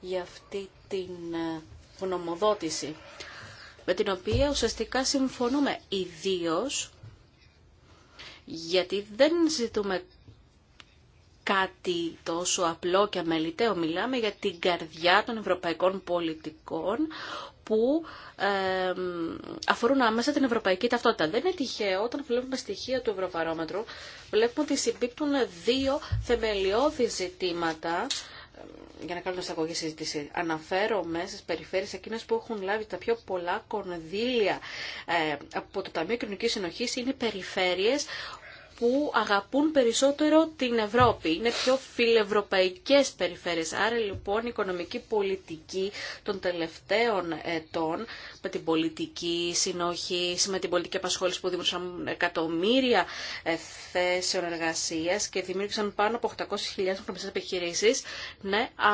για αυτή την ε, γνωμοδότηση με την οποία ουσιαστικά συμφωνούμε ιδίω γιατί δεν ζητούμε κάτι τόσο απλό και αμεληταίο. Μιλάμε για την καρδιά των ευρωπαϊκών πολιτικών που αφορούν άμεσα την ευρωπαϊκή ταυτότητα. Δεν είναι τυχαίο όταν βλέπουμε στοιχεία του Ευρωπαρόμετρου, βλέπουμε ότι συμπίπτουν δύο θεμελιώδη ζητήματα για να κάνουμε εισαγωγή συζήτηση. Αναφέρομαι στι περιφέρειε εκείνες που έχουν λάβει τα πιο πολλά κονδύλια ε, από το Ταμείο Κοινωνική Συνοχή. Είναι περιφέρειε που αγαπούν περισσότερο την Ευρώπη. Είναι πιο φιλευρωπαϊκές περιφέρειες. Άρα λοιπόν η οικονομική πολιτική των τελευταίων ετών με την πολιτική συνοχή, με την πολιτική απασχόληση που δημιούργησαν εκατομμύρια ε, θέσεων εργασίας και δημιούργησαν πάνω από 800.000 μικρομεσαίες επιχειρήσεις, ναι, α,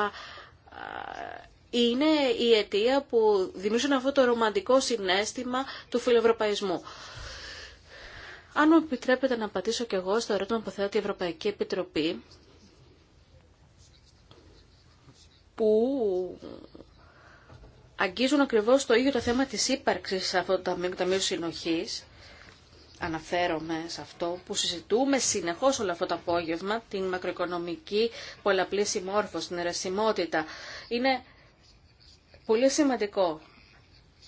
είναι η αιτία που δημιούργησαν αυτό το ρομαντικό συνέστημα του φιλευρωπαϊσμού. Αν μου επιτρέπετε να πατήσω και εγώ στο ερώτημα που θέτει η Ευρωπαϊκή Επιτροπή, που αγγίζουν ακριβώς το ίδιο το θέμα της ύπαρξης αυτού αυτό το Ταμείο Συνοχής, αναφέρομαι σε αυτό που συζητούμε συνεχώς όλο αυτό το απόγευμα, την μακροοικονομική πολλαπλή συμμόρφωση, την ερεσιμότητα. Είναι πολύ σημαντικό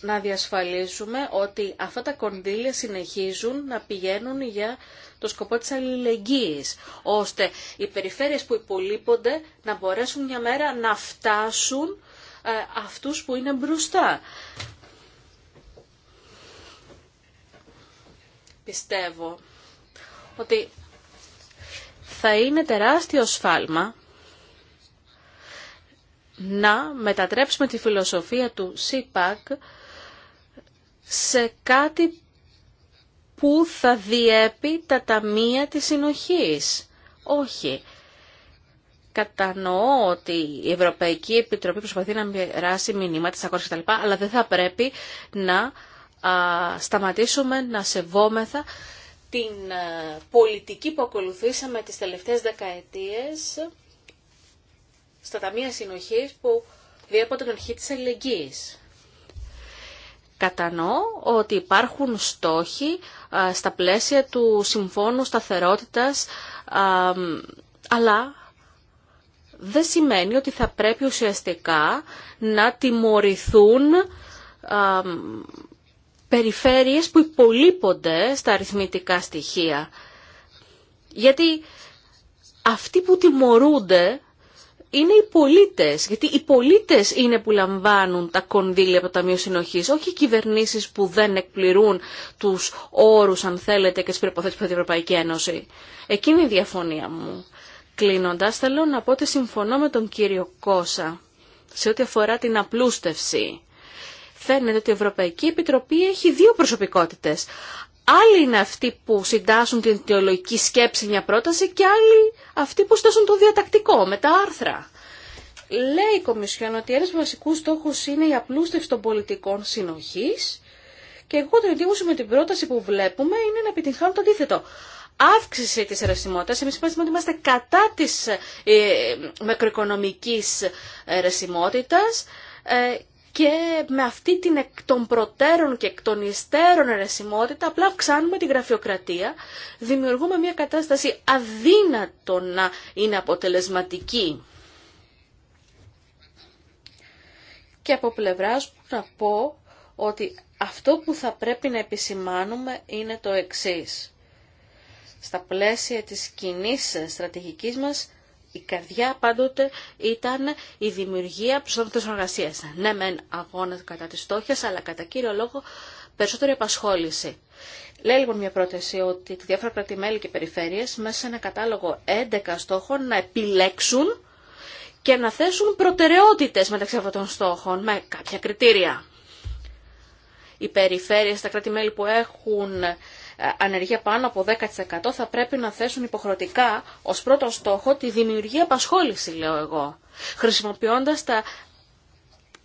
να διασφαλίσουμε ότι αυτά τα κονδύλια συνεχίζουν να πηγαίνουν για το σκοπό της αλληλεγγύης, ώστε οι περιφέρειες που υπολείπονται να μπορέσουν μια μέρα να φτάσουν ε, αυτούς που είναι μπροστά. Πιστεύω ότι θα είναι τεράστιο σφάλμα να μετατρέψουμε τη φιλοσοφία του ΣΥΠΑΚ σε κάτι που θα διέπει τα ταμεία της συνοχής. Όχι. Κατανοώ ότι η Ευρωπαϊκή Επιτροπή προσπαθεί να μοιράσει μηνύματα στα Αλλά δεν θα πρέπει να σταματήσουμε να σεβόμεθα την πολιτική που ακολουθήσαμε τις τελευταίες δεκαετίες στα ταμεία συνοχής που διέπονται την αρχή της αλληλεγγύης. Κατανοώ ότι υπάρχουν στόχοι στα πλαίσια του Συμφώνου Σταθερότητας, αλλά δεν σημαίνει ότι θα πρέπει ουσιαστικά να τιμωρηθούν περιφέρειες που υπολείπονται στα αριθμητικά στοιχεία. Γιατί αυτοί που τιμωρούνται είναι οι πολίτε, γιατί οι πολίτε είναι που λαμβάνουν τα κονδύλια από το Ταμείο συνοχή, όχι οι κυβερνήσεις που δεν εκπληρούν τους όρους, αν θέλετε, και τι προποθέσει που θα την Ευρωπαϊκή Ένωση. Εκείνη η διαφωνία μου. Κλείνοντα, θέλω να πω ότι συμφωνώ με τον κύριο Κώσα σε ό,τι αφορά την απλούστευση. Φαίνεται ότι η Ευρωπαϊκή Επιτροπή έχει δύο προσωπικότητες. Άλλοι είναι αυτοί που συντάσσουν την θεολογική σκέψη μια πρόταση και άλλοι αυτοί που συντάσσουν το διατακτικό με τα άρθρα. Λέει η Κομισιόν ότι ένας βασικούς στόχος είναι η απλούστευση των πολιτικών συνοχής και εγώ την εντύπωση με την πρόταση που βλέπουμε είναι να επιτυγχάνουν το αντίθετο. Αύξηση της ερεσιμότητας, εμείς είπαμε ότι είμαστε κατά της ε, ε μακροοικονομικής ε, και με αυτή την εκ των προτέρων και εκ των υστέρων αιρεσιμότητα απλά αυξάνουμε την γραφειοκρατία, δημιουργούμε μια κατάσταση αδύνατο να είναι αποτελεσματική. Και από πλευράς που να πω ότι αυτό που θα πρέπει να επισημάνουμε είναι το εξής. Στα πλαίσια της κοινή στρατηγικής μας η καρδιά πάντοτε ήταν η δημιουργία προσδόντων εργασία. Ναι, μεν αγώνα κατά τη φτώχεια, αλλά κατά κύριο λόγο περισσότερη απασχόληση. Λέει λοιπόν μια πρόταση ότι τα διάφορα κρατημέλη και περιφέρειες μέσα σε ένα κατάλογο 11 στόχων να επιλέξουν και να θέσουν προτεραιότητες μεταξύ αυτών των στόχων με κάποια κριτήρια. Οι περιφέρειες, τα κράτη-μέλη που έχουν ανεργία πάνω από 10% θα πρέπει να θέσουν υποχρεωτικά ως πρώτο στόχο τη δημιουργία απασχόληση, λέω εγώ, χρησιμοποιώντας τα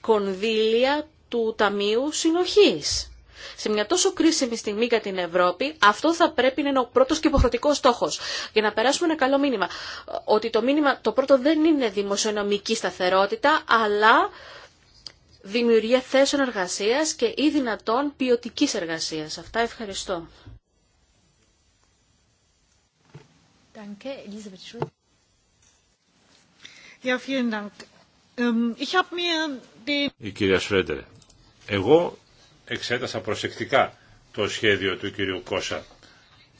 κονδύλια του Ταμείου Συνοχής. Σε μια τόσο κρίσιμη στιγμή για την Ευρώπη, αυτό θα πρέπει να είναι ο πρώτο και υποχρεωτικό στόχο. Για να περάσουμε ένα καλό μήνυμα. Ότι το μήνυμα το πρώτο δεν είναι δημοσιονομική σταθερότητα, αλλά δημιουργία θέσεων εργασίας και ή δυνατόν ποιοτικής εργασίας. Αυτά ευχαριστώ. Danke, Elisabeth ähm, κυρία Σρέντερ, εγώ εξέτασα προσεκτικά το σχέδιο του κυρίου Κώσα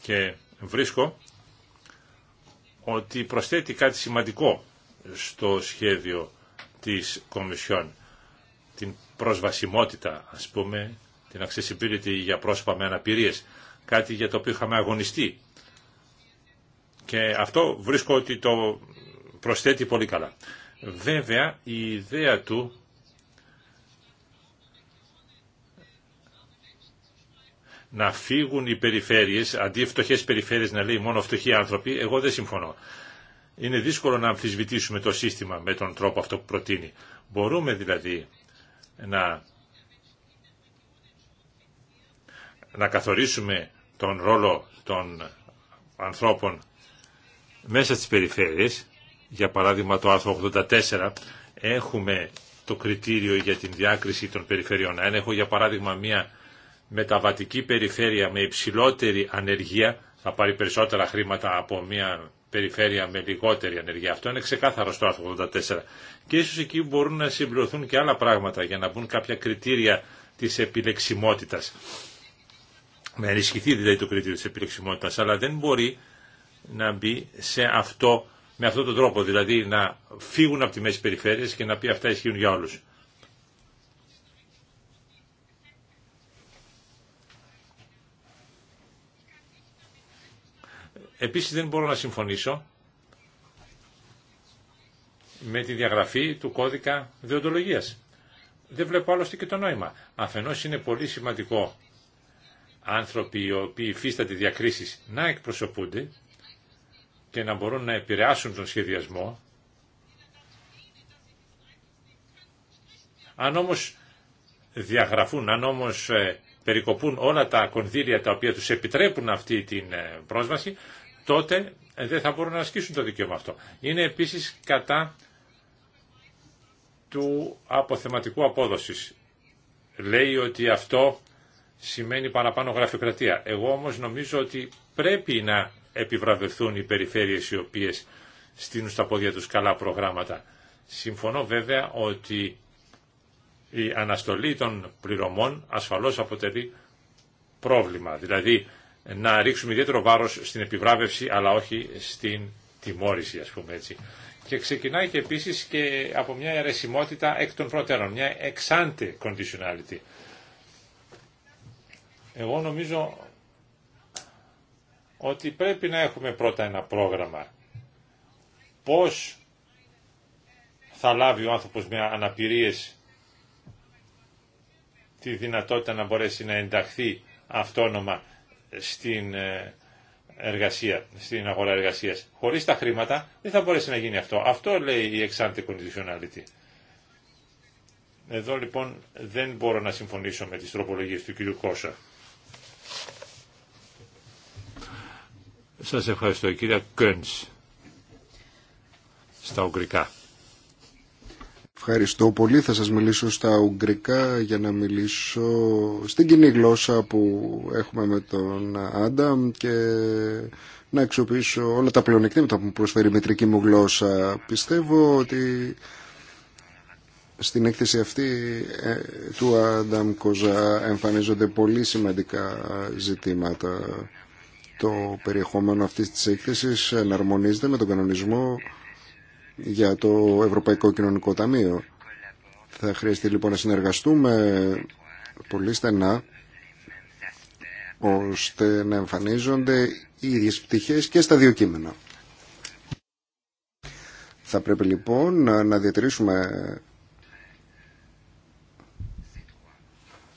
και βρίσκω ότι προσθέτει κάτι σημαντικό στο σχέδιο της Κομισιόν. Την προσβασιμότητα, ας πούμε, την accessibility για πρόσωπα με αναπηρίες, κάτι για το οποίο είχαμε αγωνιστεί και αυτό βρίσκω ότι το προσθέτει πολύ καλά. Βέβαια, η ιδέα του να φύγουν οι περιφέρειες, αντί φτωχές περιφέρειες να λέει μόνο φτωχοί άνθρωποι, εγώ δεν συμφωνώ. Είναι δύσκολο να αμφισβητήσουμε το σύστημα με τον τρόπο αυτό που προτείνει. Μπορούμε δηλαδή να, να καθορίσουμε τον ρόλο των ανθρώπων μέσα στις περιφέρειες, για παράδειγμα το άρθρο 84, έχουμε το κριτήριο για την διάκριση των περιφερειών. Αν έχω για παράδειγμα μια μεταβατική περιφέρεια με υψηλότερη ανεργία, θα πάρει περισσότερα χρήματα από μια περιφέρεια με λιγότερη ανεργία. Αυτό είναι ξεκάθαρο στο άρθρο 84. Και ίσως εκεί μπορούν να συμπληρωθούν και άλλα πράγματα για να μπουν κάποια κριτήρια της επιλεξιμότητας. Με ενισχυθεί δηλαδή το κριτήριο της επιλεξιμότητας, αλλά δεν μπορεί να μπει σε αυτό, με αυτόν τον τρόπο, δηλαδή να φύγουν από τη μέση περιφέρειες και να πει αυτά ισχύουν για όλους. Επίσης δεν μπορώ να συμφωνήσω με τη διαγραφή του κώδικα διοντολογίας. Δεν βλέπω άλλωστε και το νόημα. Αφενός είναι πολύ σημαντικό άνθρωποι οι οποίοι υφίστανται διακρίσεις να εκπροσωπούνται και να μπορούν να επηρεάσουν τον σχεδιασμό. Αν όμως διαγραφούν, αν όμως ε, περικοπούν όλα τα κονδύλια τα οποία τους επιτρέπουν αυτή την ε, πρόσβαση, τότε ε, δεν θα μπορούν να ασκήσουν το δικαίωμα αυτό. Είναι επίσης κατά του αποθεματικού απόδοσης. Λέει ότι αυτό σημαίνει παραπάνω γραφειοκρατία. Εγώ όμως νομίζω ότι πρέπει να επιβραβευθούν οι περιφέρειες οι οποίες στείνουν στα πόδια τους καλά προγράμματα. Συμφωνώ βέβαια ότι η αναστολή των πληρωμών ασφαλώς αποτελεί πρόβλημα. Δηλαδή να ρίξουμε ιδιαίτερο βάρος στην επιβράβευση αλλά όχι στην τιμώρηση ας πούμε έτσι. Και ξεκινάει και επίσης και από μια αιρεσιμότητα εκ των προτέρων, μια εξάντε conditionality. Εγώ νομίζω ότι πρέπει να έχουμε πρώτα ένα πρόγραμμα. Πώς θα λάβει ο άνθρωπος με αναπηρίες τη δυνατότητα να μπορέσει να ενταχθεί αυτόνομα στην ε, εργασία, στην αγορά εργασίας. Χωρίς τα χρήματα δεν θα μπορέσει να γίνει αυτό. Αυτό λέει η εξάντη conditionality. Εδώ λοιπόν δεν μπορώ να συμφωνήσω με τις τροπολογίες του κ. Κόσα. Σας ευχαριστώ κύριε Κέντς στα Ουγγρικά. Ευχαριστώ πολύ. Θα σας μιλήσω στα Ουγγρικά για να μιλήσω στην κοινή γλώσσα που έχουμε με τον Άνταμ και να αξιοποιήσω όλα τα πλεονεκτήματα που μου προσφέρει η μετρική μου γλώσσα. Πιστεύω ότι στην έκθεση αυτή ε, του Άνταμ Κοζά εμφανίζονται πολύ σημαντικά ζητήματα το περιεχόμενο αυτής της έκθεσης εναρμονίζεται με τον κανονισμό για το Ευρωπαϊκό Κοινωνικό Ταμείο. Θα χρειαστεί λοιπόν να συνεργαστούμε πολύ στενά ώστε να εμφανίζονται οι ίδιες πτυχές και στα δύο κείμενα. Θα πρέπει λοιπόν να διατηρήσουμε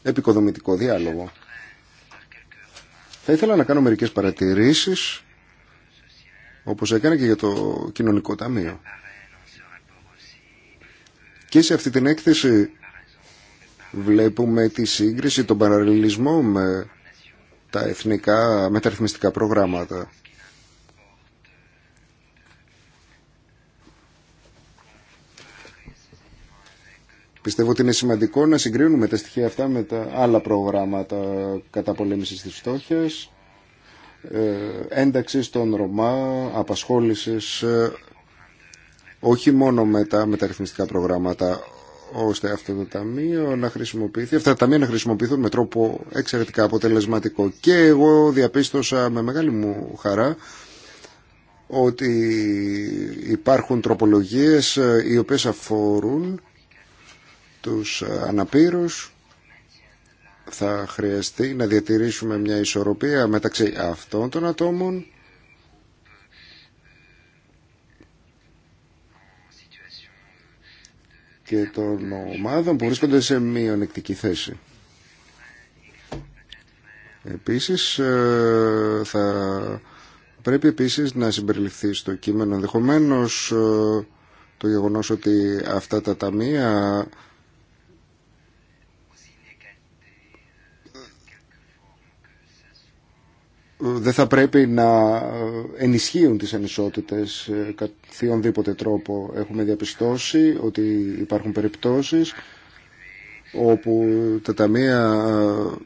επικοδομητικό διάλογο. Θα ήθελα να κάνω μερικές παρατηρήσεις, όπως έκανε και για το κοινωνικό ταμείο. Και σε αυτή την έκθεση βλέπουμε τη σύγκριση, τον παραλληλισμό με τα εθνικά μεταρρυθμιστικά προγράμματα Πιστεύω ότι είναι σημαντικό να συγκρίνουμε τα στοιχεία αυτά με τα άλλα προγράμματα καταπολέμησης της φτώχειας, ε, ένταξης των Ρωμά, απασχόλησης, ε, όχι μόνο με τα μεταρρυθμιστικά προγράμματα, ώστε αυτό το ταμείο να χρησιμοποιηθεί, αυτά τα ταμεία να χρησιμοποιηθούν με τρόπο εξαιρετικά αποτελεσματικό. Και εγώ διαπίστωσα με μεγάλη μου χαρά ότι υπάρχουν τροπολογίες ε, οι οποίες αφορούν τους ε, αναπήρους θα χρειαστεί να διατηρήσουμε μια ισορροπία μεταξύ αυτών των ατόμων και των ομάδων που βρίσκονται σε μειονεκτική θέση. Επίσης ε, θα πρέπει επίσης να συμπεριληφθεί στο κείμενο ενδεχομένω ε, το γεγονός ότι αυτά τα ταμεία δεν θα πρέπει να ενισχύουν τις ανισότητες ε, καθιονδήποτε τρόπο. Έχουμε διαπιστώσει ότι υπάρχουν περιπτώσεις όπου τα ταμεία ε,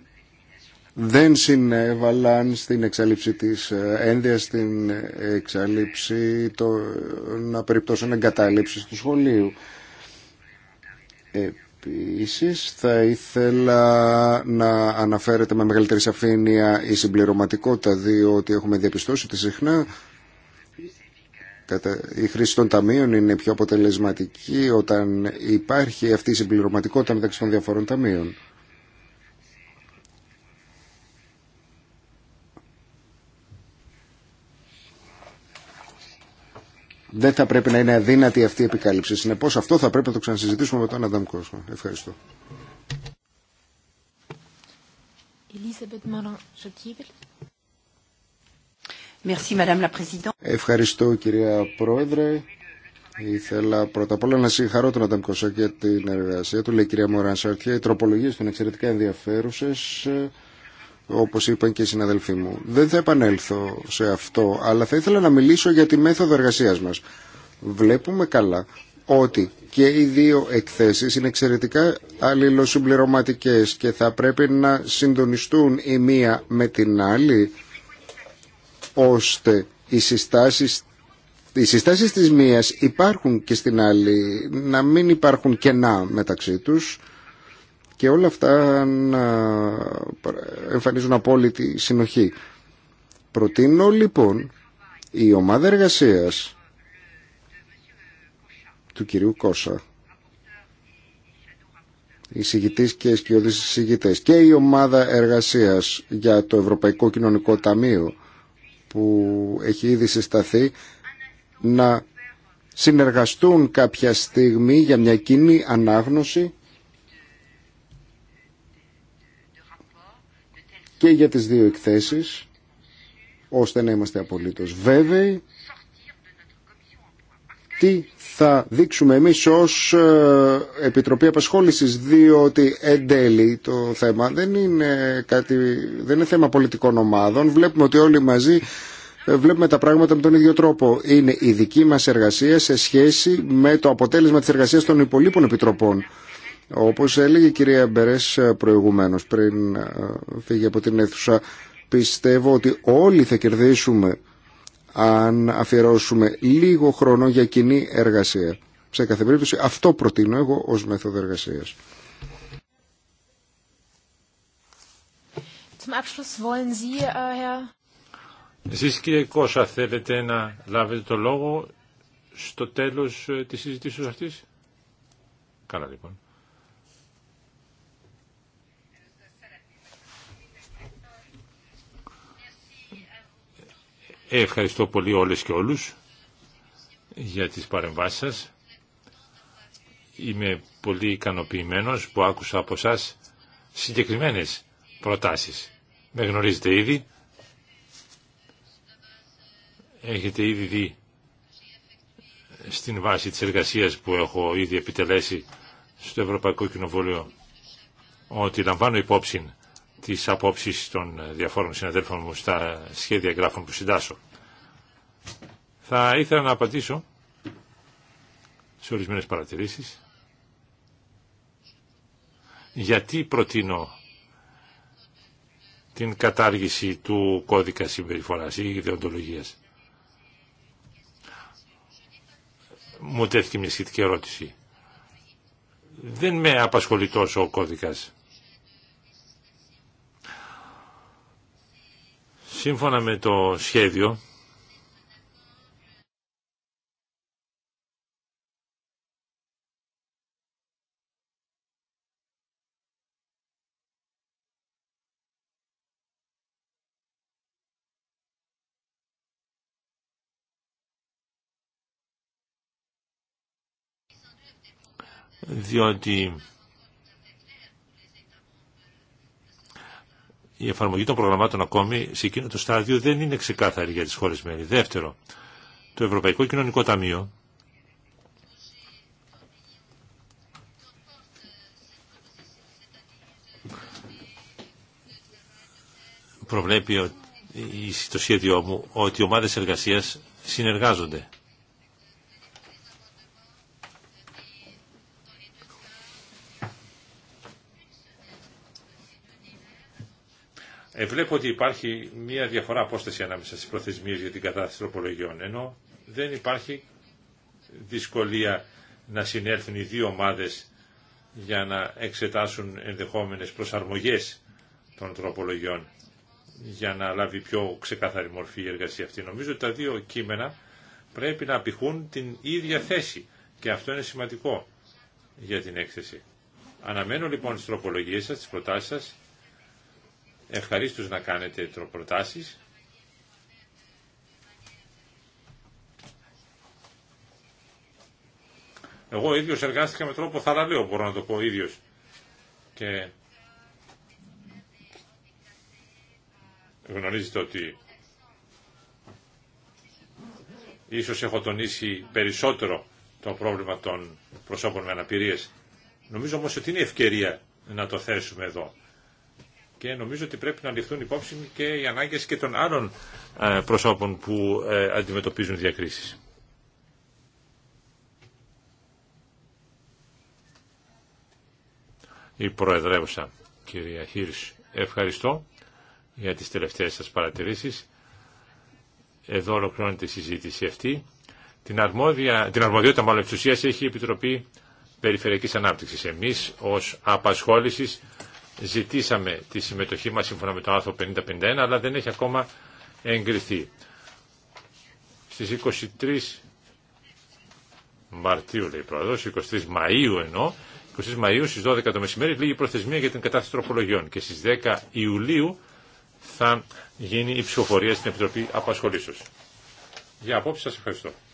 δεν συνέβαλαν στην εξάλληψη της ε, ένδυας, στην εξάλληψη των περιπτώσεων εγκατάλειψης του σχολείου. Επίσης θα ήθελα να αναφέρεται με μεγαλύτερη σαφήνεια η συμπληρωματικότητα διότι έχουμε διαπιστώσει ότι συχνά η χρήση των ταμείων είναι πιο αποτελεσματική όταν υπάρχει αυτή η συμπληρωματικότητα μεταξύ των διαφορών ταμείων. δεν θα πρέπει να είναι αδύνατη αυτή η επικάλυψη. Συνεπώ αυτό θα πρέπει να το ξανασυζητήσουμε με τον Αντάμ Κόσμο. Ευχαριστώ. Ευχαριστώ κυρία Πρόεδρε. Ήθελα πρώτα απ' όλα να συγχαρώ τον Αντάμ Κωσάκη για την εργασία του. Λέει κυρία Μωράν Σαρτιέ, οι τροπολογίε του είναι εξαιρετικά ενδιαφέρουσε όπως είπαν και οι συναδελφοί μου. Δεν θα επανέλθω σε αυτό, αλλά θα ήθελα να μιλήσω για τη μέθοδο εργασίας μας. Βλέπουμε καλά ότι και οι δύο εκθέσεις είναι εξαιρετικά αλληλοσυμπληρωματικές και θα πρέπει να συντονιστούν η μία με την άλλη, ώστε οι συστάσεις οι συστάσεις της μίας υπάρχουν και στην άλλη, να μην υπάρχουν κενά μεταξύ τους και όλα αυτά να εμφανίζουν απόλυτη συνοχή. Προτείνω λοιπόν η ομάδα εργασίας του κυρίου Κόσα, οι συγητής και σκιώδεις συγητές και η ομάδα εργασίας για το Ευρωπαϊκό Κοινωνικό Ταμείο που έχει ήδη συσταθεί να συνεργαστούν κάποια στιγμή για μια κοινή ανάγνωση και για τις δύο εκθέσεις, ώστε να είμαστε απολύτως βέβαιοι τι θα δείξουμε εμείς ως ε, Επιτροπή Απασχόλησης, διότι εν τέλει το θέμα δεν είναι, κάτι, δεν είναι θέμα πολιτικών ομάδων. Βλέπουμε ότι όλοι μαζί ε, βλέπουμε τα πράγματα με τον ίδιο τρόπο. Είναι η δική μας εργασία σε σχέση με το αποτέλεσμα της εργασίας των υπολείπων επιτροπών. Όπως έλεγε η κυρία Μπερές ε, προηγουμένως πριν ε, φύγει από την αίθουσα, πιστεύω ότι όλοι θα κερδίσουμε αν αφιερώσουμε λίγο χρόνο για κοινή εργασία. Σε κάθε περίπτωση αυτό προτείνω εγώ ως μέθοδο εργασίας. Äh, Εσείς κύριε Κώσσα θέλετε να λάβετε το λόγο στο τέλος ε, της συζητήσεως αυτής. Καλά λοιπόν. Ευχαριστώ πολύ όλες και όλους για τις παρεμβάσεις σας. Είμαι πολύ ικανοποιημένος που άκουσα από εσά συγκεκριμένες προτάσεις. Με γνωρίζετε ήδη. Έχετε ήδη δει στην βάση της εργασίας που έχω ήδη επιτελέσει στο Ευρωπαϊκό Κοινοβούλιο ότι λαμβάνω υπόψη τις απόψεις των διαφόρων συναδέλφων μου στα σχέδια γράφων που συντάσσω. Θα ήθελα να απαντήσω σε ορισμένες παρατηρήσεις. Γιατί προτείνω την κατάργηση του κώδικα συμπεριφοράς ή ιδεοντολογίας. Μου τέθηκε μια σχετική ερώτηση. Δεν με απασχολεί τόσο ο κώδικας. Σύμφωνα με το σχέδιο, διότι η εφαρμογή των προγραμμάτων ακόμη σε εκείνο το στάδιο δεν είναι ξεκάθαρη για τις χώρες μέλη. Δεύτερο, το Ευρωπαϊκό Κοινωνικό Ταμείο προβλέπει το σχέδιό μου ότι οι ομάδες εργασίας συνεργάζονται. Ε, βλέπω ότι υπάρχει μια διαφορά απόσταση ανάμεσα στις προθεσμίες για την κατάσταση τροπολογιών, ενώ δεν υπάρχει δυσκολία να συνέλθουν οι δύο ομάδες για να εξετάσουν ενδεχόμενες προσαρμογές των τροπολογιών για να λάβει πιο ξεκάθαρη μορφή η εργασία αυτή. Νομίζω ότι τα δύο κείμενα πρέπει να απηχούν την ίδια θέση και αυτό είναι σημαντικό για την έκθεση. Αναμένω λοιπόν τις τροπολογίες σας, τις προτάσεις σας Ευχαρίστως να κάνετε προτάσεις. Εγώ ίδιος εργάστηκα με τρόπο θαραλέο, μπορώ να το πω ίδιος. Και γνωρίζετε ότι ίσως έχω τονίσει περισσότερο το πρόβλημα των προσώπων με αναπηρίες. Νομίζω όμως ότι είναι ευκαιρία να το θέσουμε εδώ και νομίζω ότι πρέπει να ληφθούν υπόψη και οι ανάγκες και των άλλων ε, προσώπων που ε, αντιμετωπίζουν διακρίσεις. Η Προεδρεύουσα, κυρία Χίρς, ευχαριστώ για τις τελευταίες σας παρατηρήσεις. Εδώ ολοκληρώνεται η συζήτηση αυτή. Την, αρμόδια, την αρμοδιότητα μάλλον εξουσίας έχει η Επιτροπή Περιφερειακής Ανάπτυξης. Εμείς ως απασχόλησης ζητήσαμε τη συμμετοχή μας σύμφωνα με το άρθρο 5051 αλλά δεν έχει ακόμα εγκριθεί. Στις 23 Μαρτίου λέει πρόεδρος, 23 Μαΐου ενώ, 23 Μαΐου στις 12 το μεσημέρι λίγη προθεσμία για την κατάσταση τροπολογιών και στις 10 Ιουλίου θα γίνει η ψηφοφορία στην Επιτροπή Απασχολήσεως. Για απόψη σας ευχαριστώ.